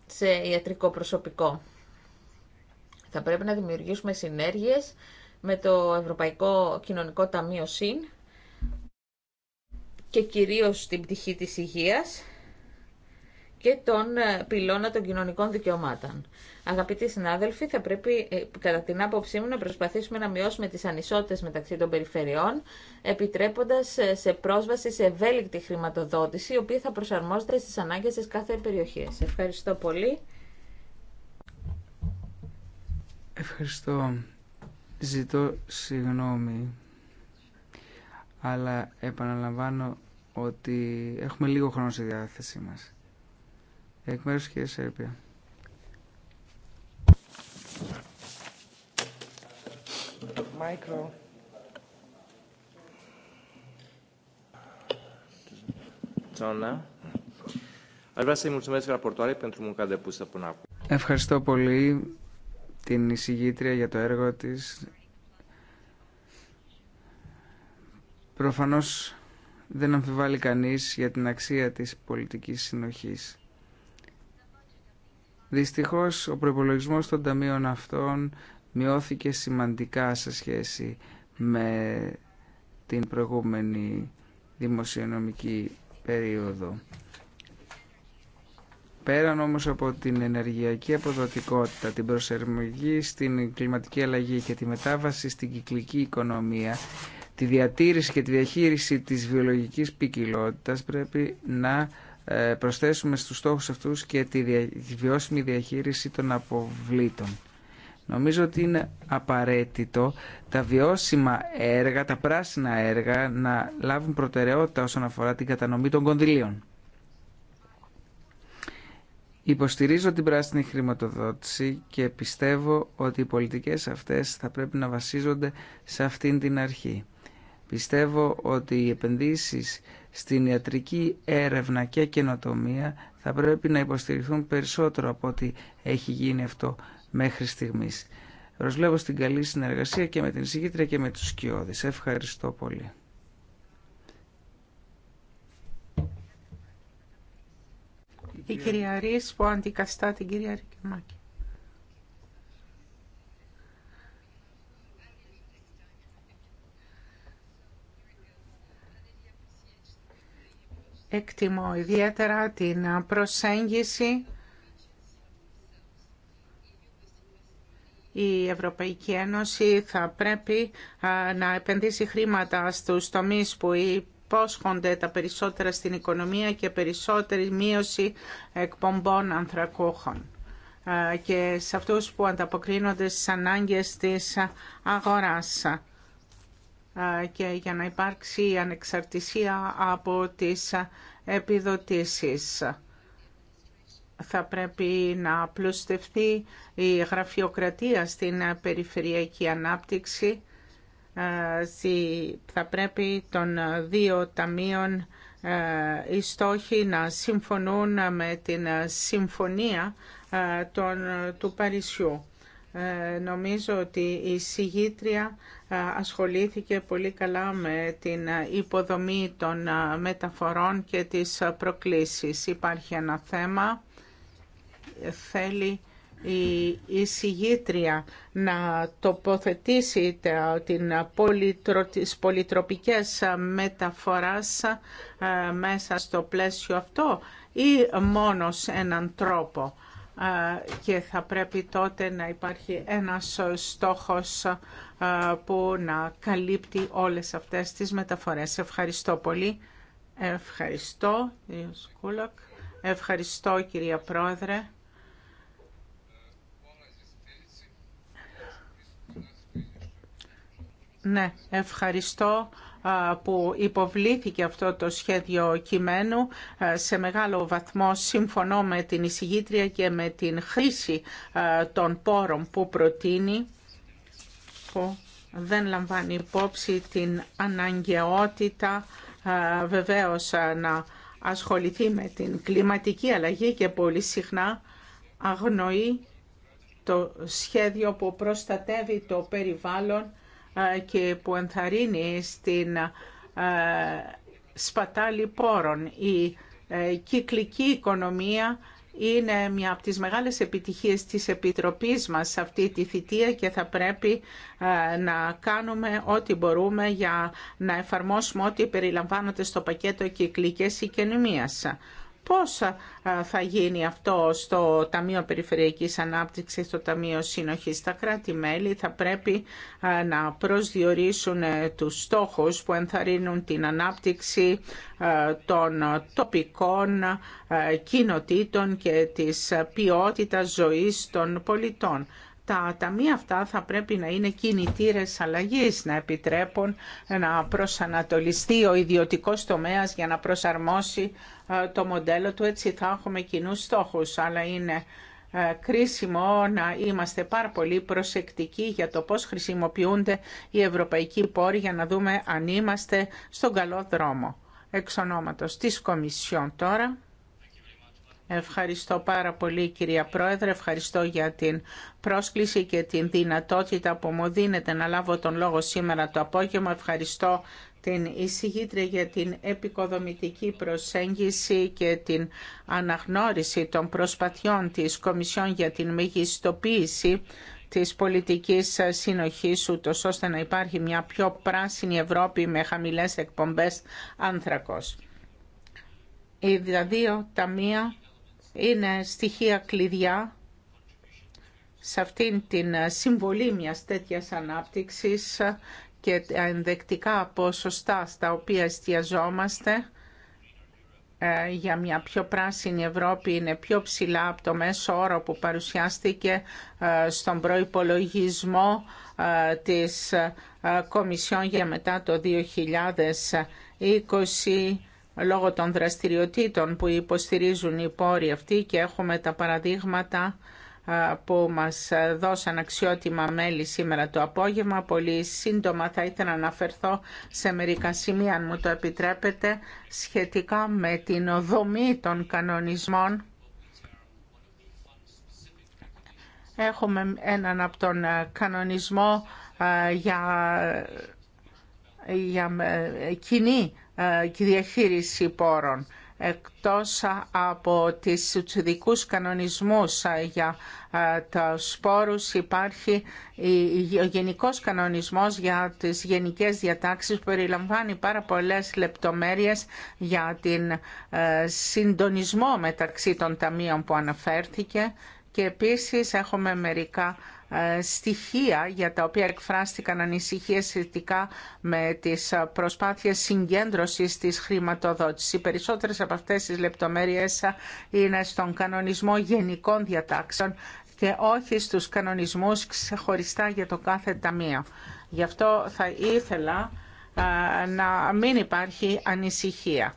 σε ιατρικό προσωπικό. Θα πρέπει να δημιουργήσουμε συνέργειες με το Ευρωπαϊκό Κοινωνικό Ταμείο ΣΥΝ και κυρίως την πτυχή της υγείας και των ε, πυλώνα των κοινωνικών δικαιωμάτων. Αγαπητοί συνάδελφοι, θα πρέπει ε, κατά την άποψή μου να προσπαθήσουμε να μειώσουμε τις ανισότητες μεταξύ των περιφερειών, επιτρέποντας ε, σε πρόσβαση σε ευέλικτη χρηματοδότηση, η οποία θα προσαρμόζεται στις ανάγκες της κάθε περιοχής. Ευχαριστώ πολύ. Ευχαριστώ. Ζητώ συγγνώμη, αλλά επαναλαμβάνω ότι έχουμε λίγο χρόνο στη διάθεσή μας εκ μέρους Ευχαριστώ πολύ την εισηγήτρια για το έργο της. Προφανώς δεν αμφιβάλλει κανείς για την αξία της πολιτικής συνοχής. Δυστυχώς ο προϋπολογισμός των ταμείων αυτών μειώθηκε σημαντικά σε σχέση με την προηγούμενη δημοσιονομική περίοδο. Πέραν όμως από την ενεργειακή αποδοτικότητα, την προσερμογή στην κλιματική αλλαγή και τη μετάβαση στην κυκλική οικονομία, τη διατήρηση και τη διαχείριση της βιολογικής ποικιλότητα πρέπει να ε, προσθέσουμε στους στόχους αυτούς και τη βιώσιμη διαχείριση των αποβλήτων. Νομίζω ότι είναι απαραίτητο τα βιώσιμα έργα, τα πράσινα έργα να λάβουν προτεραιότητα όσον αφορά την κατανομή των κονδυλίων. Υποστηρίζω την πράσινη χρηματοδότηση και πιστεύω ότι οι πολιτικές αυτές θα πρέπει να βασίζονται σε αυτήν την αρχή. Πιστεύω ότι οι επενδύσεις στην ιατρική έρευνα και καινοτομία θα πρέπει να υποστηριχθούν περισσότερο από ό,τι έχει γίνει αυτό μέχρι στιγμής. Προσλέγω στην καλή συνεργασία και με την συγκίτρια και με τους σκιώδεις. Ευχαριστώ πολύ. Η κυρία Ρίσπο αντικαστά την κυρία Ρικιμάκη. Εκτιμώ ιδιαίτερα την προσέγγιση η Ευρωπαϊκή Ένωση θα πρέπει να επενδύσει χρήματα στους τομείς που υπόσχονται τα περισσότερα στην οικονομία και περισσότερη μείωση εκπομπών ανθρακούχων και σε αυτούς που ανταποκρίνονται στις ανάγκες της αγοράς και για να υπάρξει ανεξαρτησία από τις επιδοτήσεις. Θα πρέπει να πλουστευτεί η γραφειοκρατία στην περιφερειακή ανάπτυξη. Θα πρέπει των δύο ταμείων οι στόχοι να συμφωνούν με την συμφωνία του Παρισιού. Ε, νομίζω ότι η συγγήτρια ε, ασχολήθηκε πολύ καλά με την ε, υποδομή των μεταφορών και τις προκλήσεις. Υπάρχει ένα θέμα, θέλει η Συγήτρια να τοποθετήσει την πολυτρο, τις πολυτροπικές μεταφοράς μέσα στο πλαίσιο αυτό ή μόνος έναν τρόπο και θα πρέπει τότε να υπάρχει ένας στόχος που να καλύπτει όλες αυτές τις μεταφορές. Ευχαριστώ πολύ. Ευχαριστώ, Ευχαριστώ, κυρία Πρόεδρε. Ναι, ευχαριστώ που υποβλήθηκε αυτό το σχέδιο κειμένου σε μεγάλο βαθμό συμφωνώ με την εισηγήτρια και με την χρήση των πόρων που προτείνει που δεν λαμβάνει υπόψη την αναγκαιότητα βεβαίως να ασχοληθεί με την κλιματική αλλαγή και πολύ συχνά αγνοεί το σχέδιο που προστατεύει το περιβάλλον και που ενθαρρύνει στην σπατάλη πόρων. Η ε, κυκλική οικονομία είναι μια από τις μεγάλες επιτυχίες της Επιτροπής μας σε αυτή τη θητεία και θα πρέπει να κάνουμε ό,τι μπορούμε για να εφαρμόσουμε ό,τι περιλαμβάνεται στο πακέτο κυκλικές οικονομίας. Πώς θα γίνει αυτό στο Ταμείο Περιφερειακής Ανάπτυξης, στο Ταμείο Συνοχής. Τα κράτη-μέλη θα πρέπει να προσδιορίσουν ε, τους στόχους που ενθαρρύνουν την ανάπτυξη των τοπικών κοινοτήτων και της ποιότητας ζωής των πολιτών τα ταμεία αυτά θα πρέπει να είναι κινητήρες αλλαγή να επιτρέπουν να προσανατολιστεί ο ιδιωτικό τομέας για να προσαρμόσει ε, το μοντέλο του. Έτσι θα έχουμε κοινού στόχου, αλλά είναι ε, κρίσιμο να είμαστε πάρα πολύ προσεκτικοί για το πώς χρησιμοποιούνται οι ευρωπαϊκοί πόροι για να δούμε αν είμαστε στον καλό δρόμο. Εξ ονόματος της Κομισιόν τώρα. Ευχαριστώ πάρα πολύ κυρία Πρόεδρε, ευχαριστώ για την πρόσκληση και την δυνατότητα που μου δίνεται να λάβω τον λόγο σήμερα το απόγευμα. Ευχαριστώ την εισηγήτρια για την επικοδομητική προσέγγιση και την αναγνώριση των προσπαθειών της Κομισιόν για την μεγιστοποίηση της πολιτικής συνοχής ούτως ώστε να υπάρχει μια πιο πράσινη Ευρώπη με χαμηλές εκπομπές άνθρακος. Οι ε, δύο δηλαδή, ταμεία είναι στοιχεία κλειδιά σε αυτήν την συμβολή μιας τέτοιας ανάπτυξης και ενδεκτικά ποσοστά στα οποία εστιαζόμαστε ε, για μια πιο πράσινη Ευρώπη είναι πιο ψηλά από το μέσο όρο που παρουσιάστηκε ε, στον προϋπολογισμό ε, της Κομισιόν για μετά το 2020 λόγω των δραστηριοτήτων που υποστηρίζουν οι πόροι αυτοί και έχουμε τα παραδείγματα που μας δώσαν αξιότιμα μέλη σήμερα το απόγευμα. Πολύ σύντομα θα ήθελα να αναφερθώ σε μερικά σημεία, αν μου το επιτρέπετε, σχετικά με την οδομή των κανονισμών. Έχουμε έναν από τον κανονισμό για, για κοινή ε, και διαχείριση πόρων εκτός από τις ειδικούς κανονισμούς ε, για ε, τα σπόρους υπάρχει ο γενικός κανονισμός για τις γενικές διατάξεις που περιλαμβάνει πάρα πολλές λεπτομέρειες για την συντονισμό μεταξύ των ταμείων που αναφέρθηκε και επίσης έχουμε μερικά ε, στοιχεία για τα οποία εκφράστηκαν ανησυχίε σχετικά με τις προσπάθειες συγκέντρωση της χρηματοδότησης. Οι περισσότερες από αυτές τι λεπτομέρειες είναι στον κανονισμό γενικών διατάξεων και όχι στους κανονισμούς ξεχωριστά για το κάθε ταμείο. Γι' αυτό θα ήθελα ε, να μην υπάρχει ανησυχία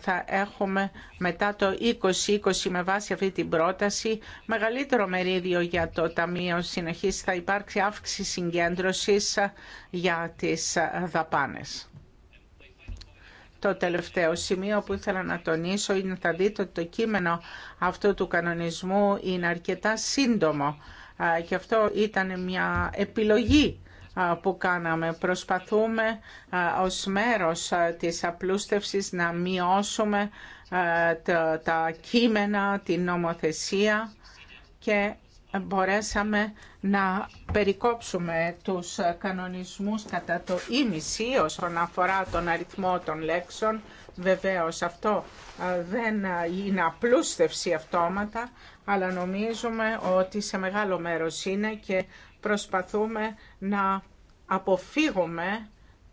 θα έχουμε μετά το 2020 με βάση αυτή την πρόταση μεγαλύτερο μερίδιο για το Ταμείο Συνεχής. Θα υπάρξει αύξηση συγκέντρωσης για τις δαπάνες. Το τελευταίο σημείο που ήθελα να τονίσω είναι θα δείτε ότι το κείμενο αυτού του κανονισμού είναι αρκετά σύντομο και αυτό ήταν μια επιλογή που κάναμε. Προσπαθούμε ως μέρος της απλούστευσης να μειώσουμε τα κείμενα, την νομοθεσία και μπορέσαμε να περικόψουμε τους κανονισμούς κατά το ίμιση όσον αφορά τον αριθμό των λέξεων. Βεβαίως αυτό δεν είναι απλούστευση αυτόματα, αλλά νομίζουμε ότι σε μεγάλο μέρος είναι και προσπαθούμε να αποφύγουμε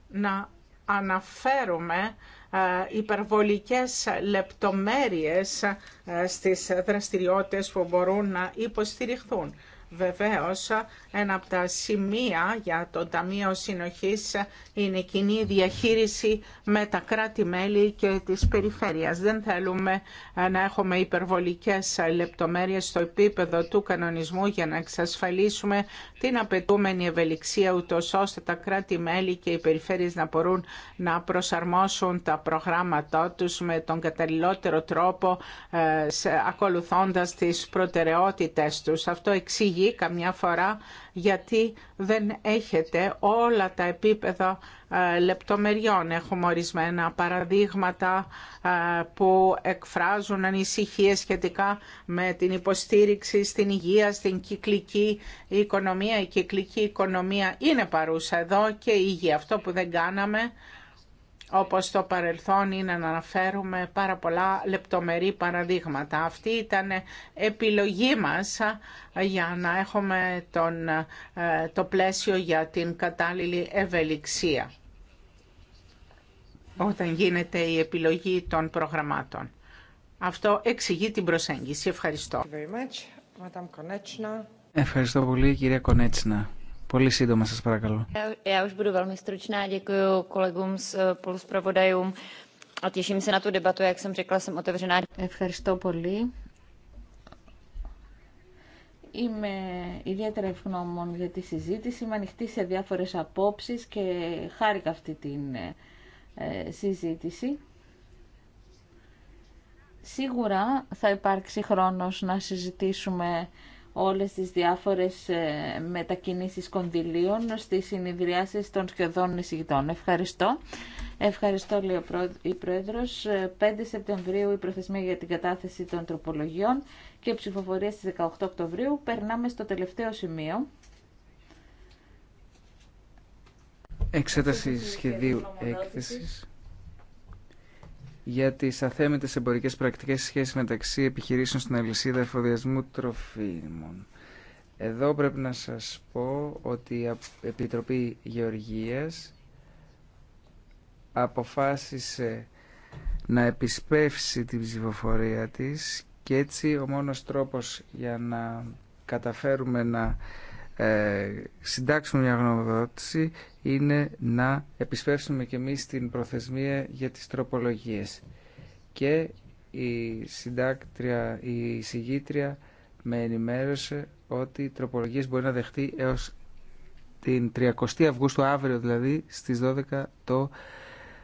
να αναφέρουμε ε, υπερβολικές λεπτομέρειες ε, στις δραστηριότητες που μπορούν να υποστηριχθούν. Βεβαίως, ένα από τα σημεία για το Ταμείο Συνοχής είναι η κοινή διαχείριση με τα κράτη-μέλη και της περιφέρειας. Δεν θέλουμε ε, να έχουμε υπερβολικές λεπτομέρειες στο επίπεδο του κανονισμού για να εξασφαλίσουμε την απαιτούμενη ευελιξία ούτως ώστε τα κράτη-μέλη και οι περιφέρειες να μπορούν να προσαρμόσουν τα προγράμματά τους με τον καταλληλότερο τρόπο ε, ακολουθώντας τις προτεραιότητες τους. Αυτό εξήγει καμιά φορά γιατί δεν έχετε όλα τα επίπεδα ε, λεπτομεριών. Έχουμε ορισμένα παραδείγματα ε, που εκφράζουν ανησυχίες σχετικά με την υποστήριξη στην υγεία, στην κυκλική οικονομία. Η κυκλική οικονομία είναι παρούσα εδώ και η υγεία. Αυτό που δεν κάναμε όπως στο παρελθόν είναι να αναφέρουμε πάρα πολλά λεπτομερή παραδείγματα. Αυτή ήταν επιλογή μας για να έχουμε τον, ε, το πλαίσιο για την κατάλληλη ευελιξία όταν γίνεται η επιλογή των προγραμμάτων. Αυτό εξηγεί την προσέγγιση. Ευχαριστώ. Ευχαριστώ πολύ κυρία Κονέτσινα. Πολύ σύντομα σας παρακαλώ. Ευχαριστώ πολύ. Είμαι ιδιαίτερα ευγνώμων για τη συζήτηση. Είμαι ανοιχτή σε διάφορες απόψεις και χάρηκα αυτή τη ε, ε, συζήτηση. Σίγουρα θα υπάρξει χρόνος να συζητήσουμε όλες τις διάφορες ε, μετακινήσεις κονδυλίων στις συνειδριάσεις των σχεδόν εισηγητών. Ευχαριστώ. Ευχαριστώ, λέει η Πρόεδρος. 5 ε, Σεπτεμβρίου η προθεσμία για την κατάθεση των τροπολογιών και ψηφοφορία στις 18 Οκτωβρίου. Περνάμε στο τελευταίο σημείο. Εξέταση σχεδίου έκθεσης για τις αθέμητες εμπορικές πρακτικές σχέσεις μεταξύ επιχειρήσεων στην αλυσίδα εφοδιασμού τροφίμων. Εδώ πρέπει να σας πω ότι η Επιτροπή Γεωργίας αποφάσισε να επισπεύσει την ψηφοφορία της και έτσι ο μόνος τρόπος για να καταφέρουμε να ε, συντάξουμε μια γνωμοδότηση είναι να επισπεύσουμε και εμείς την προθεσμία για τις τροπολογίες. Και η συντάκτρια, η συγγήτρια με ενημέρωσε ότι οι τροπολογίες μπορεί να δεχτεί έως την 30 Αυγούστου αύριο δηλαδή στις 12 το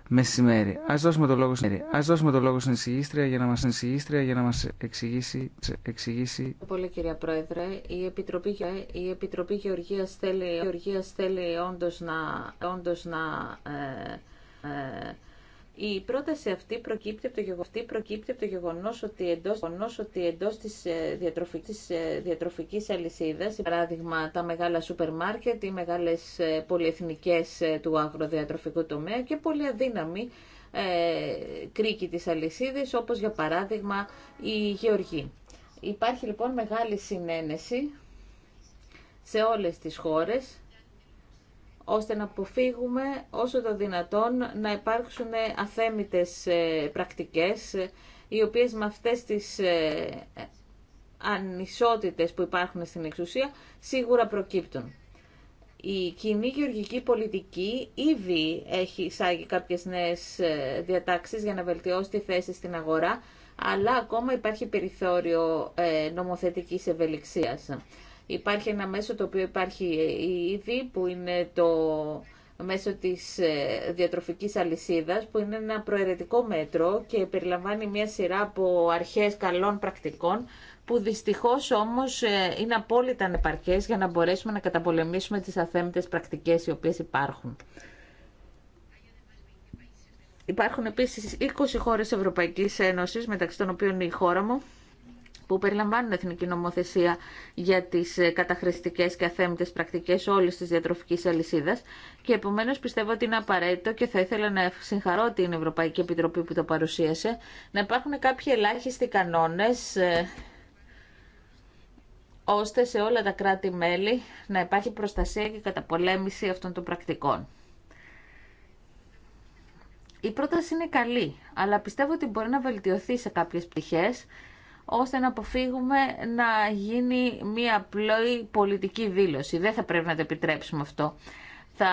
μεσημέρι. Ας δώσουμε το λόγο, ας δώσουμε το λόγο στην εισηγήστρια για να μας, εισηγήστρια για να μας εξηγήσει, εξηγήσει. Πολύ κυρία Πρόεδρε, η Επιτροπή, η Επιτροπή Γεωργία θέλει, θέλει όντως να, όντως να ε, ε, η πρόταση αυτή προκύπτει από το, γεγονός, ότι εντός, τη διατροφική εντός της, ε, ε, διατροφικής, αλυσίδας, παράδειγμα τα μεγάλα σούπερ μάρκετ, η μεγάλες ε, πολυεθνικές του αγροδιατροφικού τομέα και πολύ αδύναμη κρίκη της αλυσίδης, όπως για παράδειγμα η γεωργή. Υπάρχει λοιπόν μεγάλη συνένεση σε όλες τις χώρες ώστε να αποφύγουμε όσο το δυνατόν να υπάρξουν αθέμητες ε, πρακτικές, οι οποίες με αυτές τις ε, ανισότητες που υπάρχουν στην εξουσία σίγουρα προκύπτουν. Η κοινή γεωργική πολιτική ήδη έχει εισάγει κάποιες νέες ε, διατάξεις για να βελτιώσει τη θέση στην αγορά, αλλά ακόμα υπάρχει περιθώριο νομοθετικής ευελιξίας. Υπάρχει ένα μέσο το οποίο υπάρχει ήδη που είναι το μέσο της ε, διατροφικής αλυσίδας που είναι ένα προαιρετικό μέτρο και περιλαμβάνει μια σειρά από αρχές καλών πρακτικών που δυστυχώς όμως ε, είναι απόλυτα ανεπαρκές για να μπορέσουμε να καταπολεμήσουμε τις αθέμητες πρακτικές οι οποίες υπάρχουν. Υπάρχουν επίσης 20 χώρες Ευρωπαϊκής Ένωσης μεταξύ των οποίων η χώρα μου που περιλαμβάνουν εθνική νομοθεσία για τι ε, καταχρηστικές και αθέμητε πρακτικέ όλη τη διατροφική αλυσίδα. και επομένω πιστεύω ότι είναι απαραίτητο και θα ήθελα να συγχαρώ την Ευρωπαϊκή Επιτροπή που το παρουσίασε να υπάρχουν κάποιοι ελάχιστοι κανόνε, ε, ώστε σε όλα τα κράτη-μέλη να υπάρχει προστασία και καταπολέμηση αυτών των πρακτικών. Η πρόταση είναι καλή, αλλά πιστεύω ότι μπορεί να βελτιωθεί σε κάποιες πτυχές ώστε να αποφύγουμε να γίνει μία απλή πολιτική δήλωση. Δεν θα πρέπει να το επιτρέψουμε αυτό. Θα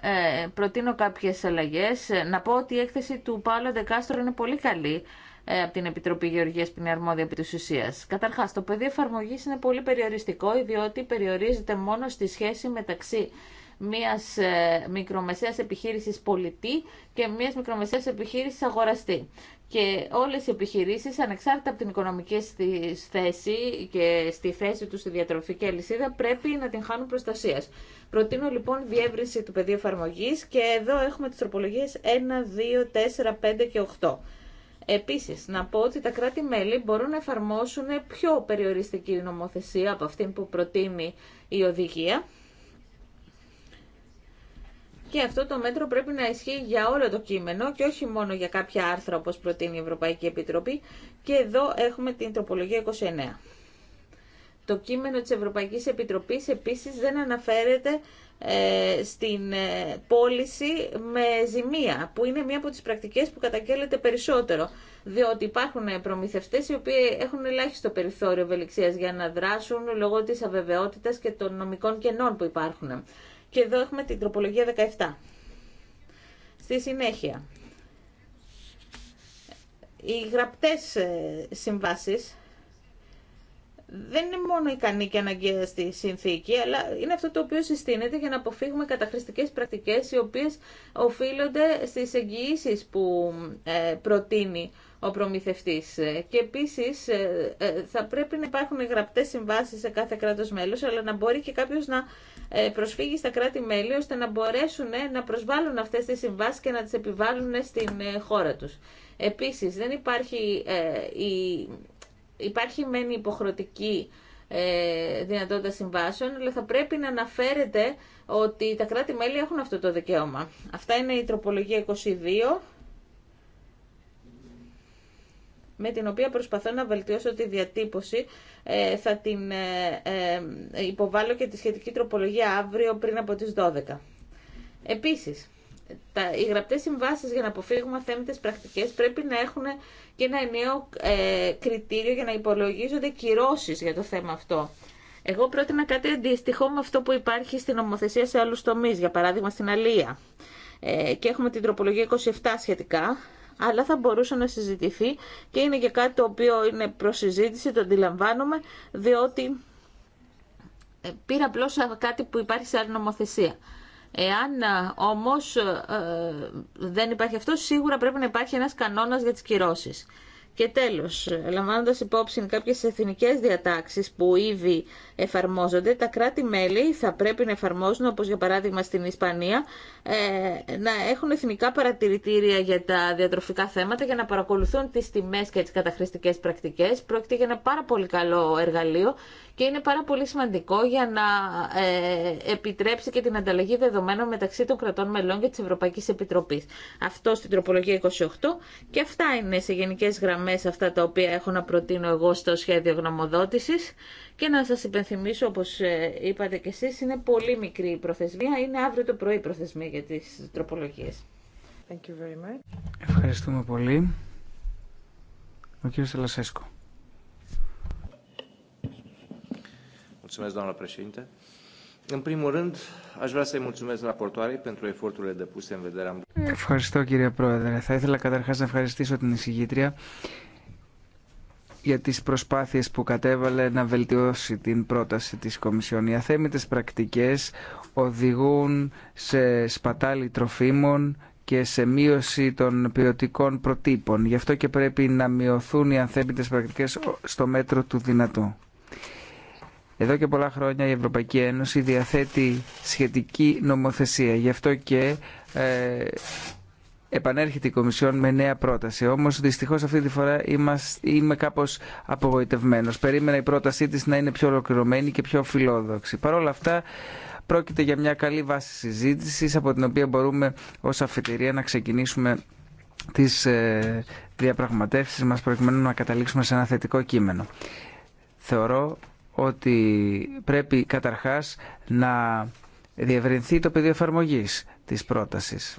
ε, προτείνω κάποιες αλλαγές. Να πω ότι η έκθεση του Πάλο Ντεκάστρο είναι πολύ καλή ε, από την Επιτροπή Γεωργίας που είναι αρμόδια επί της ουσίας. Καταρχάς, το πεδίο εφαρμογή είναι πολύ περιοριστικό, διότι περιορίζεται μόνο στη σχέση μεταξύ μιας ε, μικρομεσαίας επιχείρησης πολιτή και μιας μικρομεσαίας επιχείρησης αγοραστή και όλες οι επιχειρήσεις ανεξάρτητα από την οικονομική στη θέση και στη θέση του στη διατροφική αλυσίδα πρέπει να την χάνουν προστασίας. Προτείνω λοιπόν διεύρυνση του πεδίου εφαρμογή και εδώ έχουμε τις τροπολογίες 1, 2, 4, 5 και 8. Επίσης, να πω ότι τα κράτη-μέλη μπορούν να εφαρμόσουν πιο περιοριστική νομοθεσία από αυτή που προτείνει η οδηγία και αυτό το μέτρο πρέπει να ισχύει για όλο το κείμενο και όχι μόνο για κάποια άρθρα όπως προτείνει η Ευρωπαϊκή Επιτροπή. Και εδώ έχουμε την τροπολογία 29. Το κείμενο της Ευρωπαϊκής Επιτροπής επίσης δεν αναφέρεται ε, στην ε, πώληση με ζημία, που είναι μία από τις πρακτικές που καταγγέλλεται περισσότερο, διότι υπάρχουν ε, προμηθευτές οι οποίοι έχουν ελάχιστο περιθώριο ευελιξίας για να δράσουν λόγω της αβεβαιότητας και των νομικών κενών που υπάρχουν. Και εδώ έχουμε την τροπολογία 17. Στη συνέχεια, οι γραπτές ε, συμβάσεις δεν είναι μόνο ικανή και αναγκαία στη συνθήκη, αλλά είναι αυτό το οποίο συστήνεται για να αποφύγουμε καταχρηστικές πρακτικές οι οποίες οφείλονται στις εγγυήσει που ε, προτείνει ο προμηθευτής. Ε, και επίσης θα πρέπει να υπάρχουν γραπτές συμβάσεις σε κάθε κράτος μέλος, αλλά να μπορεί και κάποιος να ε, προσφύγει στα κράτη-μέλη ώστε να μπορέσουν ε, να προσβάλλουν αυτές τις συμβάσει και να τις επιβάλλουν ε, στην χώρα τους. Επίσης, δεν υπάρχει, η, υπάρχει μεν υποχρεωτική δυνατότητα συμβάσεων, αλλά θα πρέπει να αναφέρεται ότι τα κράτη-μέλη έχουν αυτό το δικαίωμα. Αυτά είναι η τροπολογία 22 με την οποία προσπαθώ να βελτιώσω τη διατύπωση. Ε, θα την ε, ε υποβάλω και τη σχετική τροπολογία αύριο πριν από τις 12. Επίσης, τα, οι γραπτές συμβάσεις για να αποφύγουμε θέμητες πρακτικές πρέπει να έχουν και ένα ενιαίο ε, κριτήριο για να υπολογίζονται κυρώσεις για το θέμα αυτό. Εγώ πρότεινα κάτι αντίστοιχο με αυτό που υπάρχει στην νομοθεσία σε άλλους τομείς, για παράδειγμα στην Αλία. Ε, και έχουμε την τροπολογία 27 σχετικά, αλλά θα μπορούσε να συζητηθεί και είναι και κάτι το οποίο είναι προσυζήτηση, το αντιλαμβάνομαι, διότι ε, πήρα απλώ κάτι που υπάρχει σε άλλη νομοθεσία. Εάν ε, όμως ε, δεν υπάρχει αυτό, σίγουρα πρέπει να υπάρχει ένας κανόνας για τις κυρώσεις. Και τέλος, λαμβάνοντας υπόψη κάποιες εθνικές διατάξεις που ήδη εφαρμόζονται, τα κράτη-μέλη θα πρέπει να εφαρμόζουν, όπως για παράδειγμα στην Ισπανία, ε, να έχουν εθνικά παρατηρητήρια για τα διατροφικά θέματα για να παρακολουθούν τις τιμές και τις καταχρηστικές πρακτικές. Πρόκειται για ένα πάρα πολύ καλό εργαλείο και είναι πάρα πολύ σημαντικό για να ε, επιτρέψει και την ανταλλαγή δεδομένων μεταξύ των κρατών μελών και της Ευρωπαϊκής Επιτροπής. Αυτό στην τροπολογία 28 και αυτά είναι σε γενικές γραμμές αυτά τα οποία έχω να προτείνω εγώ στο σχέδιο γνωμοδότησης και να σας υπενθυμίσω όπως ε, είπατε και εσείς είναι πολύ μικρή η προθεσμία, είναι αύριο το πρωί η προθεσμία για τις τροπολογίες. Ευχαριστούμε πολύ. Ο κύριο Τελασέσκο. Mulțumesc, Ευχαριστώ, κύριε Πρόεδρε. Θα ήθελα καταρχάς να ευχαριστήσω την εισηγήτρια για τις προσπάθειες που κατέβαλε να βελτιώσει την πρόταση της Κομισιόν. Οι αθέμητες πρακτικές οδηγούν σε σπατάλη τροφίμων και σε μείωση των ποιοτικών προτύπων. Γι' αυτό και πρέπει να μειωθούν οι ανθέμητες πρακτικές στο μέτρο του δυνατού. Εδώ και πολλά χρόνια η Ευρωπαϊκή Ένωση διαθέτει σχετική νομοθεσία. Γι' αυτό και ε, επανέρχεται η Κομισιόν με νέα πρόταση. Όμως δυστυχώς αυτή τη φορά είμαστε, είμαι κάπως απογοητευμένος. Περίμενα η πρότασή της να είναι πιο ολοκληρωμένη και πιο φιλόδοξη. Παρ' όλα αυτά πρόκειται για μια καλή βάση συζήτησης από την οποία μπορούμε ως αφετηρία να ξεκινήσουμε τις ε, διαπραγματεύσεις μας προκειμένου να καταλήξουμε σε ένα θετικό κείμενο. Θεωρώ ότι πρέπει καταρχάς να διευρυνθεί το πεδίο εφαρμογή της πρότασης.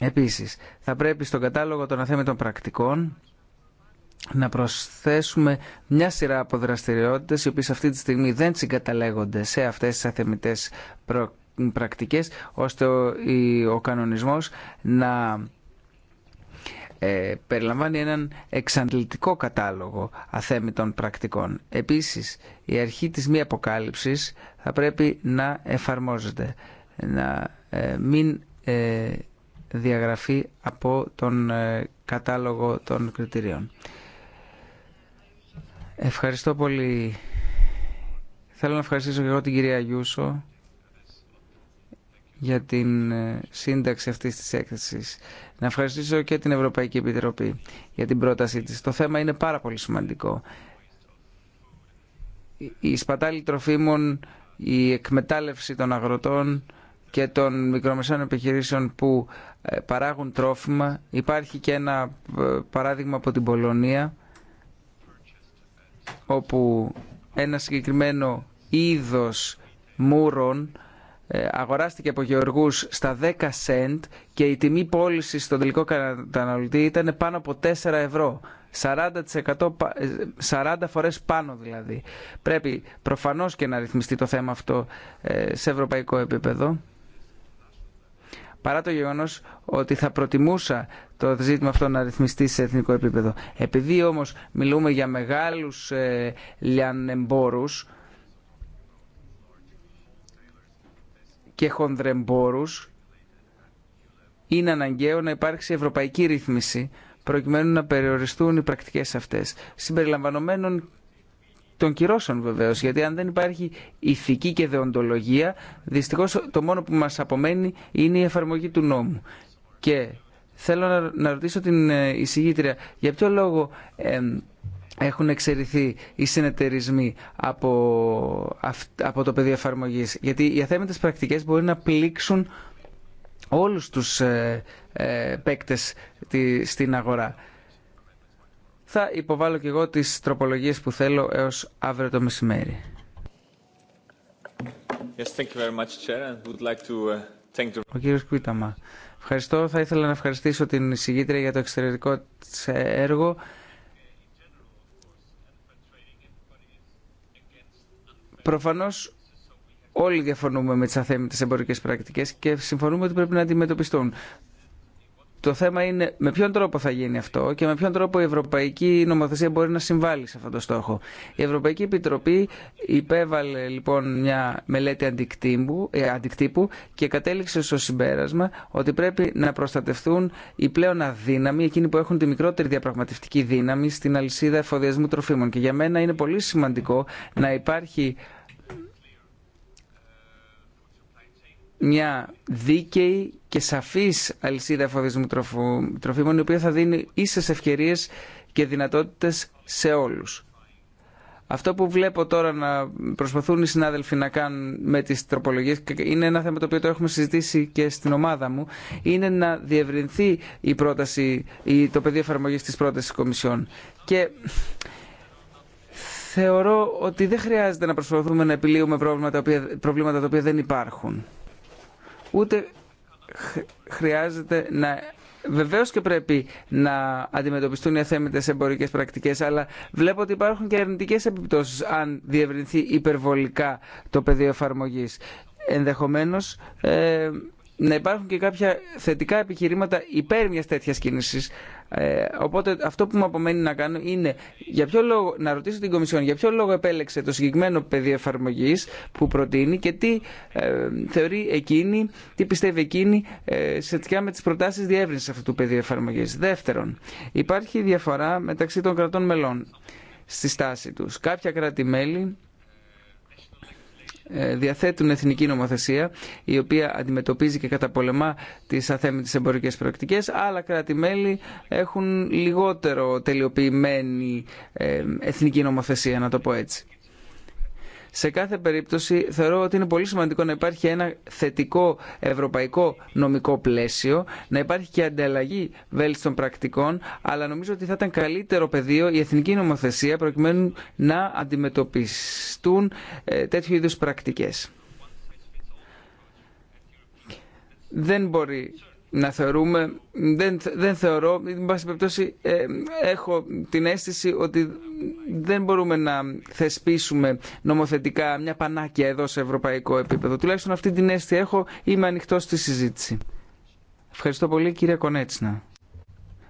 Επίσης, θα πρέπει στον κατάλογο των αθέμητων πρακτικών να προσθέσουμε μια σειρά από δραστηριότητες οι οποίες αυτή τη στιγμή δεν συγκαταλέγονται σε αυτές τις αθεμητές πρακτικές ώστε ο κανονισμός να ε, περιλαμβάνει έναν εξαντλητικό κατάλογο αθέμητων πρακτικών. Επίσης, η αρχή της μη αποκάλυψης θα πρέπει να εφαρμόζεται, να ε, μην ε, διαγραφεί από τον ε, κατάλογο των κριτηρίων. Ευχαριστώ πολύ. Θέλω να ευχαριστήσω και εγώ την κυρία Γιούσο για την ε, σύνταξη αυτής της έκθεσης. Να ευχαριστήσω και την Ευρωπαϊκή Επιτροπή για την πρότασή της. Το θέμα είναι πάρα πολύ σημαντικό. Η σπατάλη τροφίμων, η εκμετάλλευση των αγροτών και των μικρομεσαίων επιχειρήσεων που ε, παράγουν τρόφιμα. Υπάρχει και ένα ε, παράδειγμα από την Πολωνία όπου ένα συγκεκριμένο είδος μούρων ε, αγοράστηκε από γεωργούς στα 10 cent και η τιμή πώληση στον τελικό καταναλωτή ήταν πάνω από 4 ευρώ. 40%, 40 ε, φορές πάνω δηλαδή. Πρέπει προφανώς και να ρυθμιστεί το θέμα αυτό ε, σε ευρωπαϊκό επίπεδο. Παρά το γεγονός ότι θα προτιμούσα το ζήτημα αυτό να ρυθμιστεί σε εθνικό επίπεδο. Επειδή όμως μιλούμε για μεγάλους λιανεμπόρους και χονδρεμπόρους είναι αναγκαίο να υπάρξει ευρωπαϊκή ρύθμιση προκειμένου να περιοριστούν οι πρακτικές αυτές. Συμπεριλαμβανομένων των κυρώσεων βεβαίω, γιατί αν δεν υπάρχει ηθική και δεοντολογία, δυστυχώ το μόνο που μα απομένει είναι η εφαρμογή του νόμου. Και θέλω να, ρωτήσω την ε, εισηγήτρια, για ποιο λόγο ε, έχουν εξαιρεθεί οι συνεταιρισμοί από, από το πεδίο εφαρμογή. Γιατί οι αθέμετες πρακτικέ μπορεί να πλήξουν όλους τους ε, ε, στην αγορά. Θα υποβάλω και εγώ τις τροπολογίες που θέλω έως αύριο το μεσημέρι. Yes, thank you very much, Chair, would like to uh, thank the... Ο κύριος Κουίταμα. Ευχαριστώ. Θα ήθελα να ευχαριστήσω την εισηγήτρια για το εξαιρετικό ε, έργο. Προφανώ όλοι διαφωνούμε με τι αθέμητε εμπορικέ πρακτικέ και συμφωνούμε ότι πρέπει να αντιμετωπιστούν. Το θέμα είναι με ποιον τρόπο θα γίνει αυτό και με ποιον τρόπο η Ευρωπαϊκή Νομοθεσία μπορεί να συμβάλλει σε αυτό το στόχο. Η Ευρωπαϊκή Επιτροπή υπέβαλε λοιπόν μια μελέτη αντικτύπου, ε, αντικτύπου και κατέληξε στο συμπέρασμα ότι πρέπει να προστατευτούν οι πλέον αδύναμοι, εκείνοι που έχουν τη μικρότερη διαπραγματευτική δύναμη στην αλυσίδα εφοδιασμού τροφίμων. Και για μένα είναι πολύ σημαντικό να υπάρχει μια δίκαιη και σαφής αλυσίδα εφοδισμού τροφίμων η οποία θα δίνει ίσες ευκαιρίες και δυνατότητες σε όλους. Αυτό που βλέπω τώρα να προσπαθούν οι συνάδελφοι να κάνουν με τις τροπολογίες είναι ένα θέμα το οποίο το έχουμε συζητήσει και στην ομάδα μου είναι να διευρυνθεί η πρόταση, το πεδίο εφαρμογής της πρότασης κομισιών Και θεωρώ ότι δεν χρειάζεται να προσπαθούμε να επιλύουμε προβλήματα τα οποία, προβλήματα τα οποία δεν υπάρχουν ούτε χρειάζεται να Βεβαίω και πρέπει να αντιμετωπιστούν οι αθέμητε εμπορικέ πρακτικέ, αλλά βλέπω ότι υπάρχουν και αρνητικέ επιπτώσει αν διευρυνθεί υπερβολικά το πεδίο εφαρμογή. Ενδεχομένω, ε, να υπάρχουν και κάποια θετικά επιχειρήματα υπέρ μια τέτοια κίνηση. Ε, οπότε αυτό που μου απομένει να κάνω είναι για ποιο λόγο, να ρωτήσω την Κομισιόν για ποιο λόγο επέλεξε το συγκεκριμένο πεδίο εφαρμογή που προτείνει και τι ε, θεωρεί εκείνη, τι πιστεύει εκείνη ε, σχετικά με τι προτάσει διεύρυνση αυτού του πεδίου εφαρμογή. Δεύτερον, υπάρχει διαφορά μεταξύ των κρατών μελών στη στάση τους. Κάποια κράτη-μέλη ε, διαθέτουν εθνική νομοθεσία η οποία αντιμετωπίζει και καταπολεμά τις αθέμητες εμπορικές πρακτικές άλλα κράτη-μέλη έχουν λιγότερο τελειοποιημένη ε, εθνική νομοθεσία να το πω έτσι. Σε κάθε περίπτωση θεωρώ ότι είναι πολύ σημαντικό να υπάρχει ένα θετικό ευρωπαϊκό νομικό πλαίσιο, να υπάρχει και ανταλλαγή βέλτιστων πρακτικών, αλλά νομίζω ότι θα ήταν καλύτερο πεδίο η εθνική νομοθεσία προκειμένου να αντιμετωπιστούν ε, τέτοιου είδους πρακτικές. Δεν μπορεί να θεωρούμε, δεν, δεν θεωρώ, εν πάση ε, έχω την αίσθηση ότι δεν μπορούμε να θεσπίσουμε νομοθετικά μια πανάκια εδώ σε ευρωπαϊκό επίπεδο. Τουλάχιστον αυτή την αίσθηση έχω, είμαι ανοιχτό στη συζήτηση. Ευχαριστώ πολύ κύριε Κονέτσνα.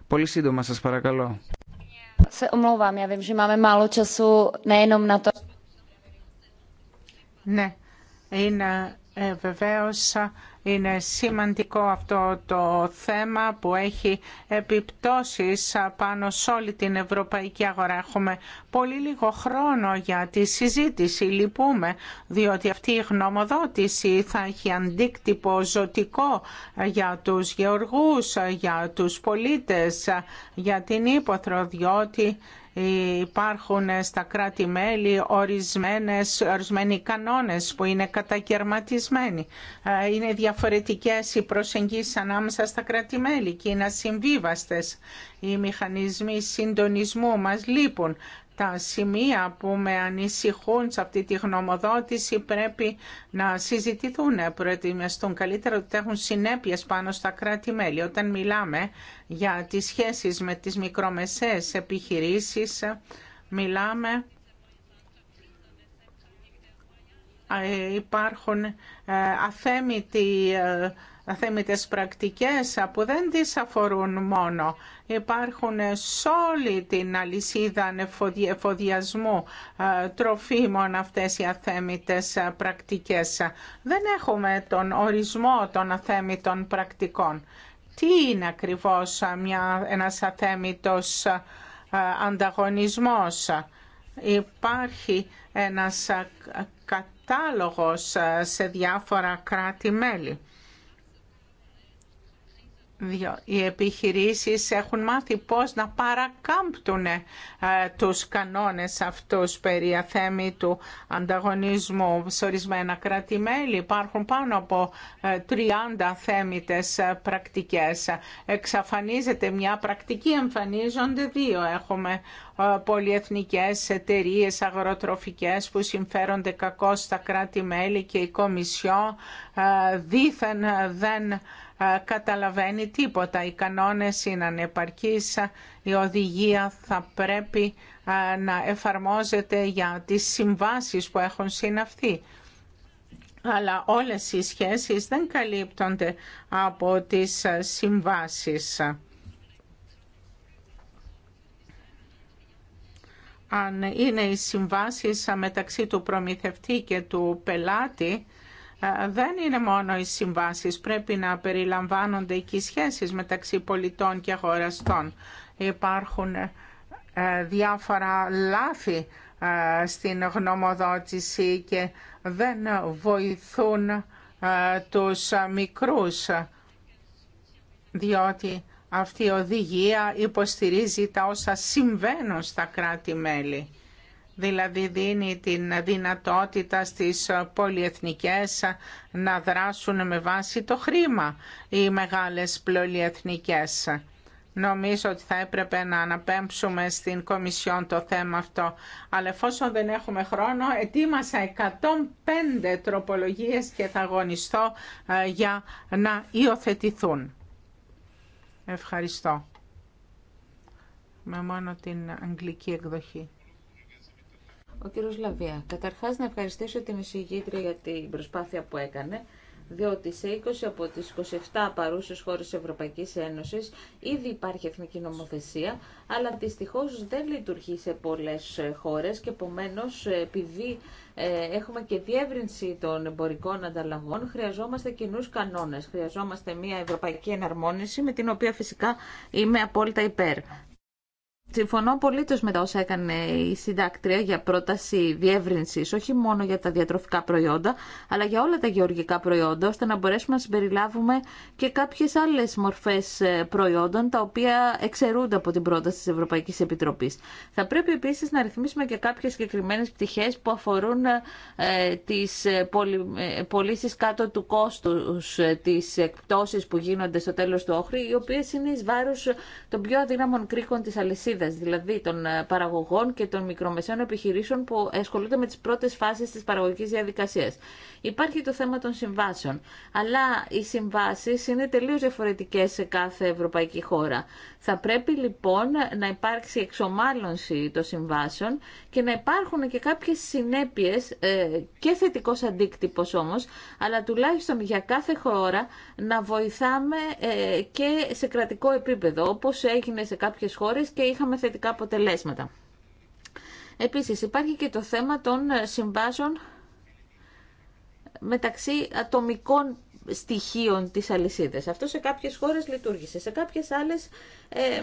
Πολύ σύντομα σας παρακαλώ. Ναι, είναι ε, βεβαίως είναι σημαντικό αυτό το θέμα που έχει επιπτώσεις πάνω σε όλη την ευρωπαϊκή αγορά. Έχουμε πολύ λίγο χρόνο για τη συζήτηση, λυπούμε, διότι αυτή η γνωμοδότηση θα έχει αντίκτυπο ζωτικό για τους γεωργούς, για τους πολίτες, για την ύποθρο, διότι υπάρχουν στα κράτη-μέλη ορισμένες, ορισμένοι κανόνες που είναι κατακαιρματισμένοι. Ε, είναι διαφορετικές οι προσεγγίσεις ανάμεσα στα κράτη-μέλη και είναι ασυμβίβαστες. Οι μηχανισμοί συντονισμού μας λείπουν τα σημεία που με ανησυχούν σε αυτή τη γνωμοδότηση πρέπει να συζητηθούν, προετοιμαστούν καλύτερα ότι έχουν συνέπειες πάνω στα κράτη-μέλη. Όταν μιλάμε για τις σχέσεις με τις μικρομεσαίες επιχειρήσεις, μιλάμε ε, υπάρχουν ε, αθέμητοι ε, αθέμητες πρακτικές που δεν τις αφορούν μόνο. Υπάρχουν σε όλη την αλυσίδα εφοδιασμού ε, τροφίμων αυτές οι αθέμητες ε, πρακτικές. Δεν έχουμε τον ορισμό των αθέμητων πρακτικών. Τι είναι ακριβώς μια, ένας αθέμητος ε, ανταγωνισμός. Υπάρχει ένας κατάλογος σε διάφορα κράτη-μέλη οι επιχειρήσεις έχουν μάθει πώς να παρακάμπτουν ε, τους κανόνες αυτούς περί αθέμη του ανταγωνισμού. Σε ορισμένα κράτη-μέλη υπάρχουν πάνω από 30 ε, θέμητες ε, πρακτικές. Εξαφανίζεται μια πρακτική, εμφανίζονται δύο. Έχουμε πολυεθνικές εταιρείε αγροτροφικές που συμφέρονται κακώς στα κράτη-μέλη και η Κομισιό δήθεν δεν καταλαβαίνει τίποτα. Οι κανόνες είναι ανεπαρκείς, η οδηγία θα πρέπει να εφαρμόζεται για τις συμβάσεις που έχουν συναυθεί. Αλλά όλες οι σχέσεις δεν καλύπτονται από τις συμβάσεις. Αν είναι οι συμβάσεις μεταξύ του προμηθευτή και του πελάτη, ε, δεν είναι μόνο οι συμβάσεις, πρέπει να περιλαμβάνονται και οι σχέσεις μεταξύ πολιτών και αγοραστών. Υπάρχουν ε, διάφορα λάθη ε, στην γνωμοδότηση και δεν βοηθούν τους μικρούς, διότι αυτή η οδηγία υποστηρίζει τα όσα συμβαίνουν στα κράτη-μέλη δηλαδή δίνει την δυνατότητα στις πολυεθνικές να δράσουν με βάση το χρήμα οι μεγάλες πολυεθνικές. Νομίζω ότι θα έπρεπε να αναπέμψουμε στην Κομισιόν το θέμα αυτό. Αλλά εφόσον δεν έχουμε χρόνο, ετοίμασα 105 τροπολογίες και θα αγωνιστώ ε, για να υιοθετηθούν. Ευχαριστώ. Με μόνο την αγγλική εκδοχή. Ο κύριο Λαβία. Καταρχάς να ευχαριστήσω την εισηγήτρια για την προσπάθεια που έκανε διότι σε 20 από τις 27 παρούσες χώρες Ευρωπαϊκής Ένωση ήδη υπάρχει εθνική νομοθεσία, αλλά δυστυχώ δεν λειτουργεί σε πολλές χώρες και επομένω, επειδή ε, έχουμε και διεύρυνση των εμπορικών ανταλλαγών, χρειαζόμαστε κοινού κανόνε. χρειαζόμαστε μια ευρωπαϊκή εναρμόνιση με την οποία φυσικά είμαι απόλυτα υπέρ. Συμφωνώ πολύ με τα όσα έκανε η συντάκτρια για πρόταση διεύρυνση, όχι μόνο για τα διατροφικά προϊόντα, αλλά για όλα τα γεωργικά προϊόντα, ώστε να μπορέσουμε να συμπεριλάβουμε και κάποιε άλλε μορφέ ε, προϊόντων, τα οποία εξαιρούνται από την πρόταση τη Ευρωπαϊκή Επιτροπή. Θα πρέπει επίση να ρυθμίσουμε και κάποιε συγκεκριμένε πτυχέ που αφορούν ε, τι ε, ε, πωλήσει κάτω του κόστου, τι εκπτώσει που γίνονται στο τέλο του όχρη, οι οποίε είναι ει βάρο των πιο αδύναμων κρίκων τη αλυσίδα δηλαδή των ε, παραγωγών και των μικρομεσαίων επιχειρήσεων που ασχολούνται με τις πρώτες φάσεις της παραγωγικής διαδικασίας. Υπάρχει το θέμα των συμβάσεων, αλλά οι συμβάσεις είναι τελείως διαφορετικές σε κάθε ευρωπαϊκή χώρα. Θα πρέπει λοιπόν να υπάρξει εξομάλωνση των συμβάσεων και να υπάρχουν και κάποιες συνέπειες ε, και θετικός αντίκτυπος όμως, αλλά τουλάχιστον για κάθε χώρα να βοηθάμε ε, και σε κρατικό επίπεδο, όπως έγινε σε κάποιες χώρες και είχαμε με θετικά αποτελέσματα. Επίσης υπάρχει και το θέμα των συμβάσεων μεταξύ ατομικών στοιχείων της αλυσίδας. Αυτό σε κάποιες χώρες λειτουργήσε, σε κάποιες άλλες ε,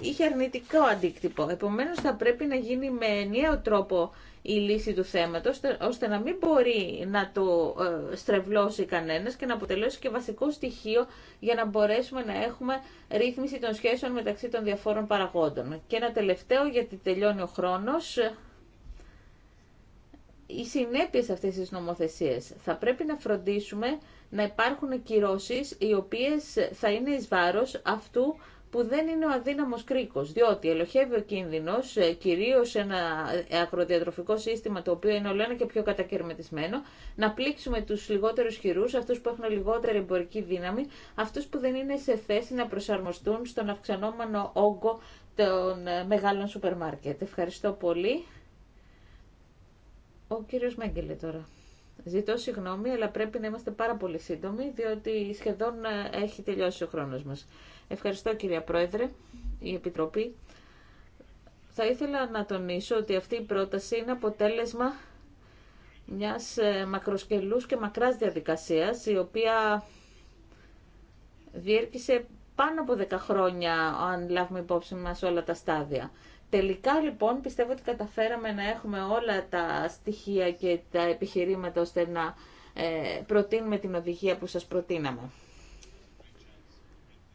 είχε αρνητικό αντίκτυπο. Επομένως θα πρέπει να γίνει με ενιαίο τρόπο η λύση του θέματος, ώστε να μην μπορεί να το ε, στρεβλώσει κανένας και να αποτελέσει και βασικό στοιχείο για να μπορέσουμε να έχουμε ρύθμιση των σχέσεων μεταξύ των διαφόρων παραγόντων. Και ένα τελευταίο, γιατί τελειώνει ο χρόνος, οι συνέπειες αυτής της νομοθεσίας. Θα πρέπει να φροντίσουμε να υπάρχουν κυρώσεις οι οποίες θα είναι εις βάρος αυτού που δεν είναι ο αδύναμος κρίκος, διότι ελοχεύει ο κίνδυνος, ε, κυρίως ένα ε, ακροδιατροφικό σύστημα το οποίο είναι ολένα και πιο κατακαιρματισμένο, να πλήξουμε τους λιγότερους χειρούς, αυτούς που έχουν λιγότερη εμπορική δύναμη, αυτούς που δεν είναι σε θέση να προσαρμοστούν στον αυξανόμενο όγκο των ε, μεγάλων σούπερ μάρκετ. Ευχαριστώ πολύ. Ο κύριος Μέγκελε τώρα. Ζητώ συγγνώμη, αλλά πρέπει να είμαστε πάρα πολύ σύντομοι, διότι σχεδόν έχει τελειώσει ο χρόνος μας. Ευχαριστώ κυρία Πρόεδρε, η Επιτροπή. Θα ήθελα να τονίσω ότι αυτή η πρόταση είναι αποτέλεσμα μιας ε, μακροσκελούς και μακράς διαδικασίας, η οποία διέρχησε πάνω από 10 χρόνια, αν λάβουμε υπόψη μας όλα τα στάδια. Τελικά λοιπόν πιστεύω ότι καταφέραμε να έχουμε όλα τα στοιχεία και τα επιχειρήματα ώστε να ε, προτείνουμε την οδηγία που σας προτείναμε.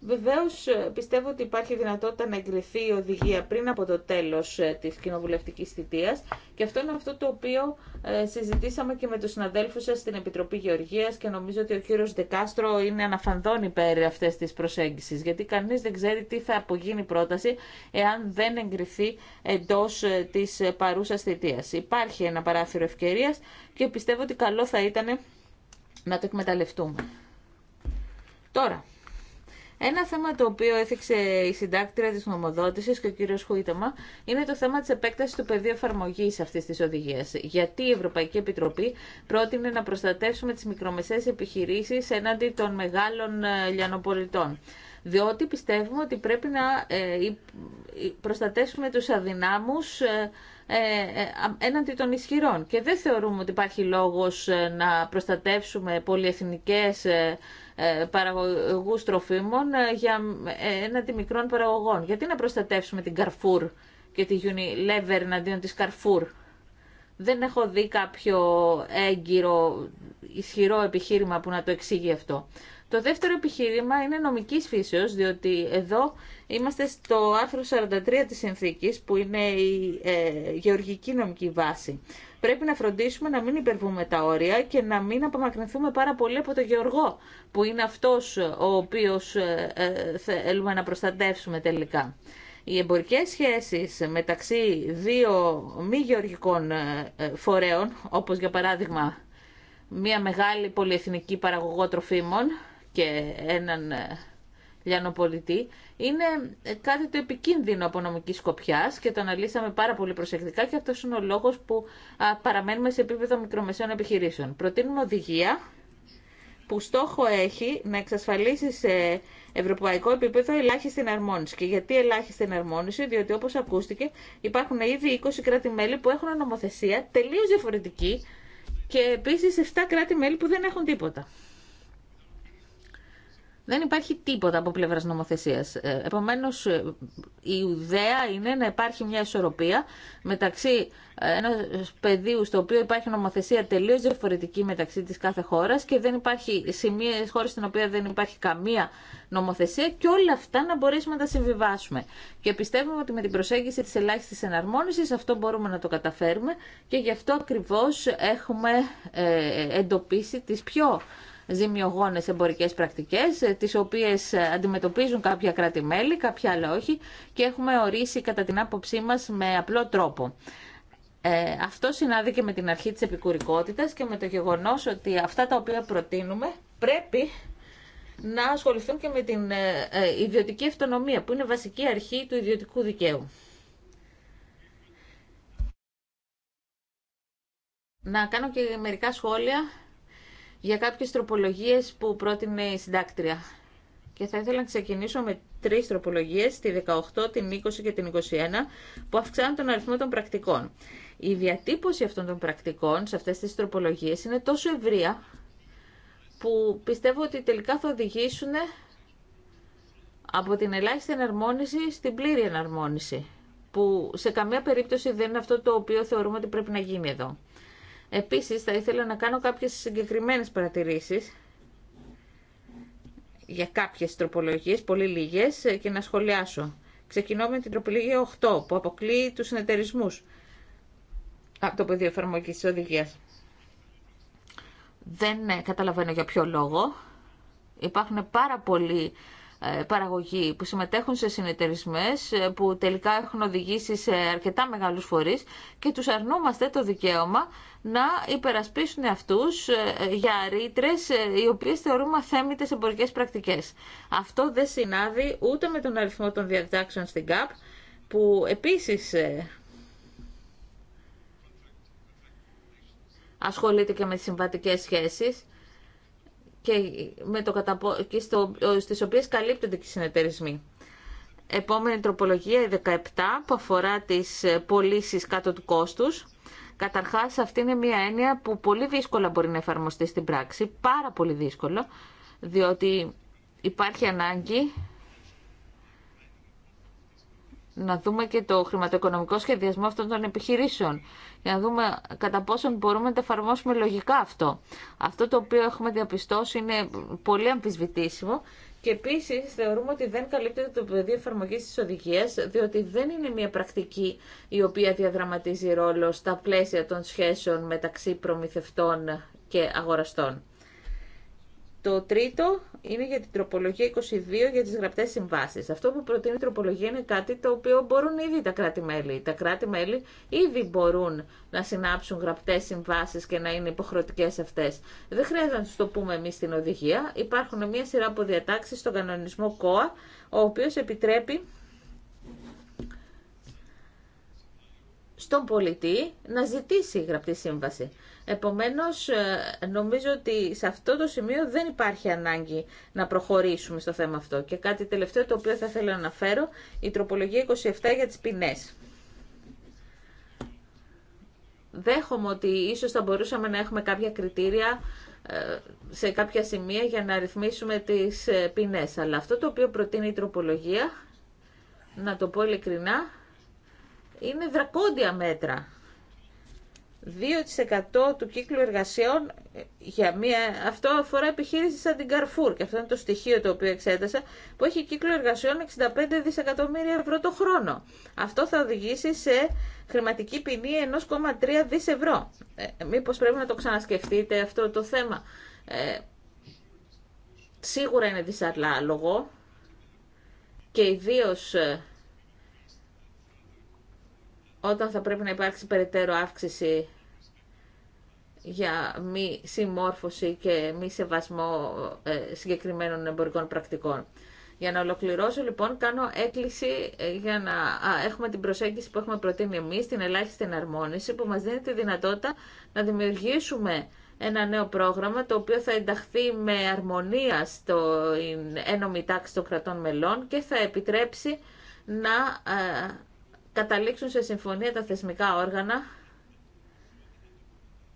Βεβαίω, ε, πιστεύω ότι υπάρχει δυνατότητα να εγκριθεί η οδηγία πριν από το τέλο ε, τη κοινοβουλευτική θητεία. και αυτό είναι αυτό το οποίο ε, συζητήσαμε και με του συναδέλφου σα στην Επιτροπή Γεωργίας και νομίζω ότι ο κύριο Δεκάστρο είναι αναφανδόν υπέρ αυτές τη προσέγγιση. γιατί κανεί δεν ξέρει τι θα απογίνει η πρόταση εάν δεν εγκριθεί εντό τη παρούσα θητεία. Υπάρχει ένα παράθυρο ευκαιρία και πιστεύω ότι καλό θα ήταν να το εκμεταλλευτούμε. Τώρα, ένα θέμα το οποίο έθιξε η συντάκτρια τη νομοδότηση και ο κύριο Χούιταμα είναι το θέμα τη επέκταση του πεδίου εφαρμογή αυτή τη οδηγία. Γιατί η Ευρωπαϊκή Επιτροπή πρότεινε να προστατεύσουμε τι μικρομεσαίες επιχειρήσει έναντι των μεγάλων ε, λιανοπολιτών διότι πιστεύουμε ότι πρέπει να ε, προστατεύσουμε του αδυνάμου ε, έναντι των ισχυρών. Και δεν θεωρούμε ότι υπάρχει λόγο να προστατεύσουμε πολυεθνικές ε, Παραγωγού τροφίμων ε, για ε, έναντι μικρών παραγωγών. Γιατί να προστατεύσουμε την Καρφούρ και τη Unilever εναντίον της Καρφούρ. Δεν έχω δει κάποιο έγκυρο, ισχυρό επιχείρημα που να το εξήγει αυτό. Το δεύτερο επιχείρημα είναι νομικής φύσεως, διότι εδώ είμαστε στο άρθρο 43 της συνθήκης, που είναι η γεωργική νομική βάση πρέπει να φροντίσουμε να μην υπερβούμε τα όρια και να μην απομακρυνθούμε πάρα πολύ από το γεωργό, που είναι αυτός ε, ο οποίος ε, ε, θέλουμε να προστατεύσουμε τελικά. Οι εμπορικές σχέσεις μεταξύ δύο μη γεωργικών φορέων, όπως για παράδειγμα μια μεγάλη πολυεθνική παραγωγό τροφίμων και έναν λιανοπολιτή είναι κάτι το επικίνδυνο από νομική σκοπιά και το αναλύσαμε πάρα πολύ προσεκτικά και αυτό είναι ο λόγο που παραμένουμε σε επίπεδο μικρομεσαίων επιχειρήσεων. Προτείνουμε οδηγία που στόχο έχει να εξασφαλίσει σε ευρωπαϊκό επίπεδο ελάχιστη εναρμόνιση. Και γιατί ελάχιστη εναρμόνιση, διότι όπω ακούστηκε υπάρχουν ήδη 20 κράτη-μέλη που έχουν νομοθεσία τελείω διαφορετική και επίση 7 κράτη-μέλη που δεν έχουν τίποτα δεν υπάρχει τίποτα από πλευρά νομοθεσία. Ε, Επομένω, ε, η ιδέα είναι να υπάρχει μια ισορροπία μεταξύ ενό πεδίου στο οποίο υπάρχει νομοθεσία τελείω διαφορετική μεταξύ τη κάθε χώρα και δεν υπάρχει σημεία χώρες στην οποία δεν υπάρχει καμία νομοθεσία και όλα αυτά να μπορέσουμε να τα συμβιβάσουμε. Και πιστεύουμε ότι με την προσέγγιση τη ελάχιστη εναρμόνιση αυτό μπορούμε να το καταφέρουμε και γι' αυτό ακριβώ έχουμε ε, εντοπίσει τι πιο ζημιογόνες εμπορικές πρακτικές, ε, τις οποίες ε, αντιμετωπίζουν κάποια κράτη-μέλη, κάποια άλλα όχι και έχουμε ορίσει κατά την άποψή μας με απλό τρόπο. Ε, αυτό συνάδει με την αρχή της επικουρικότητας και με το γεγονός ότι αυτά τα οποία προτείνουμε πρέπει να ασχοληθούν και με την ε, ιδιωτική αυτονομία, που είναι βασική αρχή του ιδιωτικού δικαίου. Να κάνω και μερικά σχόλια για κάποιες τροπολογίες που πρότεινε η συντάκτρια. Και θα ήθελα να ξεκινήσω με τρεις τροπολογίες, τη 18, την 20 και την 21, που αυξάνουν τον αριθμό των πρακτικών. Η διατύπωση αυτών των πρακτικών σε αυτές τις τροπολογίες είναι τόσο ευρεία που πιστεύω ότι τελικά θα οδηγήσουν από την ελάχιστη εναρμόνιση στην πλήρη εναρμόνιση, που σε καμία περίπτωση δεν είναι αυτό το οποίο θεωρούμε ότι πρέπει να γίνει εδώ. Επίσης, θα ήθελα να κάνω κάποιες συγκεκριμένες παρατηρήσεις για κάποιες τροπολογίες, πολύ λίγες, και να σχολιάσω. Ξεκινώ με την τροπολογία 8, που αποκλείει τους συνεταιρισμούς από το πεδίο εφαρμογή τη οδηγία. Δεν ε, καταλαβαίνω για ποιο λόγο. Υπάρχουν πάρα πολλοί ε, παραγωγή που συμμετέχουν σε συνεταιρισμές ε, που τελικά έχουν οδηγήσει σε αρκετά μεγάλους φορείς και τους αρνούμαστε το δικαίωμα να υπερασπίσουν αυτούς ε, για ρήτρε οι οποίες θεωρούμε αθέμητες εμπορικές πρακτικές. Αυτό δεν συνάδει ούτε με τον αριθμό των διατάξεων στην ΚΑΠ που επίσης ασχολείται και με τις συμβατικές σχέσεις και, με το καταπο... και στο... στις οποίες καλύπτονται και οι συνεταιρισμοί. Επόμενη τροπολογία, η 17, που αφορά τις πωλήσει κάτω του κόστους. Καταρχάς, αυτή είναι μια έννοια που πολύ δύσκολα μπορεί να εφαρμοστεί στην πράξη, πάρα πολύ δύσκολο, διότι υπάρχει ανάγκη να δούμε και το χρηματοοικονομικό σχεδιασμό αυτών των επιχειρήσεων για να δούμε κατά πόσον μπορούμε να τα εφαρμόσουμε λογικά αυτό. Αυτό το οποίο έχουμε διαπιστώσει είναι πολύ αμφισβητήσιμο και επίση θεωρούμε ότι δεν καλύπτεται το πεδίο εφαρμογή τη οδηγία, διότι δεν είναι μια πρακτική η οποία διαδραματίζει ρόλο στα πλαίσια των σχέσεων μεταξύ προμηθευτών και αγοραστών. Το τρίτο είναι για την τροπολογία 22 για τις γραπτές συμβάσεις. Αυτό που προτείνει η τροπολογία είναι κάτι το οποίο μπορούν ήδη τα κράτη-μέλη. Τα κράτη-μέλη ήδη μπορούν να συνάψουν γραπτές συμβάσεις και να είναι υποχρεωτικές αυτές. Δεν χρειάζεται να τους το πούμε εμείς στην οδηγία. Υπάρχουν μια σειρά από διατάξεις στον κανονισμό ΚΟΑ, ο οποίος επιτρέπει στον πολιτή να ζητήσει γραπτή σύμβαση. Επομένως, ε, νομίζω ότι σε αυτό το σημείο δεν υπάρχει ανάγκη να προχωρήσουμε στο θέμα αυτό. Και κάτι τελευταίο το οποίο θα ήθελα να αναφέρω, η τροπολογία 27 για τις ποινές. Δέχομαι ότι ίσως θα μπορούσαμε να έχουμε κάποια κριτήρια ε, σε κάποια σημεία για να ρυθμίσουμε τις ε, ποινές. Αλλά αυτό το οποίο προτείνει η τροπολογία, να το πω ειλικρινά, είναι δρακόντια μέτρα 2% του κύκλου εργασιών για μία, αυτό αφορά επιχείρηση σαν την Carrefour και αυτό είναι το στοιχείο το οποίο εξέτασα που έχει κύκλο εργασιών 65 δισεκατομμύρια ευρώ το χρόνο. Αυτό θα οδηγήσει σε χρηματική ποινή 1,3 δις ευρώ. Ε, μήπως πρέπει να το ξανασκεφτείτε αυτό το θέμα. Ε, σίγουρα είναι δυσαρλάλογο και ιδίως ε, όταν θα πρέπει να υπάρξει περαιτέρω αύξηση για μη συμμόρφωση και μη σεβασμό ε, συγκεκριμένων εμπορικών πρακτικών. Για να ολοκληρώσω λοιπόν κάνω έκκληση ε, για να έχουμε την προσέγγιση που έχουμε προτείνει εμείς, την ελάχιστη εναρμόνιση που μας δίνει τη δυνατότητα να δημιουργήσουμε ένα νέο πρόγραμμα το οποίο θα ενταχθεί με αρμονία στο ε, ένωμη τάξη των κρατών μελών και θα επιτρέψει να καταλήξουν σε συμφωνία τα θεσμικά όργανα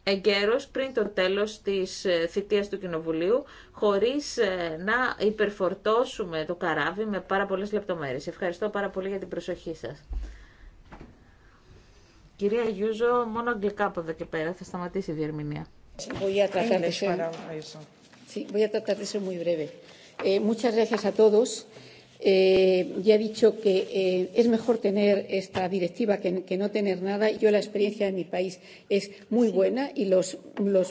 εγκαίρως πριν το τέλος της ε, θητείας του Κοινοβουλίου, χωρίς ε, να υπερφορτώσουμε το καράβι με πάρα πολλές λεπτομέρειες. Ευχαριστώ πάρα πολύ για την προσοχή σας. Κυρία Γιούζο, μόνο αγγλικά από εδώ και πέρα. Θα σταματήσει η διερμηνία. Voy a tratar de ser, eh, muchas gracias a todos ya he dicho que es mejor tener esta directiva que no tener nada. Yo la experiencia de mi país es muy buena y los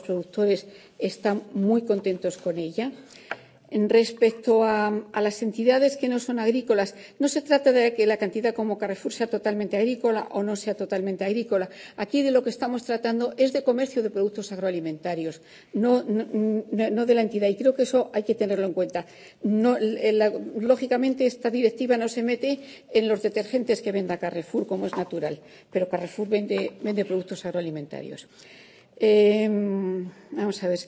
productores están muy contentos con ella. En Respecto a las entidades que no son agrícolas, no se trata de que la cantidad como Carrefour sea totalmente agrícola o no sea totalmente agrícola. Aquí de lo que estamos tratando es de comercio de productos agroalimentarios, no de la entidad. Y creo que eso hay que tenerlo en cuenta. Lógicamente, esta directiva no se mete en los detergentes que venda Carrefour, como es natural, pero Carrefour vende vende productos agroalimentarios. Vamos a ver.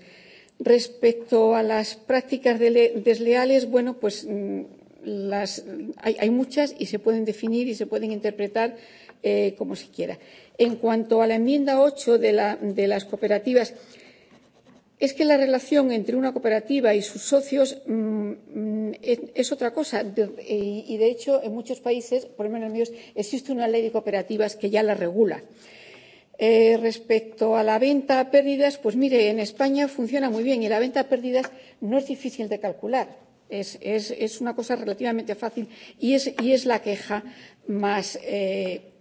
Respecto a las prácticas desleales, bueno, pues las, hay, hay muchas y se pueden definir y se pueden interpretar eh, como se quiera. En cuanto a la enmienda 8 de, la, de las cooperativas, es que la relación entre una cooperativa y sus socios es otra cosa. Y, de hecho, en muchos países, por lo menos en los míos, existe una ley de cooperativas que ya la regula. Respecto a la venta a pérdidas, pues mire, en España funciona muy bien y la venta a pérdidas no es difícil de calcular. Es, es, es una cosa relativamente fácil y es, y es la queja más, eh,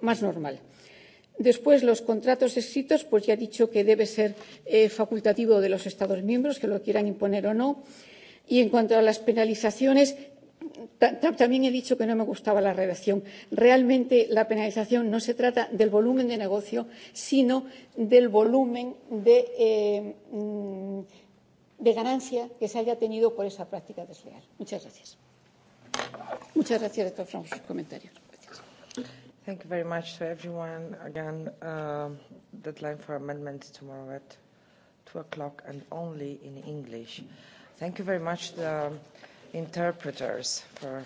más normal. Después, los contratos escritos, pues ya he dicho que debe ser facultativo de los Estados miembros, que lo quieran imponer o no. Y en cuanto a las penalizaciones, También he dicho que no me gustaba la redacción. Realmente la penalización no se trata del volumen de negocio, sino del volumen de, eh, de ganancia que se haya tenido por esa práctica desleal. Muchas gracias. Muchas gracias doctor todos por sus comentarios. Thank you very much to everyone. Again, uh, deadline for amendments tomorrow at 2 o'clock and only in English. Thank you very much. The interpreters for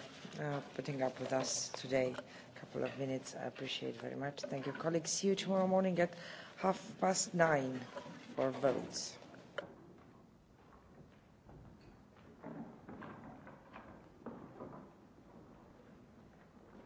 putting up with us today. A couple of minutes, I appreciate very much. Thank you, colleagues. See you tomorrow morning at half past nine for votes.